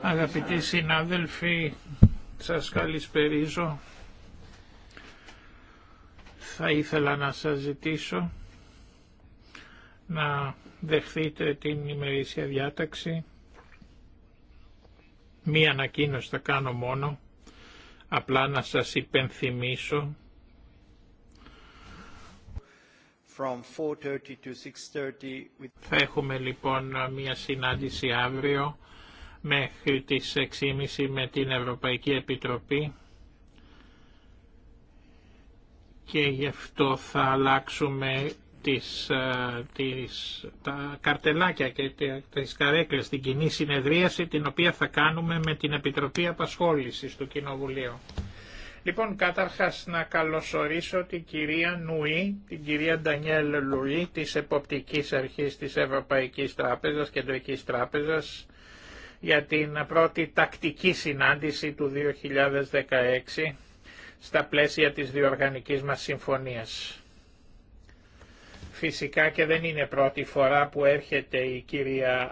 Αγαπητοί συνάδελφοι, σας ναι. καλησπερίζω. Θα ήθελα να σας ζητήσω να δεχθείτε την ημερήσια διάταξη. Μία ανακοίνωση θα κάνω μόνο, απλά να σας υπενθυμίσω From 430 to 630 Θα έχουμε λοιπόν μια συνάντηση αύριο μέχρι τις 6.30 με την Ευρωπαϊκή Επιτροπή και γι' αυτό θα αλλάξουμε τις, ε, τις, τα καρτελάκια και τις καρέκλες στην κοινή συνεδρίαση την οποία θα κάνουμε με την Επιτροπή Απασχόλησης του Κοινοβουλίου. Λοιπόν, καταρχάς να καλωσορίσω την κυρία Νουή, την κυρία Ντανιέλ Λουή της Εποπτικής Αρχής της Ευρωπαϊκής Τράπεζας, Κεντρικής Τράπεζας, για την πρώτη τακτική συνάντηση του 2016 στα πλαίσια της διοργανικής μας συμφωνίας. Φυσικά και δεν είναι πρώτη φορά που έρχεται η κυρία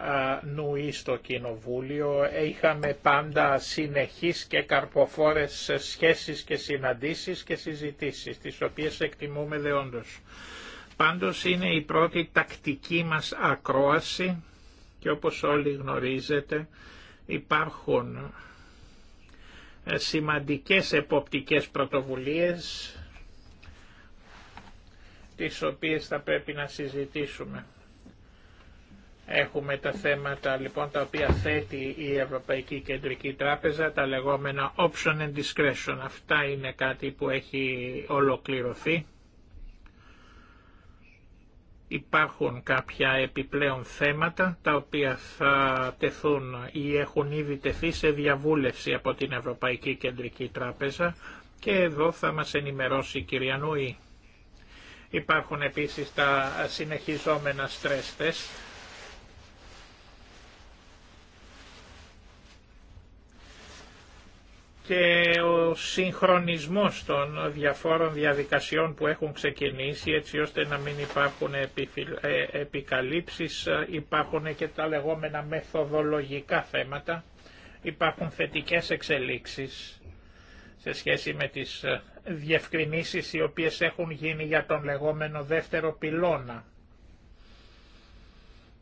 Νουή στο Κοινοβούλιο. Είχαμε πάντα συνεχείς και καρποφόρες σχέσεις και συναντήσεις και συζητήσεις, τις οποίες εκτιμούμε δεόντως. Πάντως είναι η πρώτη τακτική μας ακρόαση και όπως όλοι γνωρίζετε υπάρχουν ε, σημαντικές εποπτικές πρωτοβουλίες τις οποίες θα πρέπει να συζητήσουμε. Έχουμε τα θέματα λοιπόν τα οποία θέτει η Ευρωπαϊκή Κεντρική Τράπεζα, τα λεγόμενα option and discretion. Αυτά είναι κάτι που έχει ολοκληρωθεί. Υπάρχουν κάποια επιπλέον θέματα τα οποία θα τεθούν ή έχουν ήδη τεθεί σε διαβούλευση από την Ευρωπαϊκή Κεντρική Τράπεζα και εδώ θα μας ενημερώσει η κυρία Νουή. Υπάρχουν επίσης τα συνεχιζόμενα stress και ο συγχρονισμός των διαφόρων διαδικασιών που έχουν ξεκινήσει έτσι ώστε να μην υπάρχουν ε, επικαλύψεις, υπάρχουν και τα λεγόμενα μεθοδολογικά θέματα, υπάρχουν θετικές εξελίξεις σε σχέση με τις ε, διευκρινήσεις οι οποίες έχουν γίνει για τον λεγόμενο δεύτερο πυλώνα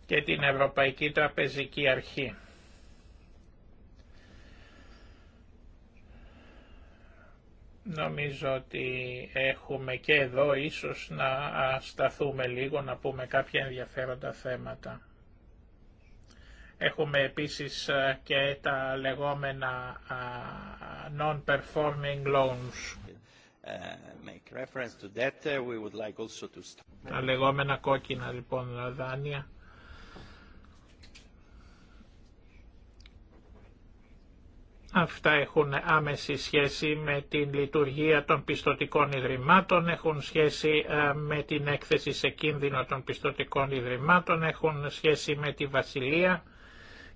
και την Ευρωπαϊκή Τραπεζική Αρχή. Νομίζω ότι έχουμε και εδώ ίσως να σταθούμε λίγο, να πούμε κάποια ενδιαφέροντα θέματα. Έχουμε επίσης ε, και τα λεγόμενα ε, non-performing loans. Ε, make reference to Τα λεγόμενα κόκκινα λοιπόν δάνεια. Αυτά έχουν άμεση σχέση με την λειτουργία των πιστοτικών ιδρυμάτων, έχουν σχέση με την έκθεση σε κίνδυνο των πιστοτικών ιδρυμάτων, έχουν σχέση με τη βασιλεία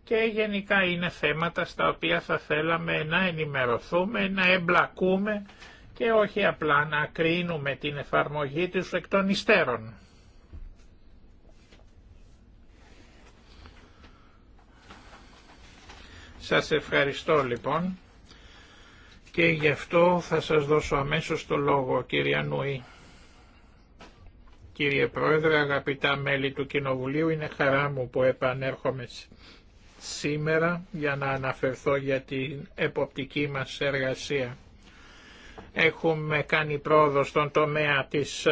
και γενικά είναι θέματα στα οποία θα θέλαμε να ενημερωθούμε, να εμπλακούμε και όχι απλά να κρίνουμε την εφαρμογή τους εκ των υστέρων. Σας ευχαριστώ λοιπόν και γι' αυτό θα σας δώσω αμέσως το λόγο κύριε Νουή. Κύριε Πρόεδρε, αγαπητά μέλη του Κοινοβουλίου, είναι χαρά μου που επανέρχομαι σήμερα για να αναφερθώ για την εποπτική μας εργασία. Έχουμε κάνει πρόοδο στον τομέα της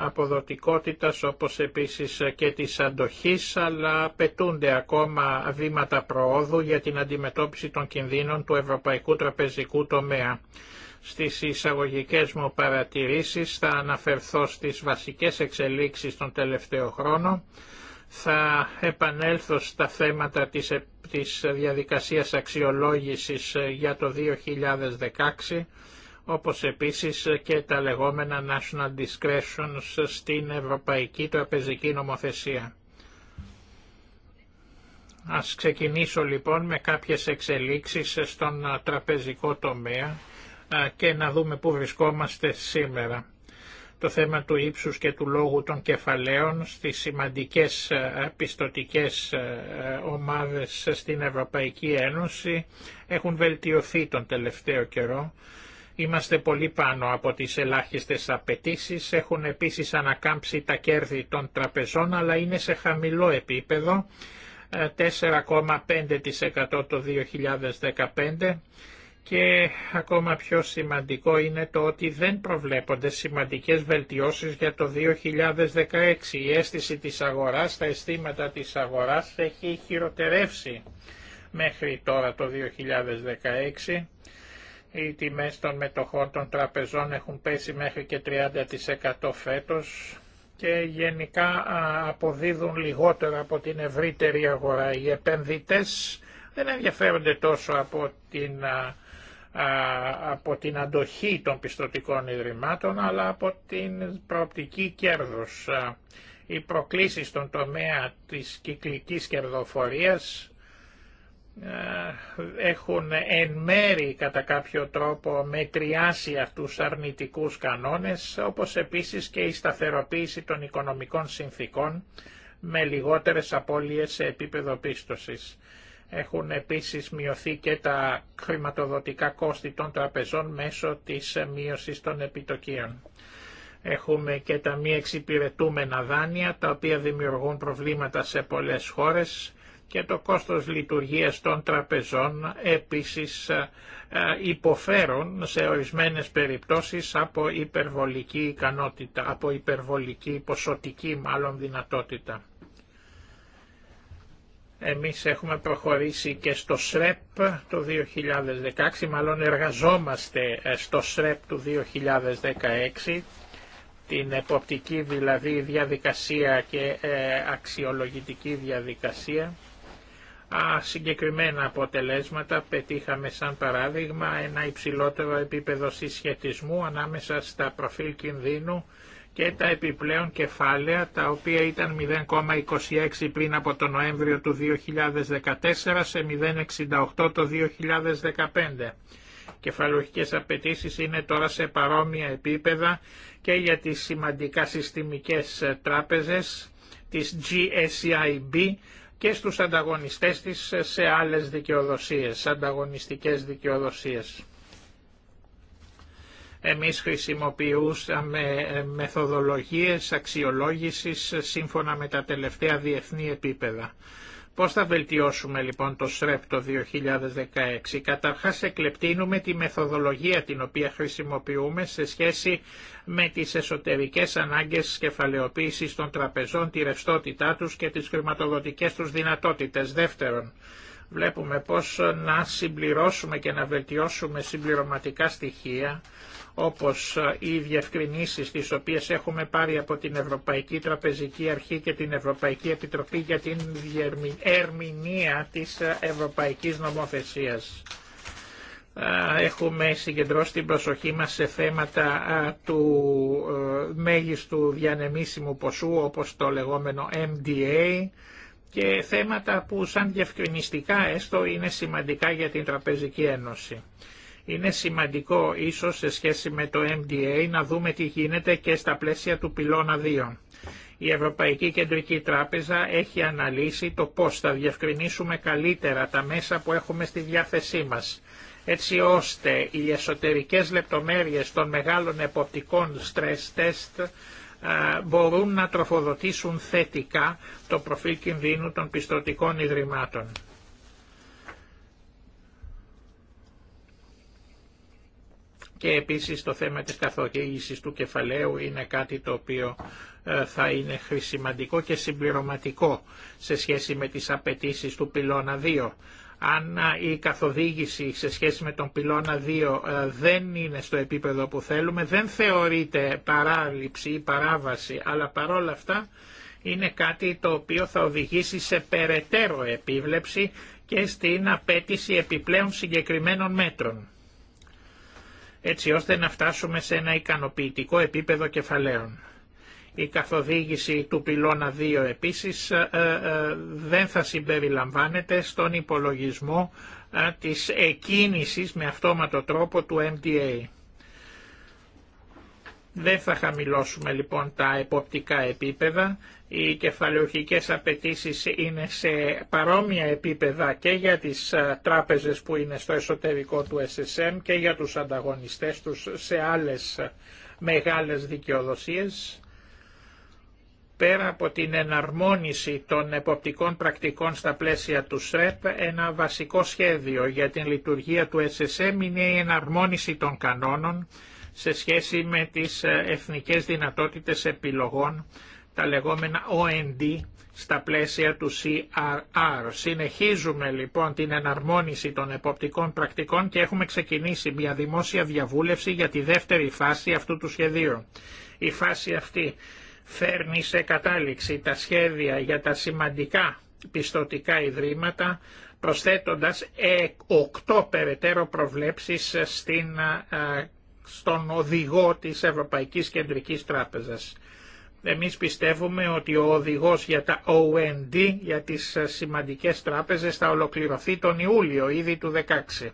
αποδοτικότητας όπως επίσης και της αντοχής αλλά απαιτούνται ακόμα βήματα προόδου για την αντιμετώπιση των κινδύνων του ευρωπαϊκού τραπεζικού τομέα. Στις εισαγωγικές μου παρατηρήσεις θα αναφερθώ στις βασικές εξελίξεις των τελευταίο χρόνων θα επανέλθω στα θέματα της, της διαδικασίας αξιολόγησης ε, για το 2016, όπως επίσης και τα λεγόμενα National Discretions στην Ευρωπαϊκή Τραπεζική Νομοθεσία. Ας ξεκινήσω λοιπόν με κάποιες εξελίξεις στον τραπεζικό τομέα ε, και να δούμε πού βρισκόμαστε σήμερα το θέμα του ύψους και του λόγου των κεφαλαίων στις σημαντικές ε, πιστοτικές ε, ομάδες στην Ευρωπαϊκή Ένωση έχουν βελτιωθεί τον τελευταίο καιρό. Είμαστε πολύ πάνω από τις ελάχιστες απαιτήσει, έχουν επίσης ανακάμψει τα κέρδη των τραπεζών, αλλά είναι σε χαμηλό επίπεδο, 4,5% ε, το 2015 και ακόμα πιο σημαντικό είναι το ότι δεν προβλέπονται σημαντικές βελτιώσεις για το 2016. Η αίσθηση της αγοράς, τα αισθήματα της αγοράς έχει χειροτερεύσει μέχρι τώρα το 2016. Οι τιμές των μετοχών των τραπεζών έχουν πέσει μέχρι και 30% φέτος και γενικά αποδίδουν λιγότερο από την ευρύτερη αγορά. Οι επενδυτές δεν ενδιαφέρονται τόσο από την από την αντοχή των πιστοτικών ιδρυμάτων αλλά από την προοπτική κέρδους. Οι προκλήσεις στον τομέα της κυκλικής κερδοφορίας έχουν εν μέρη κατά κάποιο τρόπο μετριάσει αυτούς αρνητικούς κανόνες όπως επίσης και η σταθεροποίηση των οικονομικών συνθήκων με λιγότερες απώλειες σε επίπεδο πίστοσης. Έχουν επίσης μειωθεί και τα χρηματοδοτικά κόστη των τραπεζών μέσω της μείωσης των επιτοκίων. Έχουμε και τα μη εξυπηρετούμενα δάνεια, τα οποία δημιουργούν προβλήματα σε πολλές χώρες και το κόστος λειτουργίας των τραπεζών επίσης ε, υποφέρουν σε ορισμένες περιπτώσεις από υπερβολική ικανότητα, από υπερβολική ποσοτική μάλλον δυνατότητα. Εμείς έχουμε προχωρήσει και στο ΣΡΕΠ το 2016, μάλλον εργαζόμαστε ε, στο ΣΡΕΠ του 2016, την εποπτική δηλαδή διαδικασία και ε, αξιολογητική διαδικασία. Συγκεκριμένα αποτελέσματα πετύχαμε σαν παράδειγμα ένα υψηλότερο επίπεδο συσχετισμού ανάμεσα στα προφίλ κινδύνου και τα επιπλέον κεφάλαια τα οποία ήταν 0,26 πριν από τον Νοέμβριο του 2014 σε 0,68 το 2015. Κεφαλουχικές απαιτήσεις είναι τώρα σε παρόμοια επίπεδα και για τις σημαντικά συστημικές ε, τράπεζες της GSIB e και στους ανταγωνιστές της ε, σε άλλες δικαιοδοσίες, ανταγωνιστικές δικαιοδοσίες. Εμείς χρησιμοποιούσαμε ε, μεθοδολογίες αξιολόγησης σύμφωνα με τα τελευταία διεθνή επίπεδα. Πώς θα βελτιώσουμε λοιπόν το ΣΡΕΠ το 2016. Καταρχάς εκλεπτύνουμε τη μεθοδολογία την οποία χρησιμοποιούμε σε σχέση με τις εσωτερικές ανάγκες κεφαλαιοποίησης των τραπεζών, τη ρευστότητά τους και τις χρηματοδοτικές τους δυνατότητες. Δεύτερον, βλέπουμε πώς να συμπληρώσουμε και να βελτιώσουμε συμπληρωματικά στοιχεία όπως οι διευκρινήσεις τις οποίες έχουμε πάρει από την Ευρωπαϊκή Τραπεζική Αρχή και την Ευρωπαϊκή Επιτροπή για την ερμηνεία της Ευρωπαϊκής Νομοθεσίας. Έχουμε συγκεντρώσει την προσοχή μας σε θέματα του ε, μέγιστου διανεμήσιμου ποσού όπως το λεγόμενο MDA και θέματα που σαν διευκρινιστικά έστω είναι σημαντικά για την Τραπεζική Ένωση. Είναι σημαντικό ίσως σε σχέση με το MDA να δούμε τι γίνεται και στα πλαίσια του πυλώνα 2. Η Ευρωπαϊκή Κεντρική Τράπεζα έχει αναλύσει το πώς θα διευκρινίσουμε καλύτερα τα μέσα που έχουμε στη διάθεσή μας, έτσι ώστε οι εσωτερικές λεπτομέρειες των μεγάλων εποπτικών stress test μπορούν να τροφοδοτήσουν θετικά το προφίλ κινδύνου των πιστωτικών ιδρυμάτων. και επίσης το θέμα της καθοδήγησης του κεφαλαίου είναι κάτι το οποίο ε, θα είναι χρησιμαντικό και συμπληρωματικό σε σχέση με τις απαιτήσεις του πυλώνα 2. Αν ε, η καθοδήγηση σε σχέση με τον πυλώνα 2 ε, δεν είναι στο επίπεδο που θέλουμε, δεν θεωρείται παράληψη ή παράβαση, αλλά παρόλα αυτά είναι κάτι το οποίο θα οδηγήσει σε περαιτέρω επίβλεψη και στην απέτηση επιπλέον συγκεκριμένων μέτρων έτσι ώστε να φτάσουμε σε ένα ικανοποιητικό επίπεδο κεφαλαίων. Η καθοδήγηση του πυλώνα 2 επίσης ε, ε, δεν θα συμπεριλαμβάνεται στον υπολογισμό ε, της εκκίνησης με αυτόματο τρόπο του MDA. Δεν θα χαμηλώσουμε λοιπόν τα εποπτικά επίπεδα. Οι κεφαλαιοχικές απαιτήσει είναι σε παρόμοια επίπεδα και για τις ε, τράπεζες που είναι στο εσωτερικό του SSM και για τους ανταγωνιστές τους σε άλλες ε, μεγάλες δικαιοδοσίες. Πέρα από την εναρμόνιση των εποπτικών πρακτικών στα πλαίσια του ΣΡΕΠ, ένα βασικό σχέδιο για την λειτουργία του SSM είναι η εναρμόνιση των κανόνων σε σχέση με τις ε, εθνικές δυνατότητες επιλογών, τα λεγόμενα OND, στα πλαίσια του CRR. Συνεχίζουμε λοιπόν την εναρμόνιση των εποπτικών πρακτικών και έχουμε ξεκινήσει μια δημόσια διαβούλευση για τη δεύτερη φάση αυτού του σχεδίου. Η φάση αυτή φέρνει σε κατάληξη τα σχέδια για τα σημαντικά πιστοτικά ιδρύματα, προσθέτοντας ε, οκτώ περαιτέρω προβλέψεις στην ε, στον οδηγό της Ευρωπαϊκής Κεντρικής Τράπεζας. Εμείς πιστεύουμε ότι ο οδηγός για τα OND, για τις σημαντικές τράπεζες, θα ολοκληρωθεί τον Ιούλιο ήδη του 2016.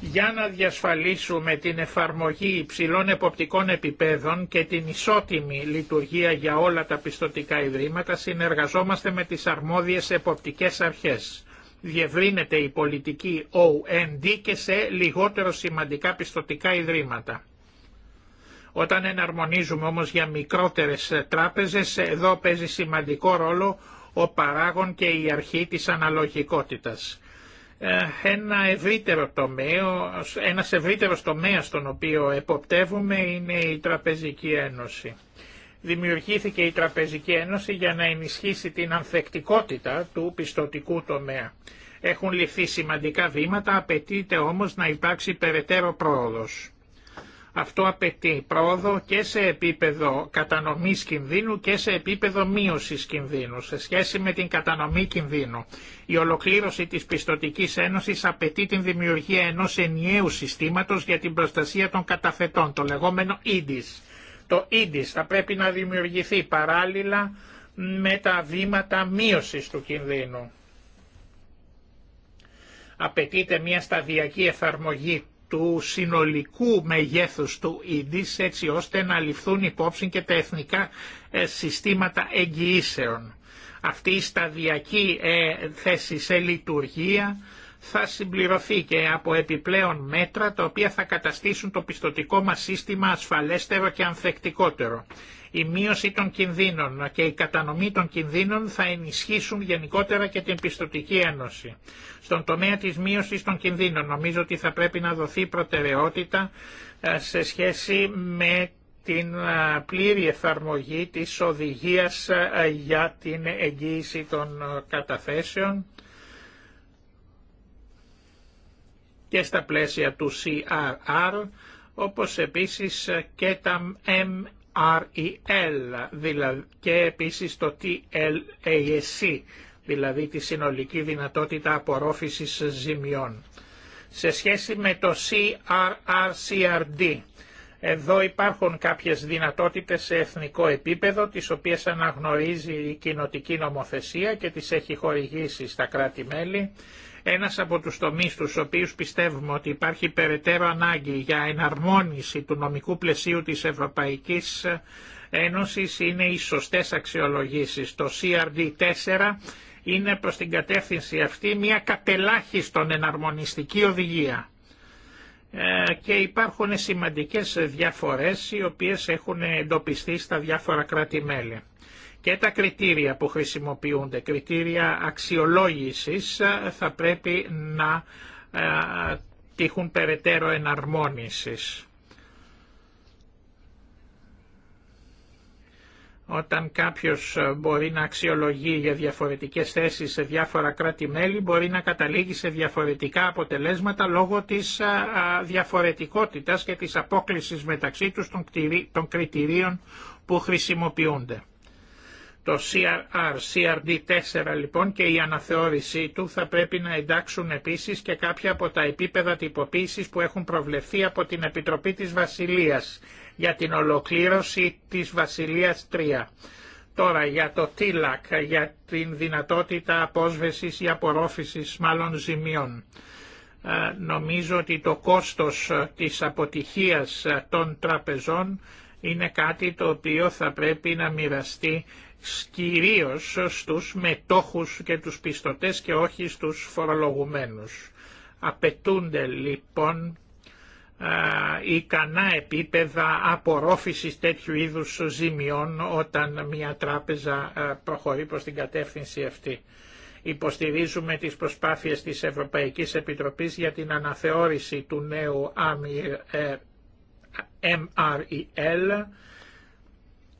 Για να διασφαλίσουμε την εφαρμογή υψηλών εποπτικών επιπέδων και την ισότιμη λειτουργία για όλα τα πιστοτικά ιδρύματα, συνεργαζόμαστε με τις αρμόδιες εποπτικές αρχές διευρύνεται η πολιτική OND και σε λιγότερο σημαντικά πιστοτικά ιδρύματα. Όταν εναρμονίζουμε όμως για μικρότερες τράπεζες, εδώ παίζει σημαντικό ρόλο ο παράγων και η αρχή της αναλογικότητας. Ε, ένα ευρύτερο τομέα, ένας ευρύτερος τομέας στον οποίο εποπτεύουμε είναι η Τραπεζική Ένωση δημιουργήθηκε η Τραπεζική Ένωση για να ενισχύσει την ανθεκτικότητα του πιστοτικού τομέα. Έχουν ληφθεί σημαντικά βήματα, απαιτείται όμως να υπάρξει περαιτέρω πρόοδος. Αυτό απαιτεί πρόοδο και σε επίπεδο κατανομής κινδύνου και σε επίπεδο μείωσης κινδύνου σε σχέση με την κατανομή κινδύνου. Η ολοκλήρωση της Πιστοτικής Ένωσης απαιτεί την δημιουργία ενός ενιαίου συστήματος για την προστασία των καταθετών, το λεγόμενο EDIS. Το ίδις θα πρέπει να δημιουργηθεί παράλληλα με τα βήματα μείωσης του κινδύνου. Απαιτείται μια σταδιακή εφαρμογή του συνολικού μεγέθους του ίδις έτσι ώστε να ληφθούν υπόψη και τα εθνικά ε, συστήματα εγγυήσεων. Αυτή η σταδιακή ε, θέση σε λειτουργία θα συμπληρωθεί και από επιπλέον μέτρα τα οποία θα καταστήσουν το πιστοτικό μας σύστημα ασφαλέστερο και ανθεκτικότερο. Η μείωση των κινδύνων και η κατανομή των κινδύνων θα ενισχύσουν γενικότερα και την πιστοτική ένωση. Στον τομέα της μείωσης των κινδύνων νομίζω ότι θα πρέπει να δοθεί προτεραιότητα ε, σε σχέση με την ε, πλήρη εφαρμογή της οδηγίας ε, για την εγγύηση των καταθέσεων και στα πλαίσια του CRR, όπως επίσης και τα MREL και επίσης το TLASC, δηλαδή τη συνολική δυνατότητα απορρόφησης ζημιών. Σε σχέση με το CRR-CRD, εδώ υπάρχουν κάποιες δυνατότητες σε εθνικό επίπεδο, τις οποίες αναγνωρίζει η κοινοτική νομοθεσία και τις έχει χορηγήσει στα κράτη-μέλη ένας από τους τομείς τους οποίους πιστεύουμε ότι υπάρχει περαιτέρω ανάγκη για εναρμόνιση του νομικού πλαισίου της Ευρωπαϊκής Ένωσης είναι οι σωστές αξιολογήσεις. Το CRD4 είναι προς την κατεύθυνση αυτή μια κατελάχιστον εναρμονιστική οδηγία ε, και υπάρχουν σημαντικές διαφορές οι οποίες έχουν εντοπιστεί στα διάφορα κράτη-μέλη και τα κριτήρια που χρησιμοποιούνται, κριτήρια αξιολόγησης ε, θα πρέπει να ε, τύχουν περαιτέρω εναρμόνισης. Όταν κάποιος ε, μπορεί να αξιολογεί για διαφορετικές θέσεις σε διάφορα κράτη-μέλη, μπορεί να καταλήγει σε διαφορετικά αποτελέσματα λόγω της διαφορετικότητας και της απόκλησης μεταξύ τους των κριτηρίων που χρησιμοποιούνται. Το CRR, CRD4 λοιπόν και η αναθεώρησή του θα πρέπει να εντάξουν επίσης και κάποια από τα επίπεδα τυποποίησης που έχουν προβλεφθεί από την Επιτροπή της Βασιλείας για την ολοκλήρωση της Βασιλείας 3. Τώρα για το TILAC, για την δυνατότητα απόσβεσης ή απορρόφησης μάλλον ζημιών. Ε, νομίζω ότι το κόστος ε, της αποτυχίας ε, των τραπεζών είναι κάτι το οποίο θα πρέπει να μοιραστεί κυρίως στους μετόχους και τους πιστωτές και όχι στους φορολογουμένους. Απαιτούνται λοιπόν ικανά επίπεδα απορρόφησης τέτοιου είδους ζημιών όταν μια τράπεζα προχωρεί προς την κατεύθυνση αυτή. Υποστηρίζουμε τις προσπάθειες της Ευρωπαϊκής Επιτροπής για την αναθεώρηση του νέου MREL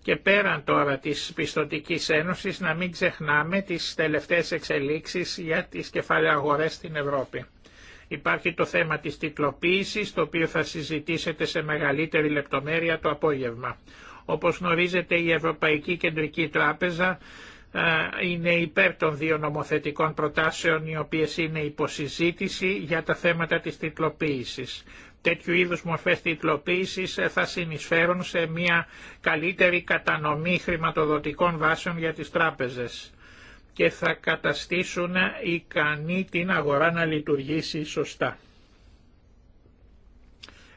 και πέραν τώρα της πιστοτικής ένωσης να μην ξεχνάμε τις τελευταίες εξελίξεις για τις κεφαλαιαγορές στην Ευρώπη. Υπάρχει το θέμα της τιτλοποίησης, το οποίο θα συζητήσετε σε μεγαλύτερη λεπτομέρεια το απόγευμα. Όπως γνωρίζετε η Ευρωπαϊκή Κεντρική Τράπεζα ε, είναι υπέρ των δύο νομοθετικών προτάσεων οι οποίες είναι υποσυζήτηση για τα θέματα της τιτλοποίησης τέτοιου είδους μορφές τιτλοποίησης ε, θα συνεισφέρουν σε μια καλύτερη κατανομή χρηματοδοτικών βάσεων για τις τράπεζες και θα καταστήσουν ικανή την αγορά να λειτουργήσει σωστά.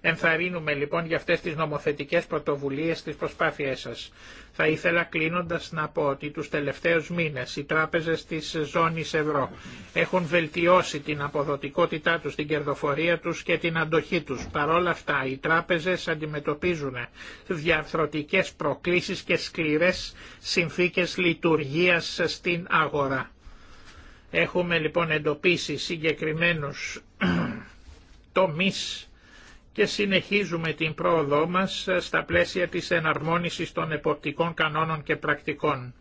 Ενθαρρύνουμε λοιπόν για αυτές τις νομοθετικές πρωτοβουλίες στις προσπάθειές σας. Θα ήθελα κλείνοντας να πω ότι τους τελευταίους μήνες οι τράπεζες της ζώνης ευρώ έχουν βελτιώσει την αποδοτικότητά τους, την κερδοφορία τους και την αντοχή τους. Παρ' όλα αυτά οι τράπεζες αντιμετωπίζουν διαρθρωτικές προκλήσεις και σκληρές συνθήκες λειτουργίας στην αγορά. Έχουμε λοιπόν εντοπίσει συγκεκριμένους τομείς και συνεχίζουμε την πρόοδό μας στα πλαίσια της εναρμόνισης των εποπτικών κανόνων και πρακτικών.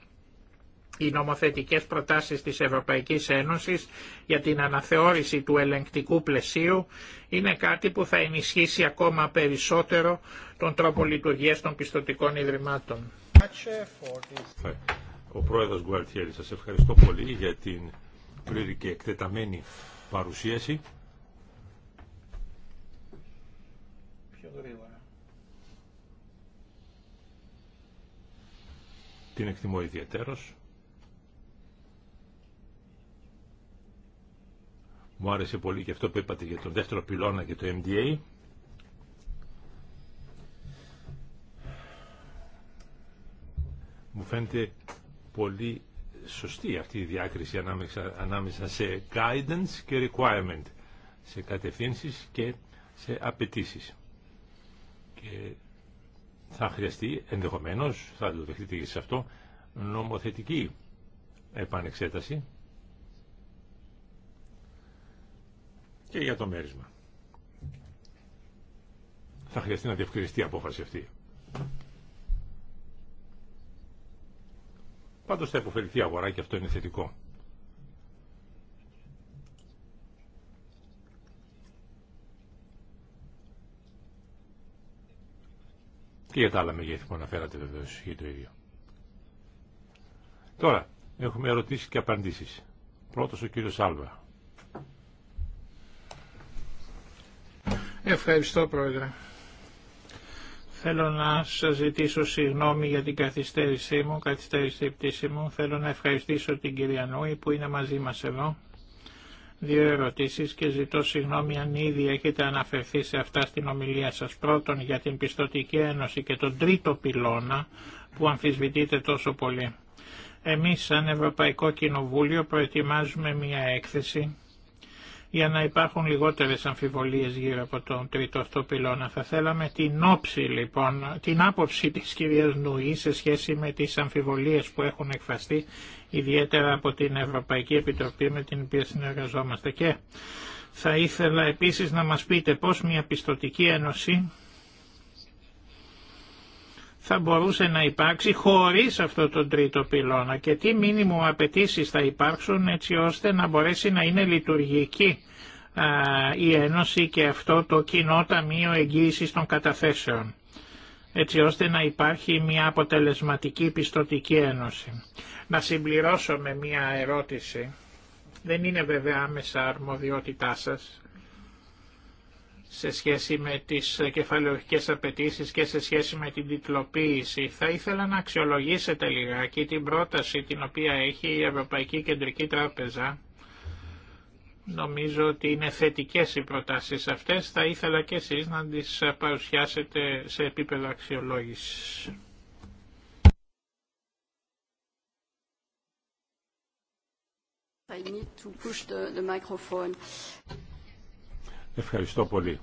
Οι νομοθετικές προτάσεις της Ευρωπαϊκής Ένωσης για την αναθεώρηση του ελεγκτικού πλαισίου είναι κάτι που θα ενισχύσει ακόμα περισσότερο τον τρόπο λειτουργίας των πιστοτικών ιδρυμάτων. Ο πρόεδρος Γκουαρτιέρη, σας ευχαριστώ πολύ για την πλήρη και εκτεταμένη παρουσίαση. γρήγορα. Την εκτιμώ ιδιαίτερος. Μου άρεσε πολύ και αυτό που είπατε για τον δεύτερο πυλώνα και το MDA. Μου φαίνεται πολύ σωστή αυτή η διάκριση ανάμεσα, ανάμεσα σε guidance και requirement, σε κατευθύνσεις και σε απαιτήσεις και θα χρειαστεί ενδεχομένως, θα το δεχτείτε και σε αυτό, νομοθετική επανεξέταση και για το μέρισμα. Θα χρειαστεί να διευκρινιστεί η απόφαση αυτή. Πάντως θα υποφεληθεί η αγορά και αυτό είναι θετικό. Και για τα άλλα μεγέθη που αναφέρατε βεβαίω για το ίδιο. Τώρα, έχουμε ερωτήσει και απαντήσει. Πρώτο ο κύριος Άλβα. Ευχαριστώ πρόεδρε. Θέλω να σας ζητήσω συγγνώμη για την καθυστέρησή μου, καθυστέρηση πτήση μου. Θέλω να ευχαριστήσω την κυρία Νούη που είναι μαζί μας εδώ. Δύο ερωτήσεις και ζητώ συγγνώμη αν ήδη έχετε αναφερθεί σε αυτά στην ομιλία σας. Πρώτον για την πιστοτική ένωση και τον τρίτο πυλώνα που αμφισβητείτε τόσο πολύ. Εμείς σαν Ευρωπαϊκό Κοινοβούλιο προετοιμάζουμε μια έκθεση για να υπάρχουν λιγότερες αμφιβολίες γύρω από τον τρίτο αυτό πυλώνα. Θα θέλαμε την όψη λοιπόν, την άποψη της κυρίας Νουή σε σχέση με τις αμφιβολίες που έχουν εκφραστεί ιδιαίτερα από την Ευρωπαϊκή Επιτροπή με την οποία συνεργαζόμαστε. Και θα ήθελα επίσης να μας πείτε πώς μια πιστοτική ένωση θα μπορούσε να υπάρξει χωρίς αυτό τον τρίτο πυλώνα και τι μήνυμο απαιτήσει θα υπάρξουν έτσι ώστε να μπορέσει να είναι λειτουργική η Ένωση και αυτό το κοινό ταμείο εγγύησης των καταθέσεων έτσι ώστε να υπάρχει μια αποτελεσματική πιστοτική ένωση. Να συμπληρώσω με μια ερώτηση. Δεν είναι βέβαια άμεσα αρμοδιότητά σας, σε σχέση με τις κεφαλαιοχικές απαιτήσει και σε σχέση με την τιτλοποίηση. Θα ήθελα να αξιολογήσετε λιγάκι την πρόταση την οποία έχει η Ευρωπαϊκή Κεντρική Τράπεζα. Νομίζω ότι είναι θετικές οι προτάσεις αυτές. Θα ήθελα και εσείς να τις παρουσιάσετε σε επίπεδο αξιολόγησης. Ευχαριστώ πολύ.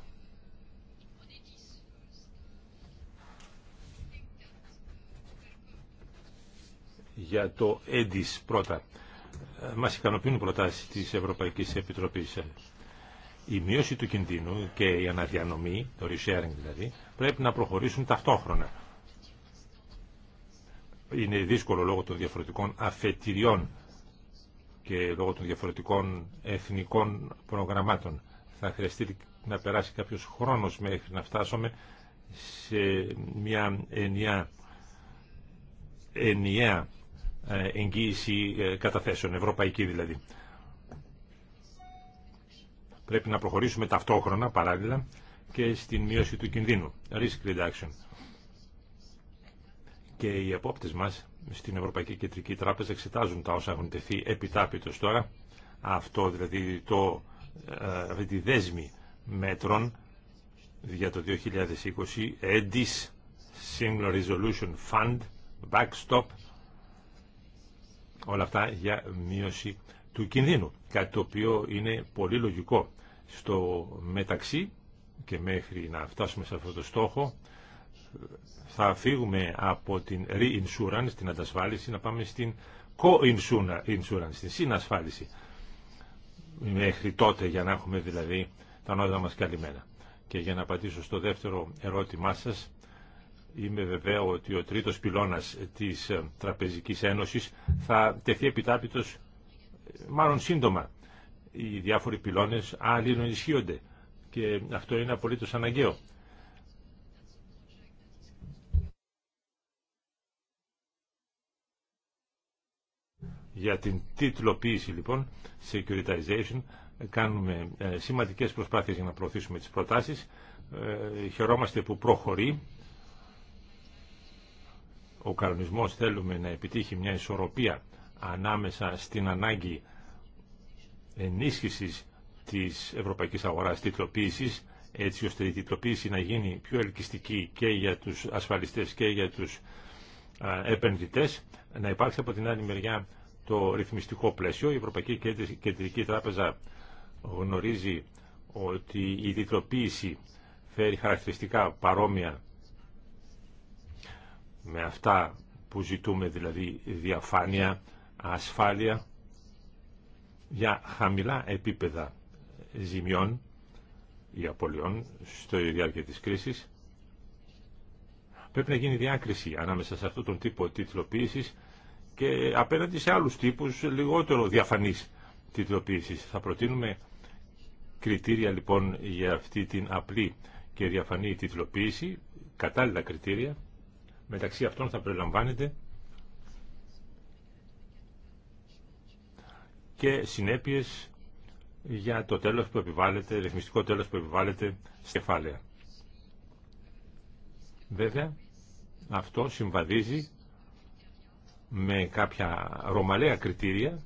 Για το ΕΝΤΙΣ πρώτα. Ε, μας ικανοποιούν προτάσεις της Ευρωπαϊκής Επιτροπής. Η μείωση του κινδύνου και η αναδιανομή, το resharing δηλαδή, πρέπει να προχωρήσουν ταυτόχρονα. Είναι δύσκολο λόγω των διαφορετικών αφετηριών και λόγω των διαφορετικών εθνικών προγραμμάτων θα χρειαστεί να περάσει κάποιος χρόνος μέχρι να φτάσουμε σε μια ενιαία, ενιαία ε, εγγύηση ε, καταθέσεων, ευρωπαϊκή δηλαδή. Πρέπει να προχωρήσουμε ταυτόχρονα, παράλληλα, και στην μείωση του κινδύνου, risk reduction. Και οι απόπτες μας στην Ευρωπαϊκή Κεντρική Τράπεζα εξετάζουν τα όσα έχουν τεθεί επιτάπητος τώρα, αυτό δηλαδή το ε, αυτή τη δέσμη μέτρων για το 2020 EDIS Single Resolution Fund Backstop όλα αυτά για μείωση του κινδύνου κάτι το οποίο είναι πολύ λογικό στο μεταξύ και μέχρι να φτάσουμε σε αυτό το στόχο θα φύγουμε από την reinsurance, την αντασφάλιση, να πάμε στην co-insurance, στην συνασφάλιση μέχρι τότε για να έχουμε δηλαδή τα νότα μας καλυμμένα. Και για να απαντήσω στο δεύτερο ερώτημά σας, είμαι βεβαίω ότι ο τρίτος πυλώνας της ε, Τραπεζικής Ένωσης θα τεθεί επιτάπητος ε, μάλλον σύντομα. Οι διάφοροι πυλώνες άλλοι και αυτό είναι απολύτως αναγκαίο. Για την τίτλοποίηση λοιπόν, securitization, κάνουμε ε, σημαντικές προσπάθειες για να προωθήσουμε τις προτάσεις. Ε, χαιρόμαστε που προχωρεί. Ο κανονισμός θέλουμε να επιτύχει μια ισορροπία ανάμεσα στην ανάγκη ενίσχυσης της ευρωπαϊκής αγοράς τιτλοποίησης, έτσι ώστε η τιτλοποίηση να γίνει πιο ελκυστική και για τους ασφαλιστές και για τους επενδυτές, να υπάρξει από την άλλη μεριά το ρυθμιστικό πλαίσιο. Η Ευρωπαϊκή Κεντρική Τράπεζα γνωρίζει ότι η διτροποίηση φέρει χαρακτηριστικά παρόμοια με αυτά που ζητούμε, δηλαδή διαφάνεια, ασφάλεια, για χαμηλά επίπεδα ζημιών ή απολειών στο διάρκεια της κρίσης. Πρέπει να γίνει διάκριση ανάμεσα σε αυτόν τον τύπο τίτλοποίησης και απέναντι σε άλλους τύπους λιγότερο διαφανής τιτλοποίησης. Θα προτείνουμε κριτήρια λοιπόν για αυτή την απλή και διαφανή τιτλοποίηση, κατάλληλα κριτήρια. Μεταξύ αυτών θα περιλαμβάνεται και συνέπειες για το τέλος που επιβάλλεται, ρυθμιστικό τέλος που επιβάλλεται στη κεφάλαια. Βέβαια, αυτό συμβαδίζει με κάποια ρωμαλαία κριτήρια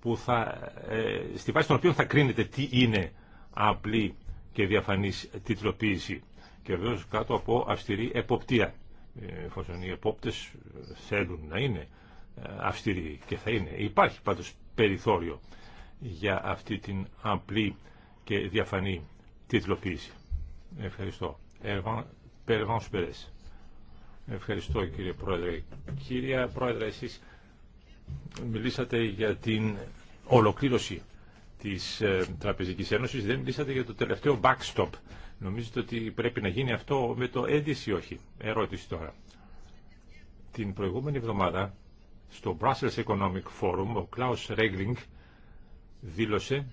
που θα, ε, στη βάση των οποίων θα κρίνεται τι είναι απλή και διαφανής τίτλοποίηση και βέβαια κάτω από αυστηρή εποπτεία ε, εφόσον οι επόπτες ε, θέλουν να είναι αυστηροί και θα είναι. Υπάρχει πάντως περιθώριο για αυτή την απλή και διαφανή τίτλοποίηση. Ευχαριστώ. Ευχαριστώ. Ευχαριστώ κύριε Πρόεδρε. Κύριε Πρόεδρε, εσείς μιλήσατε για την ολοκλήρωση της ε, Τραπεζικής Ένωσης, δεν μιλήσατε για το τελευταίο backstop. Νομίζετε ότι πρέπει να γίνει αυτό με το έντυση ή όχι. Ερώτηση τώρα. Την προηγούμενη εβδομάδα στο Brussels Economic Forum ο Klaus Regling δήλωσε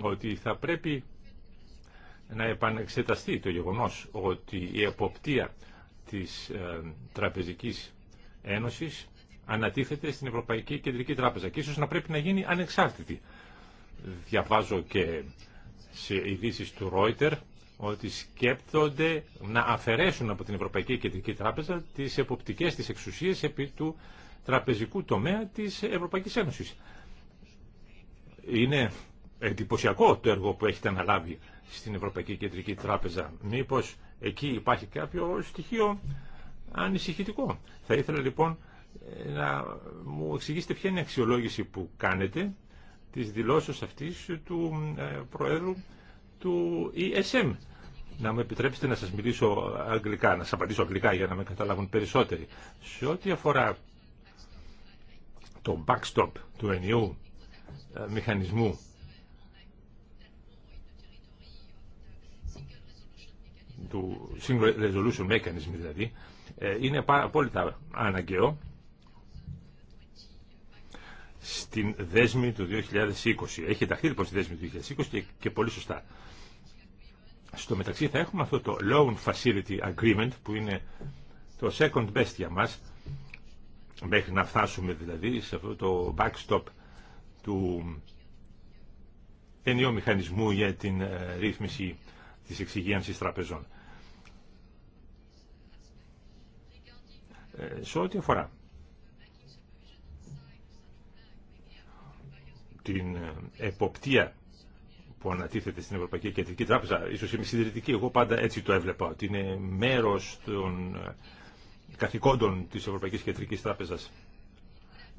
ότι θα πρέπει να επανεξεταστεί το γεγονός ότι η εποπτεία της ε, Τραπεζικής Ένωσης ανατίθεται στην Ευρωπαϊκή Κεντρική Τράπεζα και ίσως να πρέπει να γίνει ανεξάρτητη. Διαβάζω και σε ειδήσει του Reuters ότι σκέπτονται να αφαιρέσουν από την Ευρωπαϊκή Κεντρική Τράπεζα τις εποπτικές της εξουσίες επί του τραπεζικού τομέα της Ευρωπαϊκής Ένωσης. Είναι εντυπωσιακό το έργο που έχετε αναλάβει στην Ευρωπαϊκή Κεντρική Τράπεζα. Μήπως εκεί υπάρχει κάποιο στοιχείο ανησυχητικό. Θα ήθελα λοιπόν ε, να μου εξηγήσετε ποια είναι η αξιολόγηση που κάνετε της δηλώσεως αυτής του ε, Προέδρου του ESM. Να μου επιτρέψετε να σας μιλήσω αγγλικά, να σας απαντήσω αγγλικά για να με καταλάβουν περισσότεροι. Σε ό,τι αφορά το backstop του ενιαίου ε, μηχανισμού του Single Resolution Mechanism δηλαδή, ε, είναι απόλυτα αναγκαίο στην δέσμη του 2020. Έχει ταχθεί λοιπόν στη δέσμη του 2020 και, και πολύ σωστά. Στο μεταξύ θα έχουμε αυτό το Loan Facility Agreement που είναι το second best για μας μέχρι να φτάσουμε δηλαδή σε αυτό το backstop του ενίο μηχανισμού για την ε, ρύθμιση της εξυγίανσης τραπεζών. Ε, σε ό,τι αφορά την ε, εποπτεία που ανατίθεται στην Ευρωπαϊκή Κεντρική Τράπεζα, ίσως είμαι συντηρητική, εγώ πάντα έτσι το έβλεπα, ότι είναι μέρος των ε, καθηκόντων της Ευρωπαϊκής Κεντρικής Τράπεζας.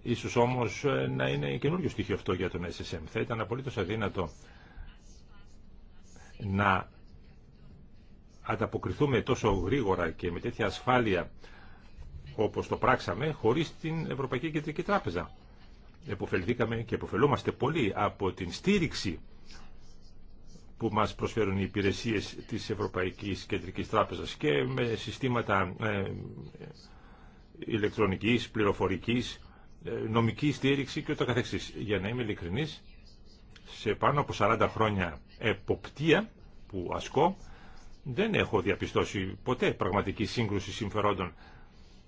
Ίσως όμως να είναι καινούριο στοιχείο αυτό για τον SSM. Θα ήταν απολύτως αδύνατο να ανταποκριθούμε τόσο γρήγορα και με τέτοια ασφάλεια όπως το πράξαμε χωρίς την Ευρωπαϊκή Κεντρική Τράπεζα. Εποφελθήκαμε και εποφελούμαστε πολύ από την στήριξη που μας προσφέρουν οι υπηρεσίες της Ευρωπαϊκής Κεντρικής Τράπεζας και με συστήματα ε, ηλεκτρονικής, πληροφορικής, ε, νομική στήριξη και ούτω καθεξής. Για να είμαι ειλικρινής, σε πάνω από 40 χρόνια εποπτεία που ασκώ, δεν έχω διαπιστώσει ποτέ πραγματική σύγκρουση συμφερόντων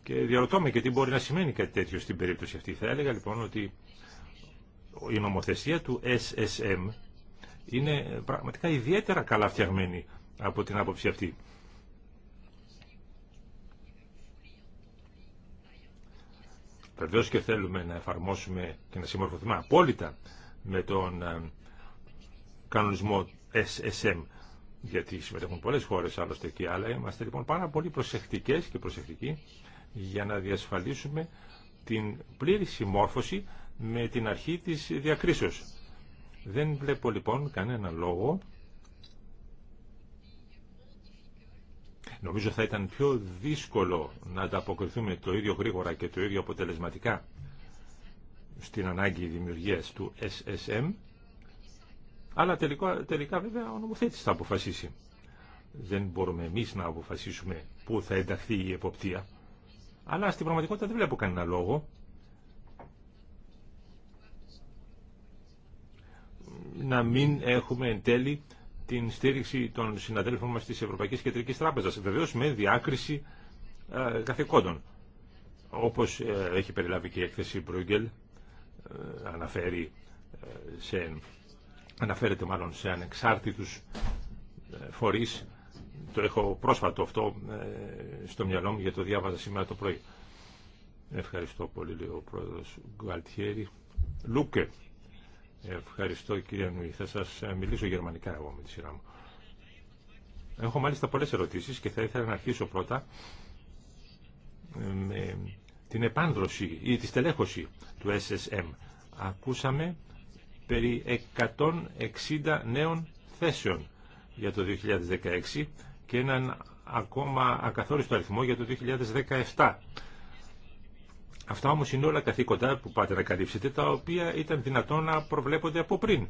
και διαρωτώ με και τι μπορεί να σημαίνει κάτι τέτοιο στην περίπτωση αυτή. Θα έλεγα λοιπόν ότι η νομοθεσία του SSM είναι πραγματικά ιδιαίτερα καλά φτιαγμένη από την άποψη αυτή. Βεβαίω και θέλουμε να εφαρμόσουμε και να συμμορφωθούμε απόλυτα με τον ε, κανονισμό SSM γιατί συμμετέχουν πολλές χώρες άλλωστε εκεί, αλλά είμαστε λοιπόν πάρα πολύ προσεκτικές και προσεκτικοί για να διασφαλίσουμε την πλήρη συμμόρφωση με την αρχή της διακρίσεως. Δεν βλέπω λοιπόν κανένα λόγο. Νομίζω θα ήταν πιο δύσκολο να ανταποκριθούμε το ίδιο γρήγορα και το ίδιο αποτελεσματικά στην ανάγκη δημιουργίας του SSM αλλά τελικά, τελικά βέβαια ο νομοθέτης θα αποφασίσει. Δεν μπορούμε εμείς να αποφασίσουμε πού θα ενταχθεί η εποπτεία. Αλλά στην πραγματικότητα δεν βλέπω κανένα λόγο να μην έχουμε εν τέλει την στήριξη των συναδέλφων μας της Ευρωπαϊκής Κεντρικής Τράπεζας. Βεβαίως με διάκριση ε, καθηκόντων. Όπως ε, έχει περιλάβει και η έκθεση Μπρούγκελ, αναφέρει ε, σε αναφέρεται μάλλον σε ανεξάρτητους ε, φορείς. Το έχω πρόσφατο αυτό ε, στο μυαλό μου για το διάβαζα σήμερα το πρωί. Ευχαριστώ πολύ, λέει ο πρόεδρος Γκουαλτιέρη. Λούκε, ευχαριστώ κυρία Νουή. Θα σας ε, μιλήσω γερμανικά εγώ με τη σειρά μου. Έχω μάλιστα πολλές ερωτήσεις και θα ήθελα να αρχίσω πρώτα με την επάνδρωση ή τη στελέχωση του SSM. Ακούσαμε περί 160 νέων θέσεων για το 2016 και έναν ακόμα ακαθόριστο αριθμό για το 2017. Αυτά όμως είναι όλα καθήκοντα που πάτε να καλύψετε, τα οποία ήταν δυνατόν να προβλέπονται από πριν.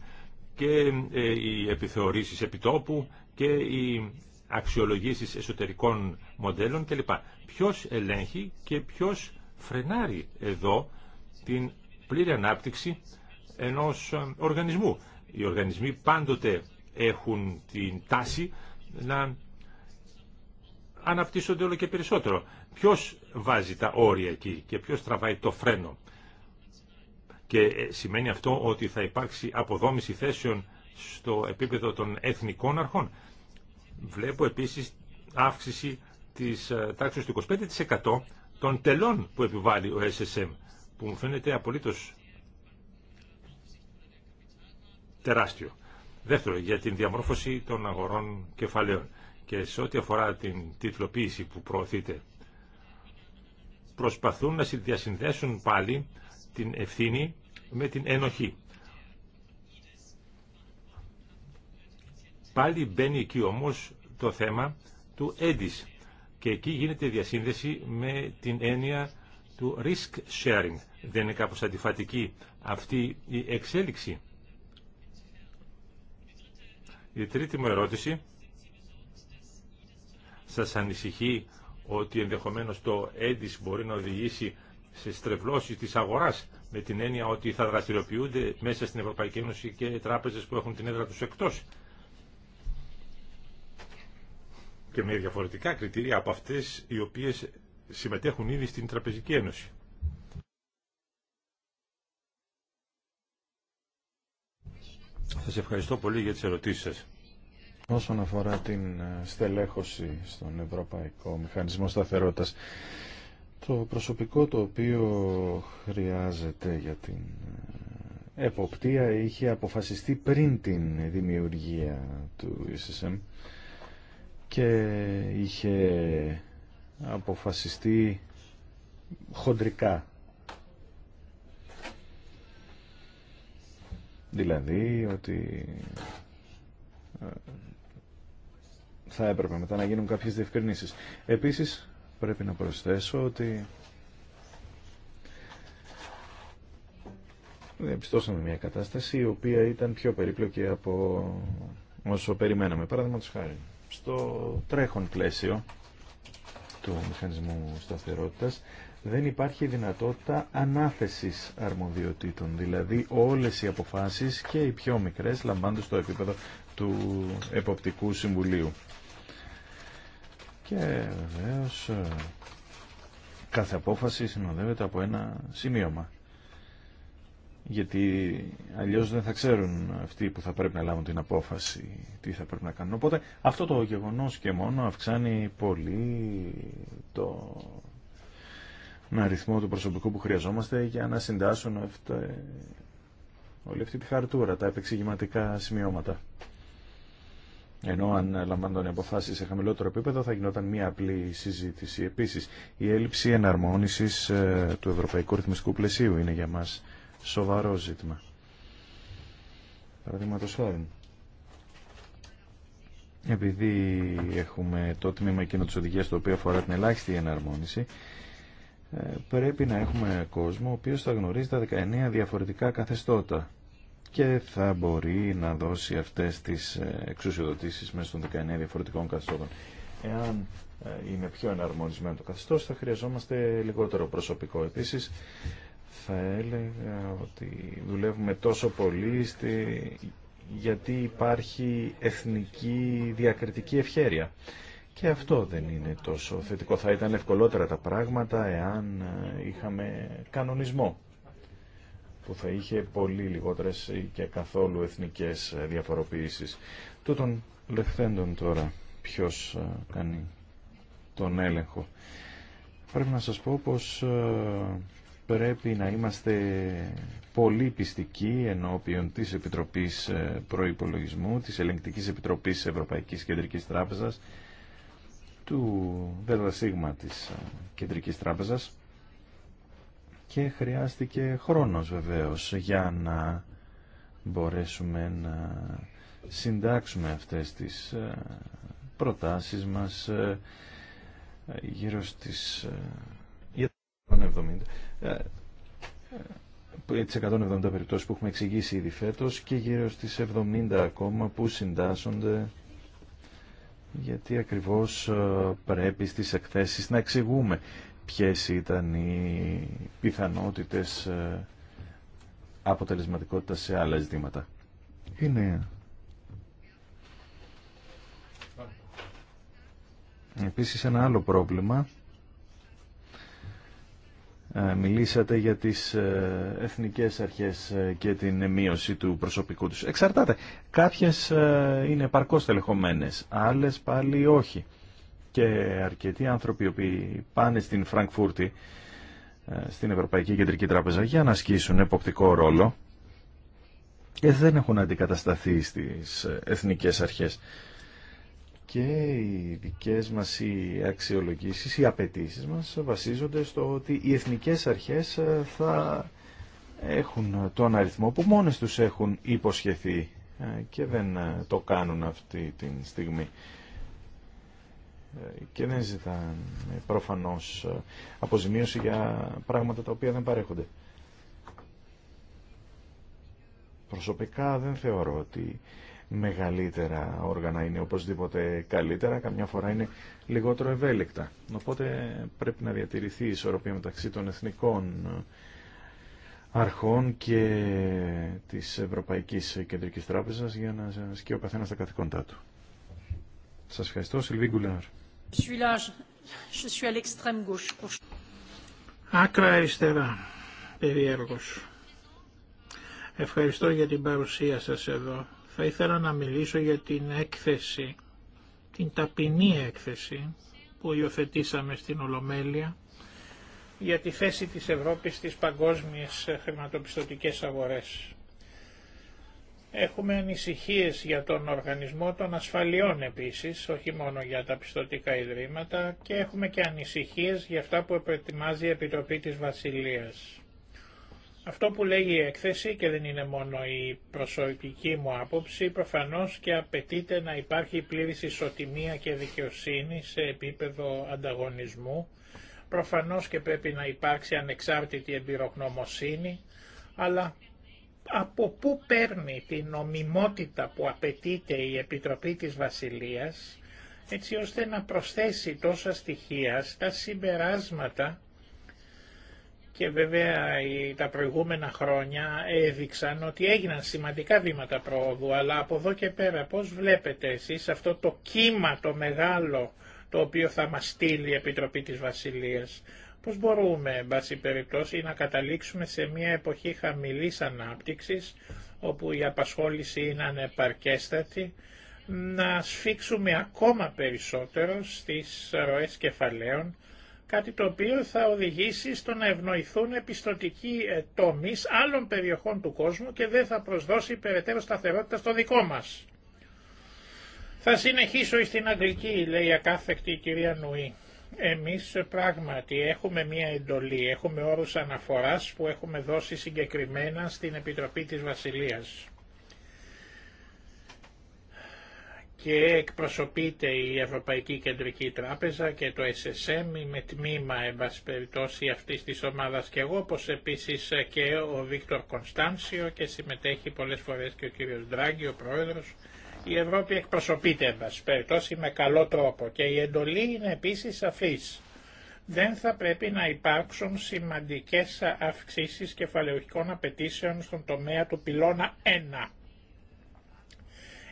Και ε, οι επιθεωρήσεις επιτόπου και οι αξιολογήσεις εσωτερικών μοντέλων κλπ. Ποιος ελέγχει και ποιος φρενάρει εδώ την πλήρη ανάπτυξη ενός ε, οργανισμού. Οι οργανισμοί πάντοτε έχουν την τάση να αναπτύσσονται όλο και περισσότερο. Ποιος βάζει τα όρια εκεί και ποιος τραβάει το φρένο. Και ε, σημαίνει αυτό ότι θα υπάρξει αποδόμηση θέσεων στο επίπεδο των εθνικών αρχών. Βλέπω επίσης αύξηση της ε, τάξης του 25% των τελών που επιβάλλει ο SSM, που μου φαίνεται απολύτως τεράστιο. Δεύτερο, για την διαμόρφωση των αγορών κεφαλαίων και σε ό,τι αφορά την τίτλοποίηση που προωθείται, προσπαθούν να διασυνδέσουν πάλι την ευθύνη με την ενοχή. Πάλι μπαίνει εκεί όμως το θέμα του έντις και εκεί γίνεται διασύνδεση με την έννοια του risk sharing. Δεν είναι κάπως αντιφατική αυτή η εξέλιξη η τρίτη μου ερώτηση. Σας ανησυχεί ότι ενδεχομένως το έντις μπορεί να οδηγήσει σε στρεβλώσεις της αγοράς με την έννοια ότι θα δραστηριοποιούνται μέσα στην Ευρωπαϊκή Ένωση και οι τράπεζες που έχουν την έδρα τους εκτός και με διαφορετικά κριτήρια από αυτές οι οποίες συμμετέχουν ήδη στην Τραπεζική Ένωση. Σας ευχαριστώ πολύ για τις ερωτήσεις σας. Όσον αφορά την ε, στελέχωση στον Ευρωπαϊκό Μηχανισμό Σταθερότητας, το προσωπικό το οποίο χρειάζεται για την ε, εποπτεία είχε αποφασιστεί πριν την δημιουργία του ΙΣΣΜ και είχε αποφασιστεί χοντρικά Δηλαδή ότι ε, θα έπρεπε μετά να γίνουν κάποιες διευκρινήσεις. Επίσης πρέπει να προσθέσω ότι διαπιστώσαμε μια κατάσταση η οποία ήταν πιο περίπλοκη από όσο περιμέναμε. Παράδειγμα χάρη, στο τρέχον πλαίσιο του μηχανισμού σταθερότητας δεν υπάρχει δυνατότητα ανάθεσης αρμοδιοτήτων. Δηλαδή όλες οι αποφάσεις και οι πιο μικρές λαμβάνονται στο επίπεδο του Εποπτικού Συμβουλίου. Και βεβαίω ε, κάθε απόφαση συνοδεύεται από ένα σημείωμα. Γιατί αλλιώς δεν θα ξέρουν αυτοί που θα πρέπει να λάβουν την απόφαση τι θα πρέπει να κάνουν. Οπότε αυτό το γεγονός και μόνο αυξάνει πολύ το αριθμό του προσωπικού που χρειαζόμαστε για να συντάσσουν αυτά, όλη αυτή τη χαρτούρα, τα επεξηγηματικά σημειώματα. Ενώ αν λαμβάνονταν αποφάσει σε χαμηλότερο επίπεδο θα γινόταν μια απλή συζήτηση. Επίση, η έλλειψη εναρμόνιση ε, του ευρωπαϊκού ρυθμιστικού πλαισίου είναι για μα σοβαρό ζήτημα. Παραδείγματο χάρη. Επειδή έχουμε το τμήμα εκείνο τη οδηγία το οποίο αφορά την ελάχιστη εναρμόνιση, πρέπει να έχουμε κόσμο ο οποίος θα γνωρίζει τα 19 διαφορετικά καθεστώτα και θα μπορεί να δώσει αυτές τις ε, εξουσιοδοτήσεις μέσα των 19 διαφορετικών καθεστώτων. Εάν ε, είναι πιο εναρμονισμένο το καθεστώς θα χρειαζόμαστε λιγότερο προσωπικό. Επίσης θα έλεγα ότι δουλεύουμε τόσο πολύ στη... γιατί υπάρχει εθνική διακριτική ευχέρεια. Και αυτό δεν είναι τόσο θετικό. Θα ήταν ευκολότερα τα πράγματα εάν ε, είχαμε κανονισμό που θα είχε πολύ λιγότερες και καθόλου εθνικές ε, διαφοροποιήσεις. των λεφθέντων τώρα ποιος ε, κάνει τον έλεγχο. Πρέπει να σας πω πως πρέπει να είμαστε πολύ πιστικοί ενώπιον της Επιτροπής Προϋπολογισμού, της Ελεγκτικής Επιτροπής Ευρωπαϊκής Κεντρικής Τράπεζας του ΔΣ της ε, Κεντρικής Τράπεζας και χρειάστηκε χρόνος βεβαίως για να μπορέσουμε να συντάξουμε αυτές τις ε, προτάσεις μας ε, γύρω στις 170 τις 170 περιπτώσεις που έχουμε εξηγήσει ήδη φέτος και γύρω στις 70 ακόμα που συντάσσονται γιατί ακριβώς ε, πρέπει στις εκθέσεις να εξηγούμε ποιες ήταν οι πιθανότητες ε, αποτελεσματικότητα σε άλλα ζητήματα. Είναι... Επίσης ένα άλλο πρόβλημα ε, μιλήσατε για τις ε, εθνικές αρχές ε, και την μείωση του προσωπικού τους. Εξαρτάται. Κάποιες είναι παρκώς τελεχωμένες, άλλες πάλι όχι. Και αρκετοί άνθρωποι οποιοι πάνε στην Φραγκφούρτη, στην Ευρωπαϊκή Κεντρική Τράπεζα, για να ασκήσουν εποπτικό ρόλο και δεν έχουν αντικατασταθεί στις εθνικές αρχές και οι δικές μας οι αξιολογήσεις, οι απαιτήσει μας βασίζονται στο ότι οι εθνικές αρχές ε, θα έχουν τον αριθμό που μόνες τους έχουν υποσχεθεί ε, και δεν ε, το κάνουν αυτή τη στιγμή και δεν ζητάνε προφανώς αποζημίωση για πράγματα τα οποία δεν παρέχονται. Προσωπικά δεν θεωρώ ότι μεγαλύτερα όργανα είναι οπωσδήποτε καλύτερα, καμιά φορά είναι λιγότερο ευέλικτα. Οπότε πρέπει να διατηρηθεί η ισορροπία μεταξύ των εθνικών αρχών και της Ευρωπαϊκής Κεντρικής Τράπεζας για να ασκεί ο καθένας τα καθηκοντά του. Σας ευχαριστώ. Σιλβί Άκρα αριστερά, περιέργως. Ευχαριστώ για την παρουσία σας εδώ. Θα ήθελα να μιλήσω για την έκθεση, την ταπεινή έκθεση που υιοθετήσαμε στην Ολομέλεια για τη θέση της Ευρώπης στις παγκόσμιες χρηματοπιστωτικές αγορές. Έχουμε ανησυχίες για τον οργανισμό των ασφαλιών επίσης, όχι μόνο για τα πιστωτικά ιδρύματα και έχουμε και ανησυχίες για αυτά που επετοιμάζει η Επιτροπή της Βασιλείας. Αυτό που λέγει η έκθεση και δεν είναι μόνο η προσωπική μου άποψη, προφανώς και απαιτείται να υπάρχει πλήρης ισοτιμία και δικαιοσύνη σε επίπεδο ανταγωνισμού. Προφανώς και πρέπει να υπάρξει ανεξάρτητη εμπειρογνωμοσύνη, αλλά από πού παίρνει την νομιμότητα που απαιτείται η Επιτροπή της Βασιλείας, έτσι ώστε να προσθέσει τόσα στοιχεία στα συμπεράσματα και βέβαια τα προηγούμενα χρόνια έδειξαν ότι έγιναν σημαντικά βήματα προόδου, αλλά από εδώ και πέρα πώς βλέπετε εσείς αυτό το κύμα το μεγάλο το οποίο θα μας στείλει η Επιτροπή της Βασιλείας. Πώς μπορούμε, εν πάση περιπτώσει, να καταλήξουμε σε μια εποχή χαμηλής ανάπτυξης, όπου η απασχόληση είναι ανεπαρκέστατη, να σφίξουμε ακόμα περισσότερο στις ροές κεφαλαίων, κάτι το οποίο θα οδηγήσει στο να ευνοηθούν επιστοτικοί ε, τομείς άλλων περιοχών του κόσμου και δεν θα προσδώσει περαιτέρω σταθερότητα στο δικό μας. Θα συνεχίσω στην Αγγλική, λέει ακάθεκτη η κυρία Νουή. Εμείς πράγματι έχουμε μία εντολή, έχουμε όρους αναφοράς που έχουμε δώσει συγκεκριμένα στην Επιτροπή της Βασιλείας. και εκπροσωπείται η Ευρωπαϊκή Κεντρική Τράπεζα και το SSM, με τμήμα εμπασπεριτώσει αυτής της ομάδας και εγώ, όπως επίσης και ο Βίκτορ Κωνστάνσιο και συμμετέχει πολλές φορές και ο κύριος Ντράγκη, ο πρόεδρος. Η Ευρώπη εκπροσωπείται εμπασπεριτώσει με καλό τρόπο και η εντολή είναι επίσης σαφής. Δεν θα πρέπει να υπάρξουν σημαντικές αυξήσεις κεφαλαιοχικών απαιτήσεων στον τομέα του πυλώνα 1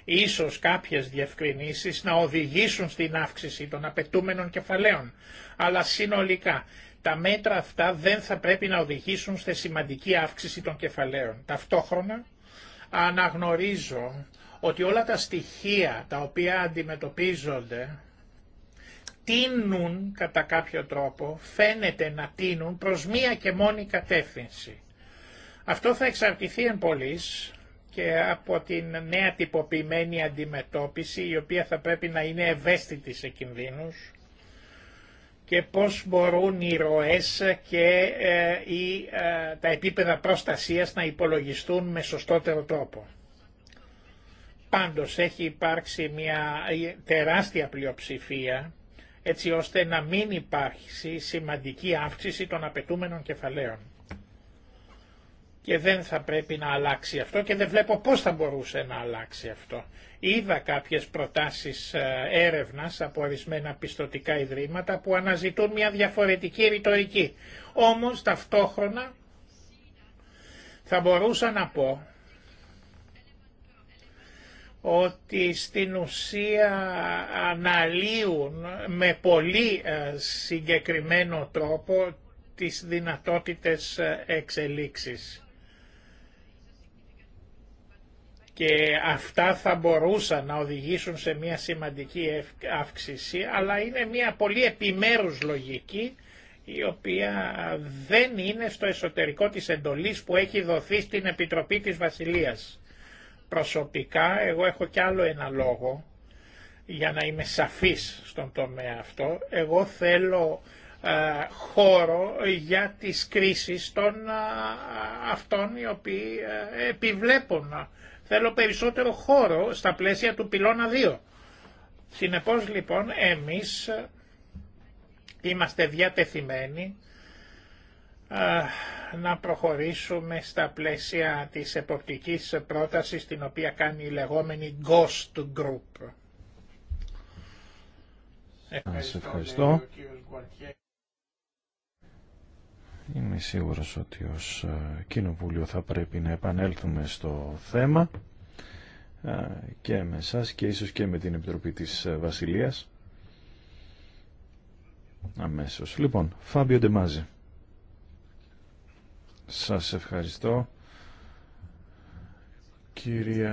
ίσως κάποιες διευκρινήσεις να οδηγήσουν στην αύξηση των απαιτούμενων κεφαλαίων. Αλλά συνολικά τα μέτρα αυτά δεν θα πρέπει να οδηγήσουν σε σημαντική αύξηση των κεφαλαίων. Ταυτόχρονα αναγνωρίζω ότι όλα τα στοιχεία τα οποία αντιμετωπίζονται τίνουν κατά κάποιο τρόπο, φαίνεται να τίνουν προς μία και μόνη κατεύθυνση. Αυτό θα εξαρτηθεί εν πολλής και από την νέα τυποποιημένη αντιμετώπιση η οποία θα πρέπει να είναι ευαίσθητη σε κινδύνους και πώς μπορούν οι ροές και ε, οι, ε, τα επίπεδα προστασίας να υπολογιστούν με σωστότερο τρόπο. Πάντως έχει υπάρξει μια ε, τεράστια πλειοψηφία έτσι ώστε να μην υπάρξει σημαντική αύξηση των απαιτούμενων κεφαλαίων και δεν θα πρέπει να αλλάξει αυτό και δεν βλέπω πώς θα μπορούσε να αλλάξει αυτό. Είδα κάποιες προτάσεις ε, έρευνας από ορισμένα πιστοτικά ιδρύματα που αναζητούν μια διαφορετική ρητορική. Όμως ταυτόχρονα θα μπορούσα να πω ότι στην ουσία αναλύουν με πολύ ε, συγκεκριμένο τρόπο τις δυνατότητες ε, εξελίξης. και αυτά θα μπορούσαν να οδηγήσουν σε μια σημαντική αύξηση, αλλά είναι μια πολύ επιμέρους λογική η οποία δεν είναι στο εσωτερικό της εντολής που έχει δοθεί στην Επιτροπή της Βασιλείας. Προσωπικά εγώ έχω κι άλλο ένα λόγο για να είμαι σαφής στον τομέα αυτό. Εγώ θέλω χώρο για τις κρίσεις των αυτών οι οποίοι επιβλέπουν Θέλω περισσότερο χώρο στα πλαίσια του πυλώνα 2. Συνεπώς λοιπόν εμείς ε, είμαστε διατεθειμένοι ε, να προχωρήσουμε στα πλαίσια της εποπτικής πρότασης την οποία κάνει η λεγόμενη Ghost Group. ευχαριστώ. Είμαι σίγουρος ότι ως ε, Κοινοβούλιο θα πρέπει να επανέλθουμε στο θέμα ε, και με εσά και ίσως και με την Επιτροπή της ε, Βασιλείας. Αμέσως. Λοιπόν, Φάμπιο Ντεμάζη. Σας ευχαριστώ. Κύριε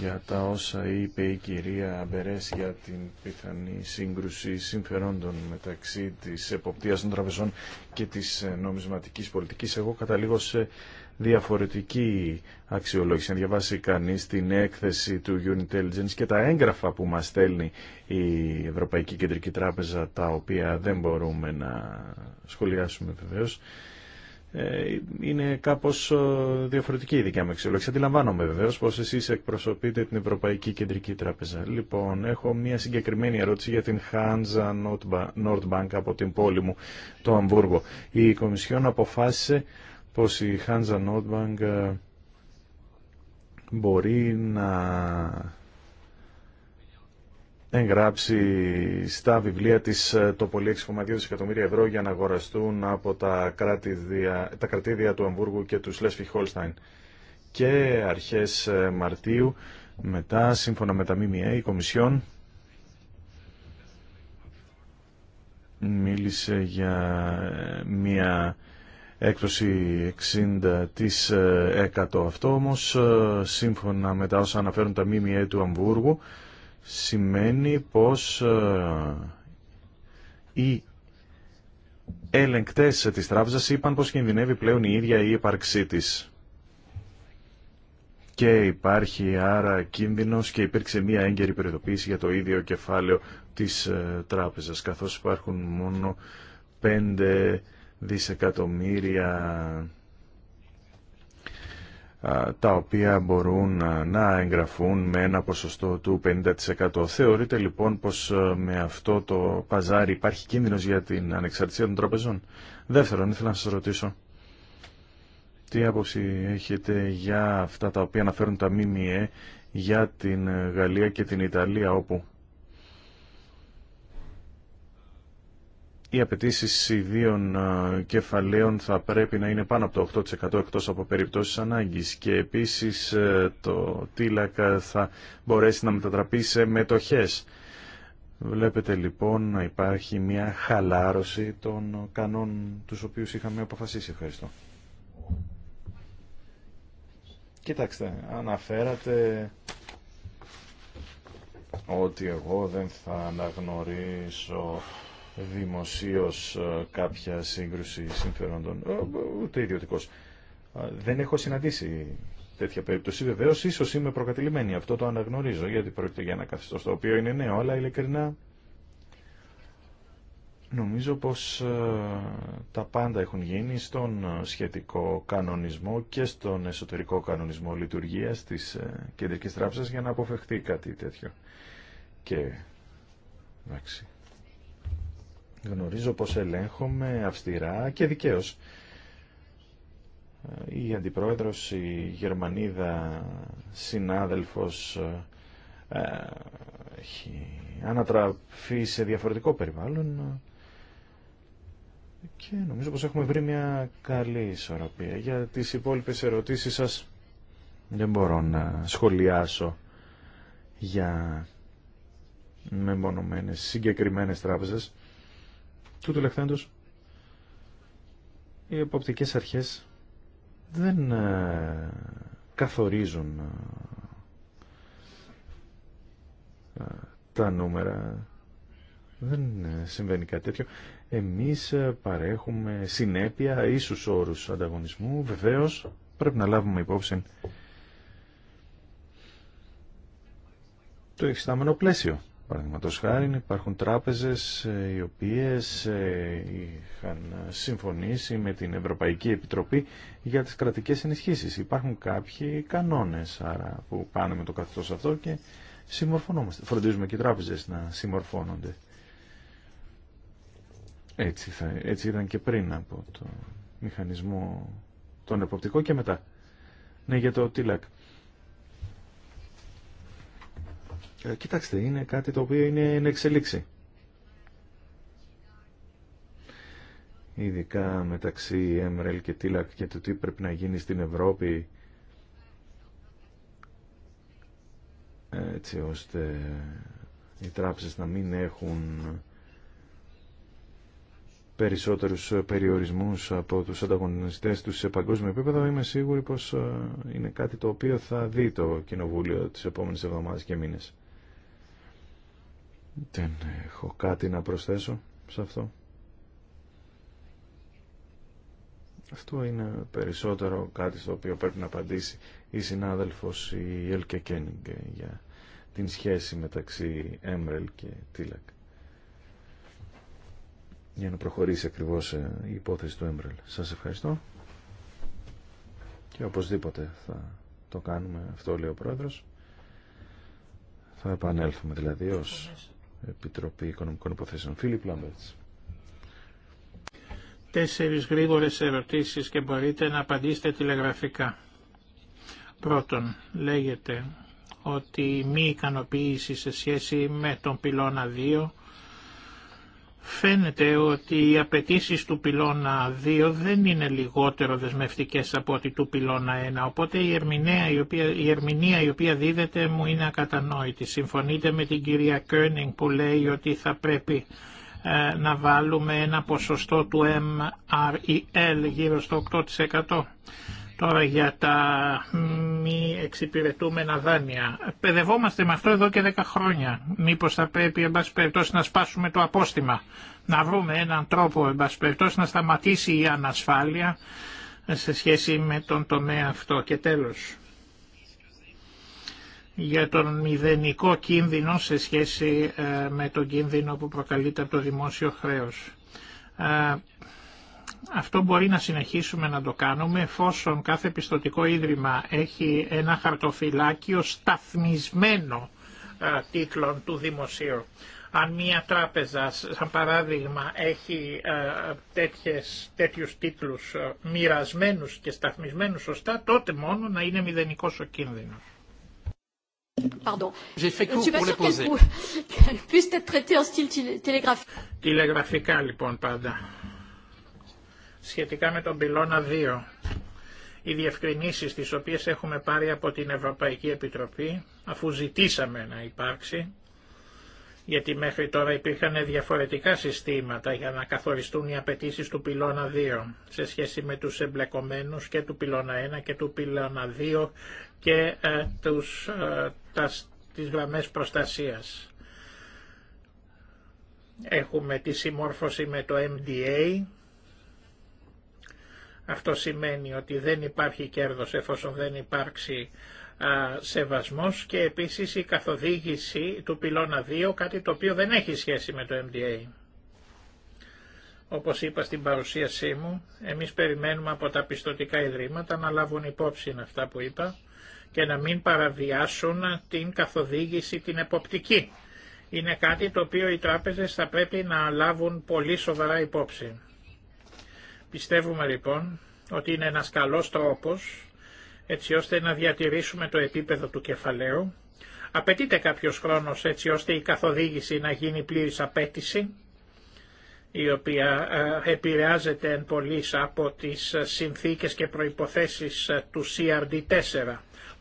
για τα όσα είπε η κυρία Μπερές για την πιθανή σύγκρουση συμφερόντων μεταξύ της εποπτείας των τραπεζών και της νομισματικής πολιτικής. Εγώ καταλήγω σε διαφορετική αξιολόγηση. Αν διαβάσει κανείς την έκθεση του Unintelligence και τα έγγραφα που μας στέλνει η Ευρωπαϊκή Κεντρική Τράπεζα, τα οποία δεν μπορούμε να σχολιάσουμε βεβαίως, ε, είναι κάπως ε, διαφορετική η δικιά μου εξελόγηση. Αντιλαμβάνομαι βεβαίω πως εσεί εκπροσωπείτε την Ευρωπαϊκή Κεντρική Τράπεζα. Λοιπόν, έχω μια συγκεκριμένη ερώτηση για την Hansa Nordbank από την πόλη μου, το Αμβούργο. Η Κομισιόν αποφάσισε πως η Hansa Nordbank ε, μπορεί να εγγράψει στα βιβλία της ε, το πολύ 6,2 ευρώ για να αγοραστούν από τα, κρατηδια, τα κρατήδια του Αμβούργου και του Σλέσφι Χόλσταϊν. Και αρχές ε, Μαρτίου μετά, σύμφωνα με τα ΜΜΕ, η Κομισιόν μίλησε για ε, μια έκπτωση 60% αυτό όμως σύμφωνα με τα όσα αναφέρουν τα ΜΜΕ του Αμβούργου σημαίνει πως ε, οι έλεγκτες της τράπεζας είπαν πως κινδυνεύει πλέον η ίδια η ύπαρξή της. Και υπάρχει άρα κίνδυνος και υπήρξε μία έγκαιρη περιοδοποίηση για το ίδιο κεφάλαιο της ε, τράπεζας, καθώς υπάρχουν μόνο 5 δισεκατομμύρια τα οποία μπορούν να εγγραφούν με ένα ποσοστό του 50%. Θεωρείτε λοιπόν πως με αυτό το παζάρι υπάρχει κίνδυνος για την ανεξαρτησία των τραπεζών. Δεύτερον, ήθελα να σας ρωτήσω τι άποψη έχετε για αυτά τα οποία αναφέρουν τα ΜΜΕ για την Γαλλία και την Ιταλία όπου οι απαιτήσει ιδίων ε, κεφαλαίων θα πρέπει να είναι πάνω από το 8% εκτός από περιπτώσεις ανάγκης και επίσης ε, το τίλακ θα μπορέσει να μετατραπεί σε μετοχές. Βλέπετε λοιπόν να υπάρχει μια χαλάρωση των κανόνων τους οποίους είχαμε αποφασίσει. Ευχαριστώ. Κοιτάξτε, αναφέρατε ότι εγώ δεν θα αναγνωρίσω δημοσίως ε, κάποια σύγκρουση συμφερόντων, ε, ούτε ιδιωτικό. Ε, δεν έχω συναντήσει τέτοια περίπτωση. Βεβαίω, ίσω είμαι προκατηλημένη. Αυτό το αναγνωρίζω, γιατί πρόκειται για ένα καθεστώ το οποίο είναι νέο, αλλά ειλικρινά νομίζω πως τα πάντα έχουν γίνει στον σχετικό κανονισμό και στον εσωτερικό κανονισμό λειτουργίας της Κεντρικής Τράπεζας για να αποφευχθεί κάτι τέτοιο. Και εντάξει, Γνωρίζω πως ελέγχομαι αυστηρά και δικαίως. Η Αντιπρόεδρος, η Γερμανίδα συνάδελφος ε, έχει ανατραφεί σε διαφορετικό περιβάλλον ε, και νομίζω πως έχουμε βρει μια καλή ισορροπία. Για τις υπόλοιπες ερωτήσεις σας δεν μπορώ να σχολιάσω για μεμονωμένες συγκεκριμένες τράπεζες. Τούτου λεχθέντος, οι εποπτικές αρχές δεν ε, καθορίζουν ε, ε, τα νούμερα. Δεν συμβαίνει κάτι τέτοιο. Εμείς παρέχουμε συνέπεια, ίσους όρους ανταγωνισμού. Βεβαίως, πρέπει να λάβουμε υπόψη το εξετάμενο πλαίσιο. Παραδείγματο χάρη υπάρχουν τράπεζες ε, οι οποίες ε, είχαν συμφωνήσει με την Ευρωπαϊκή Επιτροπή για τις κρατικές ενισχύσει. Υπάρχουν κάποιοι κανόνες άρα, που πάνε με το σε αυτό και συμμορφωνόμαστε. Φροντίζουμε και οι τράπεζες να συμμορφώνονται. Έτσι, θα, έτσι ήταν και πριν από το μηχανισμό των εποπτικών και μετά. Ναι, για το TILAC. Ε, κοιτάξτε, είναι κάτι το οποίο είναι εν εξελίξη. Ειδικά μεταξύ έμρελ και TILAC και το τι πρέπει να γίνει στην Ευρώπη έτσι ώστε οι τράπεζες να μην έχουν περισσότερους περιορισμούς από τους ανταγωνιστές τους σε παγκόσμιο επίπεδο, είμαι σίγουροι πως ε, είναι κάτι το οποίο θα δει το Κοινοβούλιο τις επόμενες εβδομάδες και μήνες. Δεν έχω κάτι να προσθέσω σε αυτό. Αυτό είναι περισσότερο κάτι στο οποίο πρέπει να απαντήσει η συνάδελφος η Ελκε Κένιγκ για την σχέση μεταξύ Έμρελ και Τίλακ. Για να προχωρήσει ακριβώς ε, η υπόθεση του Έμπρελ. Σας ευχαριστώ. Και οπωσδήποτε θα το κάνουμε αυτό λέει ο Πρόεδρος. Θα επανέλθουμε δηλαδή ως Επιτροπή Οικονομικών Υποθέσεων. Φίλιπ Λάμπερτς. Τέσσερις γρήγορες ερωτήσεις και μπορείτε να απαντήσετε τηλεγραφικά. Πρώτον, λέγεται ότι η μη ικανοποίηση σε σχέση με τον πυλώνα 2 Φαίνεται ότι οι απαιτήσει του πυλώνα 2 δεν είναι λιγότερο δεσμευτικές από ότι του πυλώνα 1, οπότε η ερμηνεία η οποία, η οποία δίδεται μου είναι ακατανόητη. Συμφωνείτε με την κυρία Κέρνινγκ που λέει ότι θα πρέπει ε, να βάλουμε ένα ποσοστό του MREL γύρω στο 8%. Τώρα για τα μη εξυπηρετούμενα δάνεια. Παιδευόμαστε με αυτό εδώ και 10 χρόνια. Μήπως θα πρέπει, εν πάση να σπάσουμε το απόστημα. Να βρούμε έναν τρόπο, εν να σταματήσει η ανασφάλεια σε σχέση με τον τομέα αυτό. Και τέλος, για τον μηδενικό κίνδυνο σε σχέση ε, με τον κίνδυνο που προκαλείται από το δημόσιο χρέος ε, αυτό μπορεί να συνεχίσουμε να το κάνουμε εφόσον κάθε πιστοτικό ίδρυμα έχει ένα χαρτοφυλάκιο σταθμισμένο τίτλων του δημοσίου. Αν μια τράπεζα, σαν παράδειγμα, έχει τέτοιες, τέτοιους τίτλους μοιρασμένους και σταθμισμένους σωστά, τότε μόνο να είναι μηδενικός ο κίνδυνος. Τηλεγραφικά λοιπόν πάντα σχετικά με τον πυλώνα 2. Οι διευκρινήσεις τις οποίες έχουμε πάρει από την Ευρωπαϊκή Επιτροπή, αφού ζητήσαμε να υπάρξει, γιατί μέχρι τώρα υπήρχαν διαφορετικά συστήματα για να καθοριστούν οι απαιτήσει του πυλώνα 2 σε σχέση με τους εμπλεκομένους και του πυλώνα 1 και του πυλώνα 2 και ε, τους, ε, τις γραμμές προστασίας. Έχουμε τη συμμόρφωση με το MDA αυτό σημαίνει ότι δεν υπάρχει κέρδος εφόσον δεν υπάρξει σεβασμός και επίσης η καθοδήγηση του πυλώνα 2, κάτι το οποίο δεν έχει σχέση με το MDA. Όπως είπα στην παρουσίασή μου, εμείς περιμένουμε από τα πιστοτικά ιδρύματα να λάβουν υπόψη αυτά που είπα και να μην παραβιάσουν την καθοδήγηση την εποπτική. Είναι κάτι το οποίο οι τράπεζες θα πρέπει να λάβουν πολύ σοβαρά υπόψη. Πιστεύουμε λοιπόν ότι είναι ένας καλός τρόπος έτσι ώστε να διατηρήσουμε το επίπεδο του κεφαλαίου. Απαιτείται κάποιος χρόνος έτσι ώστε η καθοδήγηση να γίνει πλήρης απέτηση, η οποία ε, επηρεάζεται εν πολλής από τις ε, συνθήκες και προϋποθέσεις ε, του CRD4.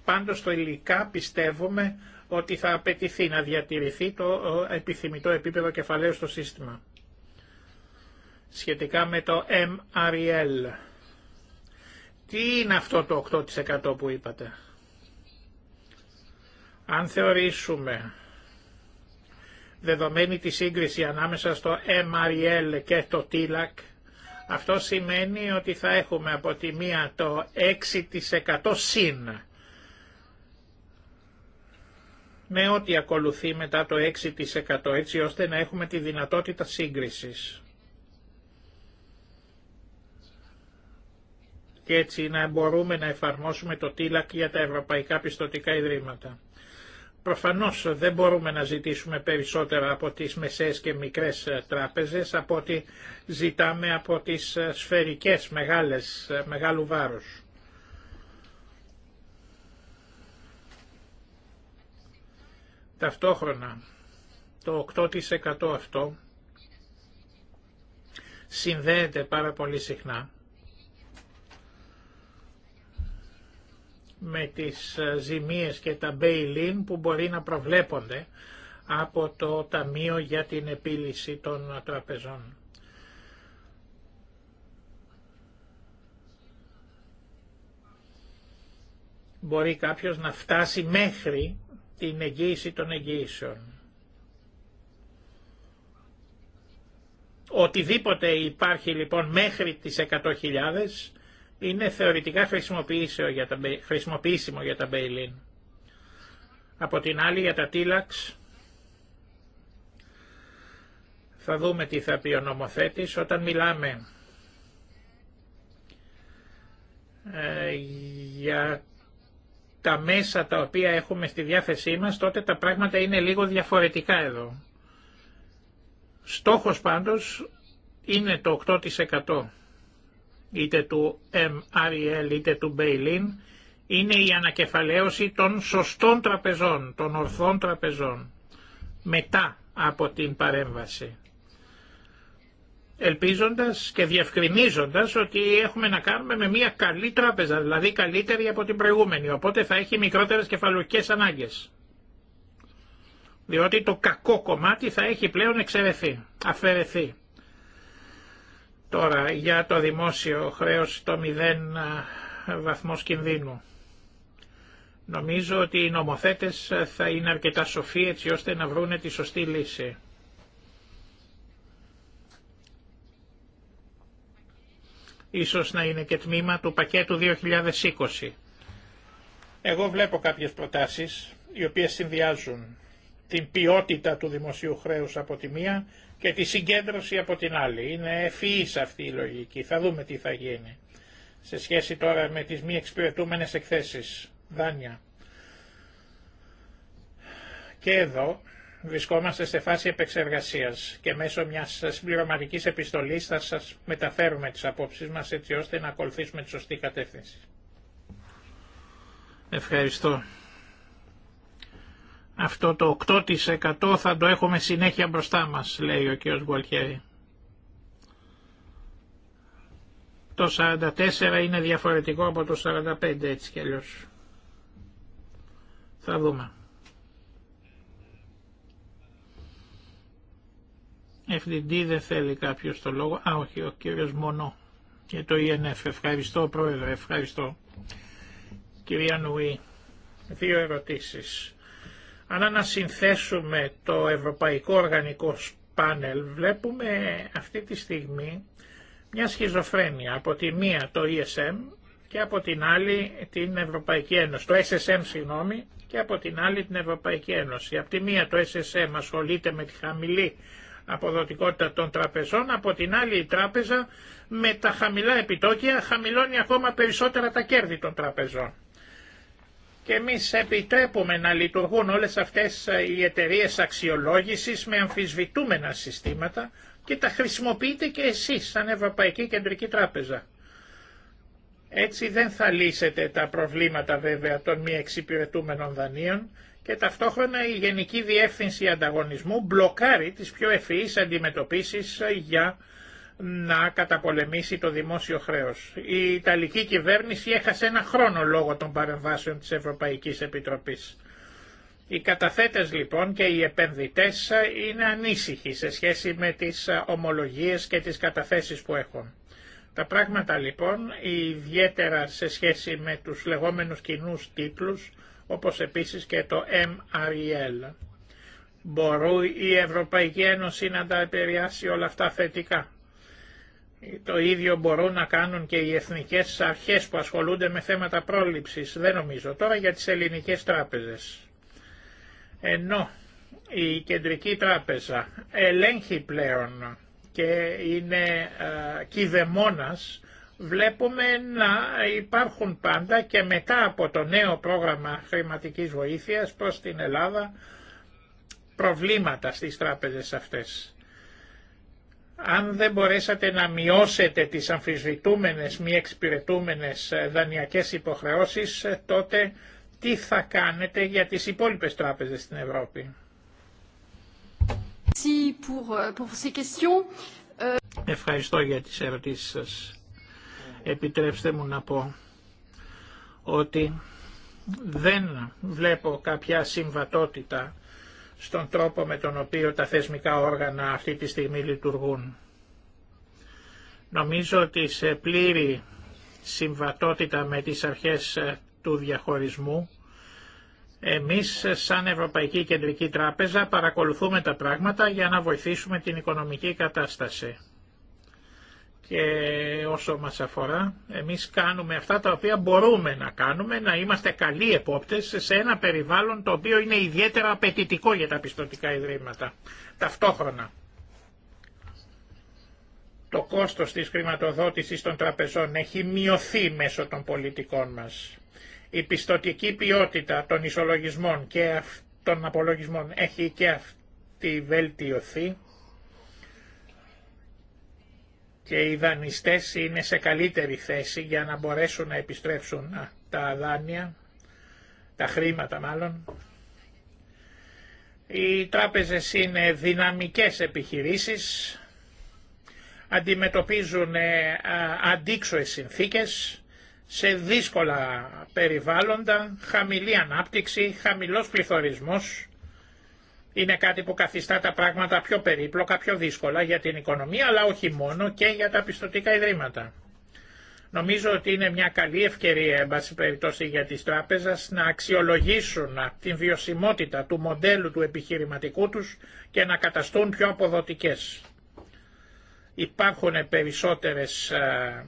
Πάντως το υλικά πιστεύουμε ότι θα απαιτηθεί να διατηρηθεί το επιθυμητό επίπεδο κεφαλαίου στο σύστημα σχετικά με το MRL. E Τι είναι αυτό το 8% που είπατε. Αν θεωρήσουμε δεδομένη τη σύγκριση ανάμεσα στο MRL e και το TILAC, αυτό σημαίνει ότι θα έχουμε από τη μία το 6% συν. Με ό,τι ακολουθεί μετά το 6% έτσι ώστε να έχουμε τη δυνατότητα σύγκρισης. και έτσι να μπορούμε να εφαρμόσουμε το τύλακ για τα ευρωπαϊκά πιστοτικά ιδρύματα. Προφανώς δεν μπορούμε να ζητήσουμε περισσότερα από τις μεσαίες και μικρές ε, τράπεζες από ό,τι ζητάμε από τις ε, σφαιρικές μεγάλες, ε, μεγάλου βάρους. Ταυτόχρονα το 8% αυτό συνδέεται πάρα πολύ συχνά με τις ε, ζημίες και τα bail-in που μπορεί να προβλέπονται από το Ταμείο για την Επίλυση των Τραπεζών. Μπορεί κάποιος να φτάσει μέχρι την εγγύηση των εγγύησεων. Οτιδήποτε υπάρχει λοιπόν μέχρι τις 100.000 είναι θεωρητικά χρησιμοποιήσιμο για τα Μπέιλιν. Από την άλλη για τα Τίλαξ θα δούμε τι θα πει ο νομοθέτης όταν μιλάμε ε, για τα μέσα τα οποία έχουμε στη διάθεσή μας, τότε τα πράγματα είναι λίγο διαφορετικά εδώ. Στόχος πάντως είναι το 8% είτε του MREL είτε του μπειλιν, είναι η ανακεφαλαίωση των σωστών τραπεζών, των ορθών τραπεζών, μετά από την παρέμβαση. Ελπίζοντας και διευκρινίζοντας ότι έχουμε να κάνουμε με μια καλή τράπεζα, δηλαδή καλύτερη από την προηγούμενη, οπότε θα έχει μικρότερες κεφαλουργικές ανάγκες. Διότι το κακό κομμάτι θα έχει πλέον εξαιρεθεί, αφαιρεθεί. Τώρα για το δημόσιο χρέος το 0 βαθμός κινδύνου. Νομίζω ότι οι νομοθέτες θα είναι αρκετά σοφοί έτσι ώστε να βρούνε τη σωστή λύση. Ίσως να είναι και τμήμα του πακέτου 2020. Εγώ βλέπω κάποιες προτάσεις οι οποίες συνδυάζουν την ποιότητα του δημοσίου χρέους από τη μία και τη συγκέντρωση από την άλλη. Είναι ευφυής αυτή η λογική. Θα δούμε τι θα γίνει. Σε σχέση τώρα με τις μη εξυπηρετούμενες εκθέσεις, δάνεια. Και εδώ βρισκόμαστε σε φάση επεξεργασίας και μέσω μιας συμπληρωματικής επιστολής θα σας μεταφέρουμε τις απόψεις μας έτσι ώστε να ακολουθήσουμε τη σωστή κατεύθυνση. Ευχαριστώ. Αυτό το 8% θα το έχουμε συνέχεια μπροστά μας, λέει ο κ. Γουαλχέρη. Το 44 είναι διαφορετικό από το 45 έτσι κι αλλιώς. Θα δούμε. FDD δεν θέλει κάποιος το λόγο. Α, όχι, ο κύριος Μονό και το INF. Ευχαριστώ, Πρόεδρε, ευχαριστώ. Κυρία Νουή, δύο ερωτήσεις. Αν ανασυνθέσουμε το Ευρωπαϊκό Οργανικό Πάνελ βλέπουμε αυτή τη στιγμή μια σχιζοφρένεια. Από τη μία το ESM και από την άλλη την Ευρωπαϊκή Ένωση, το SSM συγγνώμη, και από την άλλη την Ευρωπαϊκή Ένωση. Από τη μία το SSM ασχολείται με τη χαμηλή αποδοτικότητα των τραπεζών, από την άλλη η τράπεζα με τα χαμηλά επιτόκια χαμηλώνει ακόμα περισσότερα τα κέρδη των τραπεζών και εμεί επιτρέπουμε να λειτουργούν όλες αυτές ε, οι εταιρείε αξιολόγηση με αμφισβητούμενα συστήματα και τα χρησιμοποιείτε και εσείς σαν Ευρωπαϊκή Κεντρική Τράπεζα. Έτσι δεν θα λύσετε τα προβλήματα βέβαια των μη εξυπηρετούμενων δανείων και ταυτόχρονα η Γενική Διεύθυνση Ανταγωνισμού μπλοκάρει τις πιο ευφυείς αντιμετωπίσεις ε, για να καταπολεμήσει το δημόσιο χρέος. Η Ιταλική κυβέρνηση έχασε ένα χρόνο λόγω των παρεμβάσεων της Ευρωπαϊκής Επιτροπής. Οι καταθέτες λοιπόν και οι επενδυτές είναι ανήσυχοι σε σχέση με τις ομολογίες και τις καταθέσεις που έχουν. Τα πράγματα λοιπόν, ιδιαίτερα σε σχέση με τους λεγόμενους κοινού τίτλους, όπως επίσης και το MREL. Μπορεί η Ευρωπαϊκή Ένωση να τα επηρεάσει όλα αυτά θετικά. Το ίδιο μπορούν να κάνουν και οι εθνικές αρχές που ασχολούνται με θέματα πρόληψης, δεν νομίζω τώρα για τις ελληνικές τράπεζες. Ενώ η κεντρική τράπεζα ελέγχει πλέον και είναι κηδεμόνας, βλέπουμε να υπάρχουν πάντα και μετά από το νέο πρόγραμμα χρηματικής βοήθειας προς την Ελλάδα προβλήματα στις τράπεζες αυτές αν δεν μπορέσατε να μειώσετε τις αμφισβητούμενες, μη εξυπηρετούμενες ε, δανειακές υποχρεώσεις, ε, τότε τι θα κάνετε για τις υπόλοιπες τράπεζες στην Ευρώπη. Euh, ε, ευχαριστώ για τις ερωτήσεις σας. Επιτρέψτε μου να πω ότι δεν βλέπω κάποια συμβατότητα στον τρόπο με τον οποίο τα θεσμικά όργανα αυτή τη στιγμή λειτουργούν. Νομίζω ότι σε πλήρη συμβατότητα με τις αρχές ε, του διαχωρισμού, εμείς ε, σαν Ευρωπαϊκή Κεντρική Τράπεζα παρακολουθούμε τα πράγματα για να βοηθήσουμε την οικονομική κατάσταση και όσο μας αφορά εμείς κάνουμε αυτά τα οποία μπορούμε να κάνουμε, να είμαστε καλοί επόπτες σε ένα περιβάλλον το οποίο είναι ιδιαίτερα απαιτητικό για τα πιστοτικά ιδρύματα. Ταυτόχρονα το κόστος της χρηματοδότησης των τραπεζών έχει μειωθεί μέσω των πολιτικών μας. Η πιστοτική ποιότητα των ισολογισμών και των απολογισμών έχει και αυτή βελτιωθεί και οι δανειστές είναι σε καλύτερη θέση για να μπορέσουν να επιστρέψουν τα δάνεια, τα χρήματα μάλλον. Οι τράπεζες είναι δυναμικές επιχειρήσεις, αντιμετωπίζουν ε, αντίξωες συνθήκες σε δύσκολα περιβάλλοντα, χαμηλή ανάπτυξη, χαμηλός πληθωρισμός είναι κάτι που καθιστά τα πράγματα πιο περίπλοκα, πιο δύσκολα για την οικονομία, αλλά όχι μόνο και για τα πιστοτικά ιδρύματα. Νομίζω ότι είναι μια καλή ευκαιρία, εν πάση περιπτώσει, για τις τράπεζες να αξιολογήσουν την βιωσιμότητα του μοντέλου του επιχειρηματικού τους και να καταστούν πιο αποδοτικές. Υπάρχουν περισσότερες ε,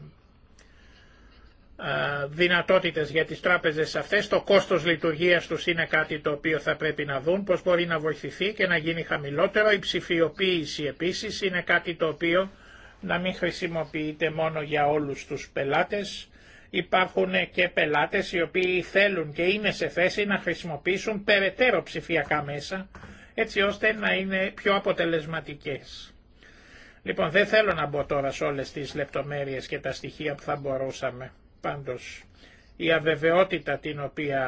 ε, δυνατότητες για τις τράπεζες αυτές, το κόστος λειτουργίας τους είναι κάτι το οποίο θα πρέπει να δουν, πώς μπορεί να βοηθηθεί και να γίνει χαμηλότερο. Η ψηφιοποίηση επίσης είναι κάτι το οποίο να μην χρησιμοποιείται μόνο για όλους τους πελάτες. Υπάρχουν και πελάτες οι οποίοι θέλουν και είναι σε θέση να χρησιμοποιήσουν περαιτέρω ψηφιακά μέσα, έτσι ώστε να είναι πιο αποτελεσματικές. Λοιπόν, δεν θέλω να μπω τώρα σε όλες τις λεπτομέρειες και τα στοιχεία που θα μπορούσαμε. Πάντως, η αβεβαιότητα την οποία,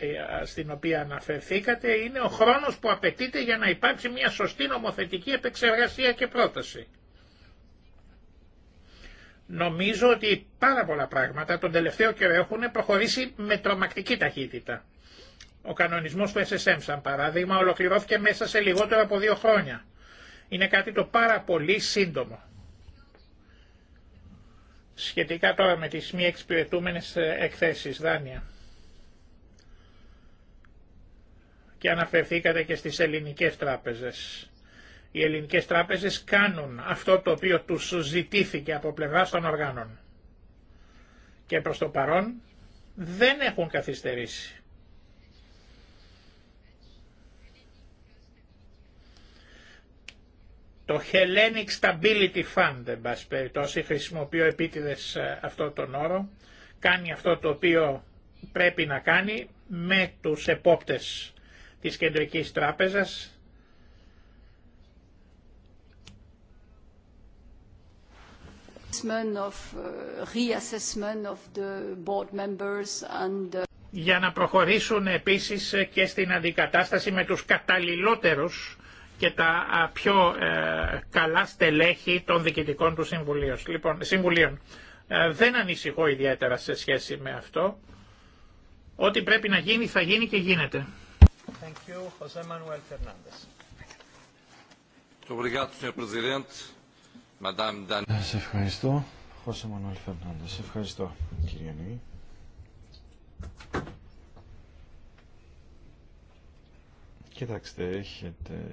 ε, στην οποία αναφερθήκατε είναι ο χρόνος που απαιτείται για να υπάρξει μια σωστή νομοθετική επεξεργασία και πρόταση. Νομίζω ότι πάρα πολλά πράγματα τον τελευταίο καιρό έχουν προχωρήσει με τρομακτική ταχύτητα. Ο κανονισμός του SSM, σαν παράδειγμα, ολοκληρώθηκε μέσα σε λιγότερο από δύο χρόνια. Είναι κάτι το πάρα πολύ σύντομο. Σχετικά τώρα με τις μη εξυπηρετούμενες ε, εκθέσεις, δάνεια. Και αναφερθήκατε και στις ελληνικές τράπεζες. Οι ελληνικές τράπεζες κάνουν αυτό το οποίο τους ζητήθηκε από πλευρά των οργάνων. Και προς το παρόν δεν έχουν καθυστερήσει. Το Hellenic Stability Fund, εν πάση περιπτώσει, χρησιμοποιώ επίτηδες ε, αυτό τον όρο, κάνει αυτό το οποίο πρέπει να κάνει με τους επόπτες της Κεντρικής Τράπεζας, ε, ε, για να προχωρήσουν επίσης και στην αντικατάσταση με τους καταλληλότερους και τα πιο ε, καλά στελέχη των διοικητικών του συμβουλίων. Λοιπόν, συμβουλίων. Ε, δεν ανησυχώ ιδιαίτερα σε σχέση με αυτό. Ό,τι πρέπει να γίνει θα γίνει και γίνεται. Thank you, José Manuel Fernández. Obrigado, Presidente. Madame σε ευχαριστώ, José Manuel Fernández. Σε ευχαριστώ, κύριε Νίγη. Κοιτάξτε, έχετε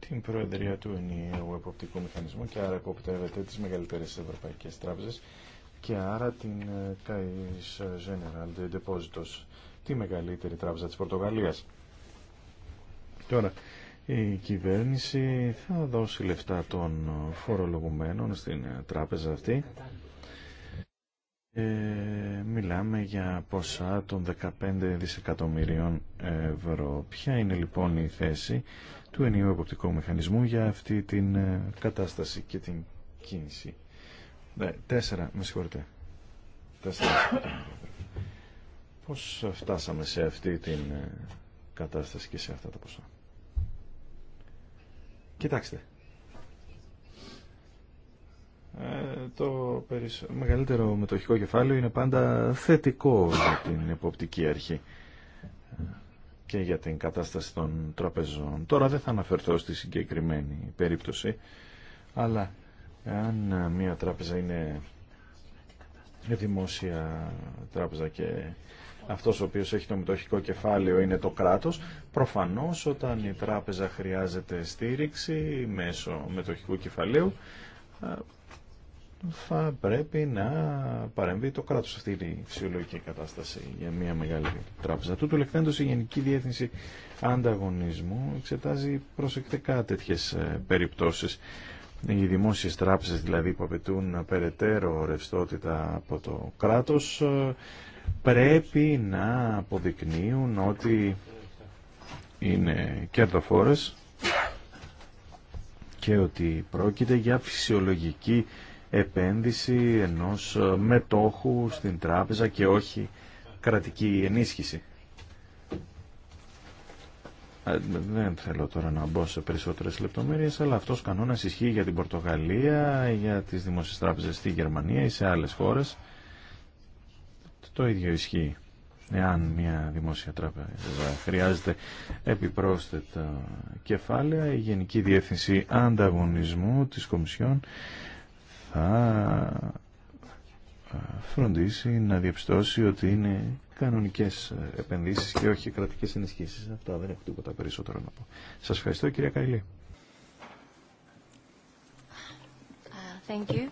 την Προεδρία του Ενιαίου Εποπτικού Μηχανισμού και άρα εποπτεύετε τις μεγαλύτερες ευρωπαϊκές τράπεζες και άρα την και ε, General de Depositos, τη μεγαλύτερη τράπεζα της Πορτογαλίας. Τώρα, η κυβέρνηση θα δώσει λεφτά των φορολογουμένων στην ε, τράπεζα αυτή ε, μιλάμε για ποσά των 15 δισεκατομμυρίων ευρώ. Ποια είναι λοιπόν η θέση του ενιαίου εποπτικού μηχανισμού για αυτή την ε, κατάσταση και την κίνηση. Ε, τέσσερα, με συγχωρείτε. Τέσσερα Πώς φτάσαμε σε αυτή την ε, κατάσταση και σε αυτά τα ποσά. Κοιτάξτε. Ε, το μεγαλύτερο μετοχικό κεφάλαιο είναι πάντα θετικό για την εποπτική αρχή και για την κατάσταση των τραπεζών. Τώρα δεν θα αναφερθώ στη συγκεκριμένη περίπτωση, αλλά αν μια τράπεζα είναι δημόσια τράπεζα και αυτός ο οποίος έχει το μετοχικό κεφάλαιο είναι το κράτος, προφανώς όταν η τράπεζα χρειάζεται στήριξη μέσω μετοχικού κεφαλαίου θα πρέπει να παρεμβεί το κράτος σε αυτή τη φυσιολογική κατάσταση για μια μεγάλη τράπεζα. Τούτου λεχθέντος η Γενική Διεύθυνση Ανταγωνισμού εξετάζει προσεκτικά τέτοιε ε, περιπτώσεις. Οι δημόσιε τράπεζες δηλαδή που απαιτούν περαιτέρω ρευστότητα από το κράτος ε, πρέπει να αποδεικνύουν ότι είναι κερδοφόρες και ότι πρόκειται για φυσιολογική επένδυση ενός ε, μετόχου στην τράπεζα και όχι κρατική ενίσχυση. Ε, δεν θέλω τώρα να μπω σε περισσότερες λεπτομέρειες, αλλά αυτός κανόνας ισχύει για την Πορτογαλία, για τις δημόσιες τράπεζες στη Γερμανία ή σε άλλες χώρες. Το ίδιο ισχύει. Εάν μια δημόσια τράπεζα χρειάζεται επιπρόσθετα κεφάλαια, η Γενική Διεύθυνση Ανταγωνισμού της Κομισιόν θα φροντίσει να διαπιστώσει ότι είναι κανονικές επενδύσεις και όχι κρατικές ενισχύσεις. Αυτά δεν έχω τίποτα περισσότερο να πω. Σας ευχαριστώ κυρία Καϊλή. Thank you.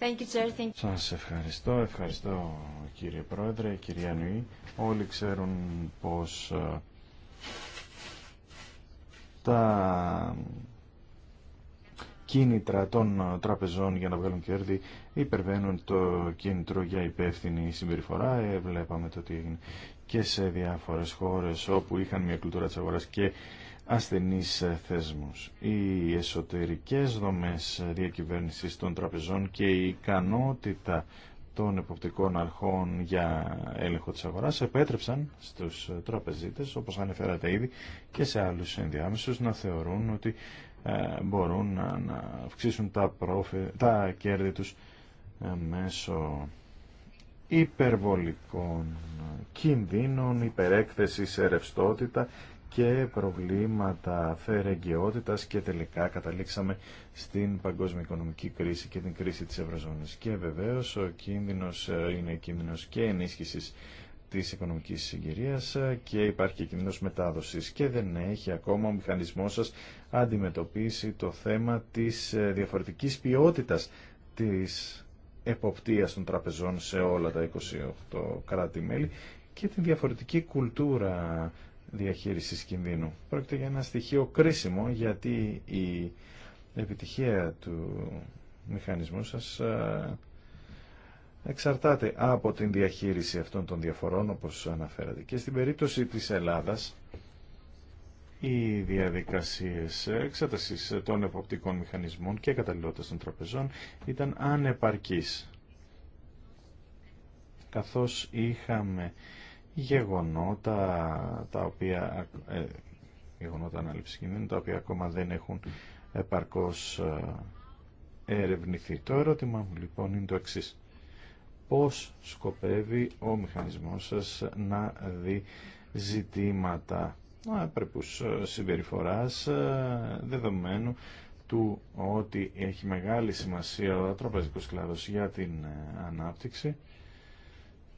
Thank you, sir. Σας ευχαριστώ, ευχαριστώ κύριε Πρόεδρε, κυρία Νουή. Όλοι ξέρουν πως ε, τα κίνητρα των ε, τραπεζών για να βγάλουν κέρδη υπερβαίνουν το κίνητρο για υπεύθυνη συμπεριφορά. Ε, βλέπαμε το τι έγινε και σε διάφορες χώρες όπου είχαν μια κουλτούρα της αγοράς και ασθενείς ε, θέσμους. Οι εσωτερικές δομές ε, διακυβέρνησης των τραπεζών και η ικανότητα των εποπτικών αρχών για έλεγχο της αγοράς επέτρεψαν στους τραπεζίτες, όπως ανεφέρατε ήδη, και σε άλλους ενδιάμεσους να θεωρούν ότι ε, μπορούν να αυξήσουν τα, τα κέρδη τους ε, μέσω υπερβολικών κινδύνων, υπερέκθεση σε ρευστότητα και προβλήματα φερεγγιότητας και τελικά καταλήξαμε στην παγκόσμια οικονομική κρίση και την κρίση της Ευρωζώνης. Και βεβαίως ο κίνδυνος ε, είναι κίνδυνος και ενίσχυσης της οικονομικής συγκυρίας ε, και υπάρχει και κινδύνος μετάδοσης και δεν έχει ακόμα ο μηχανισμός σας αντιμετωπίσει το θέμα της ε, διαφορετικής ποιότητας της εποπτείας των τραπεζών σε όλα τα 28 κράτη-μέλη και τη διαφορετική κουλτούρα διαχείρισης κινδύνου. Πρόκειται για ένα στοιχείο κρίσιμο γιατί η επιτυχία του μηχανισμού σας ε, εξαρτάται από την διαχείριση αυτών των διαφορών όπως αναφέρατε. Και στην περίπτωση της Ελλάδας οι διαδικασίες εξέταση των εποπτικών μηχανισμών και καταλληλότητας των τραπεζών ήταν ανεπαρκείς καθώς είχαμε γεγονότα τα οποία ε, γεγονότα ανάληψη κινδύνου τα οποία ακόμα δεν έχουν επαρκώς ε, ερευνηθεί. Το ερώτημα μου λοιπόν είναι το εξής πώς σκοπεύει ο μηχανισμός σας να δει ζητήματα έπρεπους ε, συμπεριφοράς ε, δεδομένου του ότι έχει μεγάλη σημασία ο τραπεζικός κλάδος για την ε, ανάπτυξη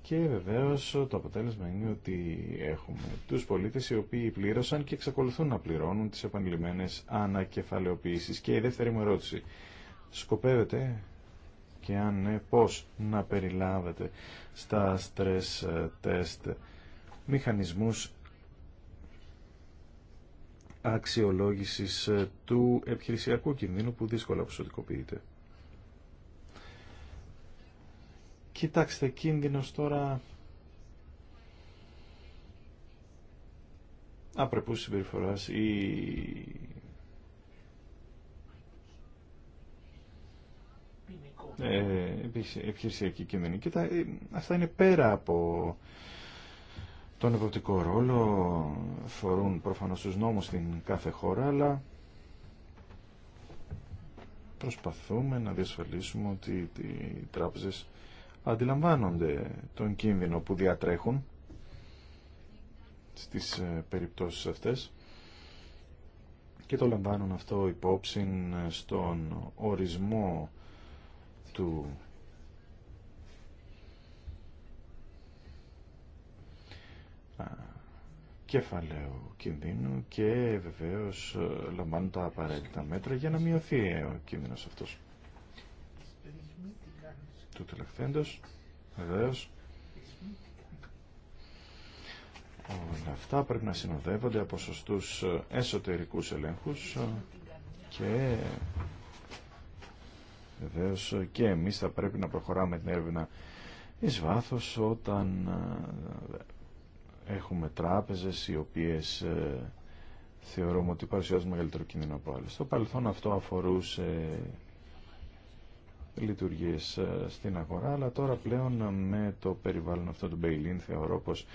και βεβαίως το αποτέλεσμα είναι ότι έχουμε τους πολίτες οι οποίοι πλήρωσαν και εξακολουθούν να πληρώνουν τις επανειλημμένες ανακεφαλαιοποιήσεις. Και η δεύτερη μου ερώτηση. Σκοπεύετε και αν ναι πώς να περιλάβετε στα stress ε, test μηχανισμούς αξιολόγησης ε, του επιχειρησιακού κινδύνου που δύσκολα ποσοτικοποιείται. Κοιτάξτε, κίνδυνος τώρα απρεπούς συμπεριφοράς ή Ε, επιχειρησιακή κίνδυνη. τα ε, αυτά είναι πέρα από τον ευρωτικό ρόλο, φορούν προφανώς τους νόμους στην κάθε χώρα, αλλά προσπαθούμε να διασφαλίσουμε ότι οι τράπεζες αντιλαμβάνονται τον κίνδυνο που διατρέχουν στις ε, περιπτώσεις αυτές και το λαμβάνουν αυτό υπόψη στον ορισμό του κεφαλαίου κινδύνου και βεβαίως ε, λαμβάνουν τα απαραίτητα μέτρα για να μειωθεί ο κίνδυνος αυτός. Του τελευταίντος, βεβαίως, όλα αυτά πρέπει να συνοδεύονται από σωστούς ε, εσωτερικούς ελέγχους ε, και Βεβαίω και εμείς θα πρέπει να προχωράμε την έρευνα εις βάθος όταν ε, έχουμε τράπεζες οι οποίες ε, θεωρούμε ότι παρουσιάζουν μεγαλύτερο κίνδυνο από άλλες. Στο παρελθόν αυτό αφορούσε λειτουργίες ε, στην αγορά, αλλά τώρα πλέον με το περιβάλλον αυτό του Μπέιλιν θεωρώ πως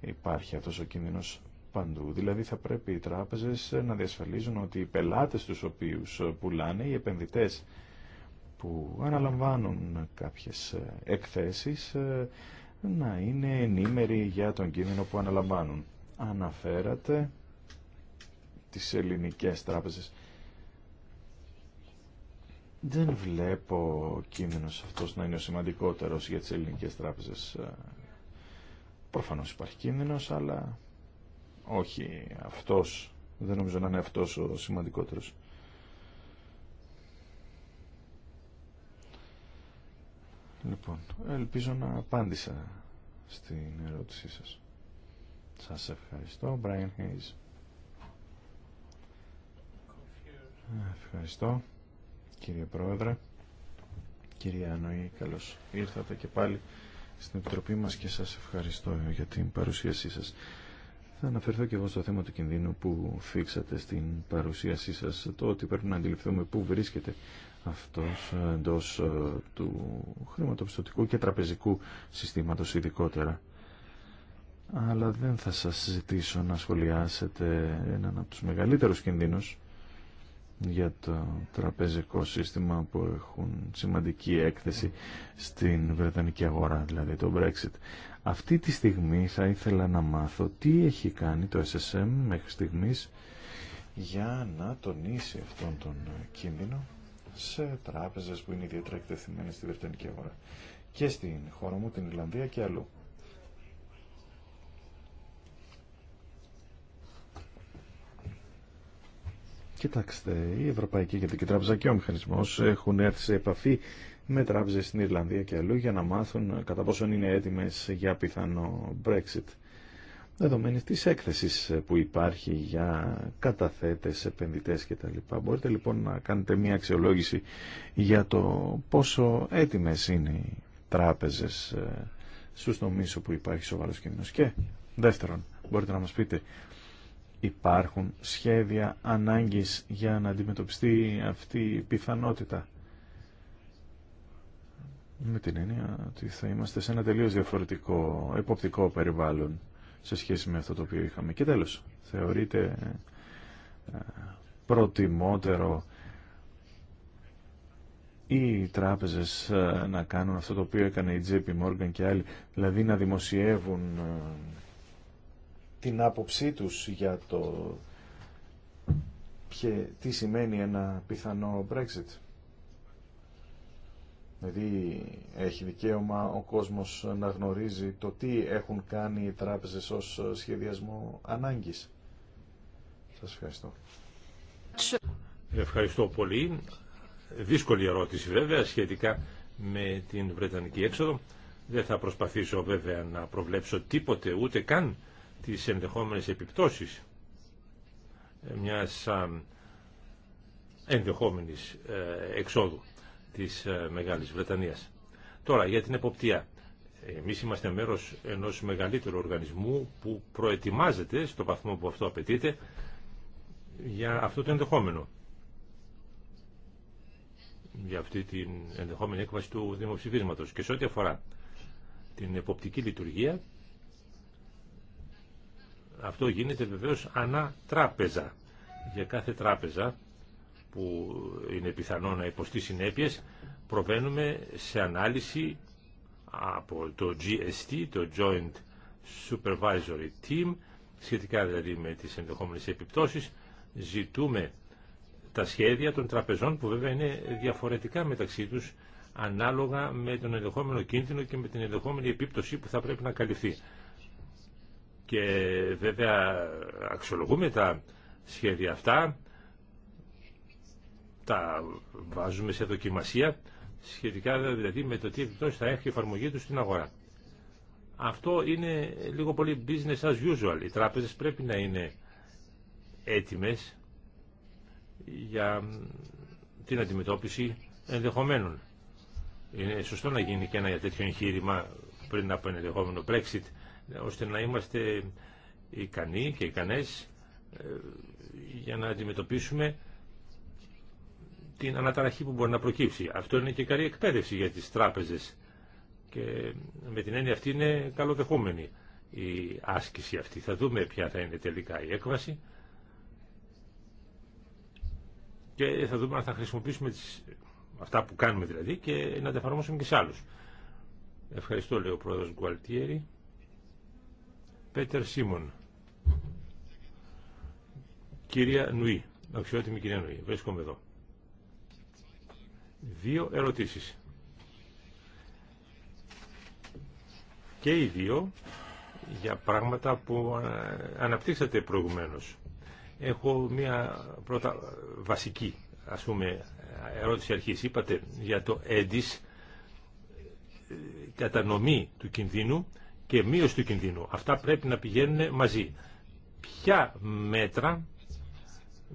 υπάρχει αυτός ο κίνδυνος παντού. Δηλαδή θα πρέπει οι τράπεζες να διασφαλίζουν ότι οι πελάτες τους οποίους πουλάνε, οι επενδυτές που αναλαμβάνουν κάποιες ε, εκθέσεις ε, να είναι ενήμεροι για τον κίνδυνο που αναλαμβάνουν. Αναφέρατε τις ελληνικές τράπεζες. Δεν βλέπω ο αυτός να είναι ο σημαντικότερος για τις ελληνικές τράπεζες. Ε, προφανώς υπάρχει κίνδυνος, αλλά όχι αυτός. Δεν νομίζω να είναι αυτός ο σημαντικότερος. Λοιπόν, ελπίζω να απάντησα στην ερώτησή σας. Σας ευχαριστώ, Brian Hayes. Ευχαριστώ, κύριε Πρόεδρε. Κυρία Ανοή, καλώς ήρθατε και πάλι στην Επιτροπή μας και σας ευχαριστώ για την παρουσίασή σας. Θα αναφερθώ και εγώ στο θέμα του κινδύνου που φίξατε στην παρουσίασή σας, το ότι πρέπει να αντιληφθούμε πού βρίσκεται αυτός ε, εντός ε, του χρηματοπιστωτικού και τραπεζικού συστήματος ειδικότερα. Αλλά δεν θα σας ζητήσω να σχολιάσετε έναν από τους μεγαλύτερους κινδύνους για το τραπεζικό σύστημα που έχουν σημαντική έκθεση στην Βρετανική αγορά, δηλαδή το Brexit. Αυτή τη στιγμή θα ήθελα να μάθω τι έχει κάνει το SSM μέχρι στιγμής για να τονίσει αυτόν τον κίνδυνο σε τράπεζες που είναι ιδιαίτερα εκτεθειμένες στη Βρετανική αγορά και στην χώρα μου, την Ιρλανδία και αλλού. Κοιτάξτε, η Ευρωπαϊκή Κεντρική Τράπεζα και ο μηχανισμό έχουν έρθει σε επαφή με τράπεζε στην Ιρλανδία και αλλού για να μάθουν κατά πόσο είναι έτοιμε για πιθανό Brexit δεδομένη της έκθεσης που υπάρχει για καταθέτες, επενδυτές κτλ. Μπορείτε λοιπόν να κάνετε μια αξιολόγηση για το πόσο έτοιμες είναι οι τράπεζες ε, στους τομείς όπου υπάρχει σοβαρός κίνδυνος. Και δεύτερον, μπορείτε να μας πείτε υπάρχουν σχέδια ανάγκης για να αντιμετωπιστεί αυτή η πιθανότητα. Με την έννοια ότι θα είμαστε σε ένα τελείως διαφορετικό εποπτικό περιβάλλον σε σχέση με αυτό το οποίο είχαμε. Και τέλος, θεωρείται ε, προτιμότερο οι τράπεζες ε, να κάνουν αυτό το οποίο έκανε η JP Morgan και άλλοι, δηλαδή να δημοσιεύουν ε, την άποψή τους για το τι σημαίνει ένα πιθανό Brexit. Δηλαδή έχει δικαίωμα ο κόσμος να γνωρίζει το τι έχουν κάνει οι τράπεζες ως σχεδιασμό ανάγκης. Σας ευχαριστώ. Ευχαριστώ πολύ. Δύσκολη ερώτηση βέβαια σχετικά με την Βρετανική έξοδο. Δεν θα προσπαθήσω βέβαια να προβλέψω τίποτε ούτε καν τις ενδεχόμενες επιπτώσεις μιας ενδεχόμενης ε, εξόδου της ε, Μεγάλης Βρετανίας. Τώρα, για την εποπτεία. Εμείς είμαστε μέρος ενός μεγαλύτερου οργανισμού που προετοιμάζεται, στο βαθμό που αυτό απαιτείται, για αυτό το ενδεχόμενο. Για αυτή την ενδεχόμενη έκβαση του δημοψηφίσματος. Και σε ό,τι αφορά την εποπτική λειτουργία, αυτό γίνεται βεβαίως ανά τράπεζα. Για κάθε τράπεζα που είναι πιθανό να υποστεί συνέπειες, προβαίνουμε σε ανάλυση από το GST, το Joint Supervisory Team, σχετικά δηλαδή με τις ενδεχόμενες επιπτώσεις, ζητούμε τα σχέδια των τραπεζών που βέβαια είναι διαφορετικά μεταξύ τους ανάλογα με τον ενδεχόμενο κίνδυνο και με την ενδεχόμενη επίπτωση που θα πρέπει να καλυφθεί. Και βέβαια αξιολογούμε τα σχέδια αυτά, τα βάζουμε σε δοκιμασία σχετικά δηλαδή με το τι επιπτώσει θα έχει η εφαρμογή του στην αγορά. Αυτό είναι λίγο πολύ business as usual. Οι τράπεζες πρέπει να είναι έτοιμες για την αντιμετώπιση ενδεχομένων. Είναι σωστό να γίνει και ένα τέτοιο εγχείρημα πριν από ένα ενδεχόμενο Brexit, ώστε να είμαστε ικανοί και ικανές ε, για να αντιμετωπίσουμε την αναταραχή που μπορεί να προκύψει. Αυτό είναι και καλή εκπαίδευση για τις τράπεζες και με την έννοια αυτή είναι καλοδεχόμενη η άσκηση αυτή. Θα δούμε ποια θα είναι τελικά η έκβαση και θα δούμε αν θα χρησιμοποιήσουμε τις... αυτά που κάνουμε δηλαδή και να τα εφαρμόσουμε και σε άλλους. Ευχαριστώ λέει ο πρόεδρος Γκουαλτιέρη. Πέτερ Σίμων. Κυρία Νουή, αξιότιμη κυρία Νουή, βρίσκομαι εδώ δύο ερωτήσεις. Και οι δύο για πράγματα που ε, αναπτύξατε προηγουμένως. Έχω μία πρώτα βασική, ας πούμε, ερώτηση αρχής. Είπατε για το έντις κατανομή του κινδύνου και μείωση του κινδύνου. Αυτά πρέπει να πηγαίνουν μαζί. Ποια μέτρα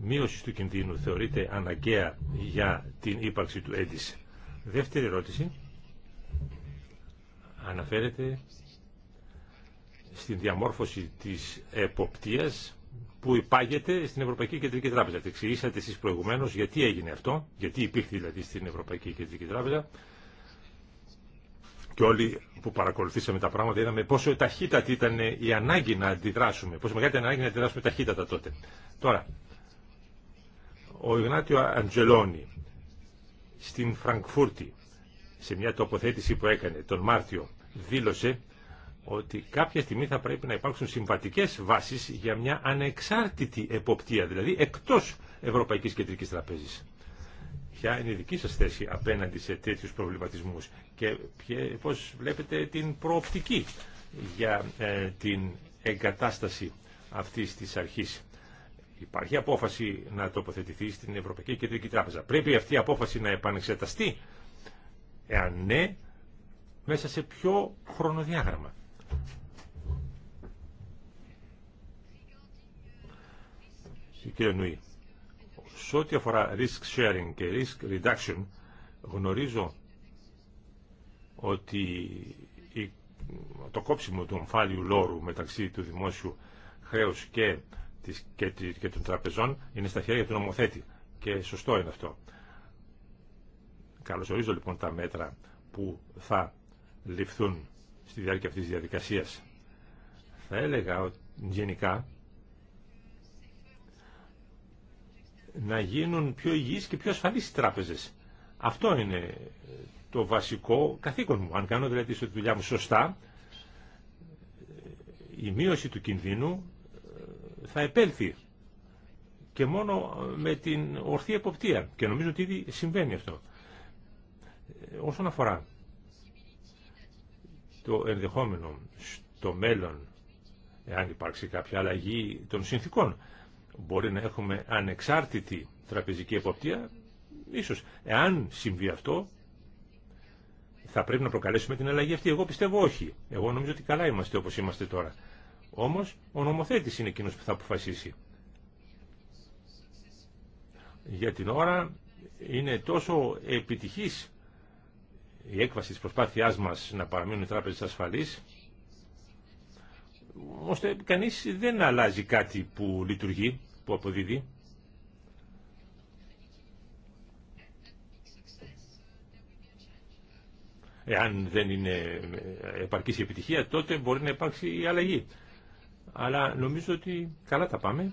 μείωση του κινδύνου θεωρείται αναγκαία για την ύπαρξη του έντις. Δεύτερη ερώτηση αναφέρεται στην διαμόρφωση της εποπτείας που υπάγεται στην Ευρωπαϊκή Κεντρική Τράπεζα. Εξηγήσατε εσείς προηγουμένως γιατί έγινε αυτό, γιατί υπήρχε δηλαδή στην Ευρωπαϊκή Κεντρική Τράπεζα και όλοι που παρακολουθήσαμε τα πράγματα είδαμε πόσο ταχύτατη ήταν η ανάγκη να αντιδράσουμε, πόσο μεγάλη ήταν η ανάγκη να αντιδράσουμε ταχύτατα τότε. Τώρα, ο Ιγνάτιο Αντζελόνι στην Φραγκφούρτη σε μια τοποθέτηση που έκανε τον Μάρτιο δήλωσε ότι κάποια στιγμή θα πρέπει να υπάρξουν συμβατικές βάσεις για μια ανεξάρτητη εποπτεία, δηλαδή εκτός Ευρωπαϊκής Κεντρικής Τραπέζης. Ποια είναι η δική σας θέση απέναντι σε τέτοιους προβληματισμούς και πώς βλέπετε την προοπτική για ε, την εγκατάσταση αυτής της αρχής. Υπάρχει απόφαση να τοποθετηθεί στην Ευρωπαϊκή Κεντρική Τράπεζα. Πρέπει αυτή η απόφαση να επανεξεταστεί. Εάν ναι, μέσα σε ποιο χρονοδιάγραμμα. Κύριε Νουή, σε ό,τι αφορά risk sharing και risk reduction, γνωρίζω ότι το κόψιμο του ομφάλιου λόρου μεταξύ του δημόσιου χρέους και και των τραπεζών είναι στα χέρια του νομοθέτη. Και σωστό είναι αυτό. Καλωσορίζω λοιπόν τα μέτρα που θα ληφθούν στη διάρκεια αυτής της διαδικασίας. Θα έλεγα γενικά να γίνουν πιο υγιείς και πιο ασφαλείς οι τράπεζες. Αυτό είναι το βασικό καθήκον μου. Αν κάνω δηλαδή τη δουλειά μου σωστά, η μείωση του κινδύνου θα επέλθει και μόνο με την ορθή εποπτεία και νομίζω ότι ήδη συμβαίνει αυτό. Όσον αφορά το ενδεχόμενο στο μέλλον, εάν υπάρξει κάποια αλλαγή των συνθήκων, μπορεί να έχουμε ανεξάρτητη τραπεζική εποπτεία, ίσως. Εάν συμβεί αυτό, θα πρέπει να προκαλέσουμε την αλλαγή αυτή. Εγώ πιστεύω όχι. Εγώ νομίζω ότι καλά είμαστε όπως είμαστε τώρα. Όμως ο νομοθέτης είναι εκείνος που θα αποφασίσει. Για την ώρα είναι τόσο επιτυχής η έκβαση της προσπάθειάς μας να παραμείνουν οι τράπεζες ασφαλείς, ώστε κανείς δεν αλλάζει κάτι που λειτουργεί, που αποδίδει. Εάν δεν είναι επαρκής η επιτυχία, τότε μπορεί να υπάρξει η αλλαγή αλλά νομίζω ότι καλά τα πάμε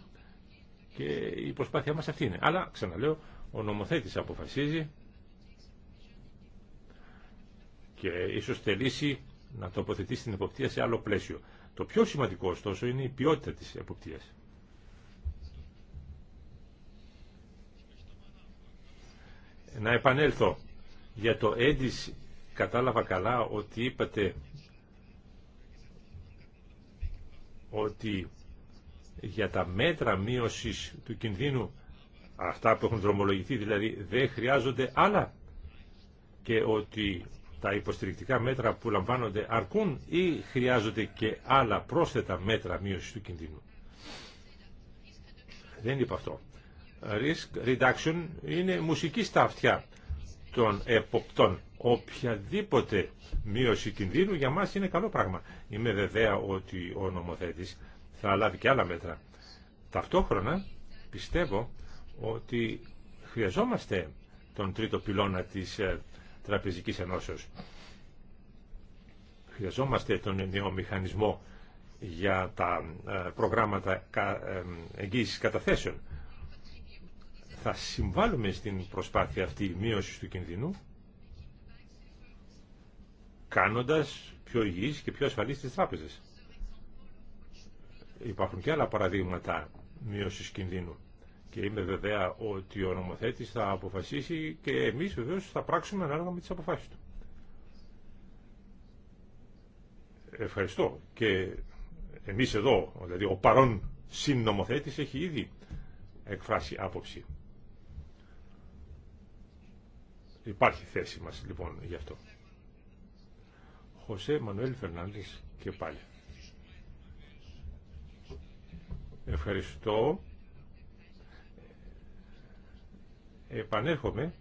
και η προσπάθειά μας αυτή είναι. Αλλά, ξαναλέω, ο νομοθέτης αποφασίζει και ίσως θελήσει να τοποθετήσει την εποπτεία σε άλλο πλαίσιο. Το πιο σημαντικό, ωστόσο, είναι η ποιότητα της εποπτείας. Να επανέλθω. Για το έντις κατάλαβα καλά ότι είπατε ότι για τα μέτρα μείωσης του κινδύνου, αυτά που έχουν δρομολογηθεί δηλαδή, δεν χρειάζονται άλλα και ότι τα υποστηρικτικά μέτρα που λαμβάνονται αρκούν ή χρειάζονται και άλλα πρόσθετα μέτρα μείωσης του κινδύνου. Δεν είπα αυτό. Risk reduction είναι μουσική στα αυτιά των εποπτών. Οποιαδήποτε μείωση κινδύνου για μας είναι καλό πράγμα. Είμαι βεβαία ότι ο νομοθέτης θα λάβει και άλλα μέτρα. Ταυτόχρονα πιστεύω ότι χρειαζόμαστε τον τρίτο πυλώνα της ε, Τραπεζικής Ενώσεως. Χρειαζόμαστε τον νέο μηχανισμό για τα ε, προγράμματα ε, εγγύησης καταθέσεων θα συμβάλλουμε στην προσπάθεια αυτή μείωση του κινδύνου κάνοντας πιο υγιείς και πιο ασφαλείς τις τράπεζες. Υπάρχουν και άλλα παραδείγματα μείωσης κινδύνου και είμαι βεβαία ότι ο νομοθέτης θα αποφασίσει και εμείς βεβαίως θα πράξουμε ανάλογα με τις αποφάσεις του. Ευχαριστώ και εμείς εδώ, δηλαδή ο παρόν νομοθέτης έχει ήδη εκφράσει άποψη. Υπάρχει θέση μας λοιπόν γι' αυτό. Χωσέ Μανουέλ Φερνάνδης και πάλι. Ευχαριστώ. Επανέρχομαι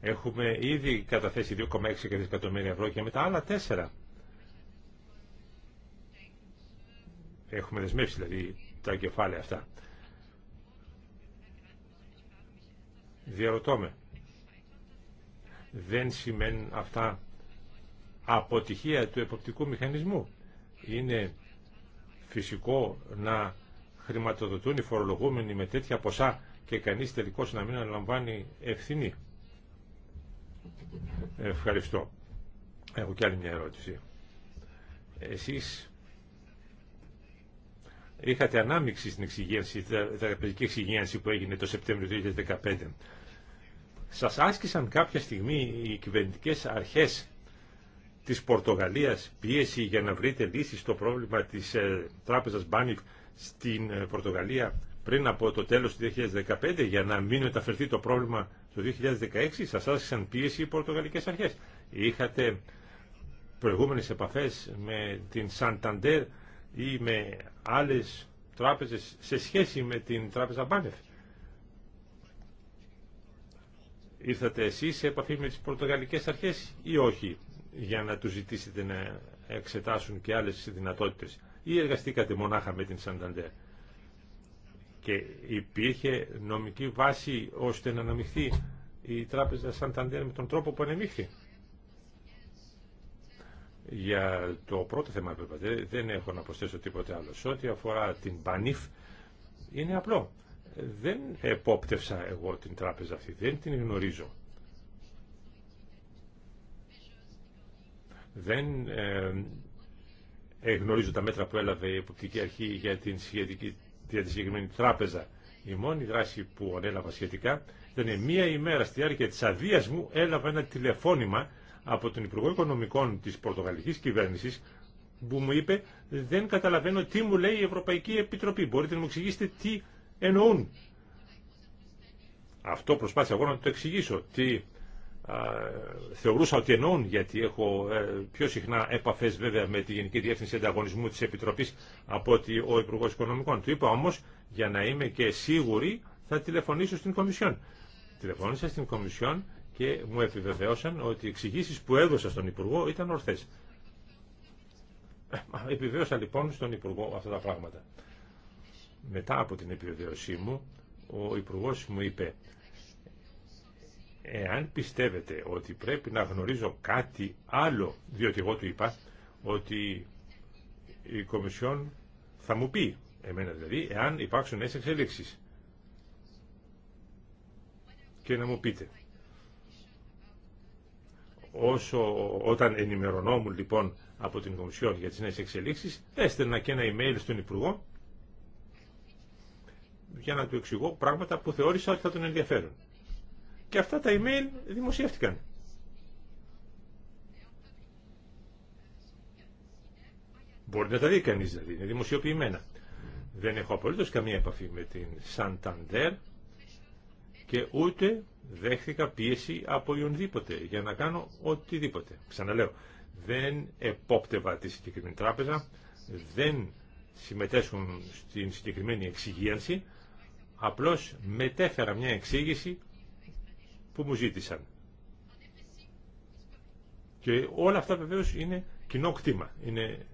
Έχουμε ήδη καταθέσει 2,6 δισεκατομμύρια ευρώ και μετά άλλα 4. Έχουμε δεσμεύσει δηλαδή τα κεφάλαια αυτά. Διαρωτώ με. Δεν σημαίνουν αυτά αποτυχία του εποπτικού μηχανισμού. Είναι φυσικό να χρηματοδοτούν οι φορολογούμενοι με τέτοια ποσά και κανείς τελικώς να μην αναλαμβάνει ευθύνη. Ευχαριστώ. Έχω κι άλλη μια ερώτηση. Εσείς είχατε ανάμειξη στην εξυγίανση, τραπεζική εξυγίανση που έγινε το Σεπτέμβριο του 2015. Σας άσκησαν κάποια στιγμή οι κυβερνητικές αρχές της Πορτογαλίας πίεση για να βρείτε λύση στο πρόβλημα της ε, τράπεζας Μπάνιφ στην ε, Πορτογαλία πριν από το τέλος του 2015 για να μην μεταφερθεί το πρόβλημα το 2016 σας άσκησαν πίεση οι πορτογαλικές αρχές. Είχατε προηγούμενες επαφές με την Σανταντέρ ή με άλλες τράπεζες σε σχέση με την τράπεζα Μπάνεφ. Ήρθατε εσείς σε επαφή με τις πορτογαλικές αρχές ή όχι για να τους ζητήσετε να εξετάσουν και άλλες δυνατότητες ή εργαστήκατε μονάχα με την Σανταντέρ και υπήρχε νομική βάση ώστε να αναμειχθεί η τράπεζα Σανταντέρ με τον τρόπο που ανεμίχθη. Για το πρώτο θέμα που είπατε δεν έχω να προσθέσω τίποτε άλλο. Σε ό,τι αφορά την Πανίφ είναι απλό. Δεν επόπτευσα εγώ την τράπεζα αυτή, δεν την γνωρίζω. Δεν γνωρίζω τα μέτρα που έλαβε η Εποπτική Αρχή για, την σχετική, τη συγκεκριμένη τράπεζα. Η μόνη δράση που ανέλαβα σχετικά ήταν μία ημέρα στη διάρκεια της αδείας μου έλαβα ένα τηλεφώνημα από τον Υπουργό Οικονομικών της Πορτογαλικής Κυβέρνησης που μου είπε δεν καταλαβαίνω τι μου λέει η Ευρωπαϊκή Επιτροπή. Μπορείτε να μου εξηγήσετε τι εννοούν. Αυτό προσπάθησα εγώ να το εξηγήσω. Τι θεωρούσα ότι εννοούν γιατί έχω ε, πιο συχνά επαφές βέβαια με τη Γενική Διεύθυνση Ανταγωνισμού της Επιτροπής από ότι ο Υπουργό Οικονομικών. Του είπα όμως για να είμαι και σίγουρη θα τηλεφωνήσω στην Κομισιόν. Τηλεφώνησα στην Κομισιόν και μου επιβεβαίωσαν ότι οι εξηγήσει που έδωσα στον Υπουργό ήταν ορθέ. Ε, επιβεβαίωσα λοιπόν στον Υπουργό αυτά τα πράγματα. Μετά από την επιβεβαίωσή μου, ο Υπουργό μου είπε εάν πιστεύετε ότι πρέπει να γνωρίζω κάτι άλλο, διότι εγώ του είπα ότι η Κομισιόν θα μου πει, εμένα δηλαδή, εάν υπάρξουν νέες εξελίξεις. Και να μου πείτε όσο, όταν ενημερωνόμουν λοιπόν από την Κομισιόν για τις νέες εξελίξεις, έστελνα και ένα email στον Υπουργό για να του εξηγώ πράγματα που θεώρησα ότι θα τον ενδιαφέρουν. Και αυτά τα email δημοσιεύτηκαν. Μπορεί να τα δει κανεί δηλαδή, είναι δημοσιοποιημένα. Δεν έχω απολύτως καμία επαφή με την Santander, και ούτε δέχθηκα πίεση από οποιονδήποτε για να κάνω οτιδήποτε. Ξαναλέω, δεν επόπτευα τη συγκεκριμένη τράπεζα, δεν συμμετέσχουν στην συγκεκριμένη εξυγίανση, απλώς μετέφερα μια εξήγηση που μου ζήτησαν. Και όλα αυτά βεβαίως είναι κοινό κτήμα, είναι,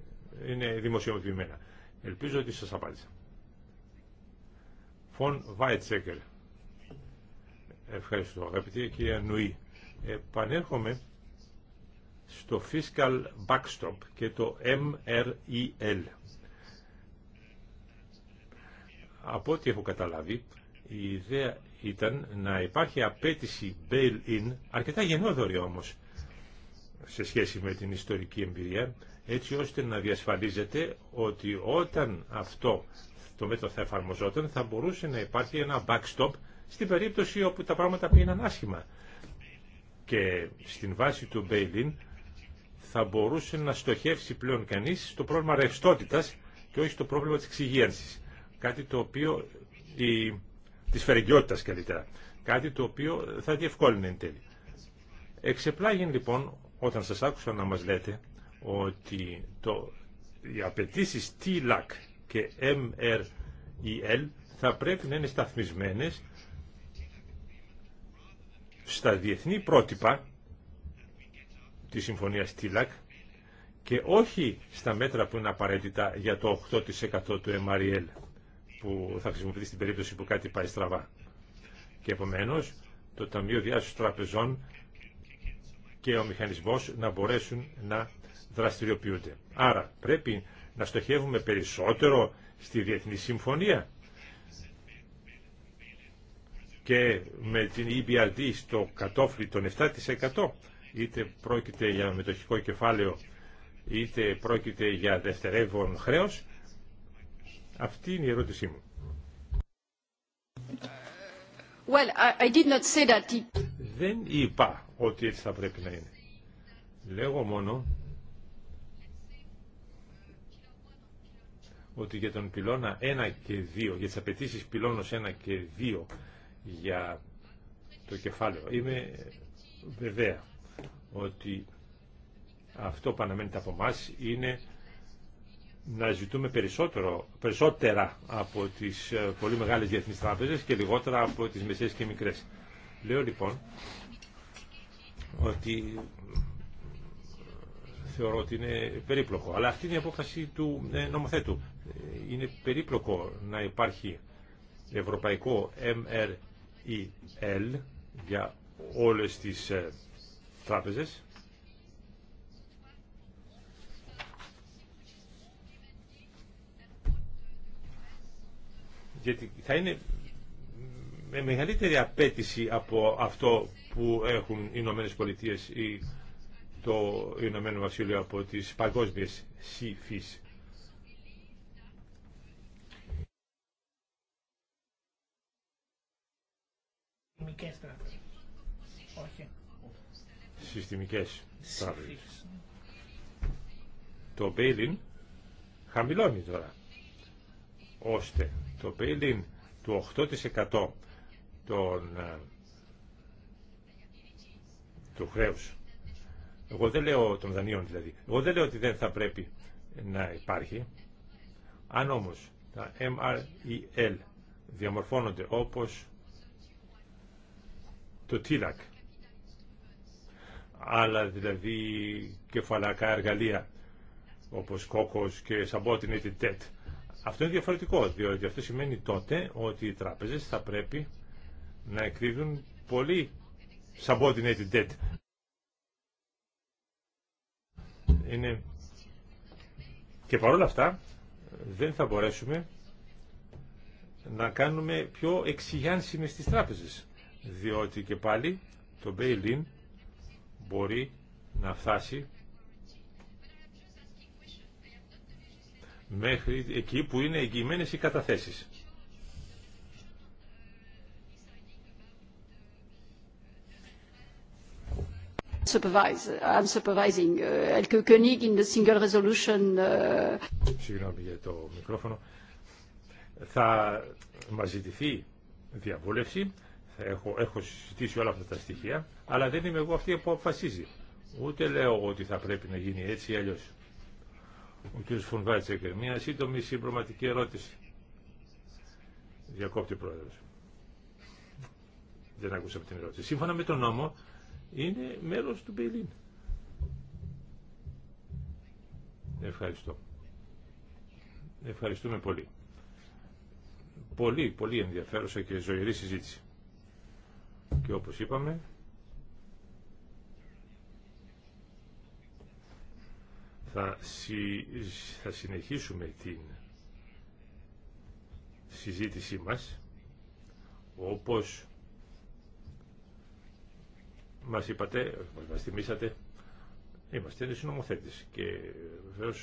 είναι δημοσιοποιημένα. Ελπίζω ότι σας απάντησα. Φων Βάιτσέκερ. Ευχαριστώ. Αγαπητή κυρία Νουή, επανέρχομαι στο Fiscal Backstop και το MREL. Από ό,τι έχω καταλάβει, η ιδέα ήταν να υπάρχει απέτηση bail-in, αρκετά γενναιόδορη όμως, σε σχέση με την ιστορική εμπειρία, έτσι ώστε να διασφαλίζεται ότι όταν αυτό το μέτρο θα εφαρμοζόταν θα μπορούσε να υπάρχει ένα backstop στην περίπτωση όπου τα πράγματα πήγαιναν άσχημα. Και στην βάση του Μπέιλιν θα μπορούσε να στοχεύσει πλέον κανείς στο πρόβλημα ρευστότητα και όχι στο πρόβλημα της εξυγίανσης. Κάτι το οποίο, της καλύτερα, κάτι το οποίο θα διευκόλυνε εν τέλει. Εξεπλάγει λοιπόν όταν σας άκουσα να μας λέτε ότι το, οι απαιτήσει TLAC και MREL θα πρέπει να είναι σταθμισμένες στα διεθνή πρότυπα τη Συμφωνίας ΤΙΛΑΚ και όχι στα μέτρα που είναι απαραίτητα για το 8% του MRL που θα χρησιμοποιηθεί στην περίπτωση που κάτι πάει στραβά. Και επομένως το Ταμείο Διάσωσης Τραπεζών και ο μηχανισμός να μπορέσουν να δραστηριοποιούνται. Άρα πρέπει να στοχεύουμε περισσότερο στη Διεθνή Συμφωνία και με την EBRD στο κατόφλι των 7% είτε πρόκειται για μετοχικό κεφάλαιο είτε πρόκειται για δευτερεύον χρέος αυτή είναι η ερώτησή μου well, I did not say that it... δεν είπα ότι έτσι θα πρέπει να είναι λέγω μόνο ότι για τον πυλώνα 1 και 2 για τις απαιτήσει πυλώνος 1 και 2 για το κεφάλαιο. Είμαι βεβαία ότι αυτό που αναμένεται από εμά είναι να ζητούμε περισσότερο, περισσότερα από τις ε, πολύ μεγάλες διεθνείς τράπεζες και λιγότερα από τις μεσαίες και μικρές. Λέω λοιπόν ότι θεωρώ ότι είναι περίπλοκο. Αλλά αυτή είναι η απόφαση του ε, νομοθέτου. Είναι περίπλοκο να υπάρχει ευρωπαϊκό MR. L για όλες τις ε, τράπεζες. Γιατί θα είναι με μεγαλύτερη απέτηση από αυτό που έχουν οι Ηνωμένες Πολιτείες ή το Ηνωμένο Βασίλειο από τις παγκόσμιες ΣΥΦΙΣ. Συστημικές τράπεζες. Όχι. Συστημικές τράπεζες. Ναι. Το bail-in χαμηλώνει τώρα. Ώστε το bail-in του 8% των, ε, του χρέους εγώ δεν λέω των δανείων δηλαδή. Εγώ δεν λέω ότι δεν θα πρέπει να υπάρχει. Αν όμως τα MREL διαμορφώνονται όπως το τιλάκ, άλλα δηλαδή κεφαλακά εργαλεία όπως κόκος και subordinated debt. E αυτό είναι διαφορετικό, διότι αυτό σημαίνει τότε ότι οι τράπεζες θα πρέπει να εκδίδουν πολύ την debt. E είναι... Και παρόλα αυτά δεν θα μπορέσουμε να κάνουμε πιο εξηγιάνσιμες τις τράπεζες διότι και πάλι το Μπέιλιν μπορεί να φτάσει μέχρι εκεί που είναι εγγυημένες οι καταθέσεις. Uh, uh, Συγγνώμη για το μικρόφωνο. Θα μας ζητηθεί διαβούλευση έχω, έχω συζητήσει όλα αυτά τα στοιχεία, αλλά δεν είμαι εγώ αυτή που αποφασίζει. Ούτε λέω ότι θα πρέπει να γίνει έτσι ή αλλιώς. Ο κ. Φουνβάτσεκερ, μια σύντομη συμπροματική ερώτηση. Διακόπτη πρόεδρο. Δεν άκουσα την ερώτηση. Σύμφωνα με τον νόμο, είναι μέλο του Μπεϊλίν. Ευχαριστώ. Ευχαριστούμε πολύ. Πολύ, πολύ ενδιαφέρουσα και ζωηρή συζήτηση και όπως είπαμε θα, συνεχίσουμε την συζήτησή μας όπως μας είπατε, μας θυμήσατε είμαστε συνομοθέτες και βεβαίω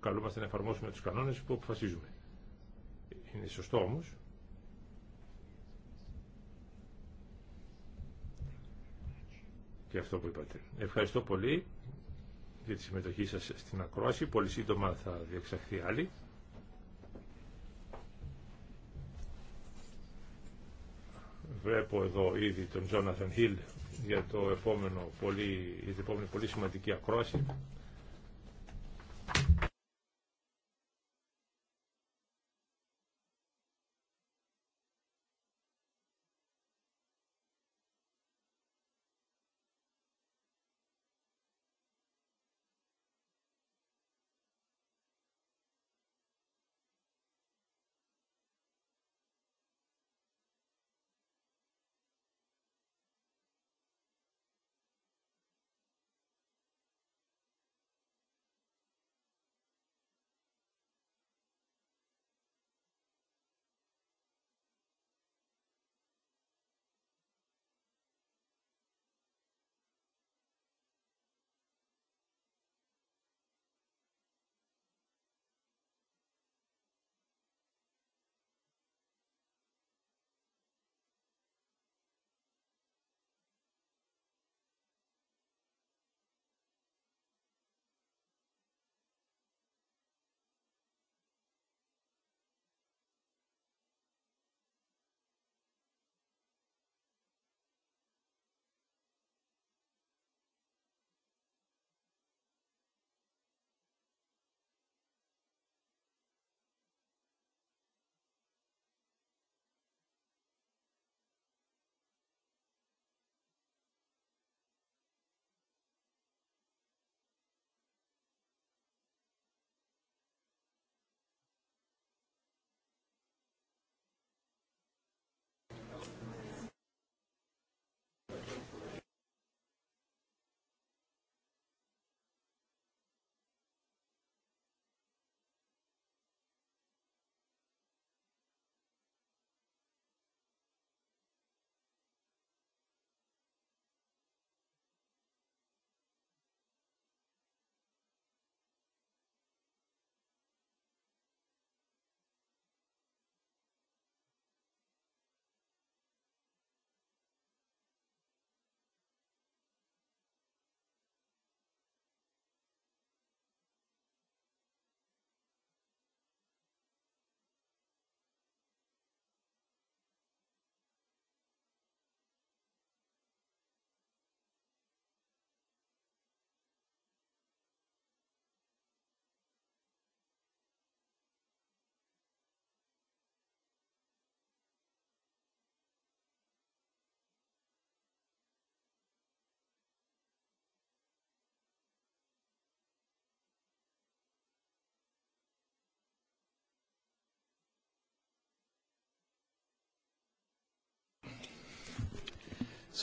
καλούμαστε να εφαρμόσουμε τους κανόνες που αποφασίζουμε είναι σωστό όμως και αυτό που είπατε. Ευχαριστώ πολύ για τη συμμετοχή σας στην ακρόαση. Πολύ σύντομα θα διεξαχθεί άλλη. Βλέπω εδώ ήδη τον Τζόναθαν Χιλ για το επόμενο πολύ, για την επόμενη πολύ σημαντική ακρόαση.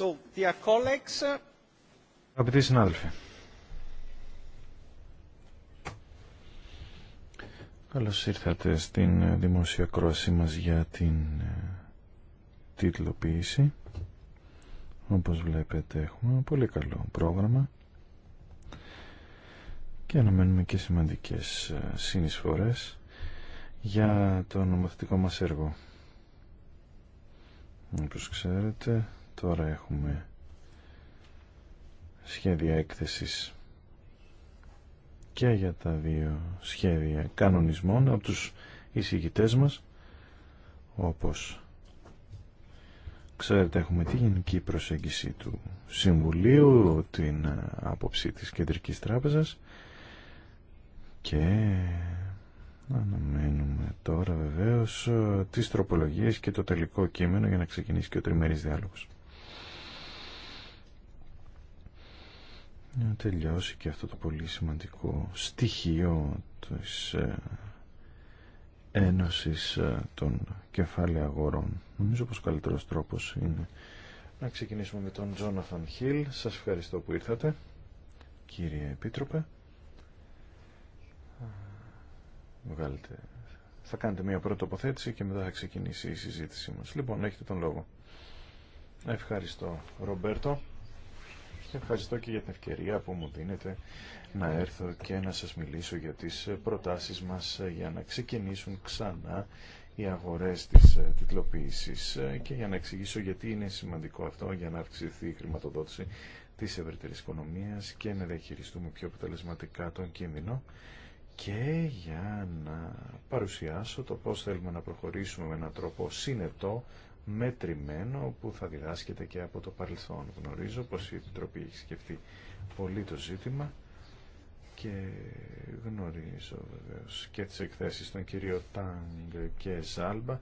So, Αγαπητοί συνάδελφοι, καλώς ήρθατε στην δημόσια κρόση μα για την ε, τίτλοποίηση. Όπως βλέπετε έχουμε πολύ καλό πρόγραμμα και αναμένουμε και σημαντικές ε, συνεισφορέ για το νομοθετικό μας έργο. Όπως ξέρετε, Τώρα έχουμε σχέδια έκθεσης και για τα δύο σχέδια κανονισμών από τους εισηγητές μας όπως ξέρετε έχουμε τη γενική προσέγγιση του Συμβουλίου την άποψη της Κεντρικής Τράπεζας και αναμένουμε τώρα βεβαίως τις τροπολογίες και το τελικό κείμενο για να ξεκινήσει και ο τριμερής διάλογος. να τελειώσει και αυτό το πολύ σημαντικό στοιχείο της ε, Ένωσης ε, των Κεφάλαια Αγορών. Νομίζω πως ο καλύτερος τρόπος είναι να ξεκινήσουμε με τον Τζόναθαν Χιλ. Σας ευχαριστώ που ήρθατε, κύριε Επίτροπε. Βγάλετε. Θα κάνετε μια πρώτη τοποθέτηση και μετά θα ξεκινήσει η συζήτησή μας. Λοιπόν, έχετε τον λόγο. Ευχαριστώ, Ρομπέρτο ευχαριστώ και για την ευκαιρία που μου δίνετε να έρθω και να σας μιλήσω για τις προτάσεις μας για να ξεκινήσουν ξανά οι αγορές της ε, τιτλοποίησης ε, και για να εξηγήσω γιατί είναι σημαντικό αυτό για να αυξηθεί η χρηματοδότηση της ευρύτερη οικονομίας και να διαχειριστούμε πιο αποτελεσματικά τον κίνδυνο και για να παρουσιάσω το πώς θέλουμε να προχωρήσουμε με έναν τρόπο συνετό μετρημένο που θα διδάσκεται και από το παρελθόν. Γνωρίζω πως η Επιτροπή έχει σκεφτεί πολύ το ζήτημα και γνωρίζω και τις εκθέσεις των κυρίων Τάγκ και Ζάλμπα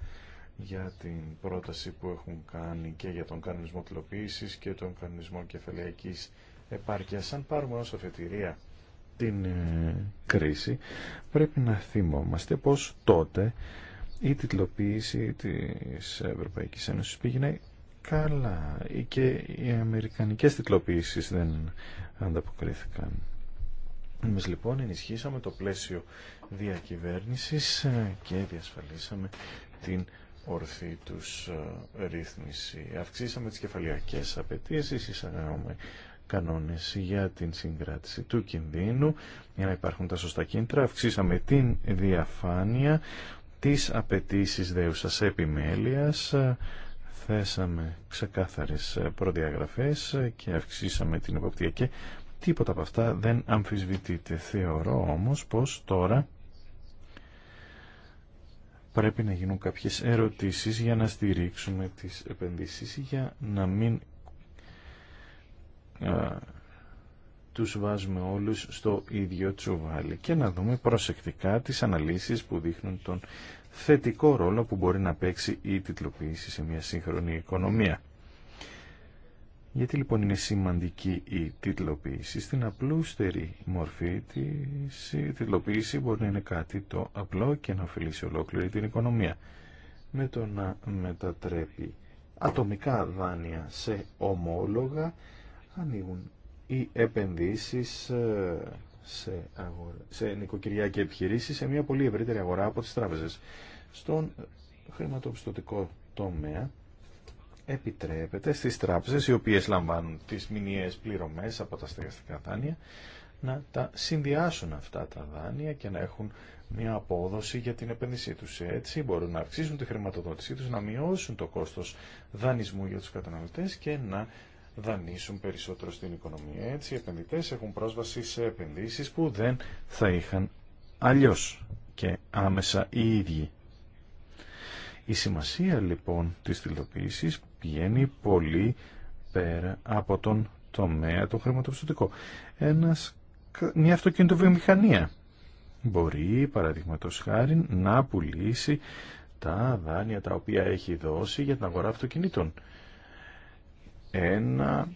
για την πρόταση που έχουν κάνει και για τον κανονισμό κλοποίησης και τον κανονισμό κεφαλαϊκής επάρκειας. Αν πάρουμε ως αφετηρία την ε, κρίση πρέπει να θυμόμαστε πως τότε η τιτλοποίηση της Ευρωπαϊκής Ένωσης πήγαινε καλά και οι αμερικανικές τιτλοποίησεις δεν ανταποκρίθηκαν. Εμείς λοιπόν ενισχύσαμε το πλαίσιο διακυβέρνησης και διασφαλίσαμε την ορθή τους ε, ρύθμιση. Αυξήσαμε τις κεφαλιακές απαιτήσεις, εισαγάγουμε κανόνες για την συγκράτηση του κινδύνου για να υπάρχουν τα σωστά κίνητρα. Αυξήσαμε την διαφάνεια τις απαιτήσει δέουσας επιμέλειας ε, θέσαμε ξεκάθαρες ε, προδιαγραφές ε, και αυξήσαμε την εποπτεία και τίποτα από αυτά δεν αμφισβητείται. Θεωρώ όμως πως τώρα πρέπει να γίνουν κάποιες ερωτήσεις για να στηρίξουμε τις επενδύσεις για να μην τους βάζουμε όλους στο ίδιο τσουβάλι και να δούμε προσεκτικά τις αναλύσεις που δείχνουν τον θετικό ρόλο που μπορεί να παίξει η τιτλοποίηση σε μια σύγχρονη οικονομία. Γιατί λοιπόν είναι σημαντική η τιτλοποίηση. Στην απλούστερη μορφή της η τιτλοποίηση μπορεί να είναι κάτι το απλό και να ωφελήσει ολόκληρη την οικονομία με το να μετατρέπει ατομικά δάνεια σε ομόλογα ανοίγουν οι επενδύσεις ε, σε, αγορα... σε νοικοκυριά και επιχειρήσεις σε μια πολύ ευρύτερη αγορά από τις τράπεζες. Στον χρηματοπιστωτικό τομέα επιτρέπεται στις τράπεζες οι οποίες λαμβάνουν τις μηνιαίες πληρωμές από τα στεγαστικά δάνεια να τα συνδυάσουν αυτά τα δάνεια και να έχουν μια απόδοση για την επένδυσή τους. Έτσι μπορούν να αυξήσουν τη χρηματοδότησή τους, να μειώσουν το κόστος δανεισμού για τους καταναλωτές και να δανείσουν περισσότερο στην οικονομία. Έτσι οι επενδυτές έχουν πρόσβαση σε επενδύσει που δεν θα είχαν αλλιώς και άμεσα οι ίδιοι. Η σημασία λοιπόν της τηλεοποίησης πηγαίνει πολύ πέρα από τον τομέα το χρηματοπιστωτικό. Ένας, μια αυτοκινητοβιομηχανία μπορεί παραδείγματο χάρη να πουλήσει τα δάνεια τα οποία έχει δώσει για την αγορά αυτοκινήτων ένα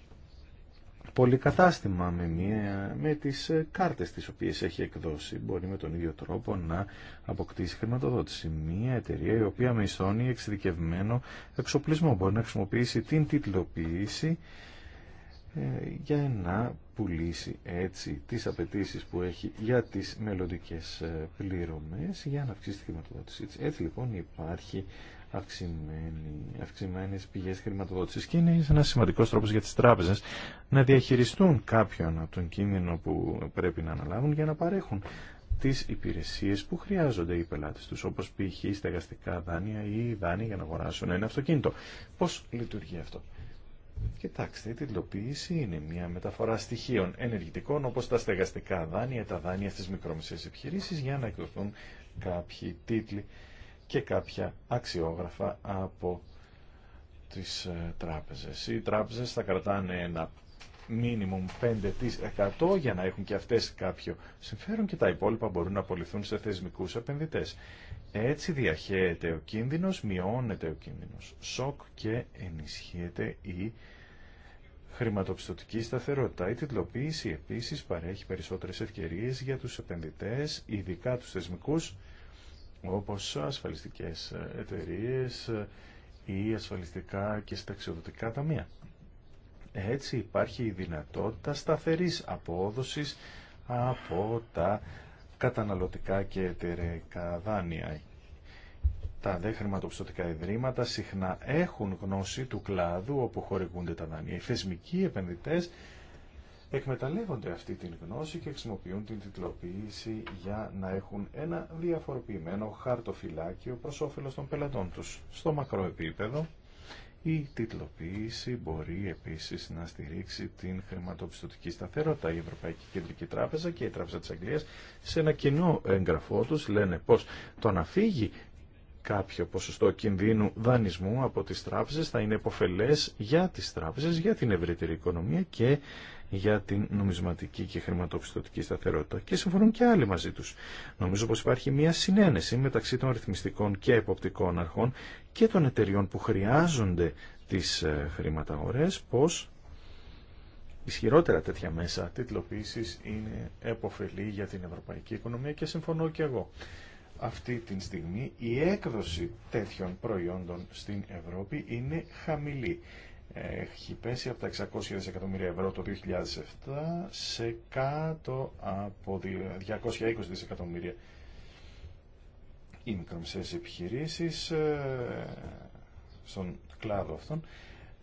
πολυκατάστημα με, μια, με τις κάρτες τις οποίες έχει εκδώσει μπορεί με τον ίδιο τρόπο να αποκτήσει χρηματοδότηση. Μια εταιρεία η οποία μισθώνει εξειδικευμένο εξοπλισμό μπορεί να χρησιμοποιήσει την τίτλοποίηση ε, για να πουλήσει έτσι τις απαιτήσει που έχει για τις μελλοντικέ ε, πληρωμές για να αυξήσει τη χρηματοδότηση. Έτσι λοιπόν υπάρχει αυξημένε πηγέ χρηματοδότησης και είναι ένα σημαντικό τρόπο για τις τράπεζες να διαχειριστούν κάποιον από τον κίνδυνο που πρέπει να αναλάβουν για να παρέχουν τι υπηρεσίε που χρειάζονται οι πελάτε του, όπω π.χ. στεγαστικά δάνεια ή δάνεια για να αγοράσουν ένα αυτοκίνητο. πω λειτουργεί αυτό. Κοιτάξτε, η τετλοποίηση είναι μια μεταφορά στοιχείων ενεργητικών όπως τα στεγαστικά δάνεια, τα δάνεια στις μικρομεσαίες επιχειρήσεις για να εκδοθούν κάποιοι τίτλοι και κάποια αξιόγραφα από τις ε, τράπεζες. Οι τράπεζες θα κρατάνε ένα μίνιμουμ 5% για να έχουν και αυτές κάποιο συμφέρον και τα υπόλοιπα μπορούν να απολυθούν σε θεσμικούς επενδυτές. Έτσι διαχέεται ο κίνδυνος, μειώνεται ο κίνδυνος σοκ και ενισχύεται η χρηματοπιστωτική σταθερότητα. Η τιτλοποίηση επίσης παρέχει περισσότερες ευκαιρίες για τους επενδυτές, ειδικά τους θεσμικούς, όπως ασφαλιστικές εταιρείες ή ασφαλιστικά και συνταξιοδοτικά ταμεία. Έτσι υπάρχει η δυνατότητα σταθερής απόδοσης από τα καταναλωτικά και εταιρεικά δάνεια. Τα δε χρηματοπιστωτικά ιδρύματα συχνά έχουν γνώση του κλάδου όπου χορηγούνται τα δάνεια. Οι θεσμικοί επενδυτές εκμεταλλεύονται αυτή την γνώση και χρησιμοποιούν την τιτλοποίηση για να έχουν ένα διαφοροποιημένο χαρτοφυλάκιο προς όφελος των πελατών τους. Στο μακρό επίπεδο, η τιτλοποίηση μπορεί επίσης να στηρίξει την χρηματοπιστωτική σταθερότητα. Η Ευρωπαϊκή Κεντρική Τράπεζα και η Τράπεζα της Αγγλίας σε ένα κοινό εγγραφό τους λένε πως το να φύγει κάποιο ποσοστό κινδύνου δανεισμού από τις τράπεζες θα είναι υποφελές για τις τράπεζες, για την ευρύτερη οικονομία και για την νομισματική και χρηματοπιστωτική σταθερότητα και συμφωνούν και άλλοι μαζί τους. Νομίζω πως υπάρχει μια συνένεση μεταξύ των ρυθμιστικών και εποπτικών αρχών και των εταιριών που χρειάζονται τις ε, χρηματαγορές πως ισχυρότερα τέτοια μέσα τίτλοποίησης είναι επωφελή για την ευρωπαϊκή οικονομία και συμφωνώ και εγώ. Αυτή τη στιγμή η έκδοση τέτοιων προϊόντων στην Ευρώπη είναι χαμηλή έχει πέσει από τα 600 δισεκατομμύρια ευρώ το 2007 σε κάτω από 220 δισεκατομμύρια οι μικρομεσαίες επιχειρήσεις ε, στον κλάδο αυτόν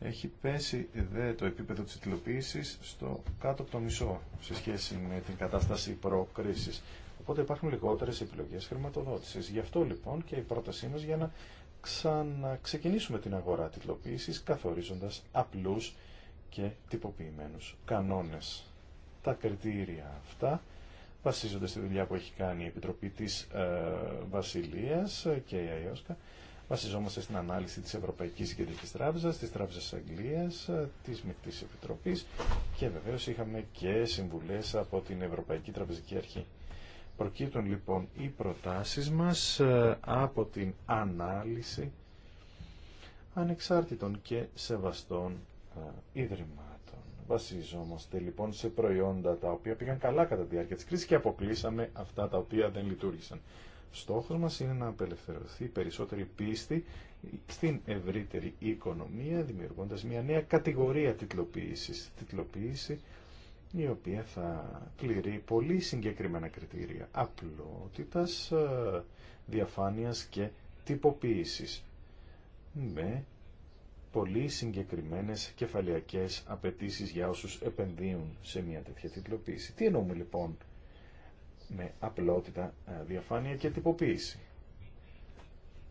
έχει πέσει δε το επίπεδο της τηλεοποίησης στο κάτω από το μισό σε σχέση με την κατάσταση προκρίσης. Οπότε υπάρχουν λιγότερες επιλογές χρηματοδότησης. Γι' αυτό λοιπόν και η πρότασή μας για να ξαναξεκινήσουμε την αγορά τυπλοποίησης καθορίζοντας απλούς και τυποποιημένους κανόνες. Τα κριτήρια αυτά βασίζονται στη δουλειά που έχει κάνει η Επιτροπή της ε, Βασιλείας και η ΑΕΟΣΚΑ. Βασιζόμαστε στην ανάλυση της Ευρωπαϊκής Κεντρικής Τράπεζας, της Τράπεζας Αγγλίας, ε, της Μικτής Επιτροπής και βεβαίως είχαμε και συμβουλές από την Ευρωπαϊκή Τραπεζική Αρχή. Προκύπτουν λοιπόν οι προτάσεις μας ε, από την ανάλυση ανεξάρτητων και σεβαστών ε, ιδρυμάτων. Βασίζομαστε λοιπόν σε προϊόντα τα οποία πήγαν καλά κατά τη διάρκεια της κρίσης και αποκλείσαμε αυτά τα οποία δεν λειτουργήσαν. Στόχος μας είναι να απελευθερωθεί περισσότερη πίστη στην ευρύτερη οικονομία, δημιουργώντας μια νέα κατηγορία τιτλοποίησης η οποία θα πληρεί πολύ συγκεκριμένα κριτήρια απλότητας, ε, διαφάνειας και τυποποίησης με πολύ συγκεκριμένες κεφαλιακές απαιτήσει για όσους επενδύουν σε μια τέτοια τυπλοποίηση. Τι εννοούμε λοιπόν με απλότητα, ε, διαφάνεια και τυποποίηση.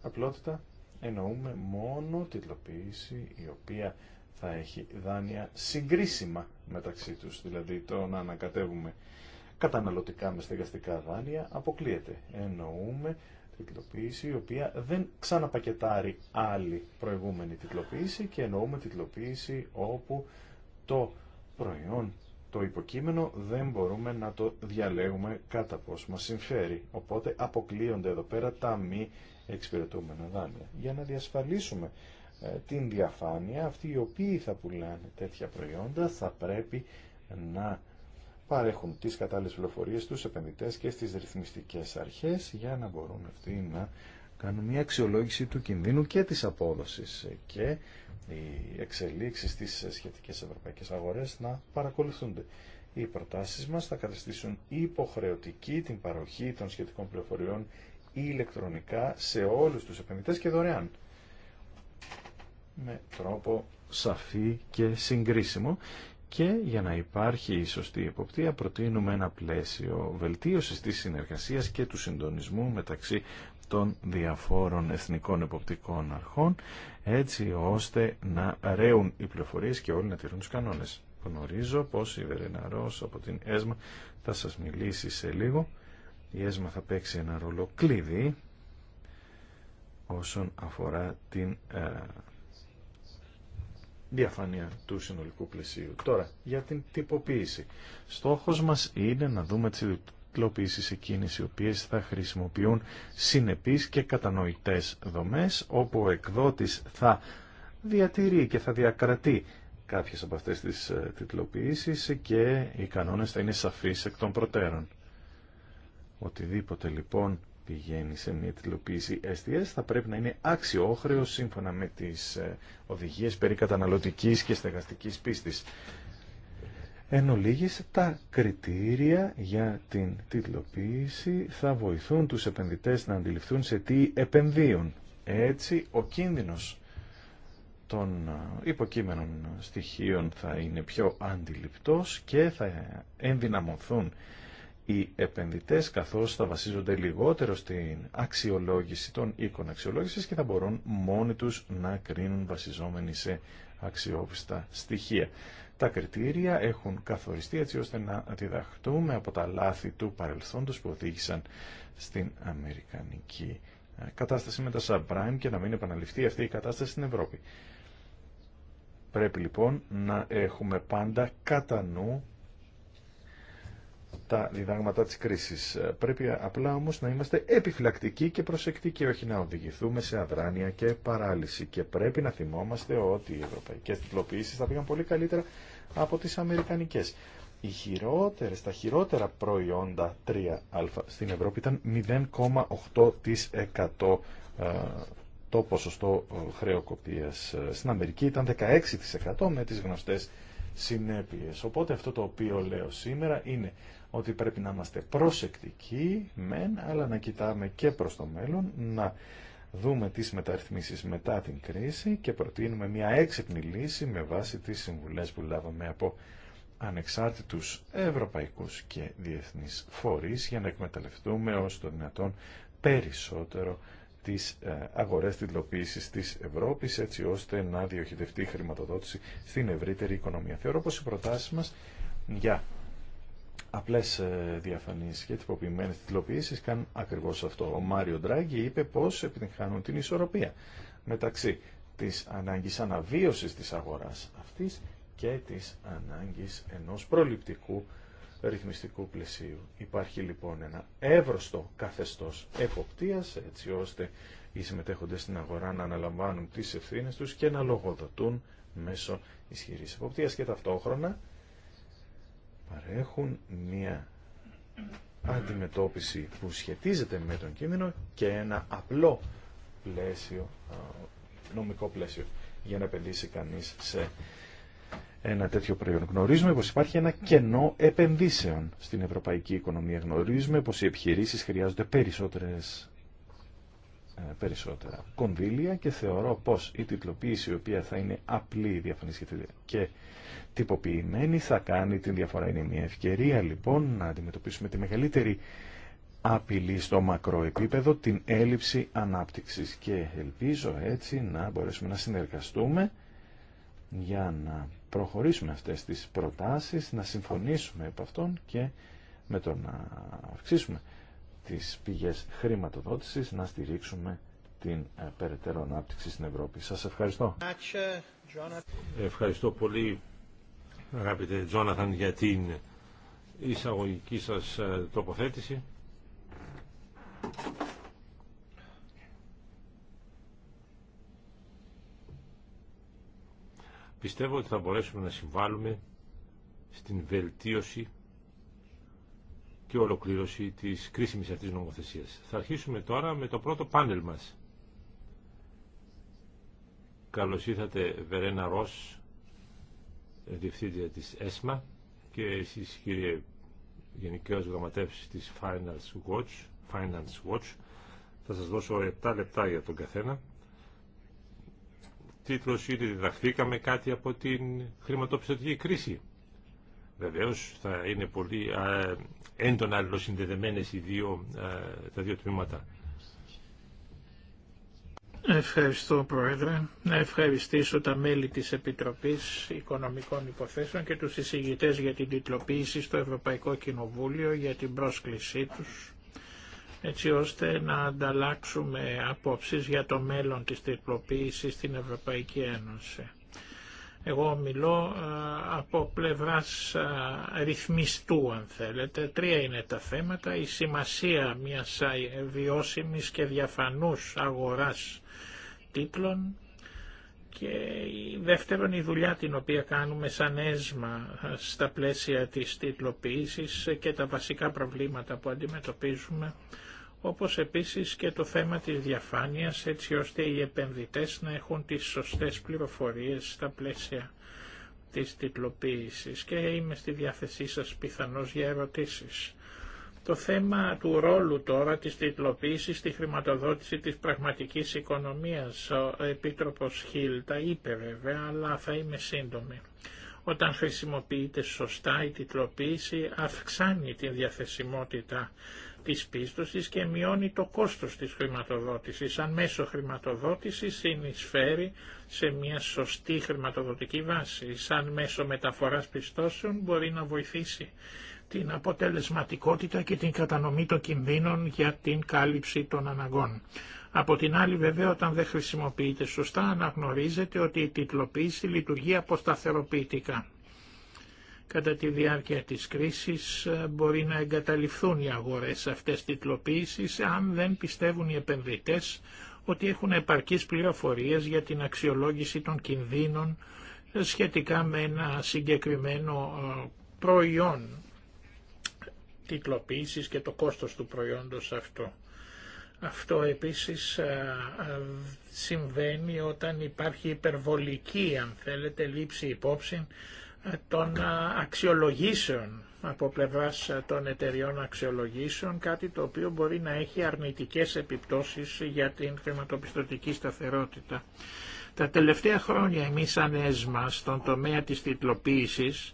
Απλότητα εννοούμε μόνο τυπλοποίηση η οποία θα έχει δάνεια συγκρίσιμα μεταξύ τους. Δηλαδή το να ανακατεύουμε καταναλωτικά με στεγαστικά δάνεια αποκλείεται. Εννοούμε την η οποία δεν ξαναπακετάρει άλλη προηγούμενη τυκλοποίηση και εννοούμε τυπλοποίηση όπου το προϊόν, το υποκείμενο δεν μπορούμε να το διαλέγουμε κατά πώς μας συμφέρει. Οπότε αποκλείονται εδώ πέρα τα μη εξυπηρετούμενα δάνεια. Για να διασφαλίσουμε ε, την διαφάνεια, αυτοί οι οποίοι θα πουλάνε τέτοια προϊόντα θα πρέπει να παρέχουν τις κατάλληλες πληροφορίες στους επενδυτές και στις ρυθμιστικές αρχές για να μπορούν αυτοί να κάνουν μια αξιολόγηση του κινδύνου και της απόδοσης και οι εξελίξεις στις σχετικές ευρωπαϊκές αγορές να παρακολουθούνται. Οι προτάσεις μας θα καταστήσουν υποχρεωτική την παροχή των σχετικών πληροφοριών ηλεκτρονικά σε όλους τους επενδυτές και δωρεάν με τρόπο σαφή και συγκρίσιμο και για να υπάρχει η σωστή εποπτεία προτείνουμε ένα πλαίσιο βελτίωσης της συνεργασίας και του συντονισμού μεταξύ των διαφόρων εθνικών εποπτικών αρχών έτσι ώστε να ρέουν οι πληροφορίες και όλοι να τηρούν τους κανόνες. Γνωρίζω πως η Βερένα από την ΕΣΜΑ θα σας μιλήσει σε λίγο. Η ΕΣΜΑ θα παίξει ένα ρόλο όσον αφορά την ε, διαφάνεια του συνολικού πλαισίου. Τώρα, για την τυποποίηση. Στόχος μας είναι να δούμε τις τυποποίησεις εκείνες οι οποίες θα χρησιμοποιούν συνεπείς και κατανοητές δομές, όπου ο εκδότης θα διατηρεί και θα διακρατεί κάποιες από αυτές τις ε, τυποποίησεις και οι κανόνες θα είναι σαφείς εκ των προτέρων. Οτιδήποτε λοιπόν πηγαίνει σε μια τηλεοποίηση STS θα πρέπει να είναι αξιόχρεο σύμφωνα με τις ε, οδηγίες περί καταναλωτικής και στεγαστικής πίστης. Εν ολίγης, τα κριτήρια για την τίτλοποίηση θα βοηθούν τους επενδυτές να αντιληφθούν σε τι επενδύουν. Έτσι, ο κίνδυνος των ε, υποκείμενων στοιχείων θα είναι πιο αντιληπτός και θα ενδυναμωθούν οι επενδυτές καθώς θα βασίζονται λιγότερο στην αξιολόγηση των οίκων αξιολόγησης και θα μπορούν μόνοι τους να κρίνουν βασιζόμενοι σε αξιόπιστα στοιχεία. Τα κριτήρια έχουν καθοριστεί έτσι ώστε να διδαχτούμε από τα λάθη του παρελθόντος που οδήγησαν στην Αμερικανική κατάσταση με τα subprime και να μην επαναληφθεί αυτή η κατάσταση στην Ευρώπη. Πρέπει λοιπόν να έχουμε πάντα κατά νου τα διδάγματα της κρίσης. Πρέπει απλά όμως να είμαστε επιφυλακτικοί και προσεκτικοί, όχι να οδηγηθούμε σε αδράνεια και παράλυση. Και πρέπει να θυμόμαστε ότι οι ευρωπαϊκές τυπλοποιήσεις θα πήγαν πολύ καλύτερα από τις αμερικανικές. Οι τα χειρότερα προϊόντα 3α στην Ευρώπη ήταν 0,8% ε, το ποσοστό ε, χρεοκοπίας. Στην Αμερική ήταν 16% με τις γνωστές συνέπειες. Οπότε αυτό το οποίο λέω σήμερα είναι ότι πρέπει να είμαστε προσεκτικοί, μεν, αλλά να κοιτάμε και προς το μέλλον, να δούμε τις μεταρρυθμίσεις μετά την κρίση και προτείνουμε μια έξυπνη λύση με βάση τις συμβουλές που λάβαμε από ανεξάρτητους ευρωπαϊκούς και διεθνείς φορείς για να εκμεταλλευτούμε ως το δυνατόν περισσότερο τις ε, αγορές τιτλοποίησης της Ευρώπης έτσι ώστε να διοχετευτεί η χρηματοδότηση στην ευρύτερη οικονομία. Θεωρώ πως οι προτάσεις μας για απλές ε, διαφανείς και τυποποιημένε τυπλοποιήσει κάνουν ακριβώς αυτό. Ο Μάριο Ντράγκη είπε πως επιτυγχάνουν την ισορροπία μεταξύ της ανάγκης αναβίωσης της αγοράς αυτής και της ανάγκης ενός προληπτικού ρυθμιστικού πλαισίου. Υπάρχει λοιπόν ένα εύρωστο καθεστώς εποπτείας έτσι ώστε οι συμμετέχοντες στην αγορά να αναλαμβάνουν τις ευθύνες τους και να λογοδοτούν μέσω ισχυρής εποπτείας και ταυτόχρονα παρέχουν μία αντιμετώπιση που σχετίζεται με τον κίνδυνο και ένα απλό πλαίσιο, νομικό πλαίσιο για να επενδύσει κανείς σε ένα τέτοιο προϊόν. Γνωρίζουμε πως υπάρχει ένα κενό επενδύσεων στην ευρωπαϊκή οικονομία. Γνωρίζουμε πως οι επιχειρήσεις χρειάζονται περισσότερες ε, περισσότερα κονδύλια και θεωρώ πως η τυπλοποίηση η οποία θα είναι απλή, διαφανής και τυποποιημένη θα κάνει την διαφορά. Είναι μια ευκαιρία λοιπόν να αντιμετωπίσουμε τη μεγαλύτερη απειλή στο μακρό επίπεδο την έλλειψη ανάπτυξης και ελπίζω έτσι να μπορέσουμε να συνεργαστούμε για να προχωρήσουμε αυτές τις προτάσεις, να συμφωνήσουμε από αυτόν και με το να αυξήσουμε τις πηγές χρηματοδότησης να στηρίξουμε την ε, περαιτέρω ανάπτυξη στην Ευρώπη. Σας ευχαριστώ. Ευχαριστώ πολύ αγαπητέ Τζόναθαν για την εισαγωγική σας ε, τοποθέτηση. Πιστεύω ότι θα μπορέσουμε να συμβάλλουμε στην βελτίωση και ολοκλήρωση της κρίσιμης αυτής νομοθεσίας. Θα αρχίσουμε τώρα με το πρώτο πάνελ μας. Καλώς ήρθατε Βερένα Ρος, διευθύντρια της ΕΣΜΑ και εσείς κύριε Γενικός Γραμματεύσης της Finance Watch, Finance Watch. Θα σας δώσω 7 λεπτά για τον καθένα. Τίτλος είναι «Διδαχθήκαμε κάτι από την χρηματοπιστωτική κρίση». Βεβαίω, θα είναι πολύ έντονα αλληλοσυνδεδεμένε τα δύο τμήματα. Ευχαριστώ Πρόεδρε. Να ευχαριστήσω τα μέλη της Επιτροπής Οικονομικών Υποθέσεων και τους εισηγητές για την τιτλοποίηση στο Ευρωπαϊκό Κοινοβούλιο για την πρόσκλησή τους έτσι ώστε να ανταλλάξουμε απόψεις για το μέλλον της τυπλοποίησης στην Ευρωπαϊκή Ένωση. Εγώ μιλώ ε, από πλευράς ε, ρυθμιστού αν θέλετε. Τρία είναι τα θέματα. Η σημασία μιας βιώσιμης και διαφανούς αγοράς τίτλων και η δεύτερον η δουλειά την οποία κάνουμε σαν έσμα ε, στα πλαίσια της τίτλοποίησης και τα βασικά προβλήματα που αντιμετωπίζουμε όπως επίσης και το θέμα της διαφάνειας έτσι ώστε οι επενδυτές να έχουν τις σωστές πληροφορίες στα πλαίσια της τιτλοποίησης και είμαι στη διάθεσή σας πιθανώς για ερωτήσεις. Το θέμα του ρόλου τώρα της τιτλοποίησης στη χρηματοδότηση της πραγματικής οικονομίας, ο Επίτροπος Χίλ τα είπε βέβαια, αλλά θα είμαι σύντομη. Όταν χρησιμοποιείται σωστά η τυπλοποίηση αυξάνει τη διαθεσιμότητα της πίστοσης και μειώνει το κόστος της χρηματοδότησης. Σαν μέσο χρηματοδότησης συνεισφέρει σε μια σωστή χρηματοδοτική βάση. Σαν μέσο μεταφοράς πιστώσεων μπορεί να βοηθήσει την αποτελεσματικότητα και την κατανομή των κινδύνων για την κάλυψη των αναγκών. Από την άλλη βέβαια όταν δεν χρησιμοποιείται σωστά αναγνωρίζεται ότι η τιτλοποίηση λειτουργεί αποσταθεροποιητικά κατά τη διάρκεια της κρίσης ε, μπορεί να εγκαταλειφθούν οι αγορές αυτές τιτλοποίησης αν δεν πιστεύουν οι επενδυτές ότι έχουν επαρκείς πληροφορίες για την αξιολόγηση των κινδύνων ε, σχετικά με ένα συγκεκριμένο ε, προϊόν τιτλοποίησης και το κόστος του προϊόντος αυτό. Αυτό επίσης συμβαίνει όταν υπάρχει υπερβολική, αν θέλετε, λήψη υπόψη των αξιολογήσεων από πλευράς των εταιριών αξιολογήσεων, κάτι το οποίο μπορεί να έχει αρνητικές επιπτώσεις για την χρηματοπιστωτική σταθερότητα. Τα τελευταία χρόνια εμείς σαν ΕΣΜΑ στον τομέα της τιτλοποίησης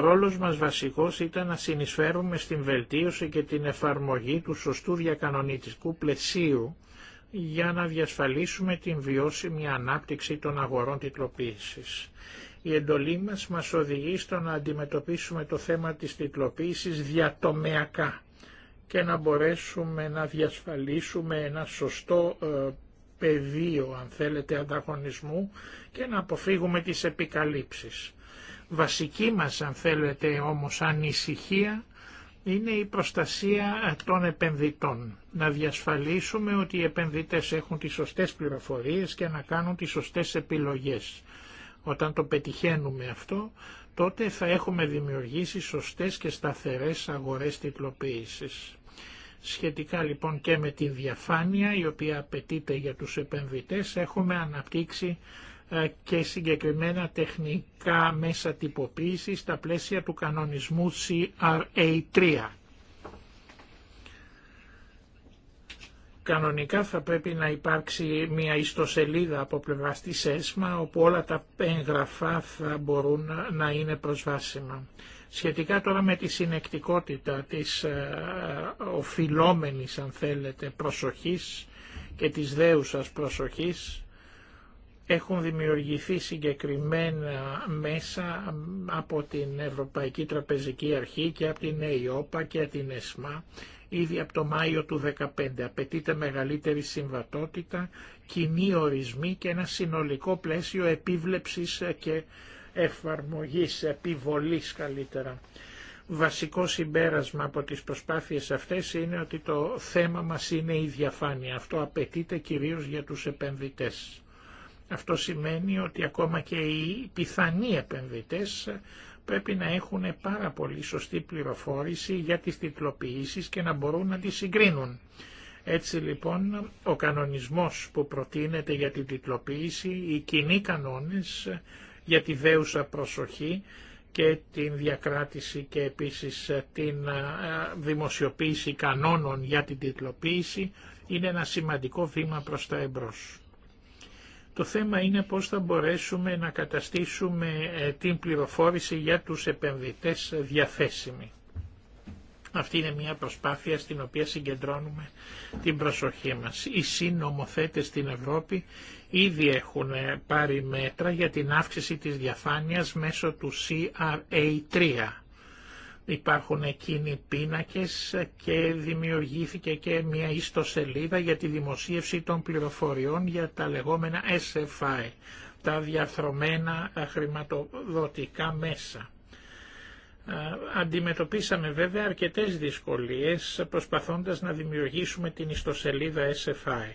ρόλος μας βασικός ήταν να συνεισφέρουμε στην βελτίωση και την εφαρμογή του σωστού διακανονιτικού πλαισίου για να διασφαλίσουμε την βιώσιμη ανάπτυξη των αγορών τιτλοποίησης η εντολή μας μας οδηγεί στο να αντιμετωπίσουμε το θέμα της τυπλοποίησης διατομεακά και να μπορέσουμε να διασφαλίσουμε ένα σωστό ε, πεδίο, αν θέλετε, ανταγωνισμού και να αποφύγουμε τις επικαλύψεις. Βασική μας, αν θέλετε, όμως ανησυχία είναι η προστασία ε, των επενδυτών. Να διασφαλίσουμε ότι οι επενδυτές έχουν τις σωστές πληροφορίες και να κάνουν τις σωστές επιλογές. Όταν το πετυχαίνουμε αυτό, τότε θα έχουμε δημιουργήσει σωστές και σταθερές αγορές τυπλοποίησης. Σχετικά λοιπόν και με τη διαφάνεια η οποία απαιτείται για τους επενδυτές έχουμε αναπτύξει ε, και συγκεκριμένα τεχνικά μέσα τυποποίησης στα πλαίσια του κανονισμού CRA3. Κανονικά θα πρέπει να υπάρξει μια ιστοσελίδα από πλευρά τη ΕΣΜΑ όπου όλα τα εγγραφά θα μπορούν να είναι προσβάσιμα. Σχετικά τώρα με τη συνεκτικότητα της ε, οφειλόμενης αν θέλετε προσοχής και της δέουσας προσοχής έχουν δημιουργηθεί συγκεκριμένα μέσα από την Ευρωπαϊκή Τραπεζική Αρχή και από την ΕΙΟΠΑ και την ΕΣΜΑ ήδη από το Μάιο του 2015. Απαιτείται μεγαλύτερη συμβατότητα, κοινή ορισμή και ένα συνολικό πλαίσιο επίβλεψης και εφαρμογής, επιβολής καλύτερα. Βασικό συμπέρασμα από τις προσπάθειες αυτές είναι ότι το θέμα μας είναι η διαφάνεια. Αυτό απαιτείται κυρίως για τους επενδυτές. Αυτό σημαίνει ότι ακόμα και οι πιθανοί επενδυτές πρέπει να έχουν πάρα πολύ σωστή πληροφόρηση για τις τιτλοποιήσεις και να μπορούν να τις συγκρίνουν. Έτσι λοιπόν ο κανονισμός που προτείνεται για την τιτλοποίηση, οι κοινοί κανόνες για τη δέουσα προσοχή και την διακράτηση και επίσης την ε, δημοσιοποίηση κανόνων για την τιτλοποίηση είναι ένα σημαντικό βήμα προς τα εμπρός. Το θέμα είναι πώς θα μπορέσουμε να καταστήσουμε ε, την πληροφόρηση για τους επενδυτές διαθέσιμη. Αυτή είναι μια προσπάθεια στην οποία συγκεντρώνουμε την προσοχή μας. Οι συνομοθέτες στην Ευρώπη ήδη έχουν ε, πάρει μέτρα για την αύξηση της διαφάνειας μέσω του CRA3. Υπάρχουν εκείνοι πίνακες και δημιουργήθηκε και μια ιστοσελίδα για τη δημοσίευση των πληροφοριών για τα λεγόμενα SFI, ε, τα διαθρωμένα ε, χρηματοδοτικά μέσα. Ε, αντιμετωπίσαμε βέβαια αρκετές δυσκολίες προσπαθώντας να δημιουργήσουμε την ιστοσελίδα SFI.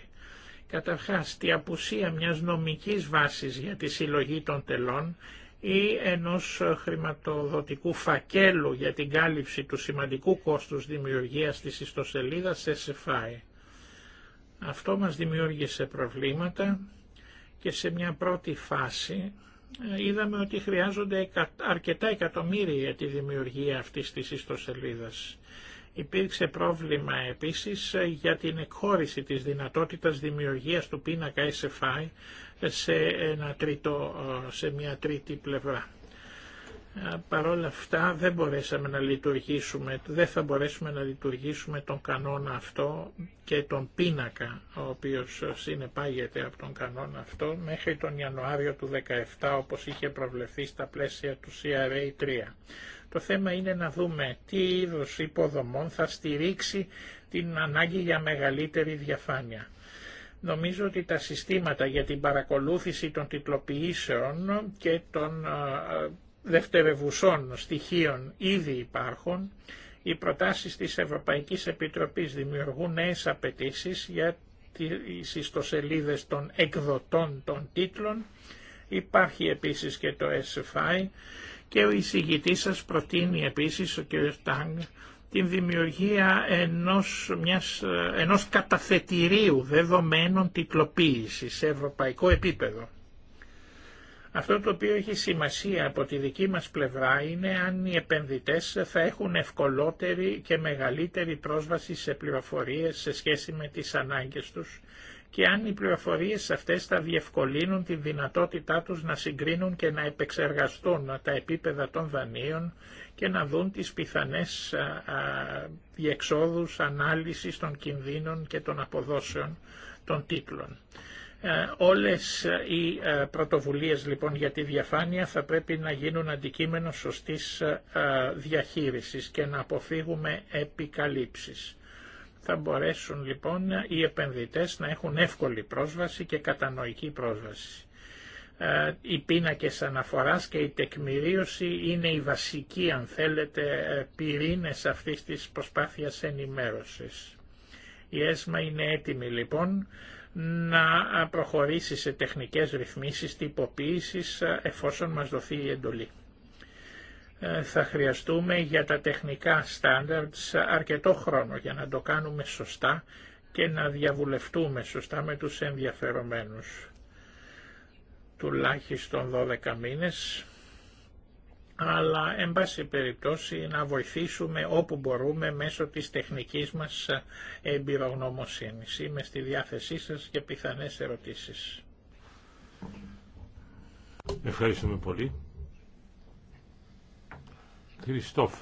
Καταρχάς, τη απουσία μιας νομικής βάσης για τη συλλογή των τελών ή ενός χρηματοδοτικού φακέλου για την κάλυψη του σημαντικού κόστους δημιουργίας της ιστοσελίδας SFI. Αυτό μας δημιούργησε προβλήματα και σε μια πρώτη φάση ε, είδαμε ότι χρειάζονται αρκετά εκατομμύρια για τη δημιουργία αυτής της ιστοσελίδας. Υπήρξε πρόβλημα επίσης ε, για την εκχώρηση της δυνατότητας δημιουργίας του πίνακα SFI ε, σε, μια τρίτη πλευρά. Ε, παρ' όλα αυτά δεν μπορέσαμε να λειτουργήσουμε, δεν θα μπορέσουμε να λειτουργήσουμε τον κανόνα αυτό και τον πίνακα ο οποίος συνεπάγεται από τον κανόνα αυτό μέχρι τον Ιανουάριο του 2017 όπως είχε προβλεφθεί στα πλαίσια του CRA 3. Το θέμα είναι να δούμε τι είδους υποδομών θα στηρίξει την ανάγκη για μεγαλύτερη διαφάνεια. Νομίζω ότι τα συστήματα για την παρακολούθηση των τιτλοποιήσεων και των δευτερευουσών στοιχείων ήδη υπάρχουν. Οι προτάσεις της Ευρωπαϊκής Επιτροπής δημιουργούν νέες απαιτήσει για τις ιστοσελίδες των εκδοτών των τίτλων. Υπάρχει επίσης και το SFI και ο εισηγητής σας προτείνει επίσης, ο κ. Τάγκ, την δημιουργία ενός, ενός καταθετηρίου δεδομένων τυπλοποίησης σε ευρωπαϊκό επίπεδο. Αυτό το οποίο έχει σημασία από τη δική μας πλευρά είναι αν οι επενδυτές θα έχουν ευκολότερη και μεγαλύτερη πρόσβαση σε πληροφορίες σε σχέση με τις ανάγκες τους και αν οι πληροφορίες αυτές θα διευκολύνουν τη δυνατότητά τους να συγκρίνουν και να επεξεργαστούν τα επίπεδα των δανείων και να δουν τις πιθανές διεξόδους ανάλυσης των κινδύνων και των αποδόσεων των τίτλων. Ε, όλες οι ε, πρωτοβουλίες λοιπόν για τη διαφάνεια θα πρέπει να γίνουν αντικείμενο σωστής ε, διαχείρισης και να αποφύγουμε επικαλύψεις. Θα μπορέσουν λοιπόν οι επενδυτές να έχουν εύκολη πρόσβαση και κατανοητή πρόσβαση. Ε, οι πίνακες αναφοράς και η τεκμηρίωση είναι η βασική αν θέλετε, ε, πυρήνες αυτής της προσπάθειας ενημέρωσης. Η ΕΣΜΑ είναι έτοιμη λοιπόν να προχωρήσει σε τεχνικές ρυθμίσεις τυποποίησης ε, εφόσον μας δοθεί η εντολή. Θα χρειαστούμε για τα τεχνικά standards αρκετό χρόνο για να το κάνουμε σωστά και να διαβουλευτούμε σωστά με τους ενδιαφερομένους τουλάχιστον 12 μήνες, αλλά εν πάση περιπτώσει να βοηθήσουμε όπου μπορούμε μέσω της τεχνικής μας εμπειρογνωμοσύνης. Είμαι στη διάθεσή σας για πιθανές ερωτήσεις. Ευχαριστούμε πολύ. Χριστόφ,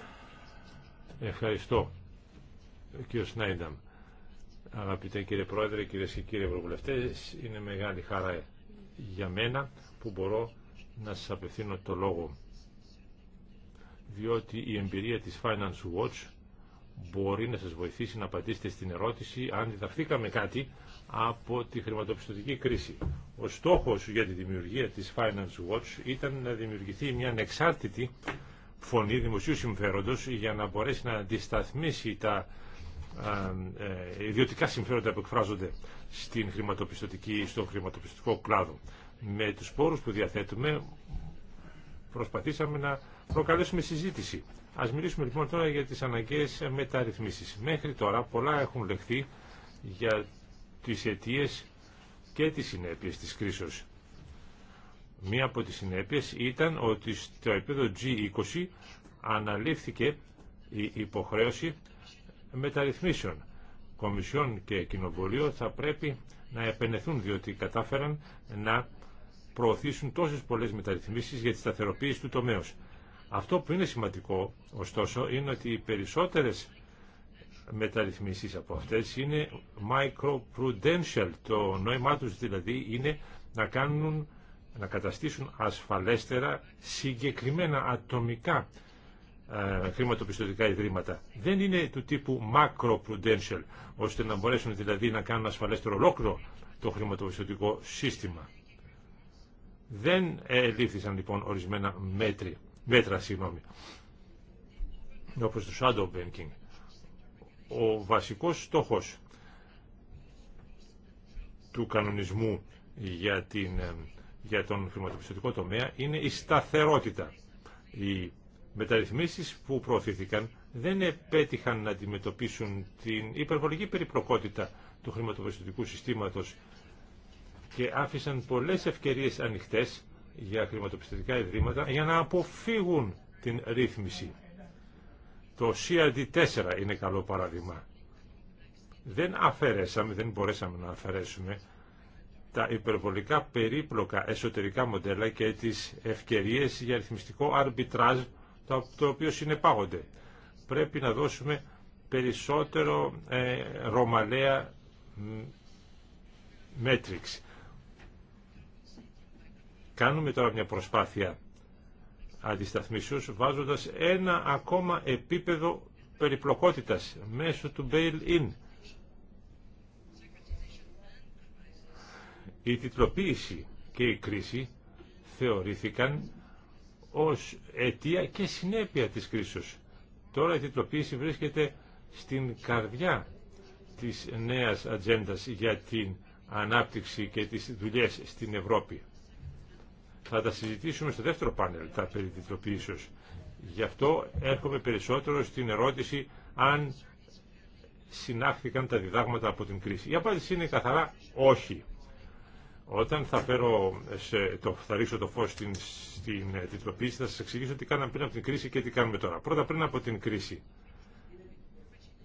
ευχαριστώ. Κύριο Σνάινταμ, αγαπητέ κύριε Πρόεδρε, κύριε και κύριοι Ευρωβουλευτές, είναι μεγάλη χαρά για μένα που μπορώ να σας απευθύνω το λόγο διότι η εμπειρία της Finance Watch μπορεί να σας βοηθήσει να απαντήσετε στην ερώτηση αν διδαχθήκαμε κάτι από τη χρηματοπιστωτική κρίση. Ο στόχος για τη δημιουργία της Finance Watch ήταν να δημιουργηθεί μια ανεξάρτητη φωνή δημοσίου συμφέροντος για να μπορέσει να αντισταθμίσει τα ε, ε, ιδιωτικά συμφέροντα που εκφράζονται στην χρηματοπιστωτική, στον χρηματοπιστωτικό κλάδο. Με τους πόρους που διαθέτουμε προσπαθήσαμε να προκαλέσουμε συζήτηση. Ας μιλήσουμε λοιπόν τώρα για τις αναγκαίες μεταρρυθμίσεις. Μέχρι τώρα πολλά έχουν λεχθεί για τις αιτίε και τις συνέπειες της κρίσης. Μία από τις συνέπειες ήταν ότι στο επίπεδο G20 αναλήφθηκε η υποχρέωση μεταρρυθμίσεων Κομισιόν και Κοινοβουλίο θα πρέπει να επενεθούν διότι κατάφεραν να προωθήσουν τόσες πολλές μεταρρυθμίσεις για τη σταθεροποίηση του τομέα. Αυτό που είναι σημαντικό, ωστόσο, είναι ότι οι περισσότερες μεταρρυθμίσεις από αυτές είναι microprudential. Το νόημά τους δηλαδή είναι να κάνουν να καταστήσουν ασφαλέστερα συγκεκριμένα ατομικά ε, χρηματοπιστωτικά ιδρύματα. Δεν είναι του τύπου macro-prudential, ώστε να μπορέσουν δηλαδή να κάνουν ασφαλέστερο ολόκληρο το χρηματοπιστωτικό σύστημα. Δεν λήφθησαν λοιπόν ορισμένα μέτρη, μέτρα, συγγνώμη, όπως το shadow banking. Ο βασικός στόχος του κανονισμού για, την, ε, για τον χρηματοπιστωτικό τομέα είναι η σταθερότητα. Η μεταρρυθμίσεις που προωθήθηκαν δεν επέτυχαν να αντιμετωπίσουν την υπερβολική περιπλοκότητα του χρηματοπιστωτικού συστήματος και άφησαν πολλές ευκαιρίες ανοιχτές για χρηματοπιστωτικά ιδρύματα για να αποφύγουν την ρύθμιση. Το CRD4 είναι καλό παράδειγμα. Δεν αφαιρέσαμε, δεν μπορέσαμε να αφαιρέσουμε τα υπερβολικά περίπλοκα εσωτερικά μοντέλα και τις ευκαιρίες για ρυθμιστικό arbitrage το οποίο συνεπάγονται. Πρέπει να δώσουμε περισσότερο ε, ρωμαλαία Κάνουμε τώρα μια προσπάθεια αντισταθμίσεως βάζοντας ένα ακόμα επίπεδο περιπλοκότητας μέσω του bail-in. Η τιτλοποίηση και η κρίση θεωρήθηκαν ως αιτία και συνέπεια της κρίσης. Τώρα η τιτλοποίηση βρίσκεται στην καρδιά της νέας ατζέντα για την ανάπτυξη και τις δουλειές στην Ευρώπη. Θα τα συζητήσουμε στο δεύτερο πάνελ, τα περί Γι' αυτό έρχομαι περισσότερο στην ερώτηση αν συνάχθηκαν τα διδάγματα από την κρίση. Η απάντηση είναι καθαρά όχι. Όταν θα, φέρω σε, το, θα ρίξω το φως στην, στην θα σας εξηγήσω τι κάναμε πριν από την κρίση και τι κάνουμε τώρα. Πρώτα πριν από την κρίση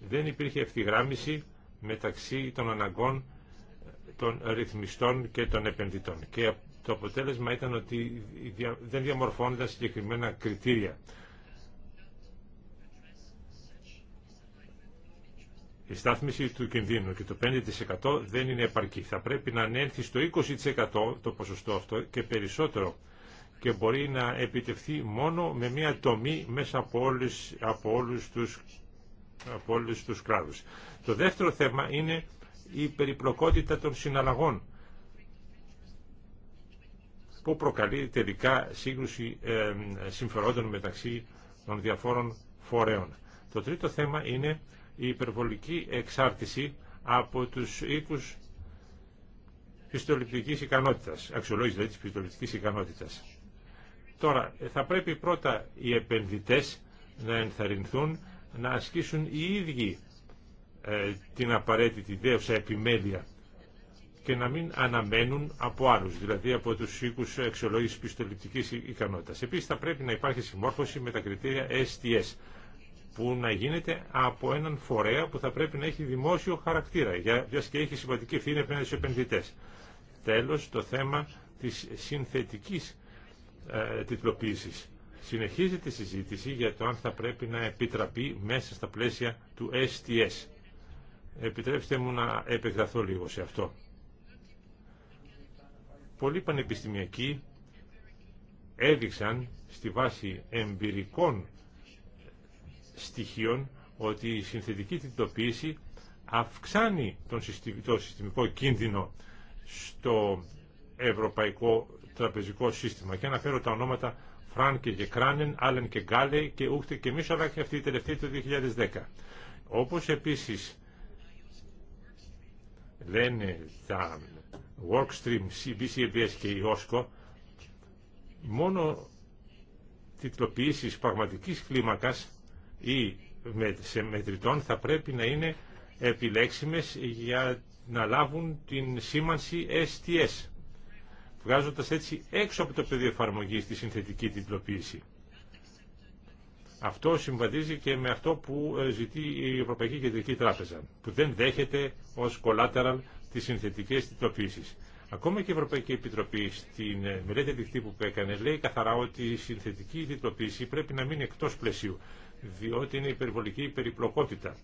δεν υπήρχε ευθυγράμμιση μεταξύ των αναγκών των ρυθμιστών και των επενδυτών. Και το αποτέλεσμα ήταν ότι δεν διαμορφώνονταν συγκεκριμένα κριτήρια Η στάθμιση του κινδύνου και το 5% δεν είναι επαρκή. Θα πρέπει να ανέλθει στο 20% το ποσοστό αυτό και περισσότερο και μπορεί να επιτευχθεί μόνο με μια τομή μέσα από όλες από όλους, τους, από όλους τους κράτους. Το δεύτερο θέμα είναι η περιπλοκότητα των συναλλαγών που προκαλεί τελικά σύγκρουση συμφερόντων μεταξύ των διαφόρων φορέων. Το τρίτο θέμα είναι η υπερβολική εξάρτηση από τους οίκους πιστοληπτικής ικανότητας, αξιολόγηση δηλαδή της πιστοληπτικής ικανότητας. Τώρα, θα πρέπει πρώτα οι επενδυτές να ενθαρρυνθούν να ασκήσουν οι ίδιοι ε, την απαραίτητη δέουσα επιμέλεια και να μην αναμένουν από άλλους, δηλαδή από τους οίκους αξιολόγησης πιστοληπτικής ικανότητας. Επίσης, θα πρέπει να υπάρχει συμμόρφωση με τα κριτήρια STS, που να γίνεται από έναν φορέα που θα πρέπει να έχει δημόσιο χαρακτήρα, για και έχει σημαντική ευθύνη απέναντι στους επενδυτές. Τέλος, το θέμα της συνθετικής ε, τυπλοποίησης. Συνεχίζεται η συζήτηση για το αν θα πρέπει να επιτραπεί μέσα στα πλαίσια του STS. Επιτρέψτε μου να επεκταθώ λίγο σε αυτό. Πολλοί πανεπιστημιακοί έδειξαν στη βάση εμπειρικών στοιχείων ότι η συνθετική τυτοποίηση αυξάνει τον το συστημικό κίνδυνο στο ευρωπαϊκό τραπεζικό σύστημα. Και αναφέρω τα ονόματα Φράνκε και Κράνεν, Άλεν και Γκάλε και ούχτε και αλλά και αυτή η τελευταία το 2010. Όπως επίσης λένε τα Workstream, CBCBS και η OSCO, μόνο τυπτοποιήσεις πραγματικής κλίμακας ή σε μετρητών θα πρέπει να είναι επιλέξιμες για να λάβουν την σήμανση STS βγάζοντας έτσι έξω από το πεδίο εφαρμογή τη συνθετική τυπλοποίηση. Αυτό συμβαδίζει και με αυτό που ε, ζητεί η Ευρωπαϊκή Κεντρική Τράπεζα, που δεν δέχεται ως collateral τις συνθετικές τυπλοποίησεις. Ακόμα και η Ευρωπαϊκή Επιτροπή στην ε, μελέτη δικτύπου που έκανε λέει καθαρά ότι η συνθετική τυπλοποίηση πρέπει να μείνει εκτός πλαισίου διότι είναι υπερβολική η περιπλοκότητα.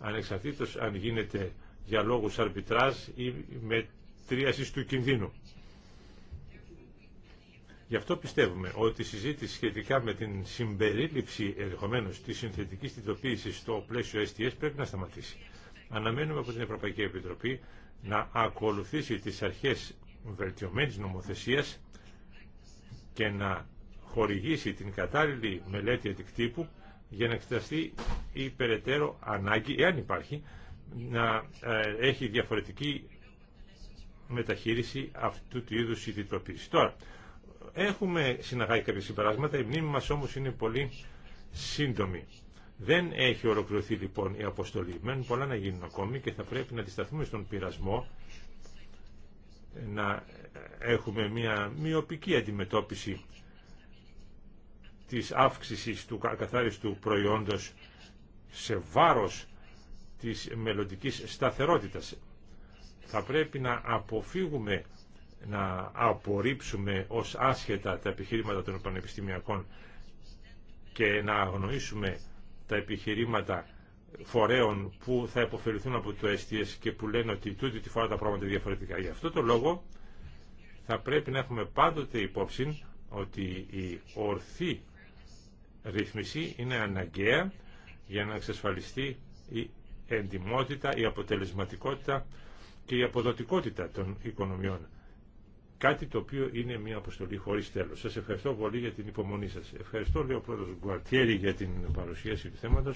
Ανεξαρτήτως αν γίνεται για λόγους αρμπιτράζ ή μετρίασης του με η συζήτηση σχετικά με την συμπερίληψη ενδεχομένω τη συνθετική τυτοποίηση στο πλαίσιο STS πρέπει να σταματήσει. Αναμένουμε από την Ευρωπαϊκή Επιτροπή να ακολουθήσει τις αρχές βελτιωμένης νομοθεσίας και να χορηγήσει την κατάλληλη μελέτη αντικτύπου για να εξεταστεί η περαιτέρω ανάγκη, εάν υπάρχει, να ε, έχει διαφορετική μεταχείριση αυτού του είδους ιδιωτικοποίηση. Τώρα, έχουμε συναγάγει κάποια συμπεράσματα, η μνήμη μας όμως είναι πολύ σύντομη. Δεν έχει ολοκληρωθεί λοιπόν η αποστολή. Μένουν πολλά να γίνουν ακόμη και θα πρέπει να αντισταθούμε στον πειρασμό να έχουμε μια μειοπική αντιμετώπιση της αύξησης του καθάριστου προϊόντος σε βάρος της μελλοντική σταθερότητας. Θα πρέπει να αποφύγουμε να απορρίψουμε ως άσχετα τα επιχειρήματα των πανεπιστημιακών και να αγνοήσουμε τα επιχειρήματα φορέων που θα υποφεληθούν από το STS και που λένε ότι τούτη τη φορά τα πράγματα διαφορετικά. Γι' αυτό το λόγο θα πρέπει να έχουμε πάντοτε υπόψη ότι η ορθή ρύθμιση είναι αναγκαία για να εξασφαλιστεί η εντιμότητα, η αποτελεσματικότητα και η αποδοτικότητα των οικονομιών. Κάτι το οποίο είναι μια αποστολή χωρί τέλο. Σα ευχαριστώ πολύ για την υπομονή σα. Ευχαριστώ, λέει ο πρόεδρο Γκουαρτιέρη, για την παρουσίαση του θέματο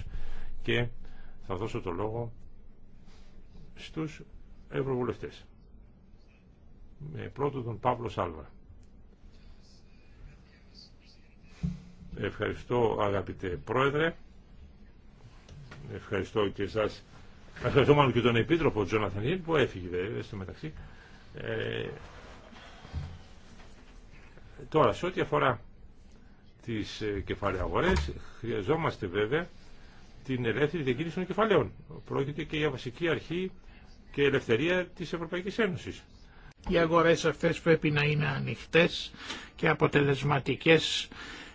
και θα δώσω το λόγο στου ευρωβουλευτέ. Με πρώτο τον Παύλο Σάλβα. Ευχαριστώ αγαπητέ Πρόεδρε. Ευχαριστώ και εσάς. Ευχαριστώ μάλλον και τον Επίτροπο Τζόναθαν Ιλ που έφυγε βέβαια στο μεταξύ. Ε, τώρα, σε ό,τι αφορά τις ε, κεφαλαίες αγορές, χρειαζόμαστε βέβαια την ελεύθερη διακίνηση των κεφαλαίων. Πρόκειται και για βασική αρχή και ελευθερία της Ευρωπαϊκής Ένωσης. Οι αγορές αυτέ πρέπει να είναι ανοιχτές και αποτελεσματικές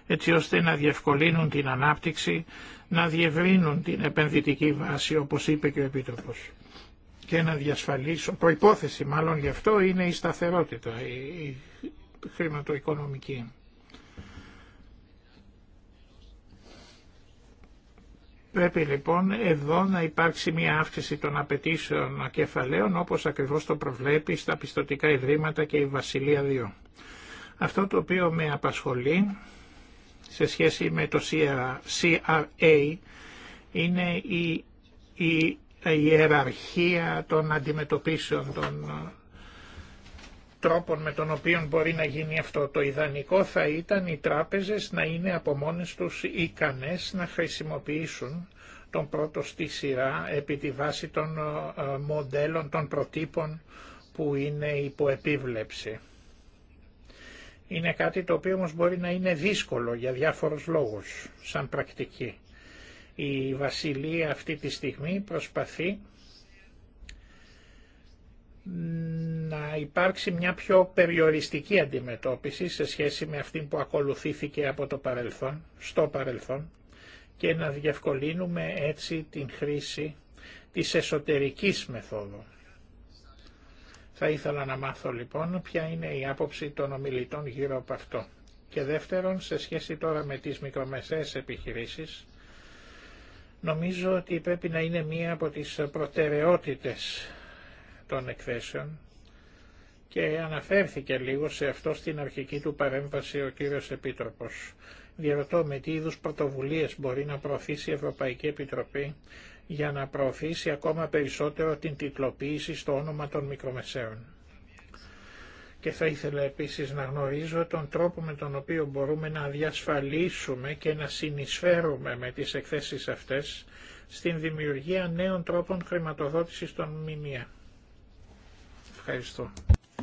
έτσι ώστε να διευκολύνουν την ανάπτυξη, να διευρύνουν την επενδυτική βάση όπως είπε και ο Επίτροπος και να διασφαλίσουν, προϋπόθεση μάλλον γι' αυτό είναι η σταθερότητα, η χρηματοοικονομική. Πρέπει λοιπόν εδώ να υπάρξει μια αύξηση των απαιτήσεων κεφαλαίων όπως ακριβώς το προβλέπει στα πιστοτικά ιδρύματα και η Βασιλεία 2. Αυτό το οποίο με απασχολεί σε σχέση με το CRA είναι η, η ιεραρχία των αντιμετωπίσεων των ε, τρόπων με τον οποίο μπορεί να γίνει αυτό. Το ιδανικό θα ήταν οι τράπεζες να είναι από μόνες τους ικανές να χρησιμοποιήσουν τον πρώτο στη σειρά επί τη βάση των ε, ε, μοντέλων, των προτύπων που είναι υπό είναι κάτι το οποίο όμως μπορεί να είναι δύσκολο για διάφορους λόγους, σαν πρακτική. Η Βασιλεία αυτή τη στιγμή προσπαθεί να υπάρξει μια πιο περιοριστική αντιμετώπιση σε σχέση με αυτή που ακολουθήθηκε από το παρελθόν, στο παρελθόν και να διευκολύνουμε έτσι την χρήση της εσωτερικής μεθόδου. Θα ήθελα να μάθω λοιπόν ποια είναι η άποψη των ομιλητών γύρω από αυτό. Και δεύτερον, σε σχέση τώρα με τις μικρομεσαίες επιχειρήσεις, νομίζω ότι πρέπει να είναι μία από τις προτεραιότητες των εκθέσεων και αναφέρθηκε λίγο σε αυτό στην αρχική του παρέμβαση ο κύριος Επίτροπος. Διαρωτώ με τι είδους πρωτοβουλίες μπορεί να προωθήσει η Ευρωπαϊκή Επιτροπή για να προωθήσει ακόμα περισσότερο την τυπλοποίηση στο όνομα των μικρομεσαίων. Και θα ήθελα επίσης να γνωρίζω τον τρόπο με τον οποίο μπορούμε να διασφαλίσουμε και να συνεισφέρουμε με τις εκθέσεις αυτές στην δημιουργία νέων τρόπων χρηματοδότησης των ΜΜΕ. Ευχαριστώ.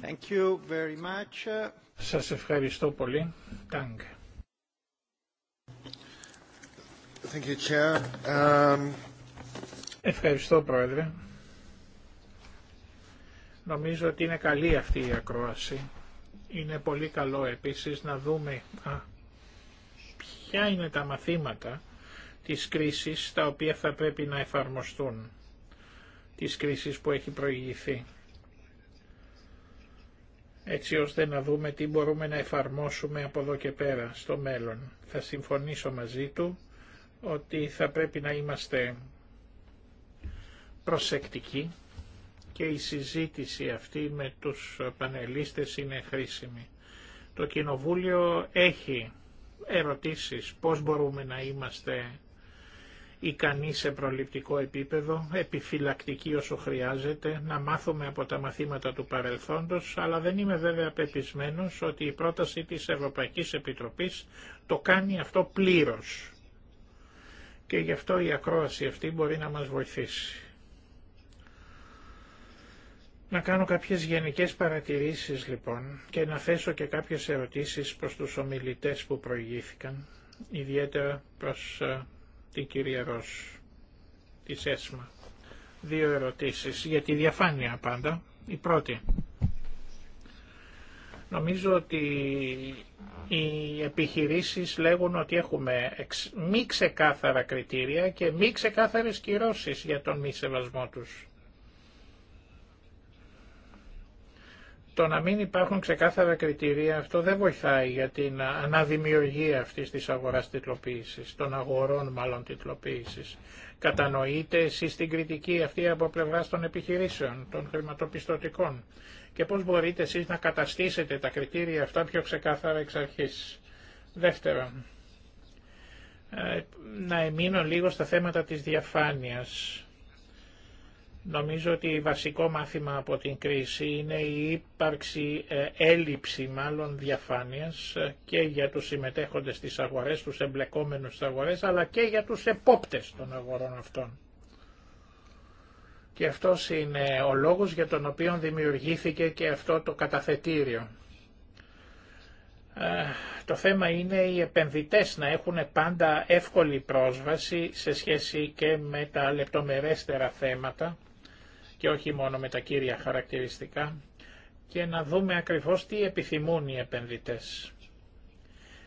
Thank you very much. Σας ευχαριστώ πολύ. Thank um, Ευχαριστώ Πρόεδρε. Νομίζω ότι είναι καλή αυτή η ακρόαση. Είναι πολύ καλό επίσης να δούμε α, ποια είναι τα μαθήματα της κρίσης τα οποία θα πρέπει να εφαρμοστούν, της κρίσης που έχει προηγηθεί. Έτσι ώστε να δούμε τι μπορούμε να εφαρμόσουμε από εδώ και πέρα στο μέλλον. Θα συμφωνήσω μαζί του ότι θα πρέπει να είμαστε προσεκτική και η συζήτηση αυτή με τους πανελίστες είναι χρήσιμη. Το Κοινοβούλιο έχει ερωτήσεις πώς μπορούμε να είμαστε ικανοί σε προληπτικό επίπεδο, επιφυλακτικοί όσο χρειάζεται, να μάθουμε από τα μαθήματα του παρελθόντος, αλλά δεν είμαι βέβαια πεπισμένος ότι η πρόταση της Ευρωπαϊκής Επιτροπής το κάνει αυτό πλήρως. Και γι' αυτό η ακρόαση αυτή μπορεί να μας βοηθήσει. Να κάνω κάποιες γενικές παρατηρήσεις λοιπόν και να θέσω και κάποιες ερωτήσεις προς τους ομιλητές που προηγήθηκαν, ιδιαίτερα προς ε, την κυρία Ρώσ τη ΕΣΜΑ. Δύο ερωτήσεις για τη διαφάνεια πάντα. Η πρώτη. Νομίζω ότι οι επιχειρήσεις λέγουν ότι έχουμε μη ξεκάθαρα κριτήρια και μη ξεκάθαρες κυρώσεις για τον μη σεβασμό τους. Το να μην υπάρχουν ξεκάθαρα κριτήρια αυτό δεν βοηθάει για την αναδημιουργία αυτής της αγοράς τυπλοποίηση, των αγορών μάλλον τιτλοποίησης. Κατανοείτε εσείς την κριτική αυτή από πλευράς των επιχειρήσεων, των χρηματοπιστωτικών και πώς μπορείτε εσείς να καταστήσετε τα κριτήρια αυτά πιο ξεκάθαρα εξ αρχής. Δεύτερον, ε, να εμείνω λίγο στα θέματα της διαφάνειας Νομίζω ότι βασικό μάθημα από την κρίση είναι η ύπαρξη ε, έλλειψη μάλλον διαφάνειας ε, και για τους συμμετέχοντες στις αγορές, τους εμπλεκόμενους στις αγορές, αλλά και για τους επόπτες των αγορών αυτών. Και αυτός είναι ο λόγος για τον οποίο δημιουργήθηκε και αυτό το καταθετήριο. Ε, το θέμα είναι οι επενδυτές να έχουν πάντα εύκολη πρόσβαση σε σχέση και με τα λεπτομερέστερα θέματα και όχι μόνο με τα κύρια χαρακτηριστικά και να δούμε ακριβώς τι επιθυμούν οι επενδυτές.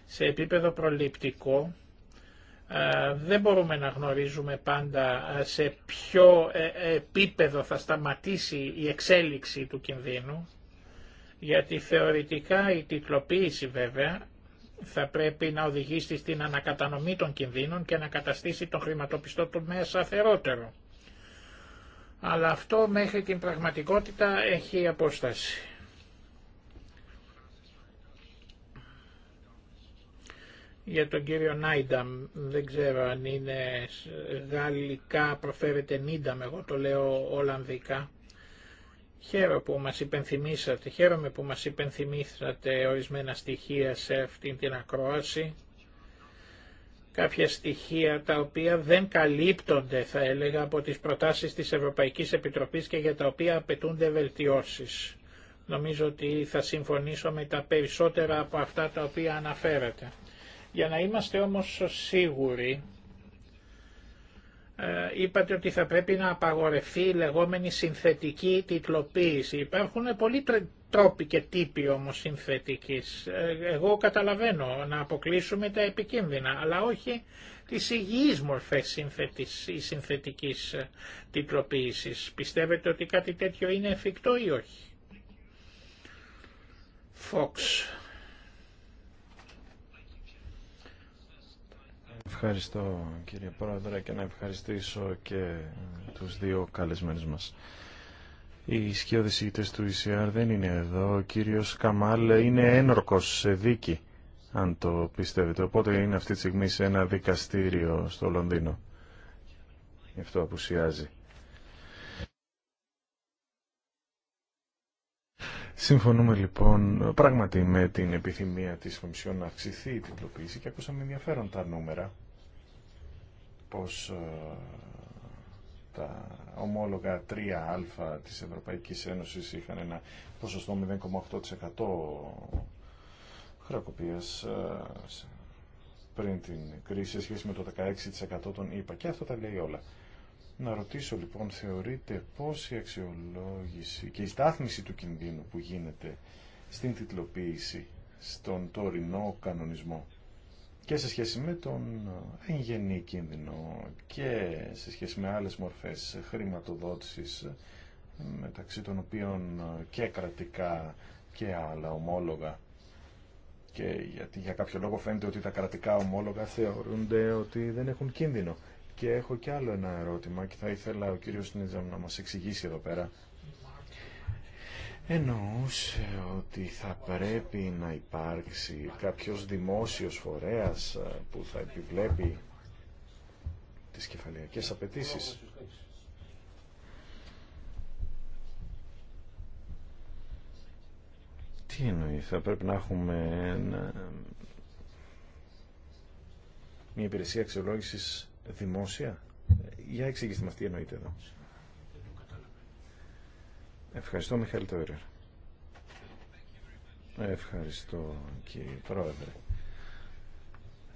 Σε επίπεδο προληπτικό ε, δεν μπορούμε να γνωρίζουμε πάντα ε, σε ποιο ε, επίπεδο θα σταματήσει η εξέλιξη του κινδύνου, γιατί θεωρητικά η τυκλοποίηση, βέβαια θα πρέπει να οδηγήσει στην ανακατανομή των κινδύνων και να καταστήσει τον χρηματοπιστό του μέσα αλλά αυτό μέχρι την πραγματικότητα έχει απόσταση. Για τον κύριο Νάινταμ, δεν ξέρω αν είναι γαλλικά, προφέρεται Νίνταμ, εγώ το λέω Ολλανδικά. Χαίρομαι που μας υπενθυμίσατε, χαίρομαι που μας υπενθυμίσατε ορισμένα στοιχεία σε αυτήν την ακρόαση κάποια στοιχεία τα οποία δεν καλύπτονται θα έλεγα από τις προτάσεις της Ευρωπαϊκής Επιτροπής και για τα οποία απαιτούνται βελτιώσεις. Νομίζω ότι θα συμφωνήσω με τα περισσότερα από αυτά τα οποία αναφέρατε. Για να είμαστε όμως σίγουροι ε, είπατε ότι θα πρέπει να απαγορευτεί η λεγόμενη συνθετική τιτλοποίηση. Υπάρχουν πολλοί τρόποι και τύποι όμως συνθετικής. Ε, εγώ καταλαβαίνω να αποκλείσουμε τα επικίνδυνα, αλλά όχι τις υγιείς μορφές συνθετικής, συνθετικής Πιστεύετε ότι κάτι τέτοιο είναι εφικτό ή όχι. Fox. Ευχαριστώ κύριε Πρόεδρε και να ευχαριστήσω και τους δύο καλεσμένους μας. Οι ηγητές του ECR δεν είναι εδώ. Ο κύριος Καμάλ είναι ένορκος σε δίκη, αν το πιστεύετε. Οπότε είναι αυτή τη στιγμή σε ένα δικαστήριο στο Λονδίνο. Γι' αυτό απουσιάζει. Συμφωνούμε λοιπόν πράγματι με την επιθυμία της Κομισιόν να αυξηθεί η τυπλοποίηση και ακούσαμε ενδιαφέρον τα νούμερα πως ε, τα ομόλογα 3α της Ευρωπαϊκής Ένωσης είχαν ένα ποσοστό 0,8% χρεοκοπίας ε, πριν την κρίση σε σχέση με το 16% των ΙΠΑ και αυτό τα λέει όλα. Να ρωτήσω λοιπόν, θεωρείτε πώς η αξιολόγηση και η στάθμιση του κινδύνου που γίνεται στην τιτλοποίηση στον τωρινό κανονισμό και σε σχέση με τον εγγενή κίνδυνο και σε σχέση με άλλες μορφές χρηματοδότησης ε, μεταξύ των οποίων ε, και κρατικά και άλλα ομόλογα και γιατί για κάποιο λόγο φαίνεται ότι τα κρατικά ομόλογα θεωρούνται ότι δεν έχουν κίνδυνο. Και έχω κι άλλο ένα ερώτημα και θα ήθελα ο κύριος Νίτζαμ να μας εξηγήσει εδώ πέρα. Εννοούσε ότι θα πρέπει να υπάρξει κάποιος δημόσιος φορέας ε, που θα επιβλέπει τις κεφαλιακές απαιτήσει. Τι εννοεί, θα πρέπει να έχουμε ένα... μια υπηρεσία αξιολόγησης δημόσια. Για εξηγήστε μας τι εννοείται εδώ. Ευχαριστώ Μιχαήλ Τόιρερ. Ευχαριστώ κύριε Πρόεδρε.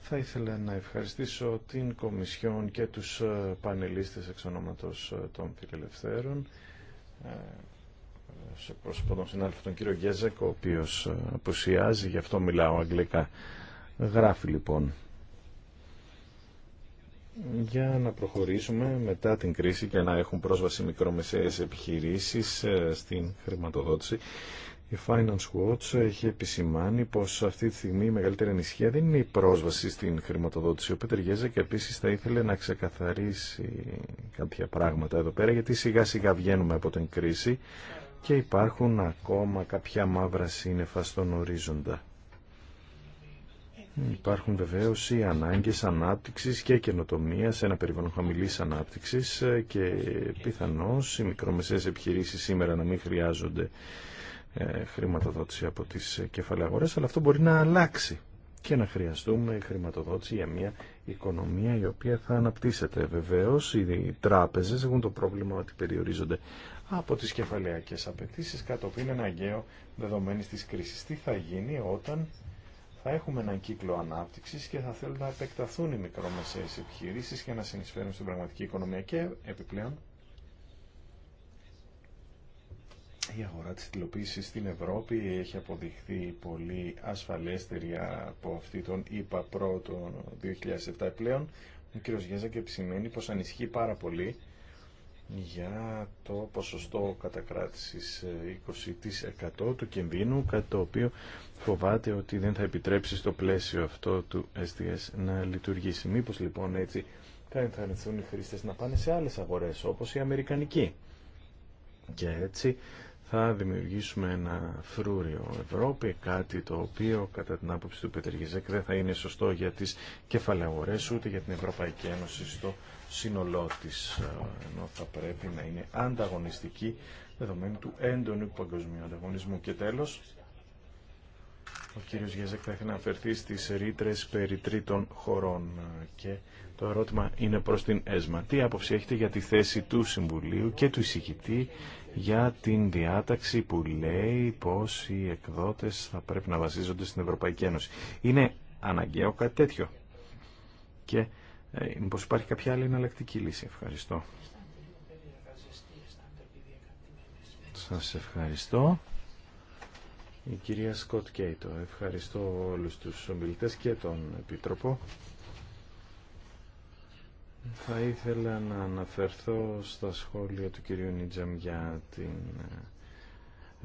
Θα ήθελα να ευχαριστήσω την Κομισιόν και τους ε, πανελίστες εξ ονόματος ε, των Φιλελευθέρων ε, σε πρόσωπο των συνάδελφων τον κύριο Γκέζεκ ο οποίος απουσιάζει, γι' αυτό μιλάω αγγλικά. Γράφει λοιπόν για να προχωρήσουμε μετά την κρίση και να έχουν πρόσβαση μικρομεσαίες επιχειρήσεις ε, στην χρηματοδότηση. Η Finance Watch έχει επισημάνει πως αυτή τη στιγμή η μεγαλύτερη ανησυχία δεν είναι η πρόσβαση στην χρηματοδότηση. Ο Πέτερ και επίσης θα ήθελε να ξεκαθαρίσει κάποια πράγματα εδώ πέρα γιατί σιγά σιγά βγαίνουμε από την κρίση και υπάρχουν ακόμα κάποια μαύρα σύννεφα στον ορίζοντα. Υπάρχουν βεβαίω οι ανάγκε ανάπτυξη και καινοτομία σε ένα περιβάλλον χαμηλή ανάπτυξη. Ε, και πιθανώς οι μικρομεσαίε επιχειρήσει σήμερα να μην χρειάζονται ε, χρηματοδότηση από τις αγορέ, αλλά αυτό μπορεί να αλλάξει και να χρειαστούμε χρηματοδότηση για μια οικονομία η οποία θα αναπτύσσεται. Βεβαίω, οι τράπεζε έχουν το πρόβλημα ότι περιορίζονται από τι κεφαλαιακές απαιτήσει κάτι που είναι αναγκαίο δεδομένη της κρίση. Τι θα γίνει όταν θα έχουμε έναν κύκλο ανάπτυξης και θα θέλουν να επεκταθούν οι μικρομεσαίες επιχειρήσεις και να συνεισφέρουν στην πραγματική οικονομία και επιπλέον η αγορά της τηλεοποίησης στην Ευρώπη έχει αποδειχθεί πολύ ασφαλέστερη από αυτή τον ΙΠΑ πρώτο 2007 επιπλεον Ο κ. Γέζα και επισημαίνει πως ανισχύει πάρα πολύ για το ποσοστό κατακράτησης 20% ε, του κινδύνου, κάτι το οποίο φοβάται ότι δεν θα επιτρέψει στο πλαίσιο αυτό του SDS να λειτουργήσει. Μήπως λοιπόν έτσι θα ενθαρρυνθούν οι χρήστες να πάνε σε άλλες αγορές όπως η Αμερικανική. Και έτσι θα δημιουργήσουμε ένα φρούριο Ευρώπη, κάτι το οποίο κατά την άποψη του Πετεργιζέκ δεν θα είναι σωστό για τις κεφαλαγορές ούτε για την Ευρωπαϊκή Ένωση στο σύνολό της, ε, ενώ θα πρέπει να είναι ανταγωνιστική δεδομένου του έντονου παγκοσμίου ανταγωνισμού. Και τέλος, ο κύριος Γεζέκ θα έχει να αφαιρθεί στις ρήτρε περί τρίτων χωρών και το ερώτημα είναι προς την ΕΣΜΑ. Τι άποψη έχετε για τη θέση του Συμβουλίου και του εισηγητή για την διάταξη που λέει πως οι εκδότες θα πρέπει να βασίζονται στην Ευρωπαϊκή Ένωση. Είναι αναγκαίο κάτι τέτοιο. Και ε, υπάρχει κάποια άλλη εναλλακτική λύση. Ευχαριστώ. Σας ευχαριστώ. Η κυρία Σκοτ Κέιτο. Ευχαριστώ όλους τους ομιλητές και τον Επίτροπο. Θα ήθελα να αναφερθώ στα σχόλια του κυρίου Νίτζαμ για την ε,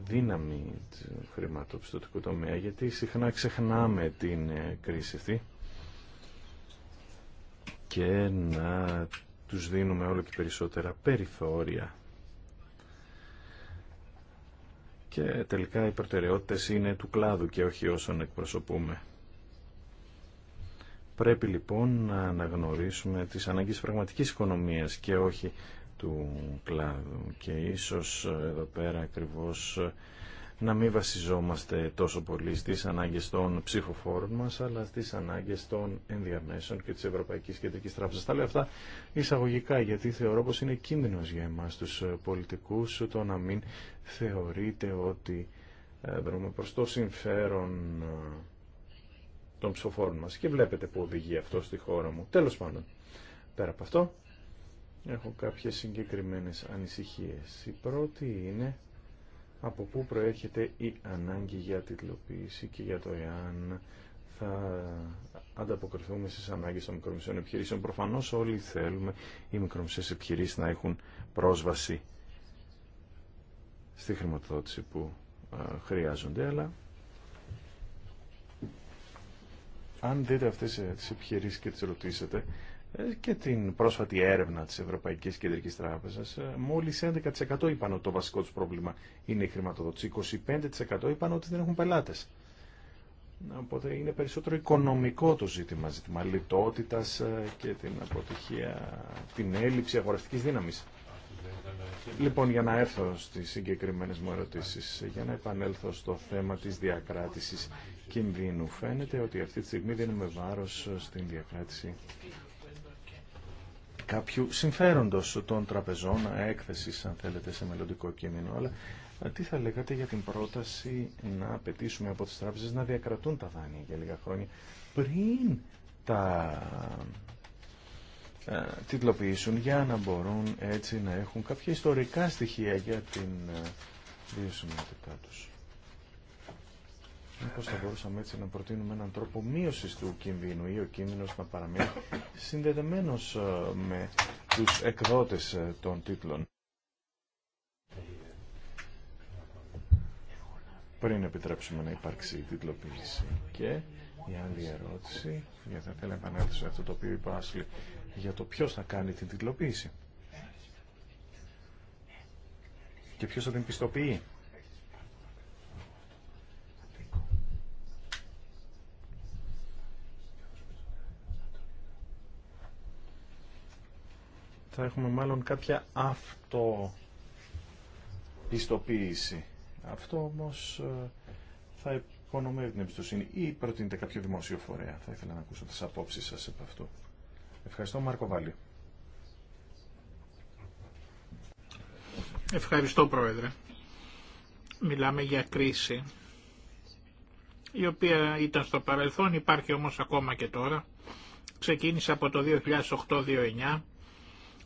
δύναμη του χρηματοπιστωτικού τομέα, γιατί συχνά ξεχνάμε την ε, κρίση αυτή και να τους δίνουμε όλο και περισσότερα περιθώρια. Και τελικά οι προτεραιότητες είναι του κλάδου και όχι όσων εκπροσωπούμε. Πρέπει λοιπόν να αναγνωρίσουμε τις ανάγκες πραγματικής οικονομίας και όχι του κλάδου. Και ίσως εδώ πέρα ακριβώς να μην βασιζόμαστε τόσο πολύ στις ανάγκες των ψηφοφόρων μας, αλλά στις ανάγκες των ενδιαμέσων και της Ευρωπαϊκής Κεντρικής Τράπεζας. Τα λέω αυτά εισαγωγικά, γιατί θεωρώ πως είναι κίνδυνος για εμάς τους πολιτικούς το να μην θεωρείτε ότι ε, δρούμε προς το συμφέρον ε, των ψηφοφόρων μας. Και βλέπετε που οδηγεί αυτό στη χώρα μου. Τέλος πάντων, πέρα από αυτό, έχω κάποιες συγκεκριμένες ανησυχίες. Η πρώτη είναι από πού προέρχεται η ανάγκη για τιτλοποίηση και για το εάν θα ανταποκριθούμε στις ανάγκες των μικρομεσαίων επιχειρήσεων. Προφανώς όλοι θέλουμε οι μικρομεσαίες επιχειρήσεις να έχουν πρόσβαση στη χρηματοδότηση που ε, χρειάζονται, αλλά αν δείτε αυτές τις επιχειρήσεις και τις ρωτήσετε, ε, και την πρόσφατη έρευνα της Ευρωπαϊκής Κεντρικής Τράπεζας, ε, μόλις 11% είπαν ότι το βασικό τους πρόβλημα είναι η χρηματοδότηση. 25% είπαν ότι δεν έχουν πελάτες. Οπότε είναι περισσότερο οικονομικό το ζήτημα, ζήτημα λιτότητας ε, και την αποτυχία, την έλλειψη αγοραστικής δύναμης. Λοιπόν, για να έρθω στις συγκεκριμένες μου ερωτήσεις, για να επανέλθω στο θέμα της διακράτησης κινδύνου. Φαίνεται ότι αυτή τη στιγμή δίνουμε βάρος στην διακράτηση κάποιου συμφέροντος των τραπεζών, έκθεση αν θέλετε σε μελλοντικό κείμενο, αλλά ε, τι θα λέγατε για την πρόταση να απαιτήσουμε από τις τράπεζες να διακρατούν τα δάνεια για λίγα χρόνια πριν τα ε, τιτλοποιήσουν για να μπορούν έτσι να έχουν κάποια ιστορικά στοιχεία για την διευθυντικότητα ε, τους. Μήπω θα μπορούσαμε έτσι να προτείνουμε έναν τρόπο μείωσης του κινδύνου ή ο κίνδυνος να παραμείνει συνδεδεμένος ε, με του εκδότες ε, των τίτλων. Πριν επιτρέψουμε να υπάρξει η τίτλοποίηση. Και η άλλη ερώτηση, γιατί θα ήθελα να επανέλθω σε αυτό το οποίο είπα Άσλη, για το ποιο θα κάνει την τίτλοποίηση. Και ποιο θα την πιστοποιεί. θα έχουμε μάλλον κάποια αυτοπιστοποίηση. Αυτό όμως ε, θα υπονομεύει την εμπιστοσύνη ή προτείνεται κάποιο δημόσιο φορέα. Θα ήθελα να ακούσω τις απόψεις σας από αυτό. Ευχαριστώ Μάρκο Βάλλη. Ευχαριστώ Πρόεδρε. Μιλάμε για κρίση η οποία ήταν στο παρελθόν, υπάρχει όμως ακόμα και τώρα. Ξεκίνησε από το 2008-2009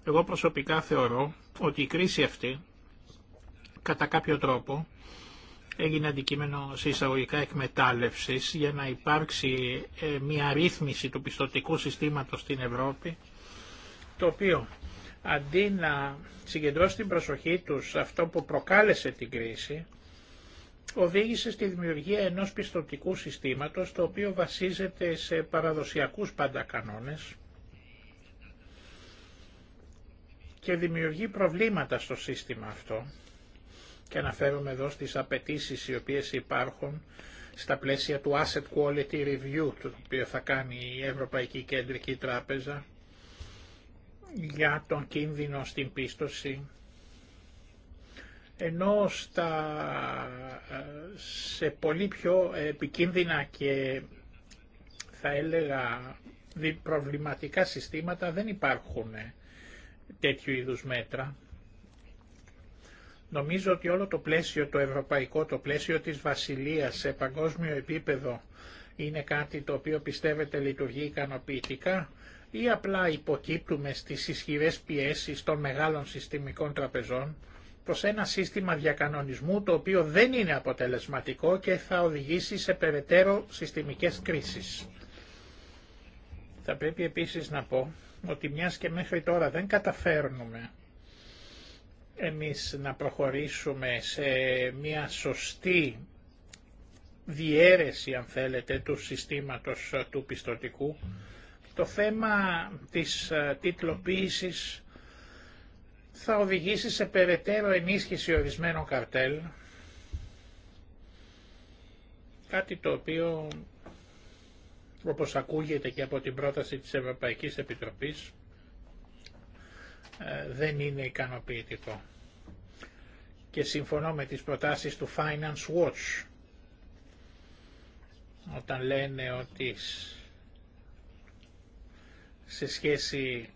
εγώ προσωπικά θεωρώ ότι η κρίση αυτή, κατά κάποιο τρόπο, έγινε αντικείμενο σε εισαγωγικά εκμετάλλευσης για να υπάρξει ε, μια ρύθμιση του πιστοτικού συστήματος στην Ευρώπη, το οποίο αντί να συγκεντρώσει την προσοχή τους σε αυτό που προκάλεσε την κρίση, οδήγησε στη δημιουργία ενός πιστοτικού συστήματος, το οποίο βασίζεται σε παραδοσιακούς πάντα κανόνες, και δημιουργεί προβλήματα στο σύστημα αυτό. Και αναφέρομαι εδώ στις απαιτήσεις οι οποίες υπάρχουν στα πλαίσια του Asset Quality Review, το οποίο θα κάνει η Ευρωπαϊκή Κεντρική Τράπεζα για τον κίνδυνο στην πίστοση ενώ στα, σε πολύ πιο επικίνδυνα και θα έλεγα προβληματικά συστήματα δεν υπάρχουν τέτοιου είδους μέτρα. Νομίζω ότι όλο το πλαίσιο, το ευρωπαϊκό, το πλαίσιο της βασιλείας σε παγκόσμιο επίπεδο είναι κάτι το οποίο πιστεύετε λειτουργεί ικανοποιητικά ή απλά υποκύπτουμε στις ισχυρές πιέσεις των μεγάλων συστημικών τραπεζών προς ένα σύστημα διακανονισμού το οποίο δεν είναι αποτελεσματικό και θα οδηγήσει σε περαιτέρω συστημικές κρίσεις. Θα πρέπει επίσης να πω ότι μιας και μέχρι τώρα δεν καταφέρνουμε εμείς να προχωρήσουμε σε μια σωστή διέρεση αν θέλετε του συστήματος του πιστοτικού το θέμα της ε, τίτλοποίησης θα οδηγήσει σε περαιτέρω ενίσχυση ορισμένων καρτέλ κάτι το οποίο όπως ακούγεται και από την πρόταση της Ευρωπαϊκής Επιτροπής, ε, δεν είναι ικανοποιητικό. Και συμφωνώ με τις προτάσεις του Finance Watch, όταν λένε ότι σε σχέση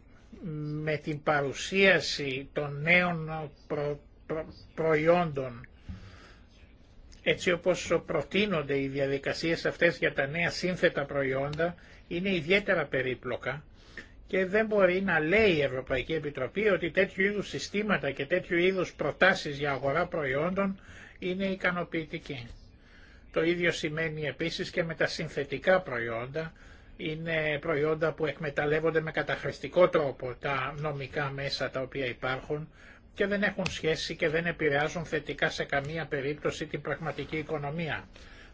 με την παρουσίαση των νέων προϊόντων έτσι όπως προτείνονται οι διαδικασίες αυτές για τα νέα σύνθετα προϊόντα είναι ιδιαίτερα περίπλοκα και δεν μπορεί να λέει η Ευρωπαϊκή Επιτροπή ότι τέτοιου είδους συστήματα και τέτοιου είδους προτάσεις για αγορά προϊόντων είναι ικανοποιητικοί. Το ίδιο σημαίνει επίσης και με τα συνθετικά προϊόντα. Είναι προϊόντα που εκμεταλλεύονται με καταχρηστικό τρόπο τα νομικά μέσα τα οποία υπάρχουν και δεν έχουν σχέση και δεν επηρεάζουν θετικά σε καμία περίπτωση την πραγματική οικονομία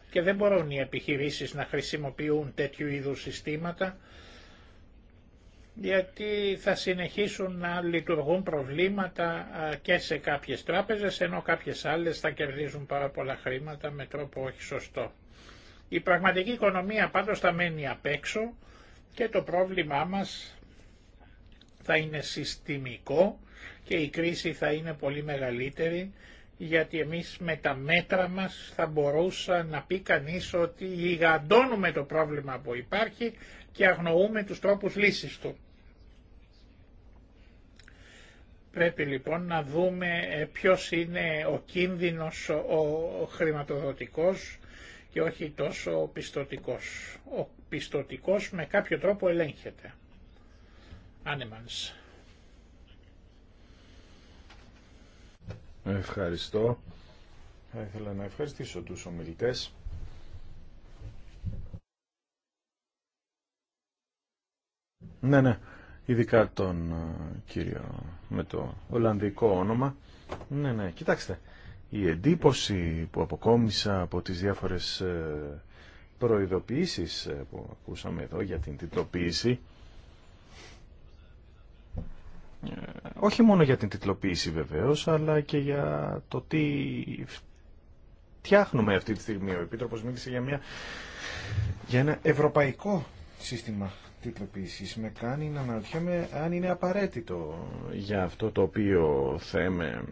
και δεν μπορούν οι επιχειρήσεις να χρησιμοποιούν τέτοιου είδους συστήματα γιατί θα συνεχίσουν να λειτουργούν προβλήματα και σε κάποιες τράπεζες ενώ κάποιες άλλες θα κερδίζουν πάρα πολλά χρήματα με τρόπο όχι σωστό. Η πραγματική οικονομία πάντως θα μένει απ' έξω και το πρόβλημά μας θα είναι συστημικό και η κρίση θα είναι πολύ μεγαλύτερη γιατί εμείς με τα μέτρα μας θα μπορούσα να πει κανείς ότι γιγαντώνουμε το πρόβλημα που υπάρχει και αγνοούμε τους τρόπους λύσης του. Πρέπει λοιπόν να δούμε ε, ποιος είναι ο κίνδυνος ο χρηματοδοτικός και όχι τόσο ο πιστοτικός. Ο πιστοτικός με κάποιο τρόπο ελέγχεται. Άνεμανς. Ευχαριστώ. Θα ήθελα να ευχαριστήσω τους ομιλητές. Ναι, ναι, ειδικά τον ε, κύριο με το ολλανδικό όνομα. Ναι, ναι, κοιτάξτε, η εντύπωση που αποκόμισα από τις διάφορες ε, προειδοποιήσεις ε, που ακούσαμε εδώ για την τυτοποίηση. Ε, όχι μόνο για την τιτλοποίηση βεβαίως, αλλά και για το τι φτιάχνουμε αυτή τη στιγμή. Ο Επίτροπος μίλησε για, μια, για ένα ευρωπαϊκό σύστημα τιτλοποίησης. Με κάνει να αναρωτιέμαι αν είναι απαραίτητο για αυτό το οποίο θέμε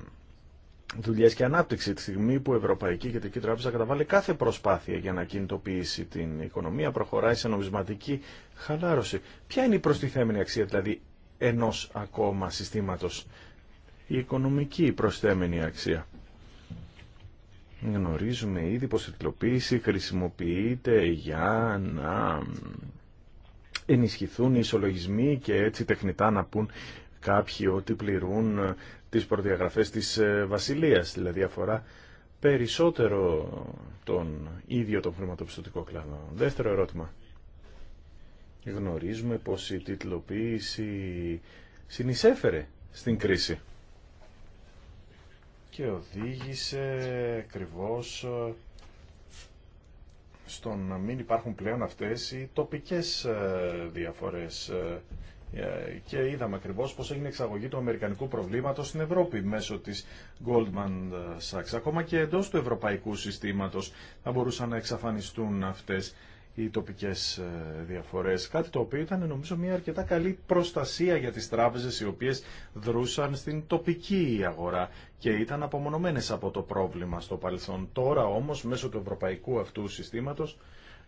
δουλειές και ανάπτυξη τη στιγμή που η Ευρωπαϊκή Κεντρική Τράπεζα καταβάλει κάθε προσπάθεια για να κινητοποιήσει την οικονομία, προχωράει σε νομισματική χαλάρωση. Ποια είναι η προστιθέμενη αξία δηλαδή ενός ακόμα συστήματος. Η οικονομική προσθέμενη αξία. Γνωρίζουμε ήδη πως η τυπλοποίηση χρησιμοποιείται για να ενισχυθούν οι ισολογισμοί και έτσι τεχνητά να πούν κάποιοι ότι πληρούν τις προδιαγραφές της ε, βασιλείας, δηλαδή αφορά περισσότερο τον ίδιο τον χρηματοπιστωτικό κλάδο. Δεύτερο ερώτημα γνωρίζουμε πως η τιτλοποίηση συνεισέφερε στην κρίση και οδήγησε ακριβώ ε, στο να μην υπάρχουν πλέον αυτές οι τοπικές ε, διαφορές ε, και είδαμε ακριβώ πως έγινε εξαγωγή του αμερικανικού προβλήματος στην Ευρώπη μέσω της Goldman Sachs. Ακόμα και εντός του ευρωπαϊκού συστήματος θα μπορούσαν να εξαφανιστούν αυτές οι τοπικές ε, διαφορές. Κάτι το οποίο ήταν νομίζω μια αρκετά καλή προστασία για τις τράπεζες οι οποίες δρούσαν στην τοπική αγορά και ήταν απομονωμένες από το πρόβλημα στο παρελθόν. Τώρα όμως μέσω του ευρωπαϊκού αυτού συστήματο,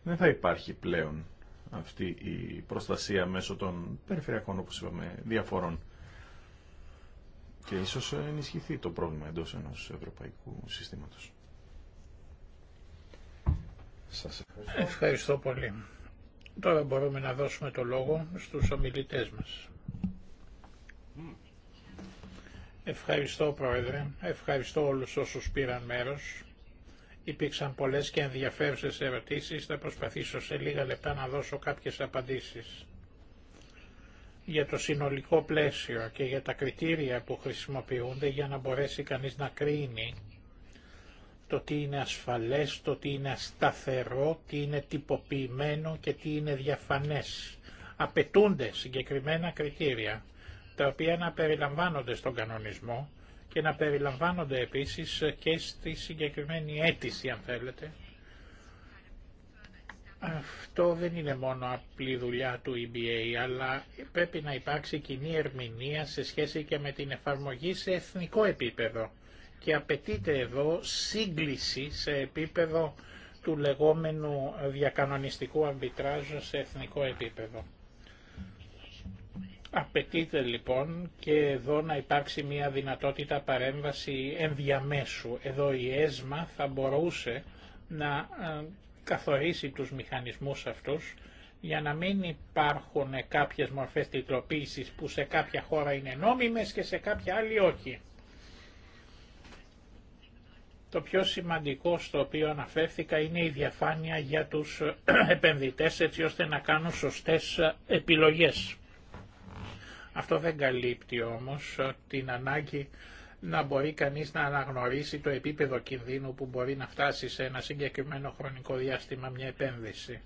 δεν θα υπάρχει πλέον αυτή η προστασία μέσω των περιφερειακών όπως είπαμε διαφορών. Και ίσως ενισχυθεί το πρόβλημα εντός ενός ευρωπαϊκού συστήματος ευχαριστώ. ευχαριστώ πολύ. Τώρα μπορούμε να δώσουμε το λόγο στους ομιλητές μας. Ευχαριστώ Πρόεδρε, ευχαριστώ όλους όσους πήραν μέρος. Υπήρξαν πολλές και ενδιαφέρουσες ερωτήσεις, θα προσπαθήσω σε λίγα λεπτά να δώσω κάποιες απαντήσεις. Για το συνολικό πλαίσιο και για τα κριτήρια που χρησιμοποιούνται για να μπορέσει κανείς να κρίνει το τι είναι ασφαλές, το τι είναι σταθερό, τι είναι τυποποιημένο και τι είναι διαφανές. Απαιτούνται συγκεκριμένα κριτήρια, τα οποία να περιλαμβάνονται στον κανονισμό και να περιλαμβάνονται επίσης και στη συγκεκριμένη αίτηση, αν θέλετε. Αυτό δεν είναι μόνο απλή δουλειά του EBA, αλλά πρέπει να υπάρξει κοινή ερμηνεία σε σχέση και με την εφαρμογή σε εθνικό επίπεδο και απαιτείται εδώ σύγκληση σε επίπεδο του λεγόμενου διακανονιστικού αμπιτράζου σε εθνικό επίπεδο. Απαιτείται λοιπόν και εδώ να υπάρξει μια δυνατότητα παρέμβαση ενδιαμέσου. Εδώ η ΕΣΜΑ θα μπορούσε να ε, καθορίσει τους μηχανισμούς αυτούς για να μην υπάρχουν κάποιες μορφές τυκλοποίησης που σε κάποια χώρα είναι νόμιμες και σε κάποια άλλη όχι. Το πιο σημαντικό στο οποίο αναφέρθηκα είναι η διαφάνεια για τους επενδυτές έτσι ώστε να κάνουν σωστές επιλογές. Αυτό δεν καλύπτει όμως την ανάγκη να μπορεί κανείς να αναγνωρίσει το επίπεδο κινδύνου που μπορεί να φτάσει σε ένα συγκεκριμένο χρονικό διάστημα μια επένδυση.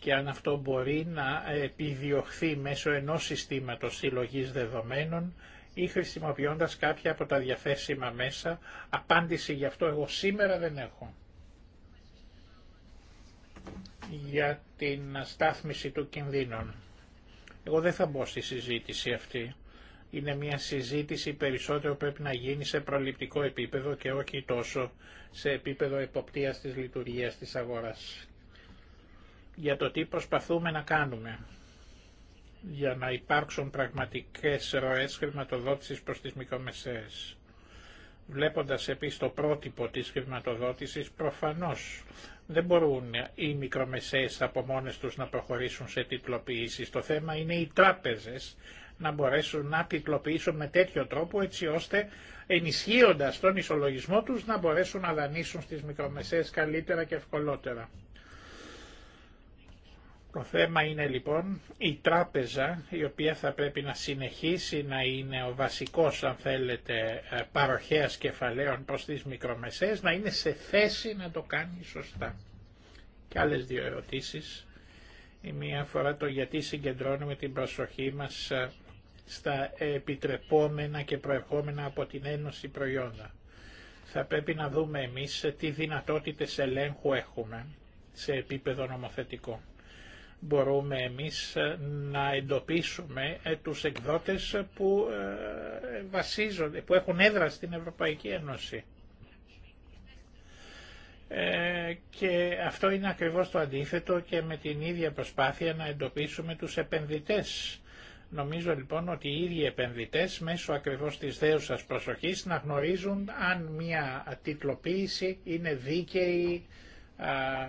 Και αν αυτό μπορεί να επιδιωχθεί μέσω ενός συστήματος συλλογής δεδομένων ή χρησιμοποιώντας κάποια από τα διαθέσιμα μέσα. Απάντηση γι' αυτό εγώ σήμερα δεν έχω. Για την στάθμιση του κινδύνων. Εγώ δεν θα μπω στη συζήτηση αυτή. Είναι μια συζήτηση περισσότερο πρέπει να γίνει σε προληπτικό επίπεδο και όχι τόσο σε επίπεδο εποπτείας της λειτουργίας της αγοράς. Για το τι προσπαθούμε να κάνουμε για να υπάρξουν πραγματικές ροές χρηματοδότησης προς τις μικρομεσαίες. Βλέποντας επίσης το πρότυπο της χρηματοδότησης, προφανώς δεν μπορούν οι μικρομεσαίες από μόνες τους να προχωρήσουν σε τιτλοποιήσεις. Το θέμα είναι οι τράπεζες να μπορέσουν να τιτλοποιήσουν με τέτοιο τρόπο έτσι ώστε ενισχύοντας τον ισολογισμό τους να μπορέσουν να δανείσουν στις μικρομεσαίες καλύτερα και ευκολότερα. Το θέμα είναι λοιπόν η τράπεζα η οποία θα πρέπει να συνεχίσει να είναι ο βασικός αν θέλετε ε, παροχέας κεφαλαίων προς τις μικρομεσαίες να είναι σε θέση να το κάνει σωστά. Και άλλες δύο ερωτήσεις. Η μία αφορά το γιατί συγκεντρώνουμε την προσοχή μας ε, στα επιτρεπόμενα και προερχόμενα από την Ένωση προϊόντα. Θα πρέπει να δούμε εμείς ε, τι δυνατότητες ελέγχου έχουμε σε επίπεδο νομοθετικό μπορούμε εμείς ε, να εντοπίσουμε ε, τους εκδότες που ε, βασίζονται, που έχουν έδρα στην Ευρωπαϊκή Ένωση. και αυτό είναι ακριβώς το αντίθετο και με την ίδια προσπάθεια να εντοπίσουμε τους επενδυτές. Νομίζω λοιπόν ότι οι ίδιοι επενδυτές μέσω ακριβώς της δέουσας προσοχής να γνωρίζουν αν μια τιτλοποίηση είναι δίκαιη,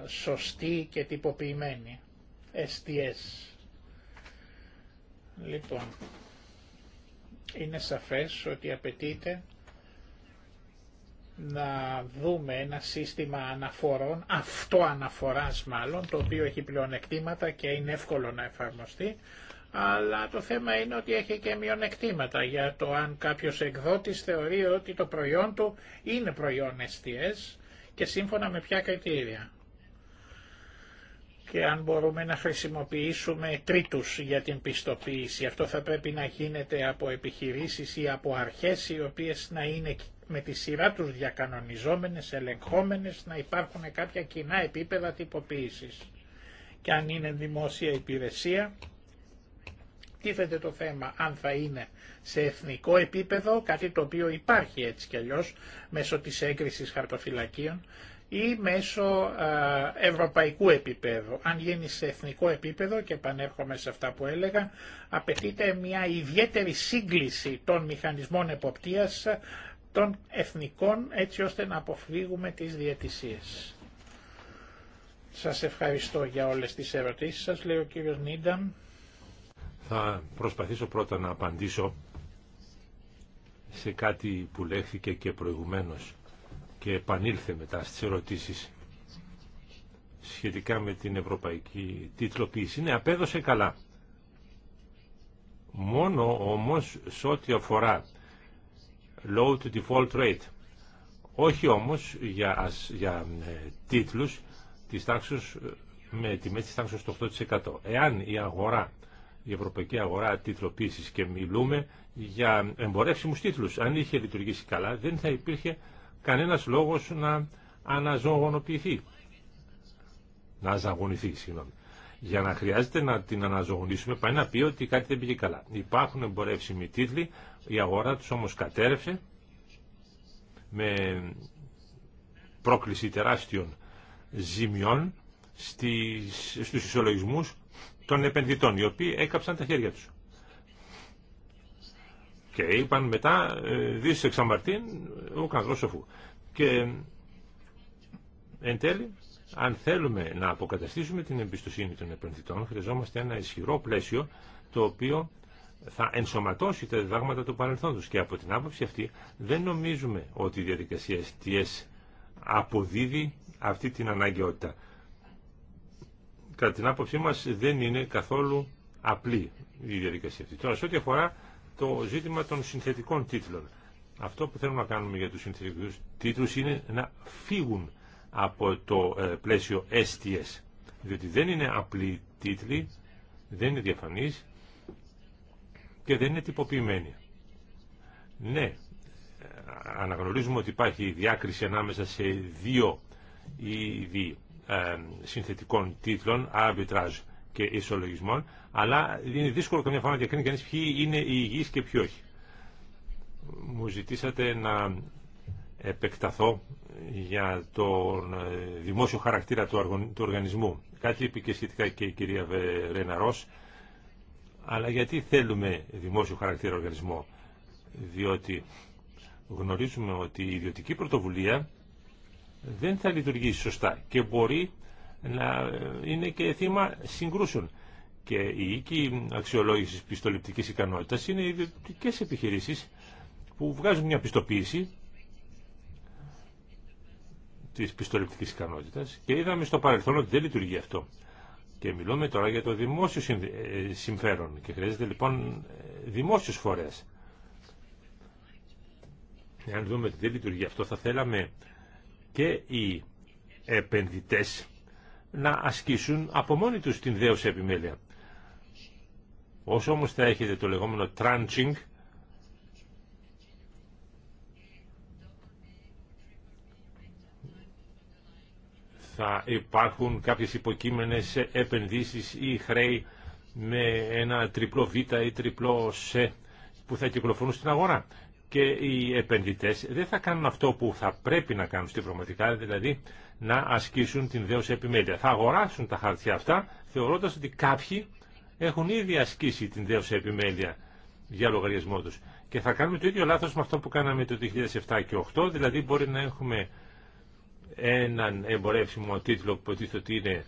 σωστή και τυποποιημένη. STS. Λοιπόν, είναι σαφές ότι απαιτείται να δούμε ένα σύστημα αναφορών, αυτό αναφοράς μάλλον, το οποίο έχει πλεονεκτήματα και είναι εύκολο να εφαρμοστεί, αλλά το θέμα είναι ότι έχει και μειονεκτήματα για το αν κάποιος εκδότης θεωρεί ότι το προϊόν του είναι προϊόν STS και σύμφωνα με ποια κριτήρια και αν μπορούμε να χρησιμοποιήσουμε τρίτους για την πιστοποίηση. Αυτό θα πρέπει να γίνεται από επιχειρήσεις ή από αρχές οι οποίες να είναι με τη σειρά τους διακανονιζόμενες, ελεγχόμενες, να υπάρχουν κάποια κοινά επίπεδα τυποποίησης. Και αν είναι δημόσια υπηρεσία, τίθεται το θέμα αν θα είναι σε εθνικό επίπεδο, κάτι το οποίο υπάρχει έτσι κι αλλιώς μέσω της έγκρισης χαρτοφυλακίων, ή μέσω ευρωπαϊκού επίπεδου. Αν γίνει σε εθνικό επίπεδο, και επανέρχομαι σε αυτά που έλεγα, απαιτείται μια ιδιαίτερη σύγκληση των μηχανισμών εποπτείας των εθνικών έτσι ώστε να αποφύγουμε τις διαιτησίες. Σας ευχαριστώ για όλες τις ερωτήσεις σας, λέει ο κύριος Νίνταμ. Θα προσπαθήσω πρώτα να απαντήσω σε κάτι που λέχθηκε και προηγουμένως και επανήλθε μετά στις ερωτήσεις σχετικά με την ευρωπαϊκή τίτλοποίηση. Ναι, απέδωσε καλά. Μόνο όμως σε ό,τι αφορά low to default rate. Όχι όμως για, για ε, τίτλους της τάξης, ε, με τιμές της τάξης του 8%. Εάν η αγορά, η ευρωπαϊκή αγορά τίτλοποίησης και μιλούμε για εμπορεύσιμους τίτλους, αν είχε λειτουργήσει καλά δεν θα υπήρχε κανένας λόγος να αναζωογονοποιηθεί. Να ζαγωνηθεί, συγγνώμη. Για να χρειάζεται να την αναζωογονήσουμε πάει να πει ότι κάτι δεν πήγε καλά. Υπάρχουν εμπορεύσιμοι τίτλοι, η αγορά τους όμως κατέρευσε με πρόκληση τεράστιων ζημιών στις, στους ισολογισμούς των επενδυτών, οι οποίοι έκαψαν τα χέρια τους. Και είπαν μετά, ε, εξ αμαρτήν ο καθόλου σοφού. Και εν τέλει, αν θέλουμε να αποκαταστήσουμε την εμπιστοσύνη των επενδυτών, χρειαζόμαστε ένα ισχυρό πλαίσιο το οποίο θα ενσωματώσει τα διδάγματα του παρελθόντος. Και από την άποψη αυτή δεν νομίζουμε ότι η διαδικασία STS αποδίδει αυτή την αναγκαιότητα. Κατά την άποψή μας δεν είναι καθόλου απλή η διαδικασία αυτή. Τώρα, σε ό,τι αφορά το ζήτημα των συνθετικών τίτλων. Αυτό που θέλουμε να κάνουμε για τους συνθετικούς τίτλους είναι να φύγουν από το ε, πλαίσιο STS, διότι δεν είναι απλοί τίτλοι, δεν είναι διαφανείς και δεν είναι τυποποιημένοι. Ναι, ε, αναγνωρίζουμε ότι υπάρχει διάκριση ανάμεσα σε δύο είδη ε, συνθετικών τίτλων, arbitrage και ισολογισμών, αλλά είναι δύσκολο καμιά φορά να διακρίνει κανεί ποιοι είναι οι υγιεί και ποιοι όχι. Μου ζητήσατε να επεκταθώ για τον ε, δημόσιο χαρακτήρα του οργανισμού. Κάτι είπε και σχετικά και η κυρία Ρένα Ρος, αλλά γιατί θέλουμε δημόσιο χαρακτήρα οργανισμό. Διότι γνωρίζουμε ότι η ιδιωτική πρωτοβουλία δεν θα λειτουργήσει σωστά και μπορεί να ε, είναι και θύμα συγκρούσεων. Και η οίκη αξιολόγηση πιστοληπτικής ικανότητας είναι ιδιωτικέ επιχειρήσεις που βγάζουν μια πιστοποίηση τη πιστοληπτικής ικανότητα και είδαμε στο παρελθόν ότι δεν λειτουργεί αυτό. Και μιλούμε τώρα για το δημόσιο ε, συμφέρον και χρειάζεται λοιπόν ε, δημόσιους φορές. Εάν δούμε ότι δεν λειτουργεί αυτό θα θέλαμε και οι επενδυτές να ασκήσουν από μόνοι τους την δέωση επιμέλεια. Όσο όμως θα έχετε το λεγόμενο tranching, θα υπάρχουν κάποιες υποκείμενες επενδύσεις ή χρέη με ένα τριπλό β ή τριπλό σε που θα κυκλοφορούν στην αγορά. Και οι επενδυτές δεν θα κάνουν αυτό που θα πρέπει να κάνουν στην πραγματικά, δηλαδή να ασκήσουν την δέουσα επιμέλεια. Θα αγοράσουν τα χαρτιά αυτά θεωρώντας ότι κάποιοι έχουν ήδη ασκήσει την δέουσα επιμέλεια για λογαριασμό τους. Και θα κάνουμε το ίδιο λάθος με αυτό που κάναμε το 2007 και 2008, δηλαδή μπορεί να έχουμε έναν εμπορεύσιμο τίτλο που υποτίθεται ότι είναι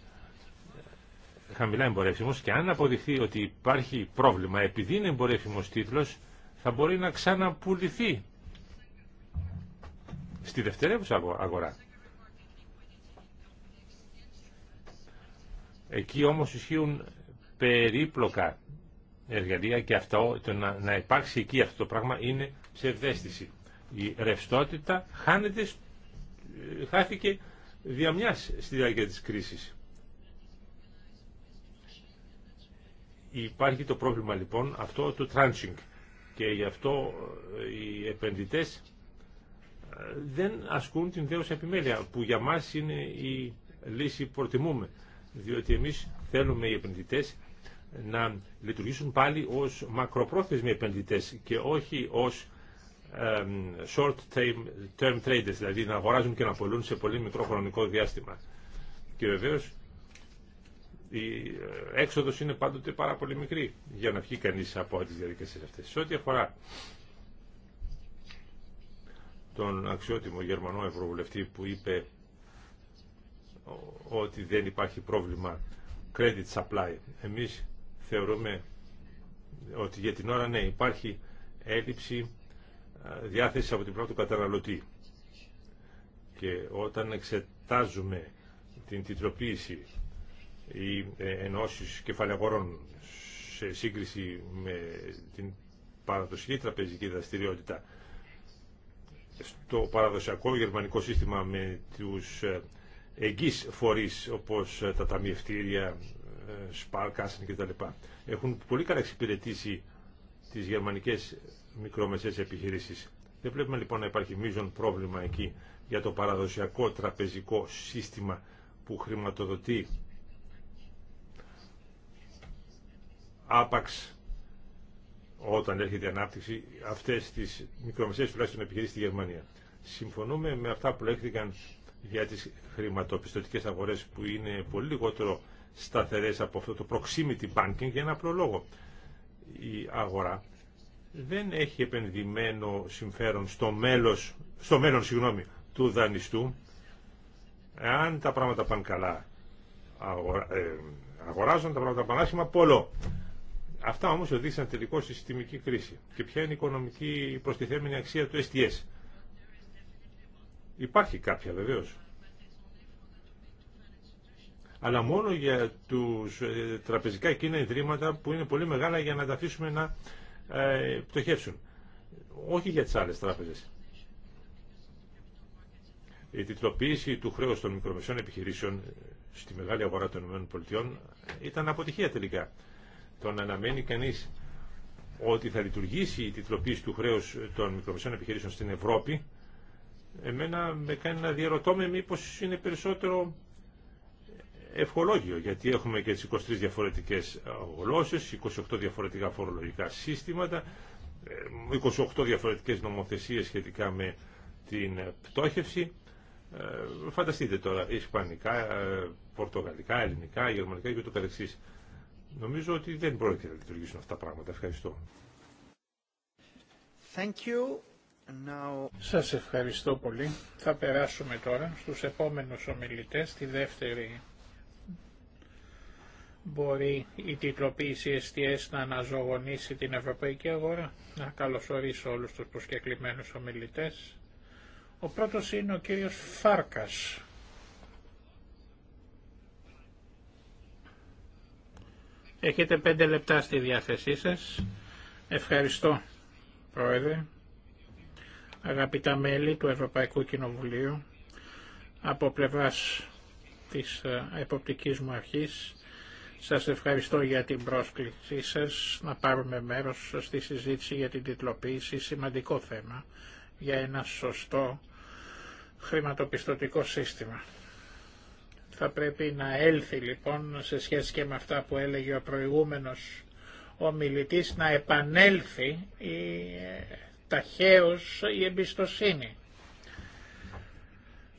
χαμηλά εμπορεύσιμος και αν αποδειχθεί ότι υπάρχει πρόβλημα επειδή είναι εμπορεύσιμος τίτλος θα μπορεί να ξαναπουληθεί στη δευτερεύουσα αγορά. Εκεί όμως ισχύουν περίπλοκα εργαλεία και αυτό, το να, να υπάρξει εκεί αυτό το πράγμα είναι ψευδέστηση. Η ρευστότητα χάνεται, ε, χάθηκε διαμιάς στη διάρκεια της κρίσης. Υπάρχει το πρόβλημα λοιπόν αυτό του tranching και γι' αυτό ε, οι επενδυτές ε, δεν ασκούν την δέωση επιμέλεια που για μας είναι η λύση που προτιμούμε διότι εμείς θέλουμε οι επενδυτές να λειτουργήσουν πάλι ως μακροπρόθεσμοι επενδυτές και όχι ως short term traders, δηλαδή να αγοράζουν και να πολλούν σε πολύ μικρό χρονικό διάστημα. Και βεβαίως η ε, έξοδος είναι πάντοτε πάρα πολύ μικρή για να βγει κανείς από τις διαδικασίες αυτές. Σε ό,τι αφορά τον αξιότιμο Γερμανό Ευρωβουλευτή που είπε ότι δεν υπάρχει πρόβλημα credit supply. Εμείς θεωρούμε ότι για την ώρα ναι υπάρχει έλλειψη διάθεση από την πρώτη καταναλωτή. Και όταν εξετάζουμε την τιτροποίηση ή ε, ενώσει κεφαλαγορών σε σύγκριση με την παραδοσιακή τραπεζική δραστηριότητα στο παραδοσιακό γερμανικό σύστημα με τους ε, εγγύς φορείς όπως ε, τα ταμιευτήρια, ε, και τα κτλ. Έχουν πολύ καλά εξυπηρετήσει τις γερμανικές μικρομεσαίες επιχειρήσεις. Δεν βλέπουμε λοιπόν να υπάρχει μείζον πρόβλημα εκεί για το παραδοσιακό τραπεζικό σύστημα που χρηματοδοτεί άπαξ όταν έρχεται η ανάπτυξη αυτές τις μικρομεσαίες τουλάχιστον επιχειρήσεις στη Γερμανία. Συμφωνούμε με αυτά που λέχθηκαν για τις χρηματοπιστωτικές αγορές που είναι πολύ λιγότερο σταθερές από αυτό το proximity banking για ένα απλό λόγο. Η αγορά δεν έχει επενδυμένο συμφέρον στο, μέλος, στο μέλλον συγγνώμη, του δανειστού. Αν τα πράγματα πάνε καλά, ε, αγοράζουν τα πράγματα πάνε άσχημα, πολλό. Αυτά όμως οδήγησαν τελικώ στη συστημική κρίση. Και ποια είναι η οικονομική προστιθέμενη αξία του STS. Υπάρχει κάποια βεβαίως. Αλλά μόνο για τους ε, τραπεζικά εκείνα ιδρύματα που είναι πολύ μεγάλα για να τα αφήσουμε να ε, πτωχεύσουν. Όχι για τις άλλες τράπεζες. Η τιτλοποίηση του χρέους των μικρομεσαίων επιχειρήσεων ε, στη μεγάλη αγορά των ΗΠΑ ήταν αποτυχία τελικά. Το να αναμένει κανείς ότι θα λειτουργήσει η τιτλοποίηση του χρέους των μικρομεσαίων επιχειρήσεων στην Ευρώπη εμένα με κάνει να διαρωτώ με μήπως είναι περισσότερο ευχολόγιο, γιατί έχουμε και τις 23 διαφορετικές γλώσσες, 28 διαφορετικά φορολογικά σύστηματα, 28 ε, διαφορετικές νομοθεσίες σχετικά με την πτώχευση. Ε, φανταστείτε τώρα, ισπανικά, ε, πορτογαλικά, ελληνικά, γερμανικά και το καθεξής. Νομίζω ότι δεν πρόκειται να λειτουργήσουν αυτά τα πράγματα. Ευχαριστώ. Thank you. Σας ευχαριστώ πολύ. Θα περάσουμε τώρα στους επόμενους ομιλητές, τη δεύτερη μπορεί η τιτλοποίηση STS να αναζωογονήσει την ευρωπαϊκή αγορά. Να καλωσορίσω όλους τους προσκεκλημένους ομιλητές. Ο πρώτος είναι ο κύριος Φάρκας. Έχετε πέντε λεπτά στη διάθεσή σας. Ευχαριστώ, Πρόεδρε. Αγαπητά μέλη του Ευρωπαϊκού Κοινοβουλίου, από πλευράς της ε, εποπτικής μου αρχής, σας ευχαριστώ για την πρόσκλησή σας να πάρουμε μέρος στη συζήτηση για την τιτλοποίηση, σημαντικό θέμα για ένα σωστό χρηματοπιστωτικό σύστημα. Θα πρέπει να έλθει λοιπόν σε σχέση και με αυτά που έλεγε ο προηγούμενος ομιλητής να επανέλθει η ε, ταχαίως η εμπιστοσύνη.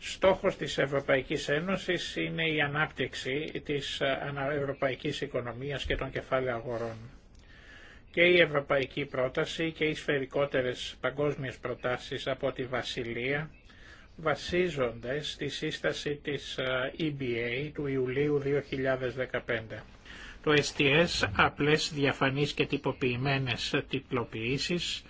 Στόχος της Ευρωπαϊκής Ένωσης είναι η ανάπτυξη της ευρωπαϊκής οικονομίας και των κεφάλαιων αγορών. Και η ευρωπαϊκή πρόταση και οι σφαιρικότερες παγκόσμιες προτάσεις από τη Βασιλεία βασίζονται στη σύσταση της ε, EBA του Ιουλίου 2015. Το STS, απλές διαφανείς και τυποποιημένες τυπλοποιήσεις,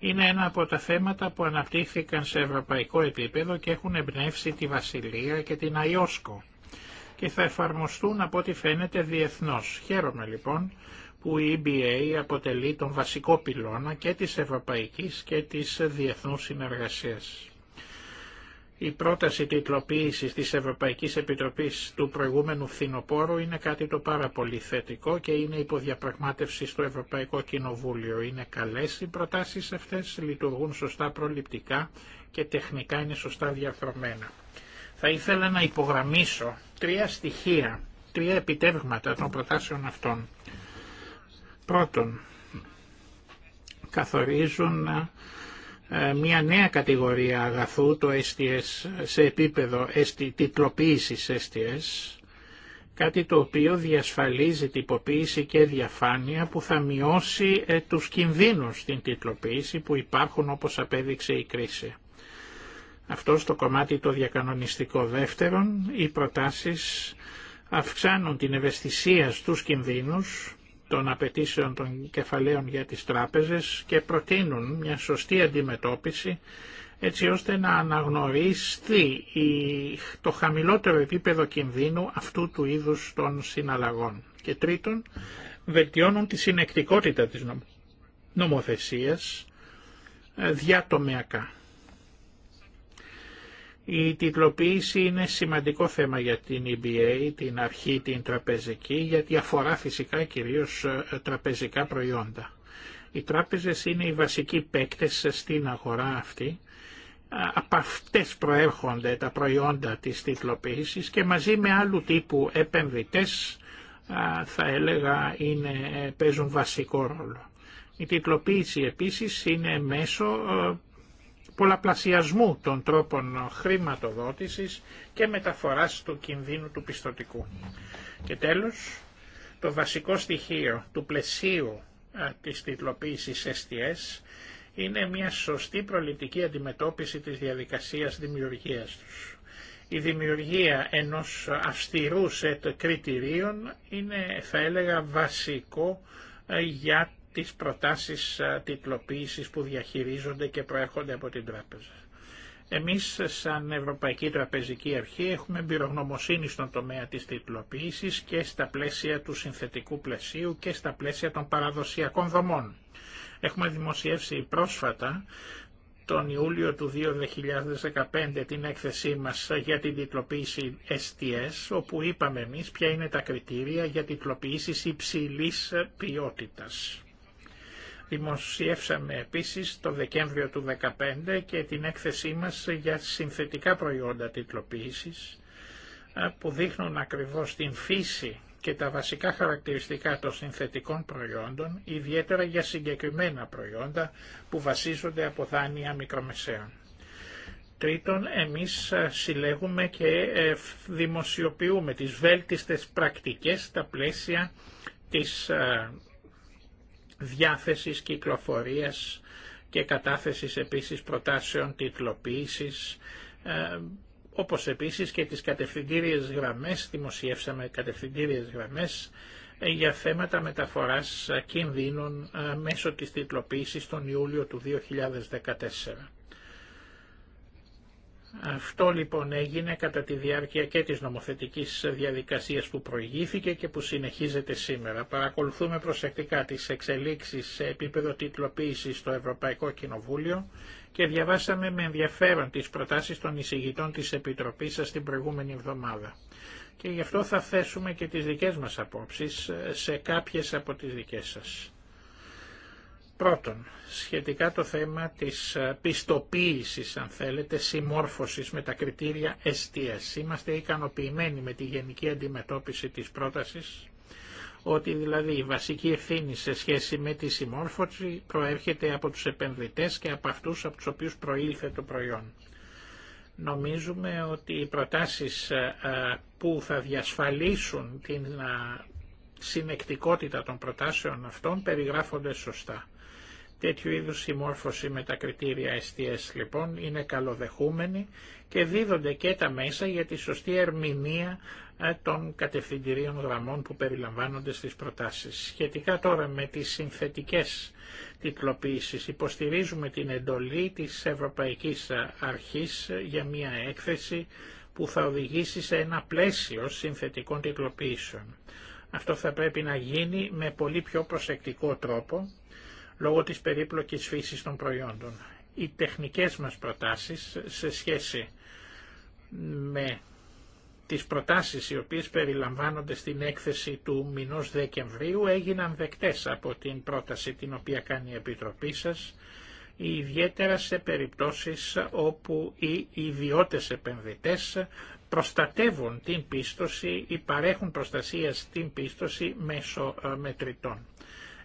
είναι ένα από τα θέματα που αναπτύχθηκαν σε ευρωπαϊκό επίπεδο και έχουν εμπνεύσει τη Βασιλεία και την Αϊόσκο και θα εφαρμοστούν από ό,τι φαίνεται διεθνώς. Χαίρομαι λοιπόν που η EBA αποτελεί τον βασικό πυλώνα και της ευρωπαϊκής και της διεθνούς συνεργασίας. Η πρόταση τυπλοποίησης της Ευρωπαϊκής Επιτροπής του προηγούμενου φθινοπόρου είναι κάτι το πάρα πολύ θετικό και είναι υποδιαπραγμάτευση στο Ευρωπαϊκό Κοινοβούλιο. Είναι καλές οι προτάσεις αυτές, λειτουργούν σωστά προληπτικά και τεχνικά είναι σωστά διαρθρωμένα. Θα ήθελα να υπογραμμίσω τρία στοιχεία, τρία επιτεύγματα των προτάσεων αυτών. Πρώτον, καθορίζουν ε, μια νέα κατηγορία αγαθού το STS, σε επίπεδο τιτλοποίησης STS, κάτι το οποίο διασφαλίζει τυποποίηση και διαφάνεια που θα μειώσει ε, τους κινδύνους στην τιτλοποίηση που υπάρχουν όπως απέδειξε η κρίση. Αυτό στο κομμάτι το διακανονιστικό δεύτερον, οι προτάσεις αυξάνουν την ευαισθησία στους κινδύνους των απαιτήσεων των κεφαλαίων για τις τράπεζες και προτείνουν μια σωστή αντιμετώπιση έτσι ώστε να αναγνωριστεί το χαμηλότερο επίπεδο κινδύνου αυτού του είδους των συναλλαγών. Και τρίτον, βελτιώνουν τη συνεκτικότητα της νομοθεσίας ε, διατομιακά. Η τιτλοποίηση είναι σημαντικό θέμα για την EBA, την αρχή, την τραπεζική, γιατί αφορά φυσικά κυρίως ε, τραπεζικά προϊόντα. Οι τράπεζες είναι οι βασικοί παίκτες στην αγορά αυτή. Από αυτές προέρχονται τα προϊόντα της τιτλοποίησης και μαζί με άλλου τύπου επενδυτές θα έλεγα είναι, ε, παίζουν βασικό ρόλο. Η τιτλοποίηση επίσης είναι μέσο ε, πολλαπλασιασμού των τρόπων χρηματοδότησης και μεταφοράς του κινδύνου του πιστοτικού. Και τέλος, το βασικό στοιχείο του πλαισίου της τιτλοποίησης STS είναι μια σωστή προληπτική αντιμετώπιση της διαδικασίας δημιουργίας τους. Η δημιουργία ενός αυστηρού σετ κριτηρίων είναι, θα έλεγα, βασικό για τις προτάσεις τυπλοποίησης που διαχειρίζονται και προέρχονται από την τράπεζα. Εμείς σαν Ευρωπαϊκή Τραπεζική Αρχή έχουμε εμπειρογνωμοσύνη στον τομέα της τυπλοποίησης και στα πλαίσια του συνθετικού πλαισίου και στα πλαίσια των παραδοσιακών δομών. Έχουμε δημοσιεύσει πρόσφατα τον Ιούλιο του 2015 την έκθεσή μας για την τυπλοποίηση STS, όπου είπαμε εμείς ποια είναι τα κριτήρια για τυπλοποίησεις υψηλής ποιότητας. Δημοσιεύσαμε επίσης το Δεκέμβριο του 2015 και την έκθεσή μας για συνθετικά προϊόντα τιτλοποίησης που δείχνουν ακριβώς την φύση και τα βασικά χαρακτηριστικά των συνθετικών προϊόντων, ιδιαίτερα για συγκεκριμένα προϊόντα που βασίζονται από δάνεια μικρομεσαίων. Τρίτον, εμείς συλλέγουμε και ε, δημοσιοποιούμε τις βέλτιστες πρακτικές στα πλαίσια της διάθεσης κυκλοφορίας και κατάθεσης επίσης προτάσεων τιτλοποίησης, ε, όπως επίσης και τις κατευθυντήριες γραμμές, δημοσιεύσαμε κατευθυντήριες γραμμές ε, για θέματα μεταφοράς κινδύνων ε, μέσω της τιτλοποίησης τον Ιούλιο του 2014. Αυτό λοιπόν έγινε κατά τη διάρκεια και της νομοθετικής διαδικασίας που προηγήθηκε και που συνεχίζεται σήμερα. Παρακολουθούμε προσεκτικά τις εξελίξεις σε επίπεδο τίτλοποίησης στο Ευρωπαϊκό Κοινοβούλιο και διαβάσαμε με ενδιαφέρον τις προτάσεις των εισηγητών της Επιτροπής σας την προηγούμενη εβδομάδα. Και γι' αυτό θα θέσουμε και τις δικές μας απόψεις σε κάποιες από τις δικές σας. Πρώτον, σχετικά το θέμα της ε, πιστοποίησης, αν θέλετε, συμμόρφωσης με τα κριτήρια STS. Είμαστε ικανοποιημένοι με τη γενική αντιμετώπιση της πρότασης, ότι δηλαδή η βασική ευθύνη σε σχέση με τη συμμόρφωση προέρχεται από τους επενδυτές και από αυτούς από τους οποίους προήλθε το προϊόν. Νομίζουμε ότι οι προτάσεις ε, ε, που θα διασφαλίσουν την συνεκτικότητα των προτάσεων αυτών περιγράφονται σωστά. Τέτοιου είδους συμμόρφωση με τα κριτήρια STS λοιπόν είναι καλοδεχούμενη και δίδονται και τα μέσα για τη σωστή ερμηνεία ε, των κατευθυντηρίων γραμμών που περιλαμβάνονται στις προτάσεις. Σχετικά τώρα με τις συνθετικές τυπλοποίησεις, υποστηρίζουμε την εντολή της Ευρωπαϊκής ε, Αρχής για μια έκθεση που θα οδηγήσει σε ένα πλαίσιο συνθετικών τυπλοποίησεων. Αυτό θα πρέπει να γίνει με πολύ πιο προσεκτικό τρόπο λόγω της περίπλοκης φύσης των προϊόντων. Οι τεχνικές μας προτάσεις σε σχέση με τις προτάσεις οι οποίες περιλαμβάνονται στην έκθεση του μηνός Δεκεμβρίου έγιναν δεκτές από την πρόταση την οποία κάνει η Επιτροπή σας, ιδιαίτερα σε περιπτώσεις όπου οι ιδιώτες επενδυτές προστατεύουν την πίστοση ή παρέχουν προστασία στην πίστοση μέσω ε, μετρητών.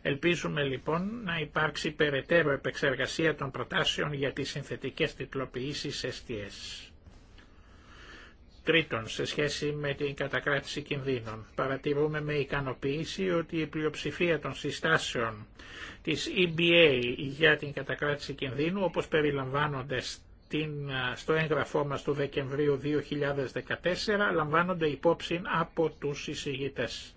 Ελπίζουμε λοιπόν να υπάρξει περαιτέρω επεξεργασία των προτάσεων για τις συνθετικές τυπλοποιήσεις STS. Τρίτον, σε σχέση με την κατακράτηση κινδύνων, παρατηρούμε με ικανοποίηση ότι η πλειοψηφία των συστάσεων της EBA για την κατακράτηση κινδύνου, όπως περιλαμβάνονται στο έγγραφό μας του Δεκεμβρίου 2014, λαμβάνονται υπόψη από τους εισηγητές.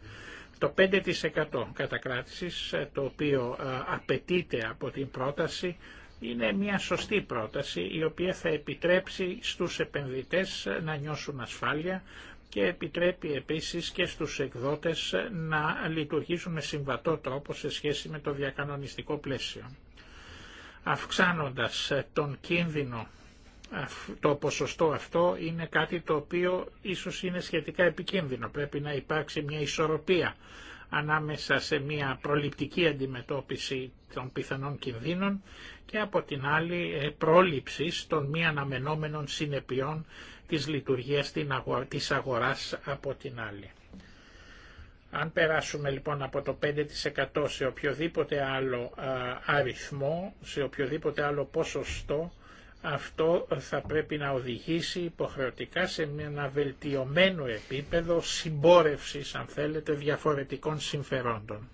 Το 5% κατακράτησης, ε, το οποίο ε, απαιτείται από την πρόταση, είναι μια σωστή πρόταση η οποία θα επιτρέψει στους επενδυτές ε, να νιώσουν ασφάλεια και επιτρέπει επίσης και στους εκδότες να λειτουργήσουν με συμβατό τρόπο σε σχέση με το διακανονιστικό πλαίσιο. Αυξάνοντας τον κίνδυνο το ποσοστό αυτό είναι κάτι το οποίο ίσως είναι σχετικά επικίνδυνο. Πρέπει να υπάρξει μια ισορροπία ανάμεσα σε μια προληπτική αντιμετώπιση των πιθανών κινδύνων και από την άλλη ε, πρόληψης των μη αναμενόμενων συνεπειών της λειτουργίας της αγοράς από την άλλη. Αν περάσουμε λοιπόν από το 5% σε οποιοδήποτε άλλο αριθμό, σε οποιοδήποτε άλλο ποσοστό, αυτό θα πρέπει να οδηγήσει υποχρεωτικά σε ένα βελτιωμένο επίπεδο συμπόρευσης, αν θέλετε, διαφορετικών συμφερόντων.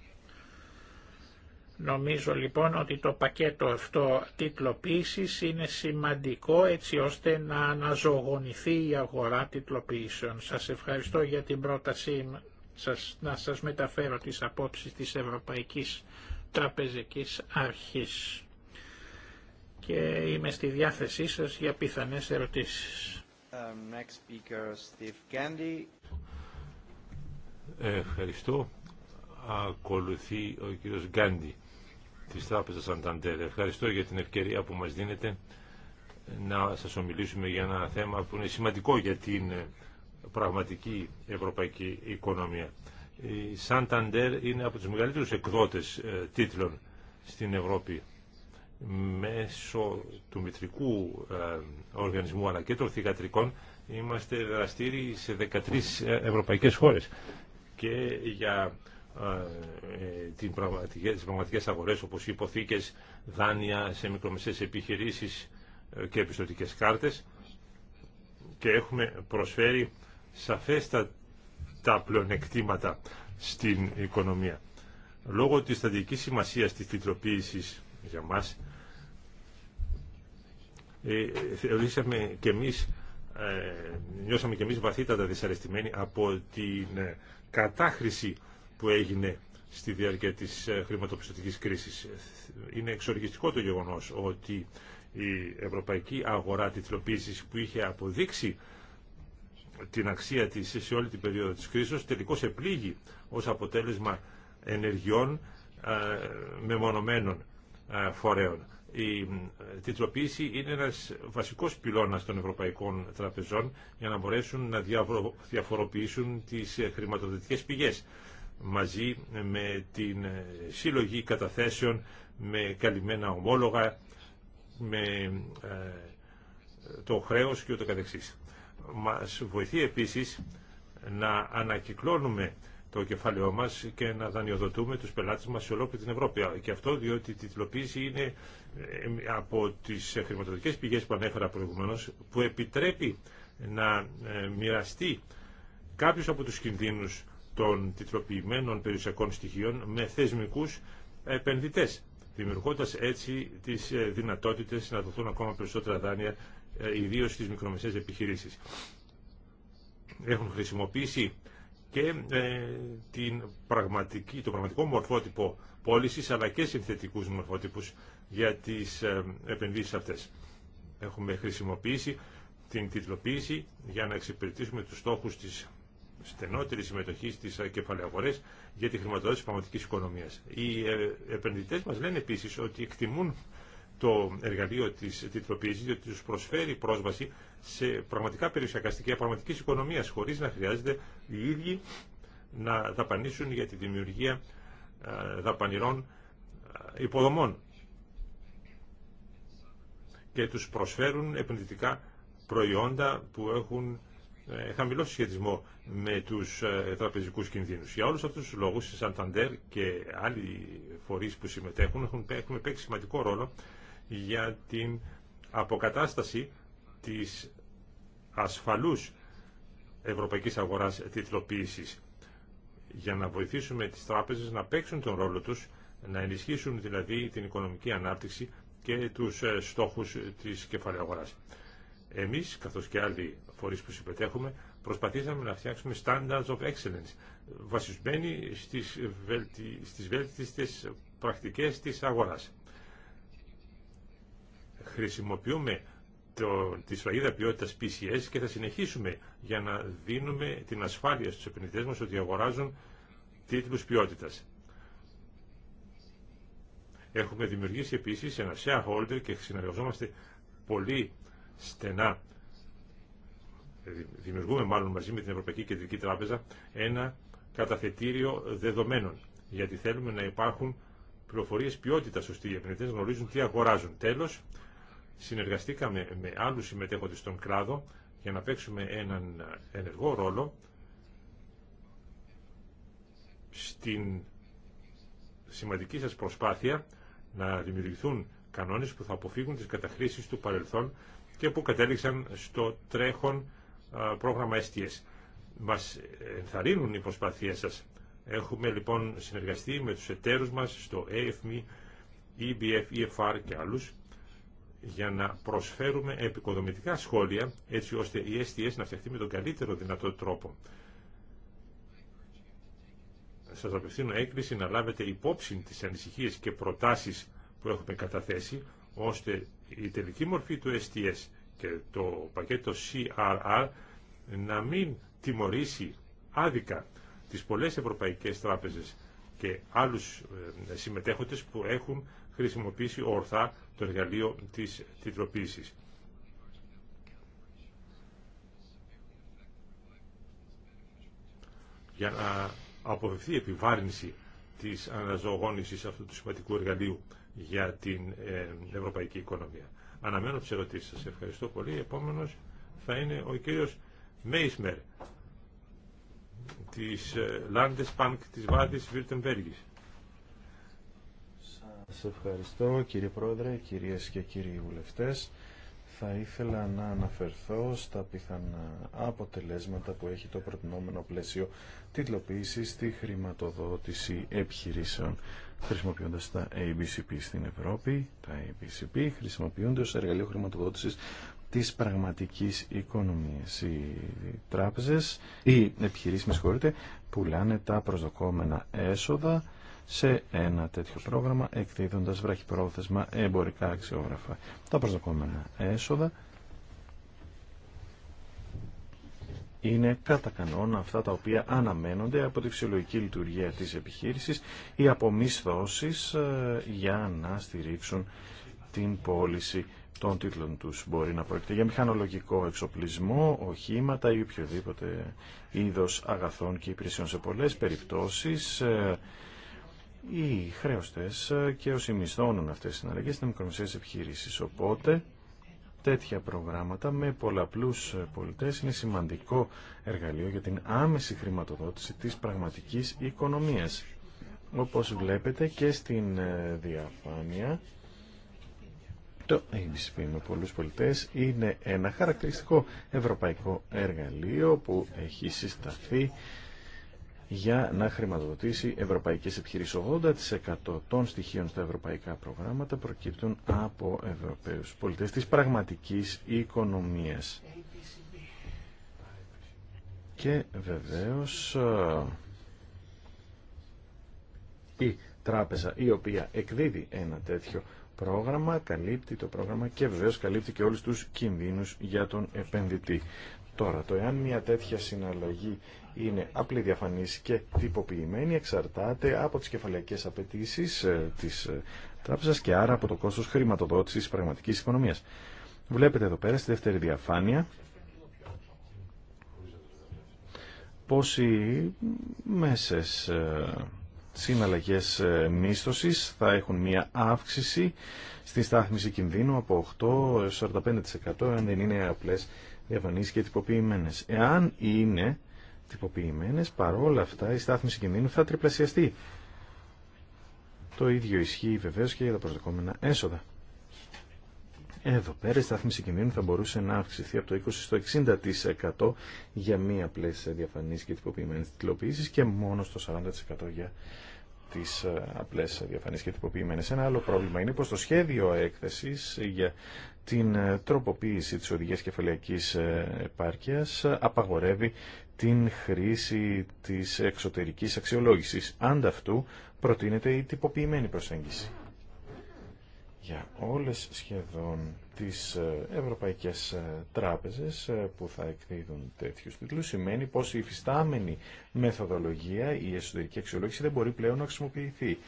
Νομίζω λοιπόν ότι το πακέτο αυτό τιτλοποίησης είναι σημαντικό έτσι ώστε να αναζωογονηθεί η αγορά τιτλοποίησεων. Σας ευχαριστώ για την πρότασή σας να σας μεταφέρω τις απόψεις της Ευρωπαϊκής Τραπεζικής Αρχής και είμαι στη διάθεσή σας για πιθανές ερωτήσεις. Um, ευχαριστώ. Ακολουθεί ο κύριος Γκάντι της Τράπεζας Σανταντέρ. Ευχαριστώ για την ευκαιρία που μας δίνετε να σας ομιλήσουμε για ένα θέμα που είναι σημαντικό για την πραγματική ευρωπαϊκή οικονομία. Η Σανταντέρ είναι από τους μεγαλύτερους εκδότες ε, τίτλων στην Ευρώπη μέσω του μητρικού ε, οργανισμού αλλά και των θηγατρικών είμαστε δραστήριοι σε 13 ε, ευρωπαϊκές χώρες και για ε, την πραγματικές, τις πραγματικές αγορές όπως υποθήκες, δάνεια σε μικρομεσαίες επιχειρήσεις και επιστοτικές κάρτες και έχουμε προσφέρει τα πλεονεκτήματα στην οικονομία. Λόγω της στατικής σημασίας της για μας ε, θεωρήσαμε και εμείς, ε, νιώσαμε και εμείς βαθύτατα δυσαρεστημένοι από την ε, κατάχρηση που έγινε στη διάρκεια της χρηματοπιστωτικής κρίσης. Είναι εξοργιστικό το γεγονός ότι η ευρωπαϊκή αγορά τιτλοποίησης που είχε αποδείξει την αξία της σε όλη την περίοδο της κρίσης τελικώς επλήγει ως αποτέλεσμα ενεργειών μεμονωμένων φορέων η ε, τιτλοποίηση είναι ένας βασικός πυλώνας των ευρωπαϊκών τραπεζών για να μπορέσουν να διαφοροποιήσουν τις ε, χρηματοδοτικές πηγές μαζί ε, με την συλλογή καταθέσεων, με καλυμμένα ομόλογα, με το χρέος και ούτω καθεξής. Μας βοηθεί επίσης να ανακυκλώνουμε το κεφάλαιό μας και να δανειοδοτούμε τους πελάτες μας σε ολόκληρη την Ευρώπη. Και αυτό διότι η τιτλοποίηση είναι ε, από τις χρηματοδοτικές πηγές που ανέφερα προηγουμένως που επιτρέπει να ε, μοιραστεί κάποιους από τους κινδύνους των τυροποιημένων περιουσιακών στοιχείων με θεσμικούς επενδυτές δημιουργώντας έτσι τις ε, δυνατότητες να δοθούν ακόμα περισσότερα δάνεια ιδίως στις μικρομεσαίες επιχειρήσεις. Έχουν χρησιμοποιήσει και την πραγματική, το πραγματικό μορφότυπο πώληση αλλά και συνθετικούς μορφότυπους για τις ε, επενδύσεις αυτές. Έχουμε χρησιμοποιήσει την τιτλοποίηση για να εξυπηρετήσουμε τους στόχους της στενότερης συμμετοχή στις κεφαλαίες για τη χρηματοδότηση της πραγματικής οικονομίας. Οι ε, επενδυτές μας λένε επίσης ότι εκτιμούν το εργαλείο της τιτλοποίησης διότι τους προσφέρει πρόσβαση σε πραγματικά περιουσιακά στοιχεία πραγματικής οικονομίας χωρίς να χρειάζεται οι ίδιοι να δαπανίσουν για τη δημιουργία ε, δαπανηρών υποδομών και τους προσφέρουν επενδυτικά προϊόντα που έχουν ε, χαμηλό συσχετισμό με τους ε, τραπεζικούς κινδύνους. Για όλους αυτούς τους λόγους, η Santander και άλλοι φορείς που συμμετέχουν έχουν, παίξει σημαντικό ρόλο για την αποκατάσταση της ασφαλούς ευρωπαϊκής αγοράς τιτλοποίησης για να βοηθήσουμε τις τράπεζες να παίξουν τον ρόλο τους, να ενισχύσουν δηλαδή την οικονομική ανάπτυξη και τους ε, στόχους της κεφαλαίου αγορά. Εμείς, καθώς και άλλοι φορείς που συμμετέχουμε, προσπαθήσαμε να φτιάξουμε standards of excellence, βασισμένοι στις, βέλτι, στις βέλτιστες πρακτικές της αγοράς. Χρησιμοποιούμε το, τη σφαγίδα ποιότητας PCS και θα συνεχίσουμε για να δίνουμε την ασφάλεια στους επενδυτές μας ότι αγοράζουν τίτλους ποιότητας. Έχουμε δημιουργήσει επίσης ένα shareholder και συνεργαζόμαστε πολύ στενά. Δημιουργούμε μάλλον μαζί με την Ευρωπαϊκή Κεντρική Τράπεζα ένα καταθετήριο δεδομένων. Γιατί θέλουμε να υπάρχουν πληροφορίε ποιότητας ώστε οι να γνωρίζουν τι αγοράζουν. Τέλος, συνεργαστήκαμε με άλλου συμμετέχοντε στον κλάδο για να παίξουμε έναν ενεργό ρόλο στην σημαντική σας προσπάθεια να δημιουργηθούν κανόνες που θα αποφύγουν τις καταχρήσεις του παρελθόν και που κατέληξαν στο τρέχον πρόγραμμα STS. Μας ενθαρρύνουν οι προσπάθειές σας. Έχουμε λοιπόν συνεργαστεί με τους εταίρους μας στο AFME, EBF, EFR και άλλους για να προσφέρουμε επικοδομητικά σχόλια έτσι ώστε η STS να φτιαχτεί με τον καλύτερο δυνατό τρόπο σας απευθύνω έκκληση να λάβετε υπόψη τις ανησυχίες και προτάσεις που έχουμε καταθέσει, ώστε η τελική μορφή του STS και το πακέτο CRR να μην τιμωρήσει άδικα τις πολλές ευρωπαϊκές τράπεζες και άλλους ε, συμμετέχοντες που έχουν χρησιμοποιήσει ορθά το εργαλείο της τιτροποίησης. Για να αποφευθεί επιβάρυνση της αναζωογόνησης αυτού του σημαντικού εργαλείου για την ε, ευρωπαϊκή οικονομία. Αναμένω τις ερωτήσεις σας. Ευχαριστώ πολύ. Επόμενος θα είναι ο κύριος Μέισμερ της ε, Landesbank της Βάδης Βιρτεμβέργης. Σας ευχαριστώ κύριε Πρόεδρε, κυρίες και κύριοι βουλευτές θα ήθελα να αναφερθώ στα πιθανά αποτελέσματα που έχει το προτινόμενο πλαίσιο τιτλοποίηση στη χρηματοδότηση επιχειρήσεων χρησιμοποιώντα τα ABCP στην Ευρώπη. Τα ABCP χρησιμοποιούνται ω εργαλείο χρηματοδότησης της πραγματικής οικονομίας. Οι τράπεζες, οι επιχειρήσεις, με πουλάνε τα προσδοκόμενα έσοδα σε ένα τέτοιο πρόγραμμα εκδίδοντας βραχυπρόθεσμα εμπορικά αξιόγραφα. Τα προσδοκόμενα έσοδα είναι κατά κανόνα αυτά τα οποία αναμένονται από τη φυσιολογική λειτουργία της επιχείρησης ή από μισθώσεις ε, για να στηρίξουν την πώληση των τίτλων τους. Μπορεί να πρόκειται για μηχανολογικό εξοπλισμό, οχήματα ή οποιοδήποτε είδος αγαθών και υπηρεσιών. Σε πολλές περιπτώσεις ε, οι χρεωστέ ε, και όσοι μισθώνουν αυτές τι συναλλαγέ είναι μικρομεσαίε επιχειρήσεις. Οπότε τέτοια προγράμματα με πολλαπλού ε, πολιτές είναι σημαντικό εργαλείο για την άμεση χρηματοδότηση της πραγματικής οικονομίας. Όπως βλέπετε και στην ε, διαφάνεια, το ABCP με πολλού πολιτές είναι ένα χαρακτηριστικό ευρωπαϊκό εργαλείο που έχει συσταθεί για να χρηματοδοτήσει ευρωπαϊκές επιχειρήσεις. 80% των στοιχείων στα ευρωπαϊκά προγράμματα προκύπτουν από Ευρωπαίους πολιτές της πραγματικής οικονομίας. Και βεβαίως ε, η τράπεζα η οποία εκδίδει ένα τέτοιο πρόγραμμα, καλύπτει το πρόγραμμα και βεβαίως καλύπτει και όλους τους κινδύνους για τον επενδυτή. Τώρα, το εάν μια τέτοια συναλλαγή είναι απλή διαφανής και τυποποιημένη εξαρτάται από τις κεφαλαϊκές απαιτήσει ε, της ε, τράπεζας και άρα από το κόστος χρηματοδότησης της πραγματικής οικονομίας. Βλέπετε εδώ πέρα στη δεύτερη διαφάνεια πόσοι οι μέσες ε, συναλλαγές μίσθωσης θα έχουν μία αύξηση στη στάθμιση κινδύνου από 8-45% αν δεν είναι απλές διαφανείς και τυποποιημένες. Εάν είναι τυποποιημένες, παρόλα αυτά η στάθμιση κινδύνου θα τριπλασιαστεί. Το ίδιο ισχύει βεβαίως και για τα προσδεκόμενα έσοδα. Εδώ πέρα η στάθμιση κινδύνου θα μπορούσε να αυξηθεί από το 20% στο 60% για μία πλαίσια διαφανής και τυποποιημένες τυλοποίησης και μόνο στο 40% για τι ε, απλές διαφανείς και τυποποιημένε. Ένα άλλο πρόβλημα είναι πως το σχέδιο έκθεσης για την ε, τροποποίηση της οδηγία κεφαλαϊκή ε, επάρκεια απαγορεύει την χρήση της εξωτερικής αξιολόγησης. αυτού προτείνεται η τυποποιημένη προσέγγιση για όλες σχεδόν τις ε, ευρωπαϊκές ε, τράπεζες ε, που θα εκδίδουν τέτοιους τίτλους σημαίνει πως η υφιστάμενη μεθοδολογία, η εσωτερική αξιολόγηση δεν μπορεί πλέον να χρησιμοποιηθεί.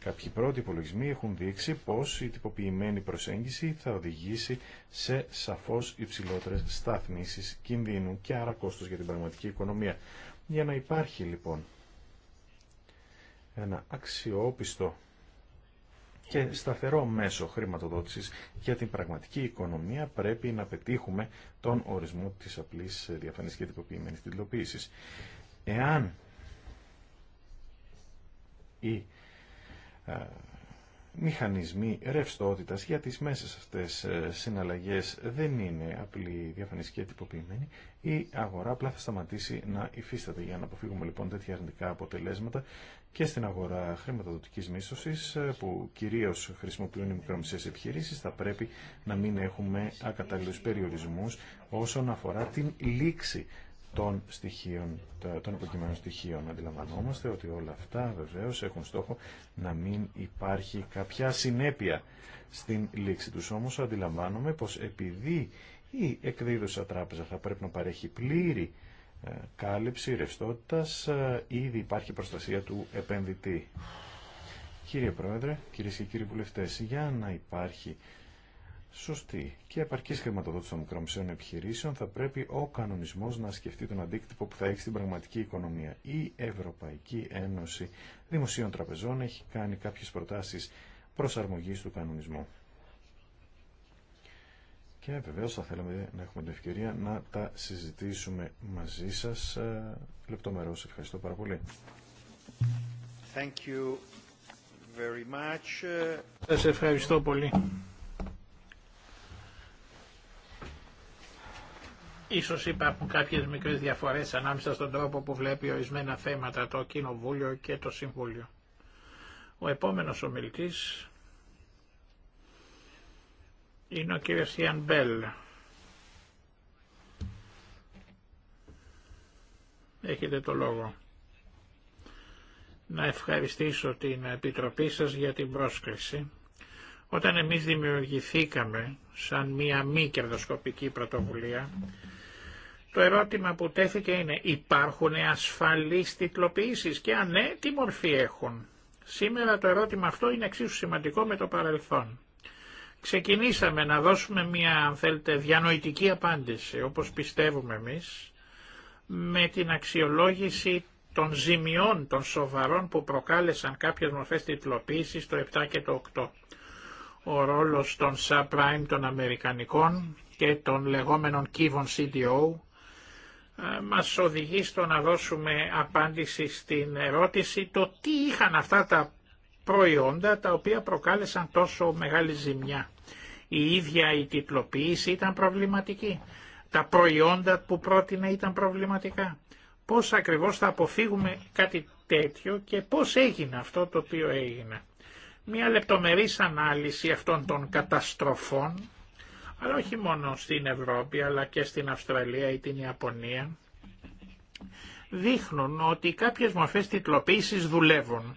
Κάποιοι πρώτοι υπολογισμοί έχουν δείξει πως η τυποποιημένη προσέγγιση θα οδηγήσει σε σαφώς υψηλότερες σταθμίσεις κινδύνου και άρα κόστος για την πραγματική οικονομία. Για να υπάρχει λοιπόν ένα αξιόπιστο και σταθερό μέσο χρηματοδότησης για την πραγματική οικονομία πρέπει να πετύχουμε τον ορισμό της απλής ε, διαφανής και τυποποιημένης τηλεοποίησης. Εάν οι ε, μηχανισμοί ρευστότητα για τις μέσες αυτές ε, συναλλαγές δεν είναι απλή διαφανής και τυποποιημένη, η αγορά απλά θα σταματήσει να υφίσταται. Για να αποφύγουμε λοιπόν τέτοια αρνητικά αποτελέσματα και στην αγορά χρηματοδοτικής μίσθωσης ε, που κυρίως χρησιμοποιούν οι μικρομεσαίες επιχειρήσεις θα πρέπει να μην έχουμε ακατάλληλους περιορισμούς όσον αφορά την λήξη των, στοιχείων, των υποκειμένων στοιχείων. Αντιλαμβανόμαστε ότι όλα αυτά βεβαίως έχουν στόχο να μην υπάρχει κάποια συνέπεια στην λήξη τους. Όμως αντιλαμβάνομαι πως επειδή η εκδίδουσα τράπεζα θα πρέπει να παρέχει πλήρη ε, κάλυψη ρευστότητας, ε, ήδη υπάρχει προστασία του επενδυτή. Κύριε Πρόεδρε, κυρίες και κύριοι βουλευτές, για να υπάρχει σωστή και επαρκή χρηματοδότηση των μικρομεσαίων επιχειρήσεων, θα πρέπει ο κανονισμό να σκεφτεί τον αντίκτυπο που θα έχει στην πραγματική οικονομία. Η Ευρωπαϊκή Ένωση Δημοσίων Τραπεζών έχει κάνει κάποιε προτάσει προσαρμογή του κανονισμού και βεβαίως θα θέλαμε να έχουμε την ευκαιρία να τα συζητήσουμε μαζί σας ε, λεπτομερώς. Ευχαριστώ πάρα πολύ. Thank ευχαριστώ πολύ. Ίσως υπάρχουν κάποιες μικρές διαφορές ανάμεσα στον τρόπο που βλέπει ορισμένα θέματα το Κοινοβούλιο και το Συμβούλιο. Ο επόμενος ομιλητής είναι ο κύριος Ιαν Μπέλ. Έχετε το λόγο. Να ευχαριστήσω την Επιτροπή σας για την πρόσκληση. Όταν εμείς δημιουργηθήκαμε σαν μία μη κερδοσκοπική πρωτοβουλία, το ερώτημα που τέθηκε είναι υπάρχουν ασφαλείς τιτλοποιήσεις και αν ναι, τι μορφή έχουν. Σήμερα το ερώτημα αυτό είναι εξίσου σημαντικό με το παρελθόν ξεκινήσαμε να δώσουμε μια, αν θέλετε, διανοητική απάντηση, όπως πιστεύουμε εμείς, με την αξιολόγηση των ζημιών των σοβαρών που προκάλεσαν κάποιες μορφές τυπλοποίησης το 7 και το 8. Ο ρόλος των subprime των Αμερικανικών και των λεγόμενων κύβων CDO ε, μας οδηγεί στο να δώσουμε απάντηση στην ερώτηση το τι είχαν αυτά τα προϊόντα τα οποία προκάλεσαν τόσο μεγάλη ζημιά. Η ίδια η τυπλοποίηση ήταν προβληματική. Τα προϊόντα που πρότεινε ήταν προβληματικά. Πώς ακριβώς θα αποφύγουμε κάτι τέτοιο και πώς έγινε αυτό το οποίο έγινε. Μια λεπτομερής ανάλυση αυτών των καταστροφών, αλλά όχι μόνο στην Ευρώπη, αλλά και στην Αυστραλία ή την Ιαπωνία, δείχνουν ότι κάποιες μορφές τυπλοποίησης δουλεύουν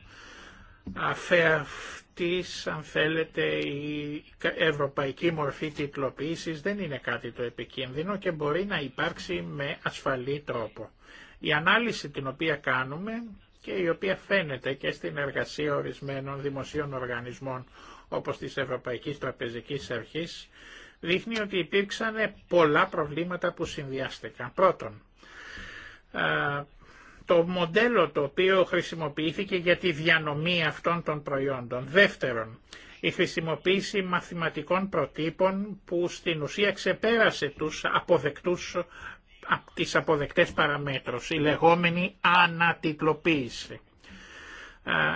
Αφεαυτής, αν θέλετε, η ευρωπαϊκή μορφή τυπλοποίησης δεν είναι κάτι το επικίνδυνο και μπορεί να υπάρξει με ασφαλή τρόπο. Η ανάλυση την οποία κάνουμε και η οποία φαίνεται και στην εργασία ορισμένων δημοσίων οργανισμών όπως της Ευρωπαϊκής Τραπεζικής Αρχής, δείχνει ότι υπήρξαν πολλά προβλήματα που συνδυάστηκαν. Πρώτον, ε, το μοντέλο το οποίο χρησιμοποιήθηκε για τη διανομή αυτών των προϊόντων. Δεύτερον, η χρησιμοποίηση μαθηματικών προτύπων που στην ουσία ξεπέρασε τους αποδεκτούς, τις αποδεκτές παραμέτρους, η λεγόμενη ανατιτλοποίηση.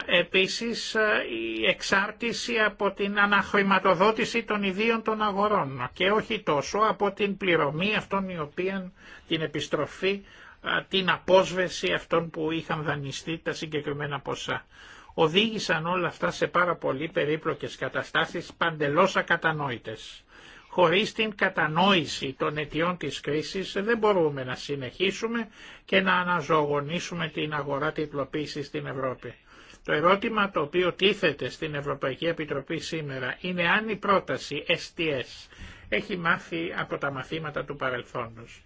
Επίσης η εξάρτηση από την αναχρηματοδότηση των ιδίων των αγορών και όχι τόσο από την πληρωμή αυτών η οποία την επιστροφή την απόσβεση αυτών που είχαν δανειστεί τα συγκεκριμένα ποσά. Οδήγησαν όλα αυτά σε πάρα πολύ περίπλοκες καταστάσεις παντελώς ακατανόητες. Χωρίς την κατανόηση των αιτιών της κρίσης δεν μπορούμε να συνεχίσουμε και να αναζωογονήσουμε την αγορά τυπλοποίησης στην Ευρώπη. Το ερώτημα το οποίο τίθεται στην Ευρωπαϊκή Επιτροπή σήμερα είναι αν η πρόταση STS έχει μάθει από τα μαθήματα του παρελθόντος.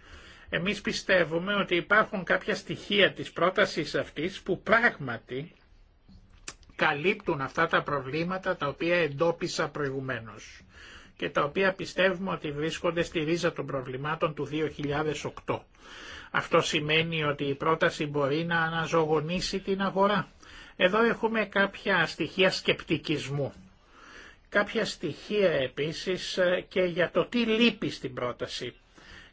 Εμείς πιστεύουμε ότι υπάρχουν κάποια στοιχεία της πρότασης αυτής που πράγματι καλύπτουν αυτά τα προβλήματα τα οποία εντόπισα προηγουμένως και τα οποία πιστεύουμε ότι βρίσκονται στη ρίζα των προβλημάτων του 2008. Αυτό σημαίνει ότι η πρόταση μπορεί να αναζωογονήσει την αγορά. Εδώ έχουμε κάποια στοιχεία σκεπτικισμού. Κάποια στοιχεία επίσης ε, και για το τι λείπει στην πρόταση.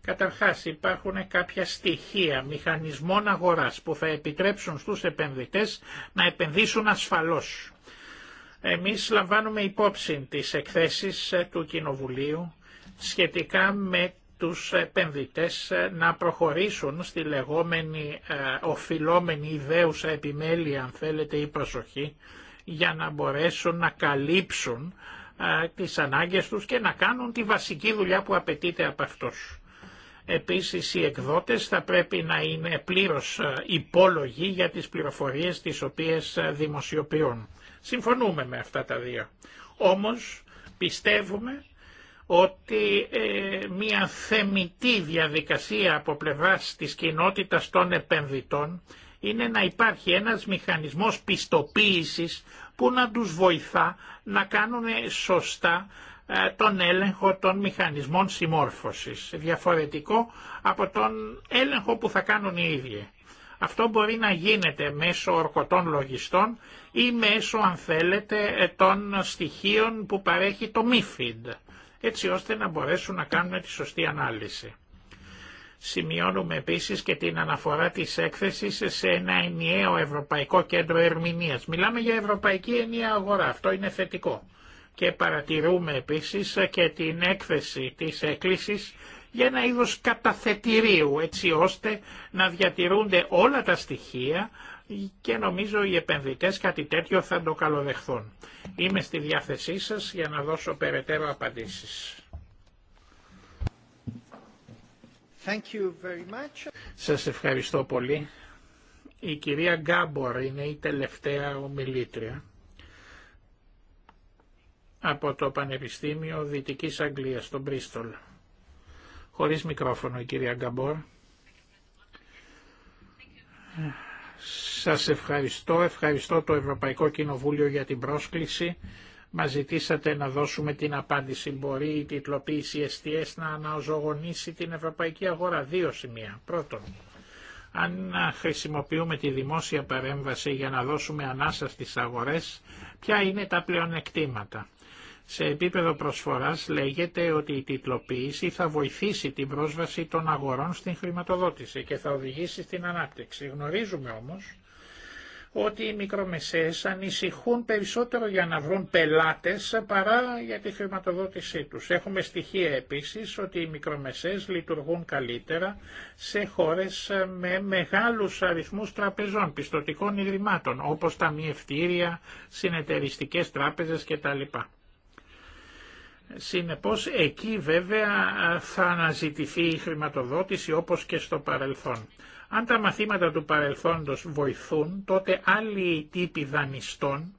Καταρχάς υπάρχουν κάποια στοιχεία μηχανισμών αγοράς που θα επιτρέψουν στους επενδυτές να επενδύσουν ασφαλώς. Εμείς λαμβάνουμε υπόψη τις εκθέσεις ε, του Κοινοβουλίου σχετικά με τους επενδυτές ε, να προχωρήσουν στη λεγόμενη ε, οφειλόμενη ιδέουσα επιμέλεια αν θέλετε ή προσοχή για να μπορέσουν να καλύψουν τις ανάγκες τους και να κάνουν τη βασική δουλειά που απαιτείται από αυτός. Επίσης οι εκδότες θα πρέπει να είναι πλήρως ε, υπόλογοι για τις πληροφορίες τις οποίες ε, δημοσιοποιούν. Συμφωνούμε με αυτά τα δύο. Όμως πιστεύουμε ότι ε, μια θεμητή διαδικασία από πλευράς της κοινότητας των επενδυτών είναι να υπάρχει ένας μηχανισμός πιστοποίησης που να τους βοηθά να κάνουν σωστά ε, τον έλεγχο των μηχανισμών συμμόρφωσης, διαφορετικό από τον έλεγχο που θα κάνουν οι ίδιοι. Αυτό μπορεί να γίνεται μέσω ορκωτών λογιστών ή μέσω, αν θέλετε, ε, των στοιχείων που παρέχει το MIFID, έτσι ώστε να μπορέσουν να κάνουν τη σωστή ανάλυση. Σημειώνουμε επίσης και την αναφορά της έκθεσης σε ένα ενιαίο Ευρωπαϊκό Κέντρο Ερμηνείας. Μιλάμε για Ευρωπαϊκή Ενιαία Αγορά, αυτό είναι θετικό και παρατηρούμε επίσης και την έκθεση της έκκλησης για ένα είδος καταθετηρίου έτσι ώστε να διατηρούνται όλα τα στοιχεία και νομίζω οι επενδυτές κάτι τέτοιο θα το καλοδεχθούν. Είμαι στη διάθεσή σας για να δώσω περαιτέρω απαντήσεις. Thank you very much. Σας ευχαριστώ πολύ. Η κυρία Γκάμπορ είναι η τελευταία ομιλήτρια από το Πανεπιστήμιο Δυτικής Αγγλίας, στο Μπρίστολ. Χωρίς μικρόφωνο η κυρία Γκαμπόρ. Σας ευχαριστώ, ευχαριστώ το Ευρωπαϊκό Κοινοβούλιο για την πρόσκληση. Μα ζητήσατε να δώσουμε την απάντηση. Μπορεί η τιτλοποίηση STS να αναζωογονήσει την ευρωπαϊκή αγορά. Δύο σημεία. Πρώτον, αν χρησιμοποιούμε τη δημόσια παρέμβαση για να δώσουμε ανάσα στις αγορές, ποια είναι τα πλεονεκτήματα. Σε επίπεδο προσφοράς λέγεται ότι η τιτλοποίηση θα βοηθήσει την πρόσβαση των αγορών στην χρηματοδότηση και θα οδηγήσει στην ανάπτυξη. Γνωρίζουμε όμως ότι οι μικρομεσαίες ανησυχούν περισσότερο για να βρουν πελάτες παρά για τη χρηματοδότησή τους. Έχουμε στοιχεία επίσης ότι οι μικρομεσαίες λειτουργούν καλύτερα σε χώρες με μεγάλους αριθμούς τραπεζών, πιστοτικών ιδρυμάτων, όπως τα μιευτήρια, συνεταιριστικές τράπεζες κτλ. Συνεπώς εκεί βέβαια θα αναζητηθεί η χρηματοδότηση όπως και στο παρελθόν. Αν τα μαθήματα του παρελθόντος βοηθούν, τότε άλλοι τύποι δανειστών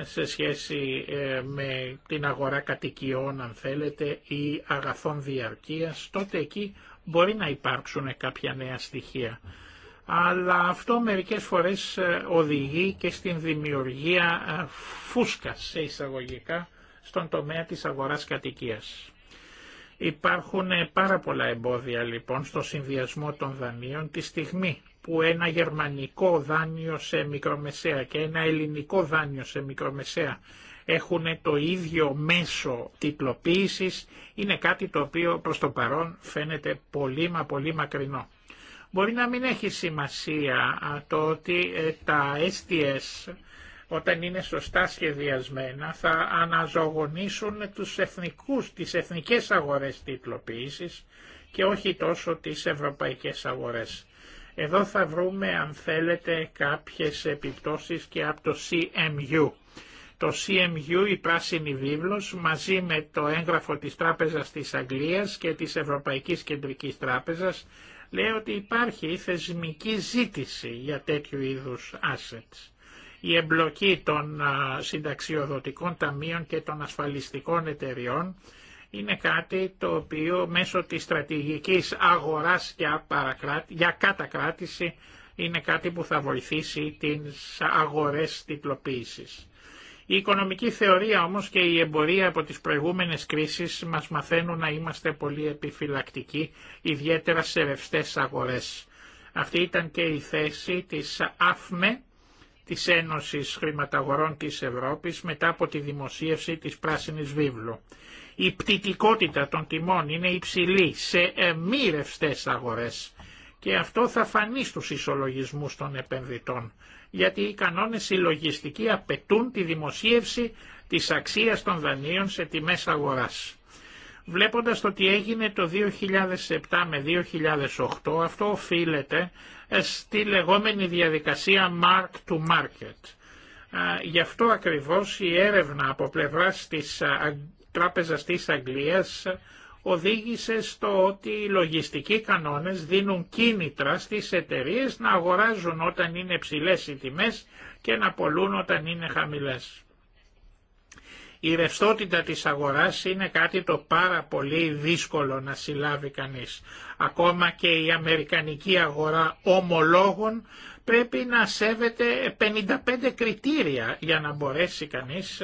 σε σχέση ε, με την αγορά κατοικιών αν θέλετε ή αγαθών διαρκείας, τότε εκεί μπορεί να υπάρξουν κάποια νέα στοιχεία. Αλλά αυτό μερικές φορές ε, οδηγεί και στην δημιουργία ε, φούσκας σε εισαγωγικά στον τομέα της αγοράς κατοικίας. Υπάρχουν ε, πάρα πολλά εμπόδια λοιπόν στο συνδυασμό των δανείων τη στιγμή που ένα γερμανικό δάνειο σε μικρομεσαία και ένα ελληνικό δάνειο σε μικρομεσαία έχουν το ίδιο μέσο τυπλοποίησης είναι κάτι το οποίο προς το παρόν φαίνεται πολύ μα πολύ μακρινό. Μπορεί να μην έχει σημασία το ότι ε, τα STS όταν είναι σωστά σχεδιασμένα θα αναζωογονήσουν τους εθνικούς, τις εθνικές αγορές τίτλοποίησης και όχι τόσο τις ευρωπαϊκές αγορές. Εδώ θα βρούμε αν θέλετε κάποιες επιπτώσεις και από το CMU. Το CMU, η πράσινη βίβλος, μαζί με το έγγραφο της Τράπεζας της Αγγλίας και της Ευρωπαϊκής Κεντρικής Τράπεζας, λέει ότι υπάρχει θεσμική ζήτηση για τέτοιου είδους assets η εμπλοκή των συνταξιοδοτικών ταμείων και των ασφαλιστικών εταιριών είναι κάτι το οποίο μέσω της στρατηγικής αγοράς για, παρακράτη, για κατακράτηση είναι κάτι που θα βοηθήσει τις αγορές τυπλοποίησης. Η οικονομική θεωρία όμως και η εμπορία από τις προηγούμενες κρίσεις μας μαθαίνουν να είμαστε πολύ επιφυλακτικοί, ιδιαίτερα σε ρευστές αγορές. Αυτή ήταν και η θέση της ΑΦΜΕ, της Ένωσης Χρηματαγορών της Ευρώπης μετά από τη δημοσίευση της Πράσινης Βίβλου. Η πτυτικότητα των τιμών είναι υψηλή σε εμμύρευστες αγορές και αυτό θα φανεί στους ισολογισμούς των επενδυτών γιατί οι κανόνες συλλογιστικοί απαιτούν τη δημοσίευση της αξίας των δανείων σε τιμές αγοράς. Βλέποντας το τι έγινε το 2007 με 2008, αυτό οφείλεται ε, στη λεγόμενη διαδικασία mark to market. Ε, γι' αυτό ακριβώς η έρευνα από πλευράς της ε, Τράπεζας της Αγγλίας οδήγησε στο ότι οι λογιστικοί κανόνες δίνουν κίνητρα στις εταιρείες να αγοράζουν όταν είναι ψηλές οι τιμές και να πολλούν όταν είναι χαμηλές. Η ρευστότητα της αγοράς είναι κάτι το πάρα πολύ δύσκολο να συλλάβει κανείς. Ακόμα και η αμερικανική αγορά ομολόγων πρέπει να σέβεται 55 κριτήρια για να μπορέσει κανείς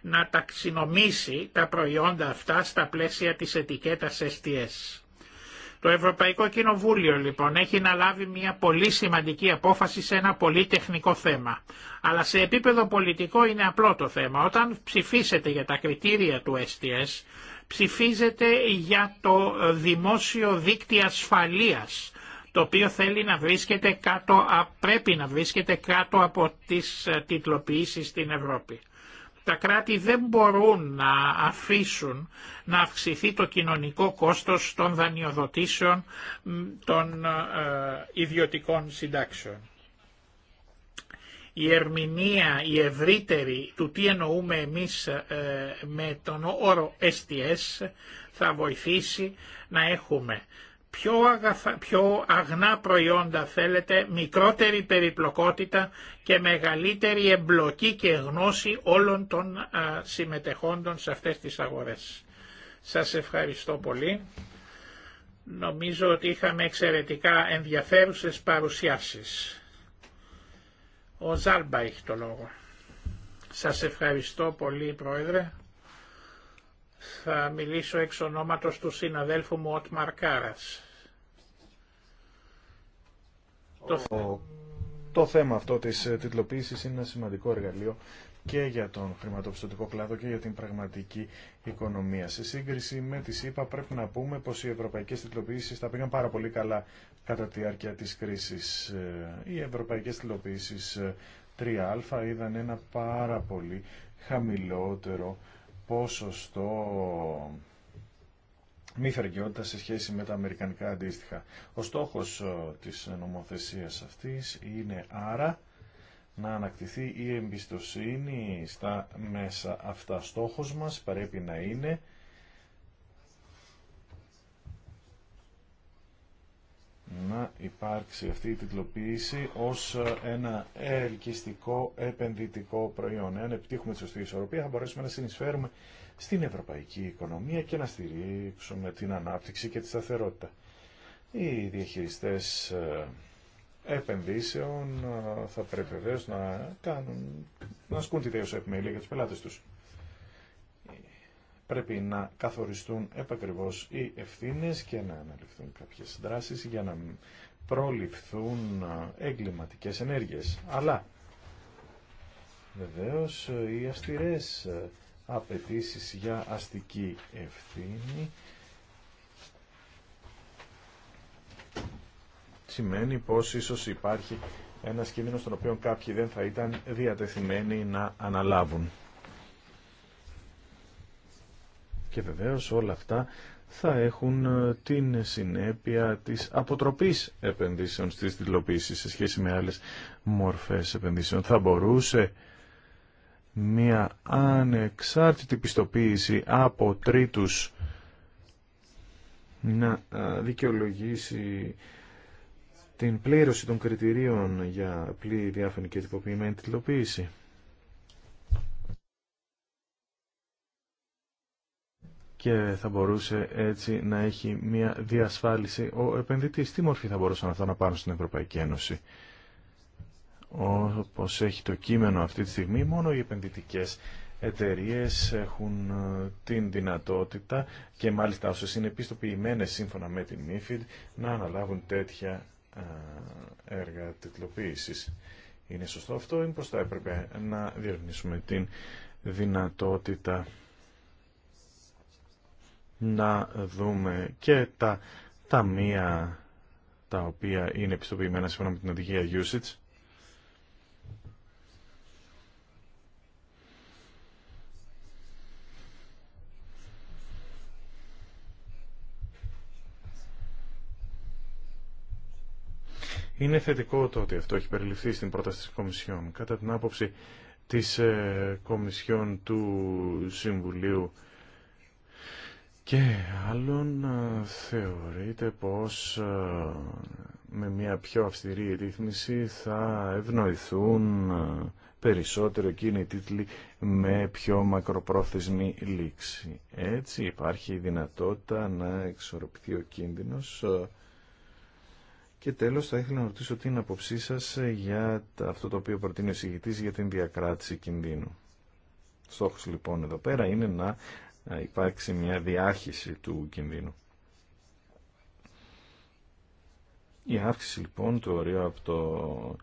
να ταξινομήσει τα προϊόντα αυτά στα πλαίσια της ετικέτας STS. Το Ευρωπαϊκό Κοινοβούλιο λοιπόν έχει να λάβει μια πολύ σημαντική απόφαση σε ένα πολύ τεχνικό θέμα. Αλλά σε επίπεδο πολιτικό είναι απλό το θέμα. Όταν ψηφίσετε για τα κριτήρια του STS, ψηφίζετε για το δημόσιο δίκτυο ασφαλείας το οποίο θέλει να βρίσκεται κάτω, πρέπει να βρίσκεται κάτω από τις ε, τιτλοποιήσεις στην Ευρώπη. Τα κράτη δεν μπορούν να αφήσουν να αυξηθεί το κοινωνικό κόστος των δανειοδοτήσεων των ε, ιδιωτικών συντάξεων. Η ερμηνεία, η ευρύτερη του τι εννοούμε εμείς ε, με τον όρο STS θα βοηθήσει να έχουμε πιο, αγνά προϊόντα θέλετε, μικρότερη περιπλοκότητα και μεγαλύτερη εμπλοκή και γνώση όλων των συμμετεχόντων σε αυτές τις αγορές. Σας ευχαριστώ πολύ. Νομίζω ότι είχαμε εξαιρετικά ενδιαφέρουσες παρουσιάσεις. Ο Ζάλμπα έχει το λόγο. Σας ευχαριστώ πολύ Πρόεδρε. Θα μιλήσω εξ ονόματος του συναδέλφου μου Ότμαρ Κάρας. Το... θέμα αυτό της ε, τιτλοποίησης είναι ένα σημαντικό εργαλείο και για τον χρηματοπιστωτικό κλάδο και για την πραγματική οικονομία. Σε σύγκριση με τις ΣΥΠΑ πρέπει να πούμε πως οι ευρωπαϊκές τιτλοποιήσεις τα πήγαν πάρα πολύ καλά κατά τη διάρκεια της κρίσης. Ε, οι ευρωπαϊκές τιτλοποιήσεις 3α ε, είδαν ένα πάρα πολύ χαμηλότερο ποσοστό μη σε σχέση με τα αμερικανικά αντίστοιχα. Ο στόχος ε, της νομοθεσίας αυτής είναι άρα να ανακτηθεί η εμπιστοσύνη στα μέσα αυτά. Στόχος μας πρέπει να είναι να υπάρξει αυτή η τιτλοποίηση ως ε, ένα ελκυστικό επενδυτικό προϊόν. Εάν επιτύχουμε τη σωστή ισορροπία θα μπορέσουμε να συνεισφέρουμε στην ευρωπαϊκή οικονομία και να στηρίξουμε την ανάπτυξη και τη σταθερότητα. Οι διαχειριστές ε, επενδύσεων ε, θα πρέπει βεβαίω να, κάνουν, να ασκούν τη δέωση επιμέλεια για τους πελάτες τους. Πρέπει να καθοριστούν επακριβώς οι ευθύνες και να αναλυφθούν κάποιες δράσεις για να προληφθούν ε, εγκληματικές ενέργειες. Αλλά βεβαίως οι αυστηρές απαιτήσει για αστική ευθύνη σημαίνει πως ίσως υπάρχει ένα κίνδυνος τον οποίο κάποιοι δεν θα ήταν διατεθειμένοι να αναλάβουν. Και βεβαίως όλα αυτά θα έχουν ε, την συνέπεια της αποτροπής επενδύσεων στις δηλοποίησεις σε σχέση με άλλες μορφές επενδύσεων. Θα μπορούσε μια ανεξάρτητη πιστοποίηση από τρίτους να δικαιολογήσει την πλήρωση των κριτηρίων για πλήρη διάφανη και τυποποιημένη τυλοποίηση. και θα μπορούσε έτσι να έχει μια διασφάλιση ο επενδυτής. Τι μορφή θα μπορούσαν αυτά να πάρουν στην Ευρωπαϊκή Ένωση όπως έχει το κείμενο αυτή τη στιγμή, μόνο οι επενδυτικές εταιρείες έχουν ε, την δυνατότητα και μάλιστα όσες είναι επιστοποιημένες σύμφωνα με την MIFID να αναλάβουν τέτοια ε, έργα τετλοποίησης. Είναι σωστό αυτό ή πώς θα έπρεπε να διερευνήσουμε την δυνατότητα να δούμε και τα ταμεία τα οποία είναι επιστοποιημένα σύμφωνα με την οδηγία usage Είναι θετικό το ότι αυτό έχει περιληφθεί στην πρόταση της Κομισιόν. Κατά την άποψη της ε, Κομισιόν του Συμβουλίου και άλλων ε, θεωρείται πως ε, με μια πιο αυστηρή ρύθμιση θα ευνοηθούν περισσότερο εκείνοι οι τίτλοι με πιο μακροπρόθεσμη λήξη. Έτσι υπάρχει η δυνατότητα να εξορροπηθεί ο κίνδυνος και τέλος θα ήθελα να ρωτήσω την αποψή σα ε, για αυτό το οποίο προτείνει ο συγητή για την διακράτηση κινδύνου. Στόχος λοιπόν εδώ πέρα είναι να υπάρξει μια διάχυση του κινδύνου. Η αύξηση λοιπόν του ωρίου από το...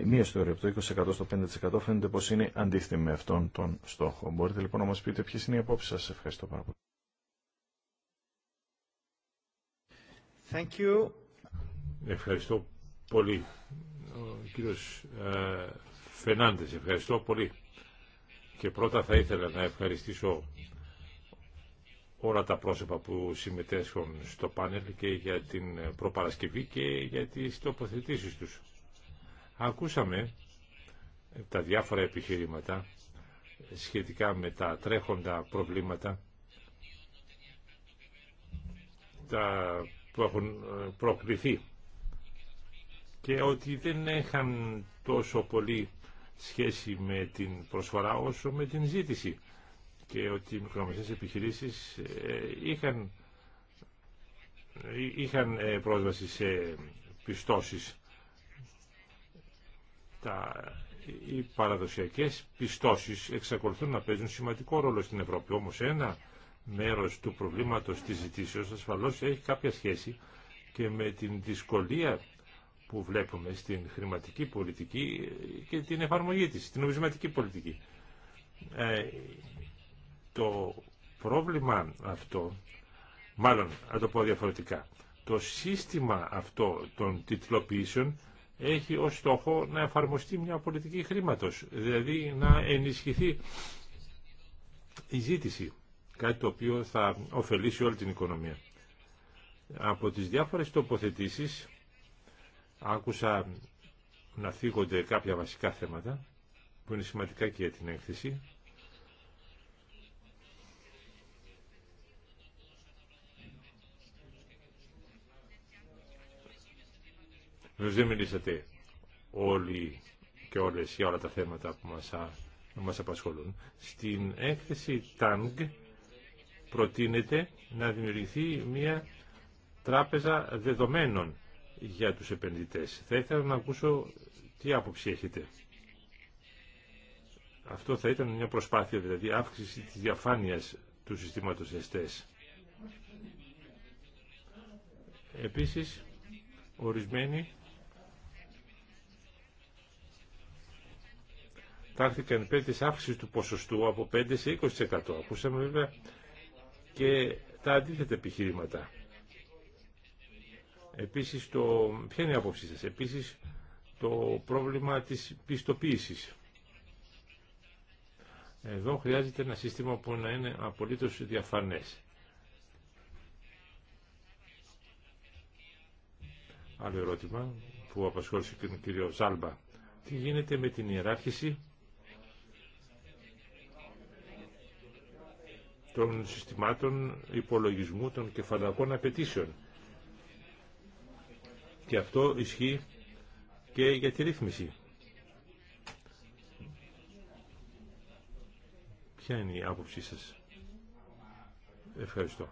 Η μείωση του από το 20% στο 5% φαίνεται πώ είναι αντίθετη με αυτόν τον στόχο. Μπορείτε λοιπόν να μα πείτε ποιε είναι οι απόψει σα Ευχαριστώ πάρα πολύ. Thank you. Ευχαριστώ πολύ. Ο κύριος ε, Φενάντες, ευχαριστώ πολύ. Και πρώτα θα ήθελα να ευχαριστήσω όλα τα πρόσωπα που συμμετέσχουν στο πάνελ και για την προπαρασκευή και για τις τοποθετήσεις τους. Ακούσαμε τα διάφορα επιχειρήματα σχετικά με τα τρέχοντα προβλήματα τα που έχουν ε, προκληθεί και ότι δεν είχαν τόσο πολύ σχέση με την προσφορά όσο με την ζήτηση και ότι οι μικρομεσαίες επιχειρήσεις ε, είχαν, ε, είχαν ε, πρόσβαση σε πιστώσεις. Τα, οι παραδοσιακές πιστώσεις εξακολουθούν να παίζουν σημαντικό ρόλο στην Ευρώπη, όμως ένα μέρος του προβλήματος της ζητήσεως ασφαλώς έχει κάποια σχέση και με την δυσκολία που βλέπουμε στην χρηματική πολιτική και την εφαρμογή της, την νομισματική πολιτική. Ε, το πρόβλημα αυτό, μάλλον να το πω διαφορετικά, το σύστημα αυτό των τιτλοποιήσεων έχει ως στόχο να εφαρμοστεί μια πολιτική χρήματος, δηλαδή να ενισχυθεί η ζήτηση, κάτι το οποίο θα ωφελήσει όλη την οικονομία. Από τις διάφορες τοποθετήσεις Άκουσα να θίγονται κάποια βασικά θέματα που είναι σημαντικά και για την έκθεση. Βέβαια δεν μιλήσατε όλοι και όλες για όλα τα θέματα που μας, μας απασχολούν. Στην έκθεση ΤΑΝΚ προτείνεται να δημιουργηθεί μια τράπεζα δεδομένων για τους επενδυτές. Θα ήθελα να ακούσω τι άποψη έχετε. Αυτό θα ήταν μια προσπάθεια, δηλαδή αύξηση της διαφάνειας του συστήματος ΕΣΤΕΣ. Επίσης, ορισμένοι τάχθηκαν υπέρ της αύξησης του ποσοστού από 5% σε 20%. Ακούσαμε βέβαια και τα αντίθετα επιχειρήματα. Επίσης, το... ποια είναι η άποψή σας. Επίσης, το πρόβλημα της πιστοποίησης. Εδώ χρειάζεται ένα σύστημα που να είναι απολύτως διαφανές. Άλλο ερώτημα που απασχόλησε και τον κύριο Ζάλμπα. Τι γίνεται με την ιεράρχηση των συστημάτων υπολογισμού των κεφαλακών απαιτήσεων. Και αυτό ισχύει και για τη ρύθμιση. Ποια είναι η άποψή σας. Ευχαριστώ.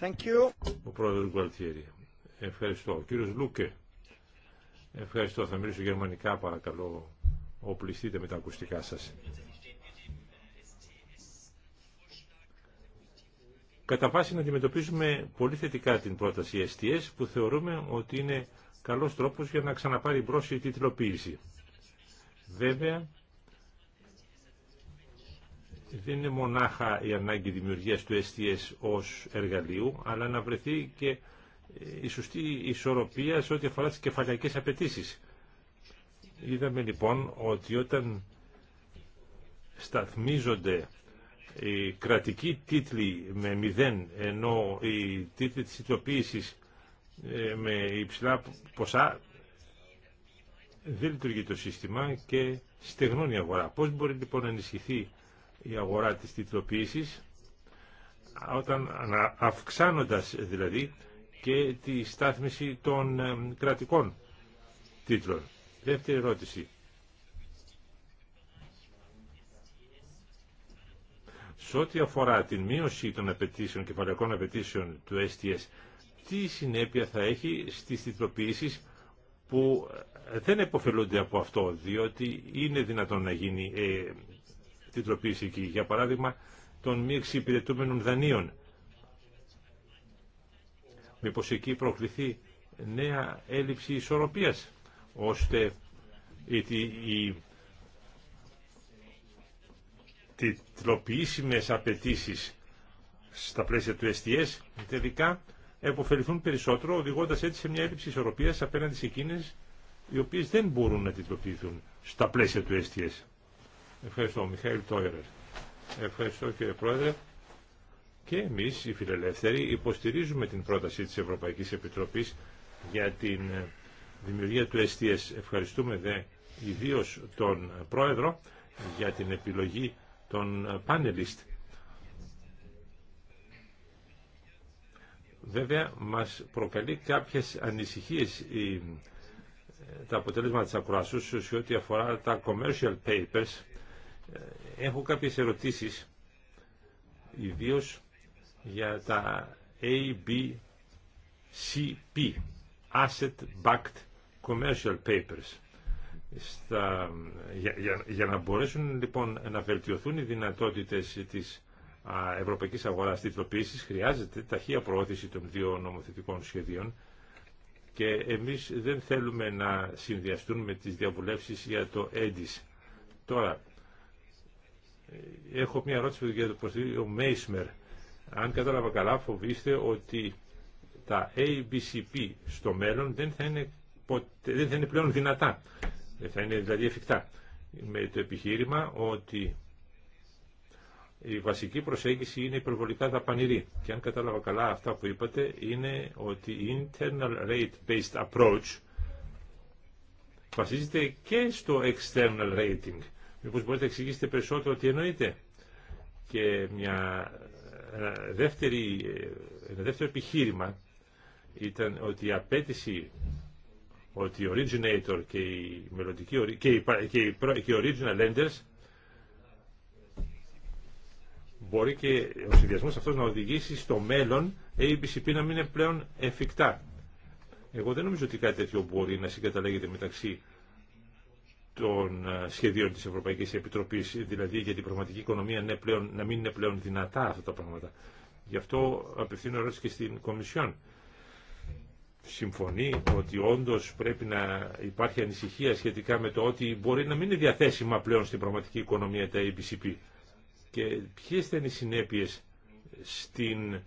Thank you. Ο πρόεδρος Γκουαλτιέρη. Ευχαριστώ. Ο κύριος Λούκε. Ευχαριστώ. Θα μιλήσω γερμανικά παρακαλώ. Οπλιστείτε με τα ακουστικά σας. Κατά βάση να αντιμετωπίζουμε πολύ θετικά την πρόταση STS που θεωρούμε ότι είναι καλός τρόπος για να ξαναπάρει μπρος η τιτλοποίηση. Βέβαια, δεν είναι μονάχα η ανάγκη δημιουργίας του STS ως εργαλείου, αλλά να βρεθεί και η σωστή ισορροπία σε ό,τι αφορά τις κεφαλαϊκές απαιτήσει. Είδαμε λοιπόν ότι όταν σταθμίζονται οι κρατικοί τίτλοι με μηδέν, ενώ οι τίτλοι της ε, με υψηλά ποσά δεν λειτουργεί το σύστημα και στεγνώνει η αγορά. Πώς μπορεί λοιπόν να ενισχυθεί η αγορά της τιτλοποίησης όταν αυξάνοντας δηλαδή και τη στάθμιση των ε, κρατικών τίτλων. Δεύτερη ερώτηση. Σε ό,τι αφορά την μείωση των απαιτήσεων, κεφαλαϊκών απαιτήσεων του STS, τι συνέπεια θα έχει στις τιτλοποιήσεις που ε, δεν επωφελούνται από αυτό, διότι είναι δυνατόν να γίνει ε, εκεί. Για παράδειγμα, των μη εξυπηρετούμενων δανείων. Μήπως εκεί προκληθεί νέα έλλειψη ισορροπίας, ώστε η τιτλοποιήσιμες απαιτήσει στα πλαίσια του STS τελικά εποφεληθούν περισσότερο οδηγώντας έτσι σε μια έλλειψη ισορροπίας απέναντι σε εκείνες οι οποίες δεν μπορούν να τιτλοποιηθούν στα πλαίσια του STS. Ευχαριστώ, Μιχαήλ Τόιρερ. Ευχαριστώ, κύριε Πρόεδρε. Και εμείς, οι φιλελεύθεροι, υποστηρίζουμε την πρόταση της Ευρωπαϊκής Επιτροπής για την ε, δημιουργία του STS. Ευχαριστούμε δε ιδίως τον ε, Πρόεδρο για την επιλογή των πάνελιστ. Βέβαια, μας προκαλεί κάποιες ανησυχίες η, ε, τα αποτελέσματα της ακροασούς σε ό,τι αφορά τα commercial papers. Ε, έχω κάποιες ερωτήσεις, ιδίως για τα ABCP, Asset Backed Commercial Papers για, να μπορέσουν λοιπόν να βελτιωθούν οι δυνατότητες της α, ευρωπαϊκής αγοράς τιτλοποίησης χρειάζεται ταχεία προώθηση των δύο νομοθετικών σχεδίων και εμείς δεν θέλουμε να συνδυαστούν με τις διαβουλεύσεις για το έντις. Τώρα, ε, έχω μια ερώτηση για τον ο Μέισμερ. Αν κατάλαβα καλά, φοβήστε ότι τα ABCP στο μέλλον δεν θα είναι, δεν θα είναι πλέον δυνατά. Ε, θα είναι δηλαδή εφικτά με το επιχείρημα ότι η βασική προσέγγιση είναι υπερβολικά δαπανηρή. Και αν κατάλαβα καλά αυτά που είπατε, είναι ότι η internal rate based approach βασίζεται και στο external rating. Μήπως μπορείτε να εξηγήσετε περισσότερο τι εννοείτε. Και μια, ε, δεύτερη, ε, ένα δεύτερο επιχείρημα ήταν ότι η απέτηση ότι οι originator και οι, μελλοντικοί, και οι, και οι, και οι original lenders μπορεί και ο συνδυασμός αυτός να οδηγήσει στο μέλλον ABCP να μην είναι πλέον εφικτά. Εγώ δεν νομίζω ότι κάτι τέτοιο μπορεί να συγκαταλέγεται μεταξύ των ε, σχεδίων της Ευρωπαϊκής Επιτροπής, δηλαδή για την πραγματική οικονομία ναι, πλέον, να μην είναι πλέον δυνατά αυτά τα πράγματα. Γι' αυτό απευθύνω ερώτηση και στην Κομισιόν συμφωνεί ότι όντως πρέπει να υπάρχει ανησυχία σχετικά με το ότι μπορεί να μην είναι διαθέσιμα πλέον στην πραγματική οικονομία τα EBCP και ποιε θα είναι οι συνέπειες στην ε,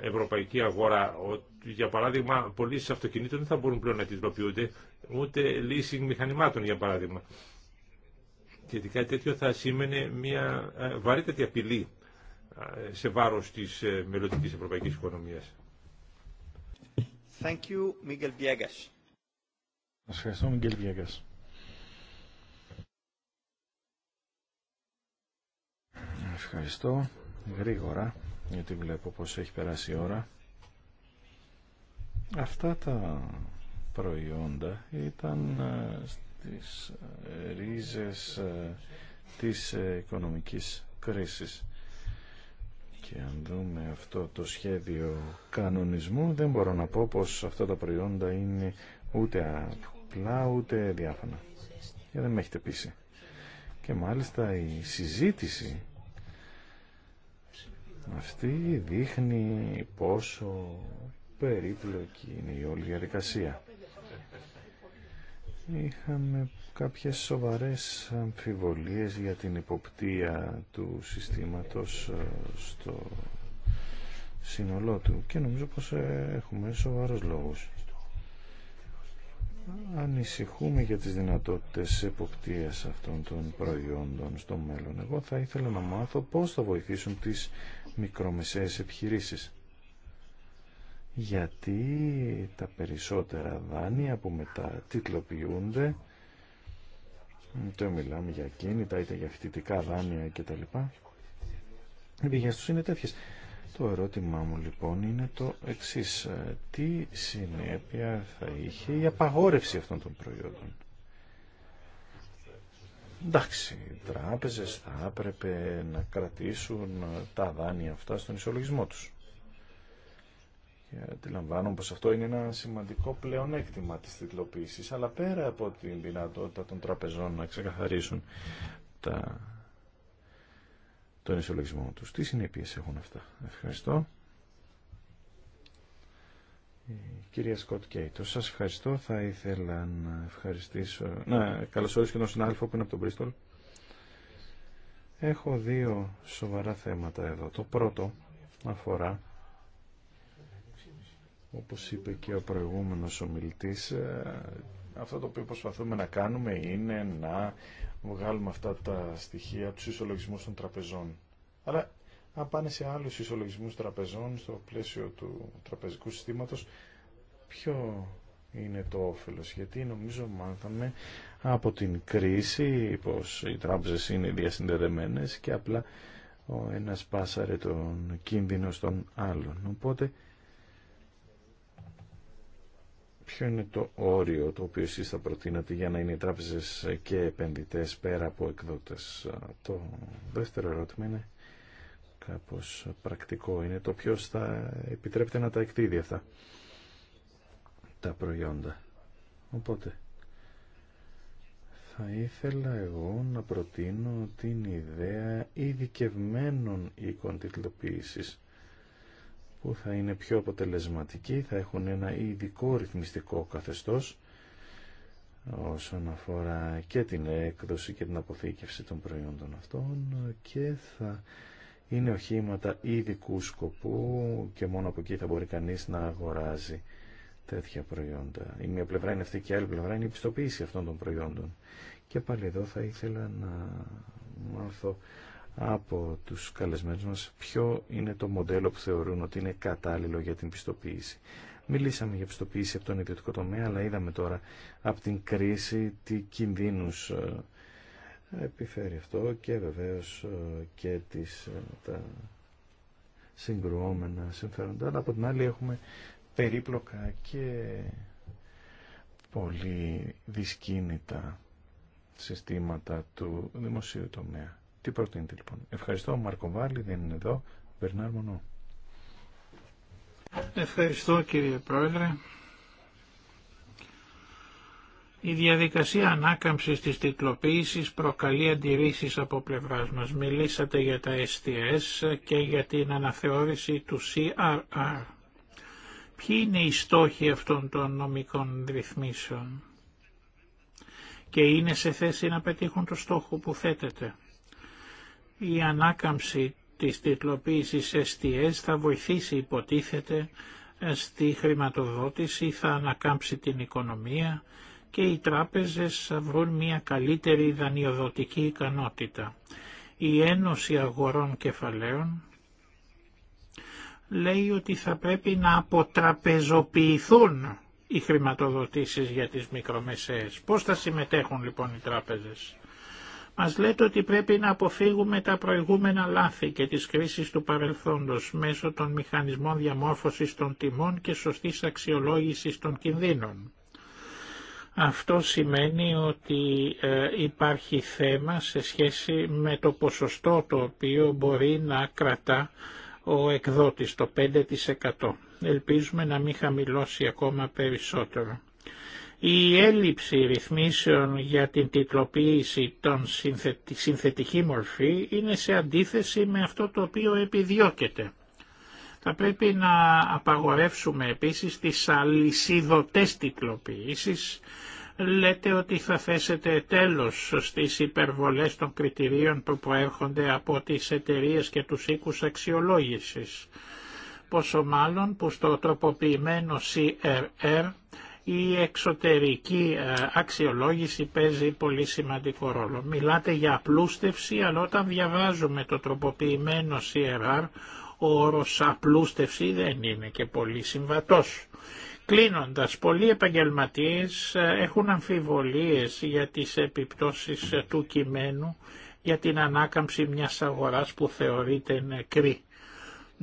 ευρωπαϊκή αγορά ότι για παράδειγμα πωλήσει αυτοκινήτων δεν θα μπορούν πλέον να τυπλοποιούνται ούτε leasing μηχανημάτων για παράδειγμα και κάτι τέτοιο θα σήμαινε μια ε, βαρύτατη απειλή ε, σε βάρος της μελλοντικής ευρωπαϊκής οικονομίας ευχαριστώ, Μίγκελ Βιέγκα. Ευχαριστώ γρήγορα, γιατί βλέπω πως έχει περάσει η ώρα. Αυτά τα προϊόντα ήταν ε, στις ρίζες ε, της ε, οικονομικής κρίσης. Και αν δούμε αυτό το σχέδιο κανονισμού δεν μπορώ να πω πως αυτά τα προϊόντα είναι ούτε απλά ούτε διάφανα. Και δεν με έχετε πείσει. Και μάλιστα η συζήτηση αυτή δείχνει πόσο περίπλοκη είναι η όλη διαδικασία. Είχαμε κάποιες σοβαρές αμφιβολίες για την υποπτία του συστήματος ε, στο σύνολό του και νομίζω πως ε, έχουμε σοβαρούς λόγους. Ανησυχούμε για τις δυνατότητες εποπτείας αυτών των προϊόντων στο μέλλον. Εγώ θα ήθελα να μάθω πώς θα βοηθήσουν τις μικρομεσαίες επιχειρήσεις. Γιατί τα περισσότερα δάνεια που μετά τιτλοποιούνται το μιλάμε για κίνητα είτε για φοιτητικά δάνεια κτλ. Οι πηγέ τους είναι τέτοιες. Το ερώτημά μου λοιπόν είναι το εξή. Ε, τι συνέπεια θα είχε η απαγόρευση αυτών των προϊόντων. Εντάξει, οι τράπεζες θα έπρεπε να κρατήσουν τα δάνεια αυτά στον ισολογισμό τους. Και αντιλαμβάνομαι πως αυτό είναι ένα σημαντικό πλεονέκτημα της τιτλοποίησης, αλλά πέρα από την δυνατότητα των τραπεζών να ξεκαθαρίσουν τα... τον ισολογισμό τους. Τι συνέπειες έχουν αυτά. Ευχαριστώ. Κυρία Σκοτ Κέιτο, σας ευχαριστώ. Θα ήθελα να ευχαριστήσω, να καλωσορίσω και τον συνάδελφο που είναι από τον Πρίστολ. Έχω δύο σοβαρά θέματα εδώ. Το πρώτο αφορά όπως είπε και ο προηγούμενος ομιλητής, ε, αυτό το οποίο προσπαθούμε να κάνουμε είναι να βγάλουμε αυτά τα στοιχεία του ισολογισμού των τραπεζών. Αλλά αν πάνε σε άλλους ισολογισμούς τραπεζών στο πλαίσιο του τραπεζικού συστήματος, ποιο είναι το όφελος. Γιατί νομίζω μάθαμε από την κρίση πως οι τράπεζες είναι διασυνδεδεμένες και απλά ο ένας πάσαρε τον κίνδυνο στον άλλον. Οπότε ποιο είναι το όριο το οποίο εσείς θα προτείνατε για να είναι οι τράπεζες και επενδυτές πέρα από εκδότες. Το δεύτερο ερώτημα είναι κάπως πρακτικό. Είναι το ποιος θα επιτρέπεται να τα εκτίδει αυτά τα προϊόντα. Οπότε θα ήθελα εγώ να προτείνω την ιδέα ειδικευμένων οίκων τιτλοποίησης που θα είναι πιο αποτελεσματικοί, θα έχουν ένα ειδικό ρυθμιστικό καθεστώς όσον αφορά και την έκδοση και την αποθήκευση των προϊόντων αυτών και θα είναι οχήματα ειδικού σκοπού και μόνο από εκεί θα μπορεί κανείς να αγοράζει τέτοια προϊόντα. Η μία πλευρά είναι αυτή και η άλλη πλευρά είναι η πιστοποίηση αυτών των προϊόντων. Και πάλι εδώ θα ήθελα να μάθω από τους καλεσμένους μας ποιο είναι το μοντέλο που θεωρούν ότι είναι κατάλληλο για την πιστοποίηση. Μιλήσαμε για πιστοποίηση από τον ιδιωτικό τομέα, αλλά είδαμε τώρα από την κρίση τι κινδύνους ε, επιφέρει αυτό και βεβαίως ε, και τις, ε, τα συγκρουόμενα συμφέροντα, αλλά από την άλλη έχουμε περίπλοκα και πολύ δυσκίνητα συστήματα του δημοσίου τομέα. Τι προτείνετε λοιπόν. Ευχαριστώ. Μαρκο για δεν είναι εδώ. Βερνάρ Μονό. Ευχαριστώ κύριε Πρόεδρε. Η διαδικασία ανάκαμψης της τυκλοποίησης προκαλεί αντιρρήσεις από πλευράς μας. Μιλήσατε για τα STS και για την αναθεώρηση του CRR. Ποιοι είναι οι στόχοι αυτών των νομικών ρυθμίσεων και είναι σε θέση να πετύχουν το στόχο που θέτεται. Η ανάκαμψη της τιτλοποίησης STS θα βοηθήσει υποτίθεται ε, στη χρηματοδότηση, θα ανακάμψει την οικονομία και οι τράπεζες θα βρουν μια καλύτερη δανειοδοτική ικανότητα. Η Ένωση Αγορών Κεφαλαίων λέει ότι θα πρέπει να αποτραπεζοποιηθούν οι χρηματοδοτήσεις για τις μικρομεσαίες. Πώς θα συμμετέχουν λοιπόν οι τράπεζες. Μας λέτε ότι πρέπει να αποφύγουμε τα προηγούμενα λάθη και τις κρίσεις του παρελθόντος μέσω των μηχανισμών διαμόρφωσης των τιμών και σωστής αξιολόγησης των κινδύνων. Αυτό σημαίνει ότι ε, υπάρχει θέμα σε σχέση με το ποσοστό το οποίο μπορεί να κρατά ο εκδότης, το 5%. Ελπίζουμε να μην χαμηλώσει ακόμα περισσότερο. Η έλλειψη ρυθμίσεων για την τυπλοποίηση των συνθετική μορφή είναι σε αντίθεση με αυτό το οποίο επιδιώκεται. Θα πρέπει να απαγορεύσουμε επίσης τις αλυσιδωτές τυπλοποίησεις. Λέτε ότι θα θέσετε τέλος στις υπερβολές των κριτηρίων που προέρχονται από τις εταιρείες και τους οίκους αξιολόγησης. Πόσο μάλλον που στο τροποποιημένο CRR η εξωτερική ε, αξιολόγηση παίζει πολύ σημαντικό ρόλο. Μιλάτε για απλούστευση, αλλά όταν διαβάζουμε το τροποποιημένο CRR, ο όρος απλούστευση δεν είναι και πολύ συμβατός. Κλείνοντας, πολλοί επαγγελματίες ε, έχουν αμφιβολίες για τις επιπτώσεις ε, του κειμένου για την ανάκαμψη μιας αγοράς που θεωρείται νεκρή.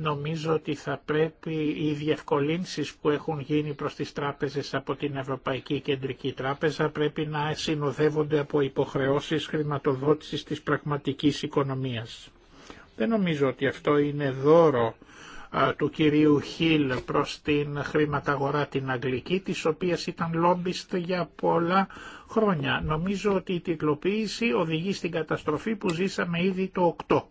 Νομίζω ότι θα πρέπει οι διευκολύνσεις που έχουν γίνει προς τις τράπεζες από την Ευρωπαϊκή Κεντρική Τράπεζα πρέπει να συνοδεύονται από υποχρεώσεις χρηματοδότησης της πραγματικής οικονομίας. Δεν νομίζω ότι αυτό είναι δώρο του κυρίου Χιλ προς την χρηματαγορά την Αγγλική, της οποίας ήταν λόμπιστ για πολλά χρόνια. Νομίζω ότι η τυκλοποίηση οδηγεί στην καταστροφή που ζήσαμε ήδη το 8.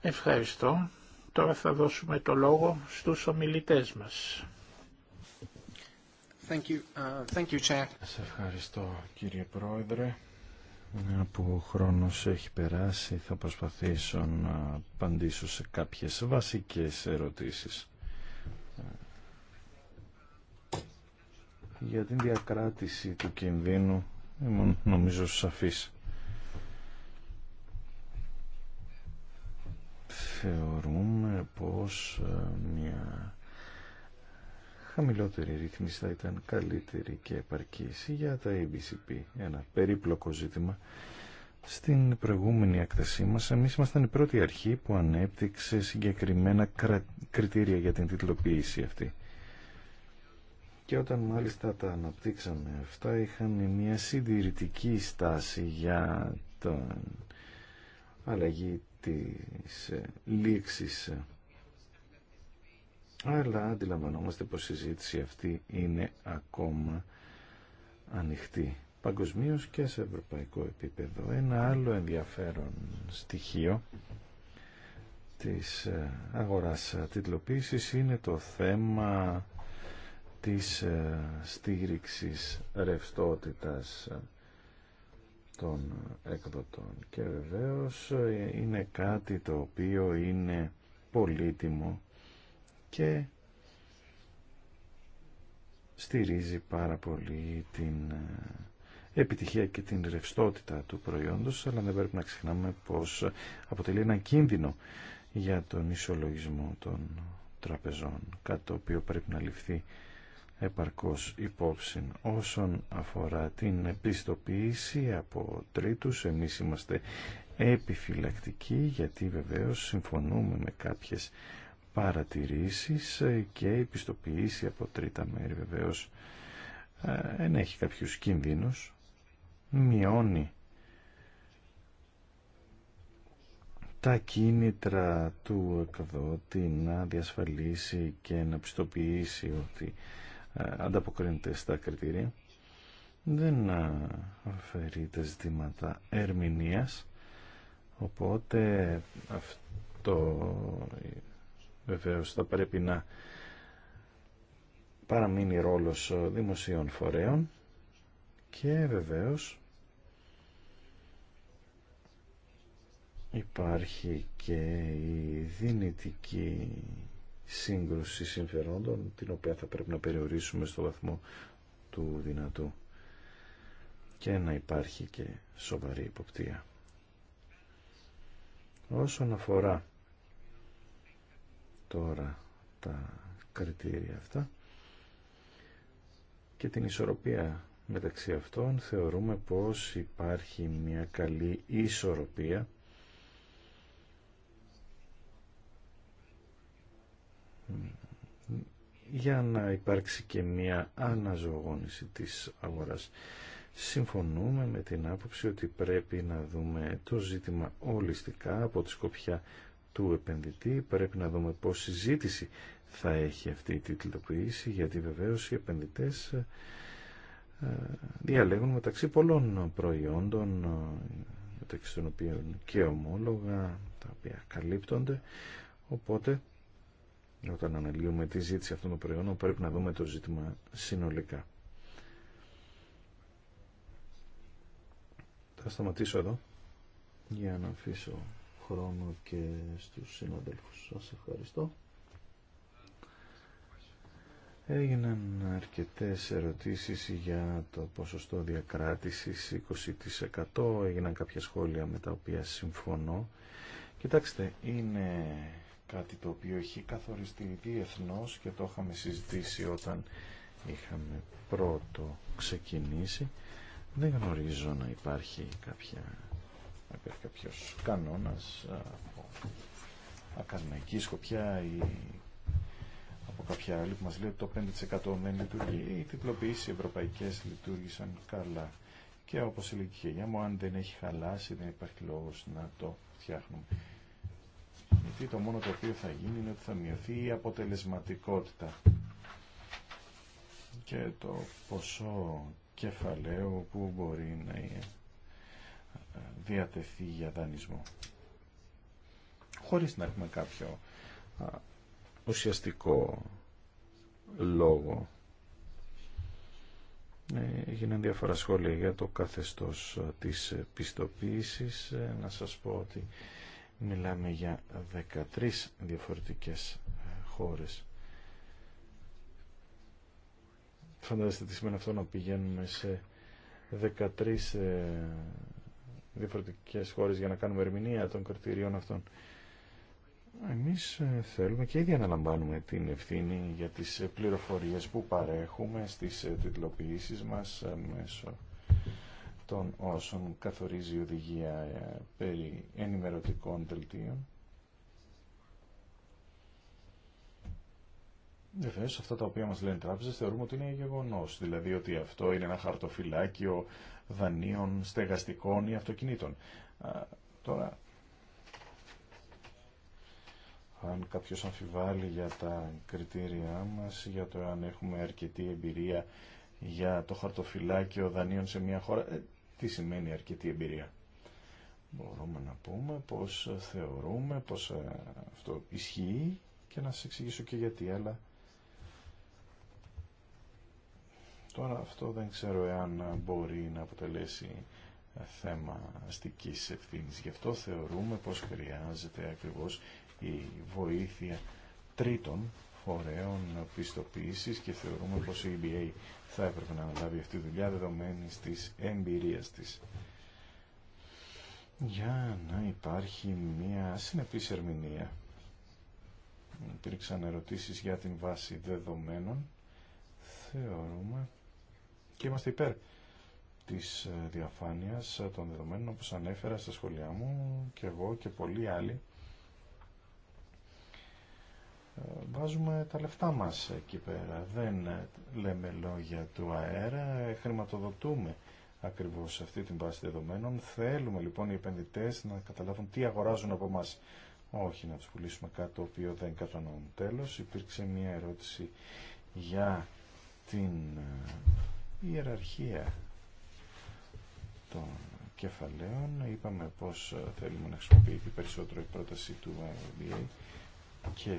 Ευχαριστώ. Τώρα θα δώσουμε το λόγο στους ομιλητές μας. Thank you. Uh, thank you, Chair. Σε ευχαριστώ κύριε Πρόεδρε. Από χρόνος έχει περάσει θα προσπαθήσω να απαντήσω σε κάποιες βασικές ερωτήσεις. Για την διακράτηση του κινδύνου ήμουν νομίζω σαφής. θεωρούμε πως ε, μια χαμηλότερη ρύθμιση θα ήταν καλύτερη και επαρκής για τα ABCP, ένα περίπλοκο ζήτημα. Στην προηγούμενη έκθεσή μας, εμείς ήμασταν η πρώτη αρχή που ανέπτυξε συγκεκριμένα κριτήρια για την τίτλοποίηση αυτή. Και όταν μάλιστα τα αναπτύξαμε αυτά, είχαν μια συντηρητική στάση για τον αλλαγή της ε, λήξης. Αλλά αντιλαμβανόμαστε πως η συζήτηση αυτή είναι ακόμα ανοιχτή παγκοσμίω και σε ευρωπαϊκό επίπεδο. Ένα άλλο ενδιαφέρον στοιχείο της ε, αγοράς τίτλοποίησης είναι το θέμα της ε, στήριξης ρευστότητας των εκδοτών και βεβαίως ε, είναι κάτι το οποίο είναι πολύτιμο και στηρίζει πάρα πολύ την ε, επιτυχία και την ρευστότητα του προϊόντος αλλά δεν πρέπει να ξεχνάμε πως αποτελεί ένα κίνδυνο για τον ισολογισμό των τραπεζών κάτι το οποίο πρέπει να ληφθεί επαρκώς υπόψη όσον αφορά την επιστοποίηση από τρίτους εμείς είμαστε επιφυλακτικοί γιατί βεβαίως συμφωνούμε με κάποιες παρατηρήσεις και η από τρίτα μέρη βεβαίως ε, έχει κάποιους κίνδυνους μειώνει τα κίνητρα του εκδότη να διασφαλίσει και να πιστοποιήσει ότι ε, ανταποκρίνεται στα κριτήρια. Δεν ε, αφαιρεί τα ζητήματα ερμηνείας, οπότε αυτό βεβαίως θα πρέπει να παραμείνει ρόλος δημοσίων φορέων και βεβαίως υπάρχει και η δυνητική σύγκρουση συμφερόντων, την οποία θα πρέπει να περιορίσουμε στο βαθμό του δυνατού και να υπάρχει και σοβαρή υποπτία. Όσον αφορά τώρα τα κριτήρια αυτά και την ισορροπία μεταξύ αυτών θεωρούμε πως υπάρχει μια καλή ισορροπία για να υπάρξει και μια αναζωογόνηση της αγοράς. Συμφωνούμε με την άποψη ότι πρέπει να δούμε το ζήτημα ολιστικά από τη σκοπιά του επενδυτή. Πρέπει να δούμε πώς ζήτηση θα έχει αυτή η τίτλοποίηση, γιατί βεβαίως οι επενδυτές ε, διαλέγουν μεταξύ πολλών προϊόντων, ε, μεταξύ των οποίων και ομόλογα, τα οποία καλύπτονται. Οπότε όταν αναλύουμε τη ζήτηση αυτών των προϊόντων πρέπει να δούμε το ζήτημα συνολικά. Θα σταματήσω εδώ για να αφήσω χρόνο και στους συναδέλφους. Σας ευχαριστώ. Έγιναν αρκετές ερωτήσεις για το ποσοστό διακράτησης 20%. Έγιναν κάποια σχόλια με τα οποία συμφωνώ. Κοιτάξτε, είναι κάτι το οποίο έχει καθοριστεί διεθνώς και το είχαμε συζητήσει όταν είχαμε πρώτο ξεκινήσει. Δεν γνωρίζω να υπάρχει κάποια, κάποιος κανόνας από ακαδημαϊκή σκοπιά ή από κάποια άλλη που μας λέει ότι το 5% δεν λειτουργεί. Οι διπλοποιήσεις ευρωπαϊκές λειτουργήσαν καλά. Και όπως η η μου, αν δεν έχει χαλάσει δεν υπάρχει λόγος να το φτιάχνουμε. Γιατί το μόνο το οποίο θα γίνει είναι ότι θα μειωθεί η αποτελεσματικότητα και το ποσό κεφαλαίου που μπορεί να ε, διατεθεί για δανεισμό. Χωρίς να έχουμε κάποιο ουσιαστικό λόγο. Ε, έγιναν διάφορα σχόλια για το καθεστώς ε, της πιστοποίησης. Να σας πω ότι Μιλάμε για 13 διαφορετικές ε, χώρες. Φανταστείτε τι σημαίνει αυτό να πηγαίνουμε σε 13 ε, διαφορετικές χώρες για να κάνουμε ερμηνεία των κριτηρίων αυτών. Εμείς ε, θέλουμε και ήδη αναλαμβάνουμε την ευθύνη για τις πληροφορίες που παρέχουμε στις τιτλοποιήσεις μας μέσω των όσων καθορίζει η οδηγία ε, περί ενημερωτικών δελτίων. Βεβαίω, αυτά τα οποία μας λένε τράπεζες θεωρούμε ότι είναι γεγονός, δηλαδή ότι αυτό είναι ένα χαρτοφυλάκιο δανείων, στεγαστικών ή αυτοκινήτων. τώρα, αν κάποιος αμφιβάλλει για τα κριτήριά μας, για το αν έχουμε αρκετή εμπειρία για το χαρτοφυλάκιο δανείων σε μια χώρα. Ε, τι σημαίνει αρκετή εμπειρία. Μπορούμε να πούμε πως θεωρούμε πως ε, αυτό ισχύει και να σας εξηγήσω και γιατί, αλλά τώρα αυτό δεν ξέρω εάν μπορεί να αποτελέσει ε, θέμα αστικής ευθύνης. Γι' αυτό θεωρούμε πως χρειάζεται ακριβώς η βοήθεια τρίτων φορέων πιστοποίησης και θεωρούμε πως η EBA θα έπρεπε να λάβει αυτή τη δουλειά δεδομένη της εμπειρίας της. Για να υπάρχει μια συνεπής ερμηνεία. Υπήρξαν ερωτήσεις για την βάση δεδομένων. Θεωρούμε και είμαστε υπέρ της ε, διαφάνειας ε, των δεδομένων όπως ανέφερα στα σχολιά μου και εγώ και πολλοί άλλοι βάζουμε τα λεφτά μας εκεί πέρα. Δεν λέμε λόγια του αέρα, χρηματοδοτούμε ακριβώς αυτή την βάση δεδομένων. Θέλουμε λοιπόν οι επενδυτές να καταλάβουν τι αγοράζουν από μας. Όχι να τους πουλήσουμε κάτι το οποίο δεν κατανοούν. Τέλος, υπήρξε μια ερώτηση για την ε, ιεραρχία των κεφαλαίων. Είπαμε πως ε, θέλουμε να χρησιμοποιηθεί περισσότερο η πρόταση του MBA και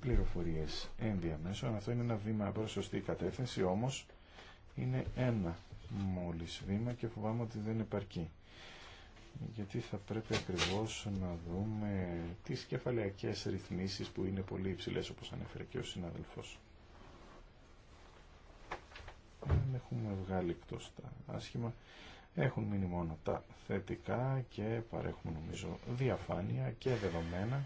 πληροφορίες ενδιαμέσω. Αυτό είναι ένα βήμα προς σωστή κατεύθυνση, όμως είναι ένα μόλις βήμα και φοβάμαι ότι δεν επαρκεί. Γιατί θα πρέπει ακριβώς να δούμε τις κεφαλαιακές ρυθμίσεις που είναι πολύ υψηλές όπως ανέφερε και ο συνάδελφος. Δεν έχουμε βγάλει εκτός τα άσχημα. Έχουν μείνει μόνο τα θετικά και παρέχουμε νομίζω διαφάνεια και δεδομένα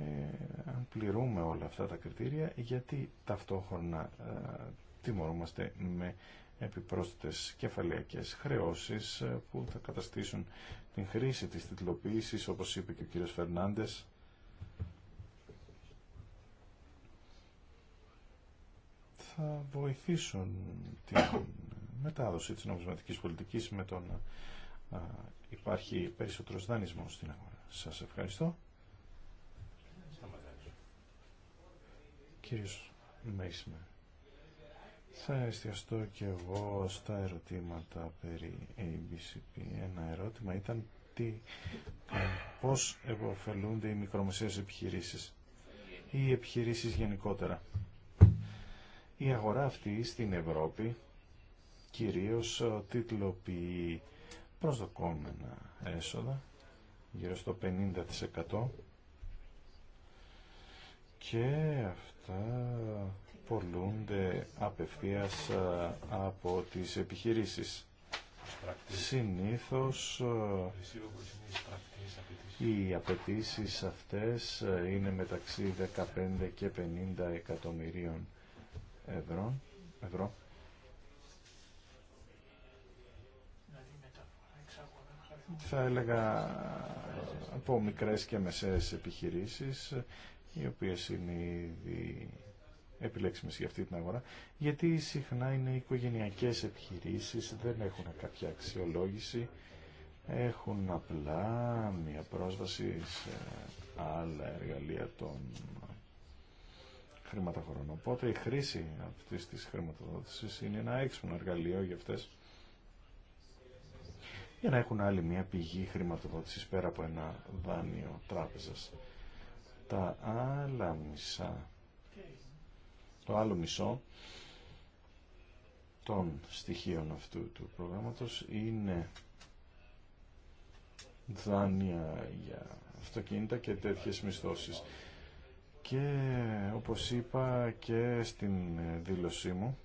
ε, αν πληρούμε όλα αυτά τα κριτήρια γιατί ταυτόχρονα ε, τιμωρούμαστε με επιπρόσθετες κεφαλαιακές χρεώσεις ε, που θα καταστήσουν την χρήση της τιτλοποίησης όπως είπε και ο κύριος Φερνάντες θα βοηθήσουν την μετάδοση της νομισματικής πολιτικής με τον να υπάρχει περισσότερος δανεισμός στην αγορά. Σας ευχαριστώ. κύριος Μέισμερ. Θα εστιαστώ και εγώ στα ερωτήματα περί ABCP. Ένα ερώτημα ήταν τι, πώς οι μικρομεσαίες επιχειρήσεις ή οι επιχειρήσεις γενικότερα. Η αγορά αυτή στην Ευρώπη κυρίως τίτλοποιεί προσδοκόμενα έσοδα, γύρω στο 50% και αυτά πολλούνται απευθείας ε, από τις επιχειρήσεις. Συνήθως ε, οι απαιτήσει αυτές ε, είναι μεταξύ 15 και 50 εκατομμυρίων ευρώ. ευρώ. Δηλαδή, Θα έλεγα από μικρές και μεσαίες επιχειρήσεις οι οποίες είναι ήδη επιλέξιμες για αυτή την αγορά, γιατί συχνά είναι οικογενειακές επιχειρήσεις, δεν έχουν κάποια αξιολόγηση, έχουν απλά μια πρόσβαση σε άλλα εργαλεία των χρηματοχωρών. Οπότε η χρήση αυτής της χρηματοδότησης είναι ένα έξυπνο εργαλείο για αυτές για να έχουν άλλη μια πηγή χρηματοδότησης πέρα από ένα δάνειο τράπεζας τα άλλα μισά, το άλλο μισό των στοιχείων αυτού του προγράμματος είναι δάνεια για αυτοκίνητα και τέτοιες μισθώσεις. Και όπως είπα και στην δήλωσή μου,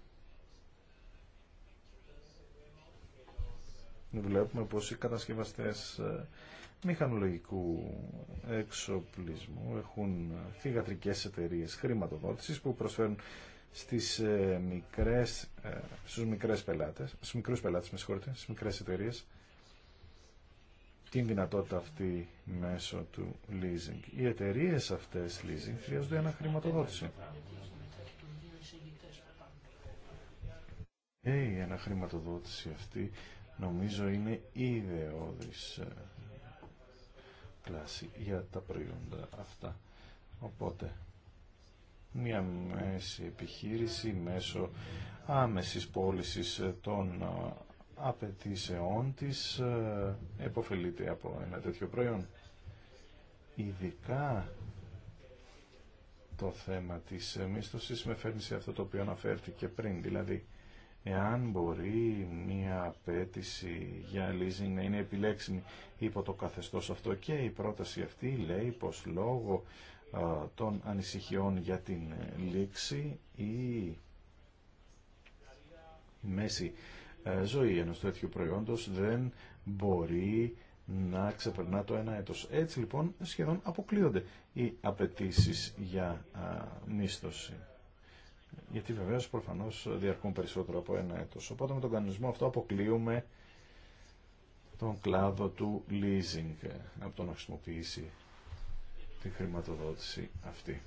βλέπουμε πως οι κατασκευαστές ε, μηχανολογικού εξοπλισμού. Έχουν θηγατρικές εταιρείες χρηματοδότησης που προσφέρουν στις ε, μικρές, ε, στους μικρές πελάτες, στους μικρούς πελάτες, με συγχωρείτε, στις μικρές εταιρείες, την δυνατότητα αυτή μέσω του leasing. Οι εταιρείε αυτές leasing χρειάζονται ένα χρηματοδότηση. Ε, ένα χρηματοδότηση αυτή νομίζω είναι ιδεώδης ε, κλάση για τα προϊόντα αυτά. Οπότε, μια μέση επιχείρηση μέσω άμεσης πώλησης των απαιτήσεών της εποφελείται από ένα τέτοιο προϊόν. Ειδικά το θέμα της μίσθωσης με φέρνει σε αυτό το οποίο αναφέρθηκε πριν, δηλαδή εάν μπορεί μία απέτηση για leasing να είναι επιλέξιμη υπό το καθεστώς αυτό και η πρόταση αυτή λέει πως λόγω των ανησυχιών για την λήξη η μέση ζωή ενός τέτοιου προϊόντος δεν μπορεί να ξεπερνά το ένα έτος. Έτσι λοιπόν σχεδόν αποκλείονται οι απαιτήσει για μίσθωση γιατί βεβαίω προφανώ διαρκούν περισσότερο από ένα έτο. Οπότε με τον κανονισμό αυτό αποκλείουμε τον κλάδο του leasing από το να χρησιμοποιήσει τη χρηματοδότηση αυτή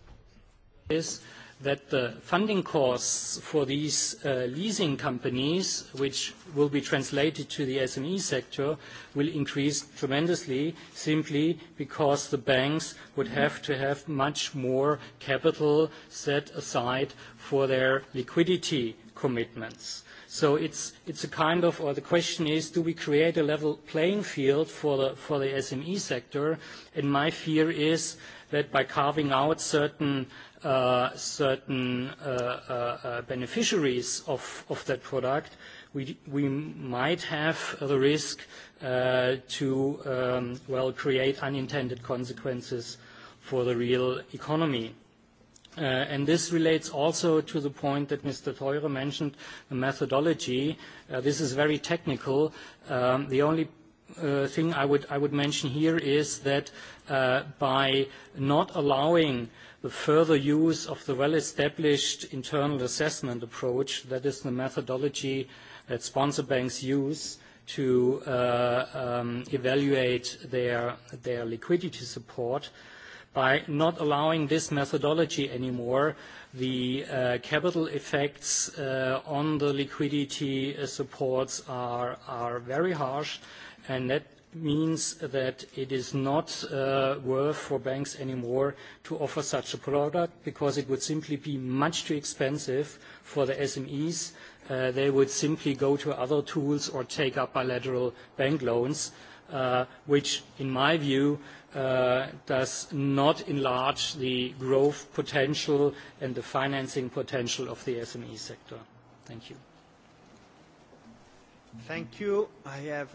is that the funding costs for these leasing companies, which will be translated to the SME sector, will increase tremendously simply because the banks would have to have much more capital set aside for their liquidity commitments. So it's it's a kind of, or the question is, do we create a level playing field for the for the SME sector? And my fear is that by carving out certain certain beneficiaries of that product, we might have the risk to, well, create unintended consequences for the real economy. And this relates also to the point that Mr. Theurer mentioned, the methodology. This is very technical. The only thing I would mention here is that by not allowing the further use of the well-established internal assessment approach, that is the methodology that sponsor banks use to evaluate their liquidity support. By not allowing this methodology anymore, the capital effects on the liquidity supports are very harsh, and that means that it is not worth for banks anymore to offer such a product because it would simply be much too expensive for the SMEs. They would simply go to other tools or take up bilateral bank loans, which, in my view, does not enlarge the growth potential and the financing potential of the SME sector. Thank you. Thank you. I have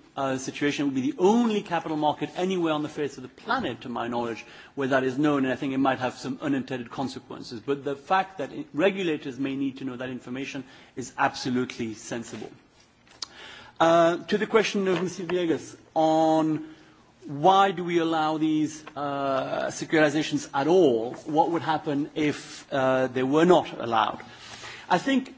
situation would be the only capital market anywhere on the face of the planet, to my knowledge, where that is known, and I think it might have some unintended consequences. But the fact that regulators may need to know that information is absolutely sensible. To the question of Mr. Villegas on why do we allow these securitizations at all, what would happen if they were not allowed. I think,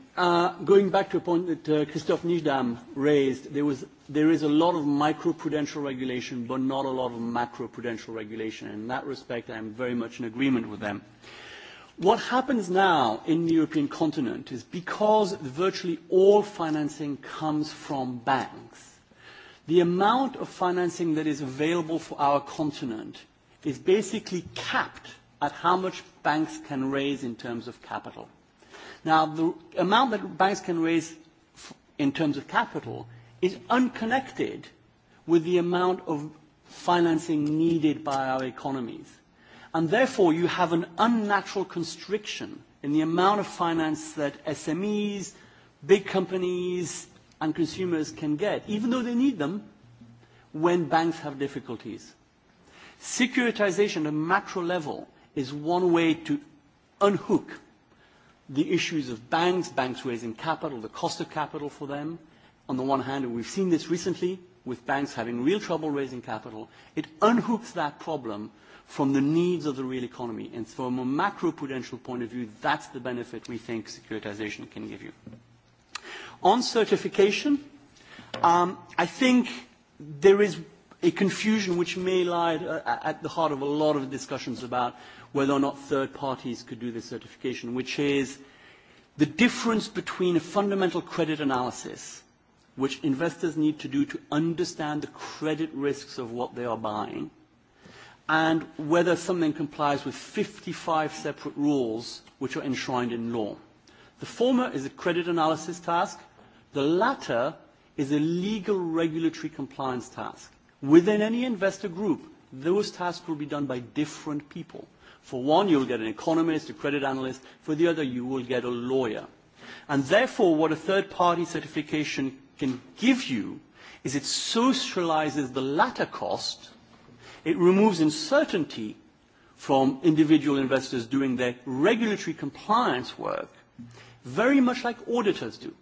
going back to a point that Christophe Nijdam raised, there was there is a lot of prudential regulation, but not a lot of macroprudential regulation. In that respect, I am very much in agreement with them. What happens now in the European continent is because virtually all financing comes from banks, the amount of financing that is available for our continent is basically capped at how much banks can raise in terms of capital. Now, the amount that banks can raise in terms of capital is unconnected with the amount of financing needed by our economies. And therefore, you have an unnatural constriction in the amount of finance that SMEs, big companies, and consumers can get, even though they need them, when banks have difficulties. Securitization at a macro level is one way to unhook the issues of banks, banks raising capital, the cost of capital for them, on the one hand, and we've seen this recently with banks having real trouble raising capital, it unhooks that problem from the needs of the real economy. And from a macroprudential point of view, that's the benefit we think securitization can give you. On certification, I think there is a confusion which may lie at the heart of a lot of discussions about whether or not third parties could do this certification, which is the difference between a fundamental credit analysis which investors need to do to understand the credit risks of what they are buying, and whether something complies with 55 separate rules which are enshrined in law. The former is a credit analysis task. The latter is a legal regulatory compliance task. Within any investor group, those tasks will be done by different people. For one, you'll get an economist, a credit analyst. For the other, you will get a lawyer. And therefore, what a third-party certification can give you is it socializes the latter cost. It removes uncertainty from individual investors doing their regulatory compliance work, very much like auditors do.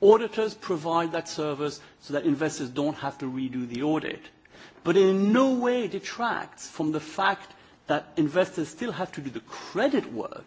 Auditors provide that service so that investors don't have to redo the audit. But in no way detracts from the fact that investors still have to do the credit work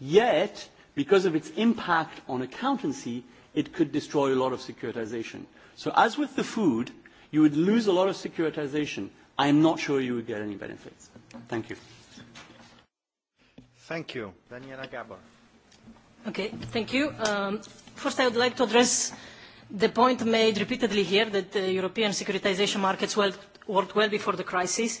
Yet, because of its impact on accountancy, it could destroy a lot of securitization. So as with the food, you would lose a lot of securitization. I am not sure you would get any benefits. Thank you. Thank you. Daniela Gabor. Okay, thank you. First, I would like to address the point made repeatedly here that the European securitization markets worked well before the crisis.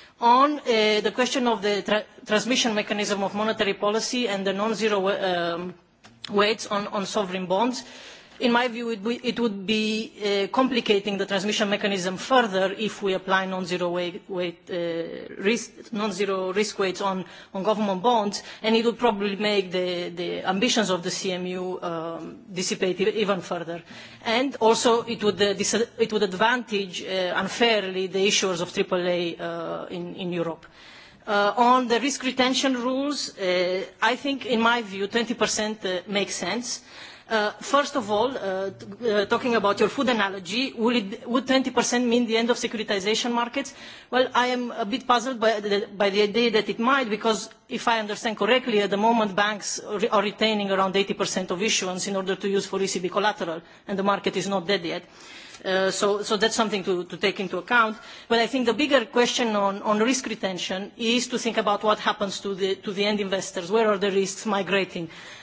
on the question of the transmission mechanism of monetary policy and the non-zero weights on sovereign bonds in my view it would be complicating the transmission mechanism further if we apply non zero risk weights on government bonds and it would probably make the ambitions of the cmu dissipate even further and also it would advantage unfairly the issuers of aaa in europe. On the risk retention rules, I think, in my view, 20% makes sense. First of all, talking about your food analogy, would 20% mean the end of securitization markets? Well, I am a bit puzzled by the idea that it might, because if I understand correctly, at the moment banks are retaining around 80% of issuance in order to use for ECB collateral, and the market is not dead yet. So that's something to take into account. But I think the bigger question on risk retention is to think about what happens to the end investors. Where are the risks migrating?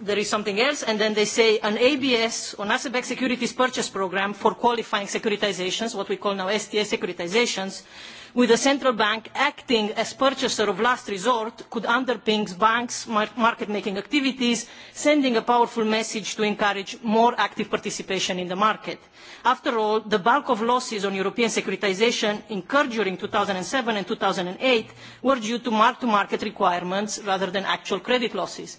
there is something else, and then they say an ABS, an asset-backed securities purchase program for qualifying securitizations, what we call now STS securitizations, with the central bank acting as purchaser of last resort, could underpin banks' market-making activities, sending a powerful message to encourage more active participation in the market. After all, the bulk of losses on European securitization incurred during 2007 and 2008 were due to mark-to-market requirements rather than actual credit losses.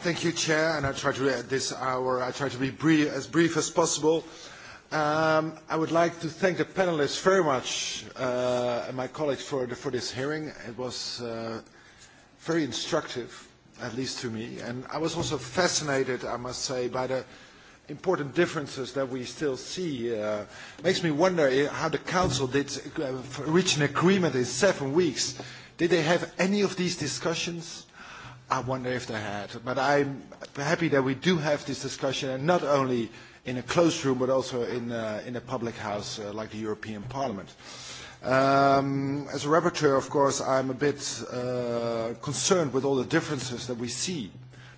Thank you, Chair. And I try to at this hour, I try to be brief, as brief as possible. I would like to thank the panelists very much and my colleagues for this hearing. It was very instructive, at least to me. And I was also fascinated, I must say, by the important differences that we still see. It makes me wonder how the Council did reach an agreement in seven weeks. Did they have any of these discussions? I wonder if they had. But I'm happy that we do have this discussion, and not only in a closed room, but also in a public house like the European Parliament. As a rapporteur, of course, I'm a bit concerned with all the differences that we see,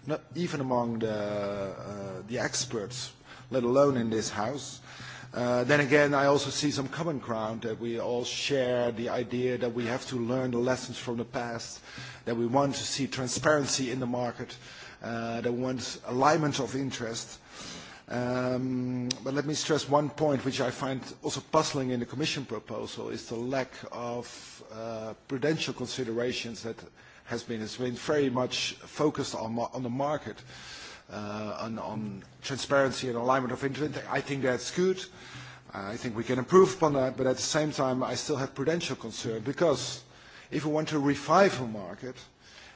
not even among the experts, let alone in this house. Then again, I also see some common ground that we all share the idea that we have to learn the lessons from the past, that we want to see transparency in the market, that we want alignment of interest. But let me stress one point which I find also puzzling in the Commission proposal is the lack of prudential considerations that has been very much focused on the market on transparency and alignment of interest. I think that's good. I think we can improve upon that, but at the same time, I still have prudential concern because if we want to revive a market,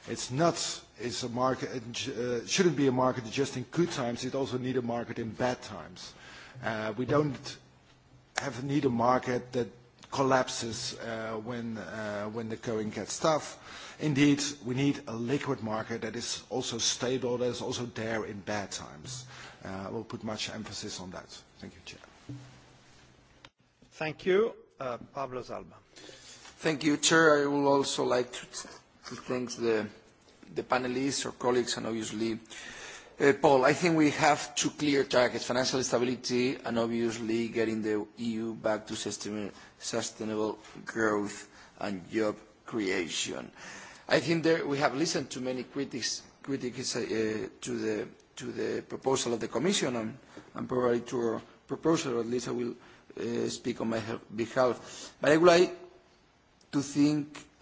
it's not it's a market it shouldn't be a market just in good times. It also need a market in bad times. We don't have need a market that collapses when when the going gets tough. Indeed, we need a liquid market that is also stable, that is also there in bad times. I will put much emphasis on that. Thank you, Chair. Thank you. Pablo Zalba. Thank you, Chair. I would also like to thank the panelists or colleagues and obviously Paul, I think we have two clear targets, financial stability and obviously getting the EU back to sustainable growth and job creation. I think there we have listened to many critics to the proposal of the Commission and probably to our proposal, at least I will speak on my behalf. But I would like to think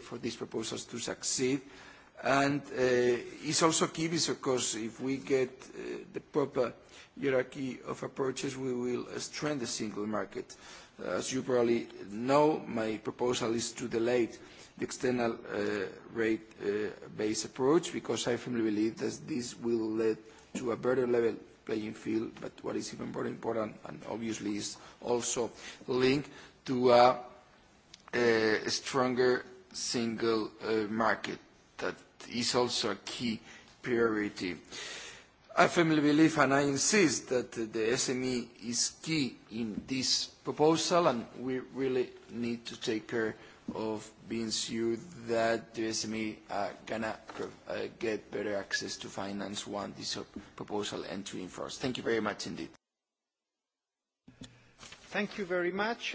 for these proposals to succeed. And it's also key because if we get the proper hierarchy of approaches, we will strengthen the single market. As you probably know, my proposal is to delay the external rate-based approach because I firmly believe that this will lead to a better level playing field, but what is even more important and obviously is also linked to a stronger single market. That is also a key priority. I firmly believe and I insist that the SME is key in this proposal and we really need to take care of being sure that the SME are going to get better access to finance once this proposal enters in force. Thank you very much indeed. Thank you very much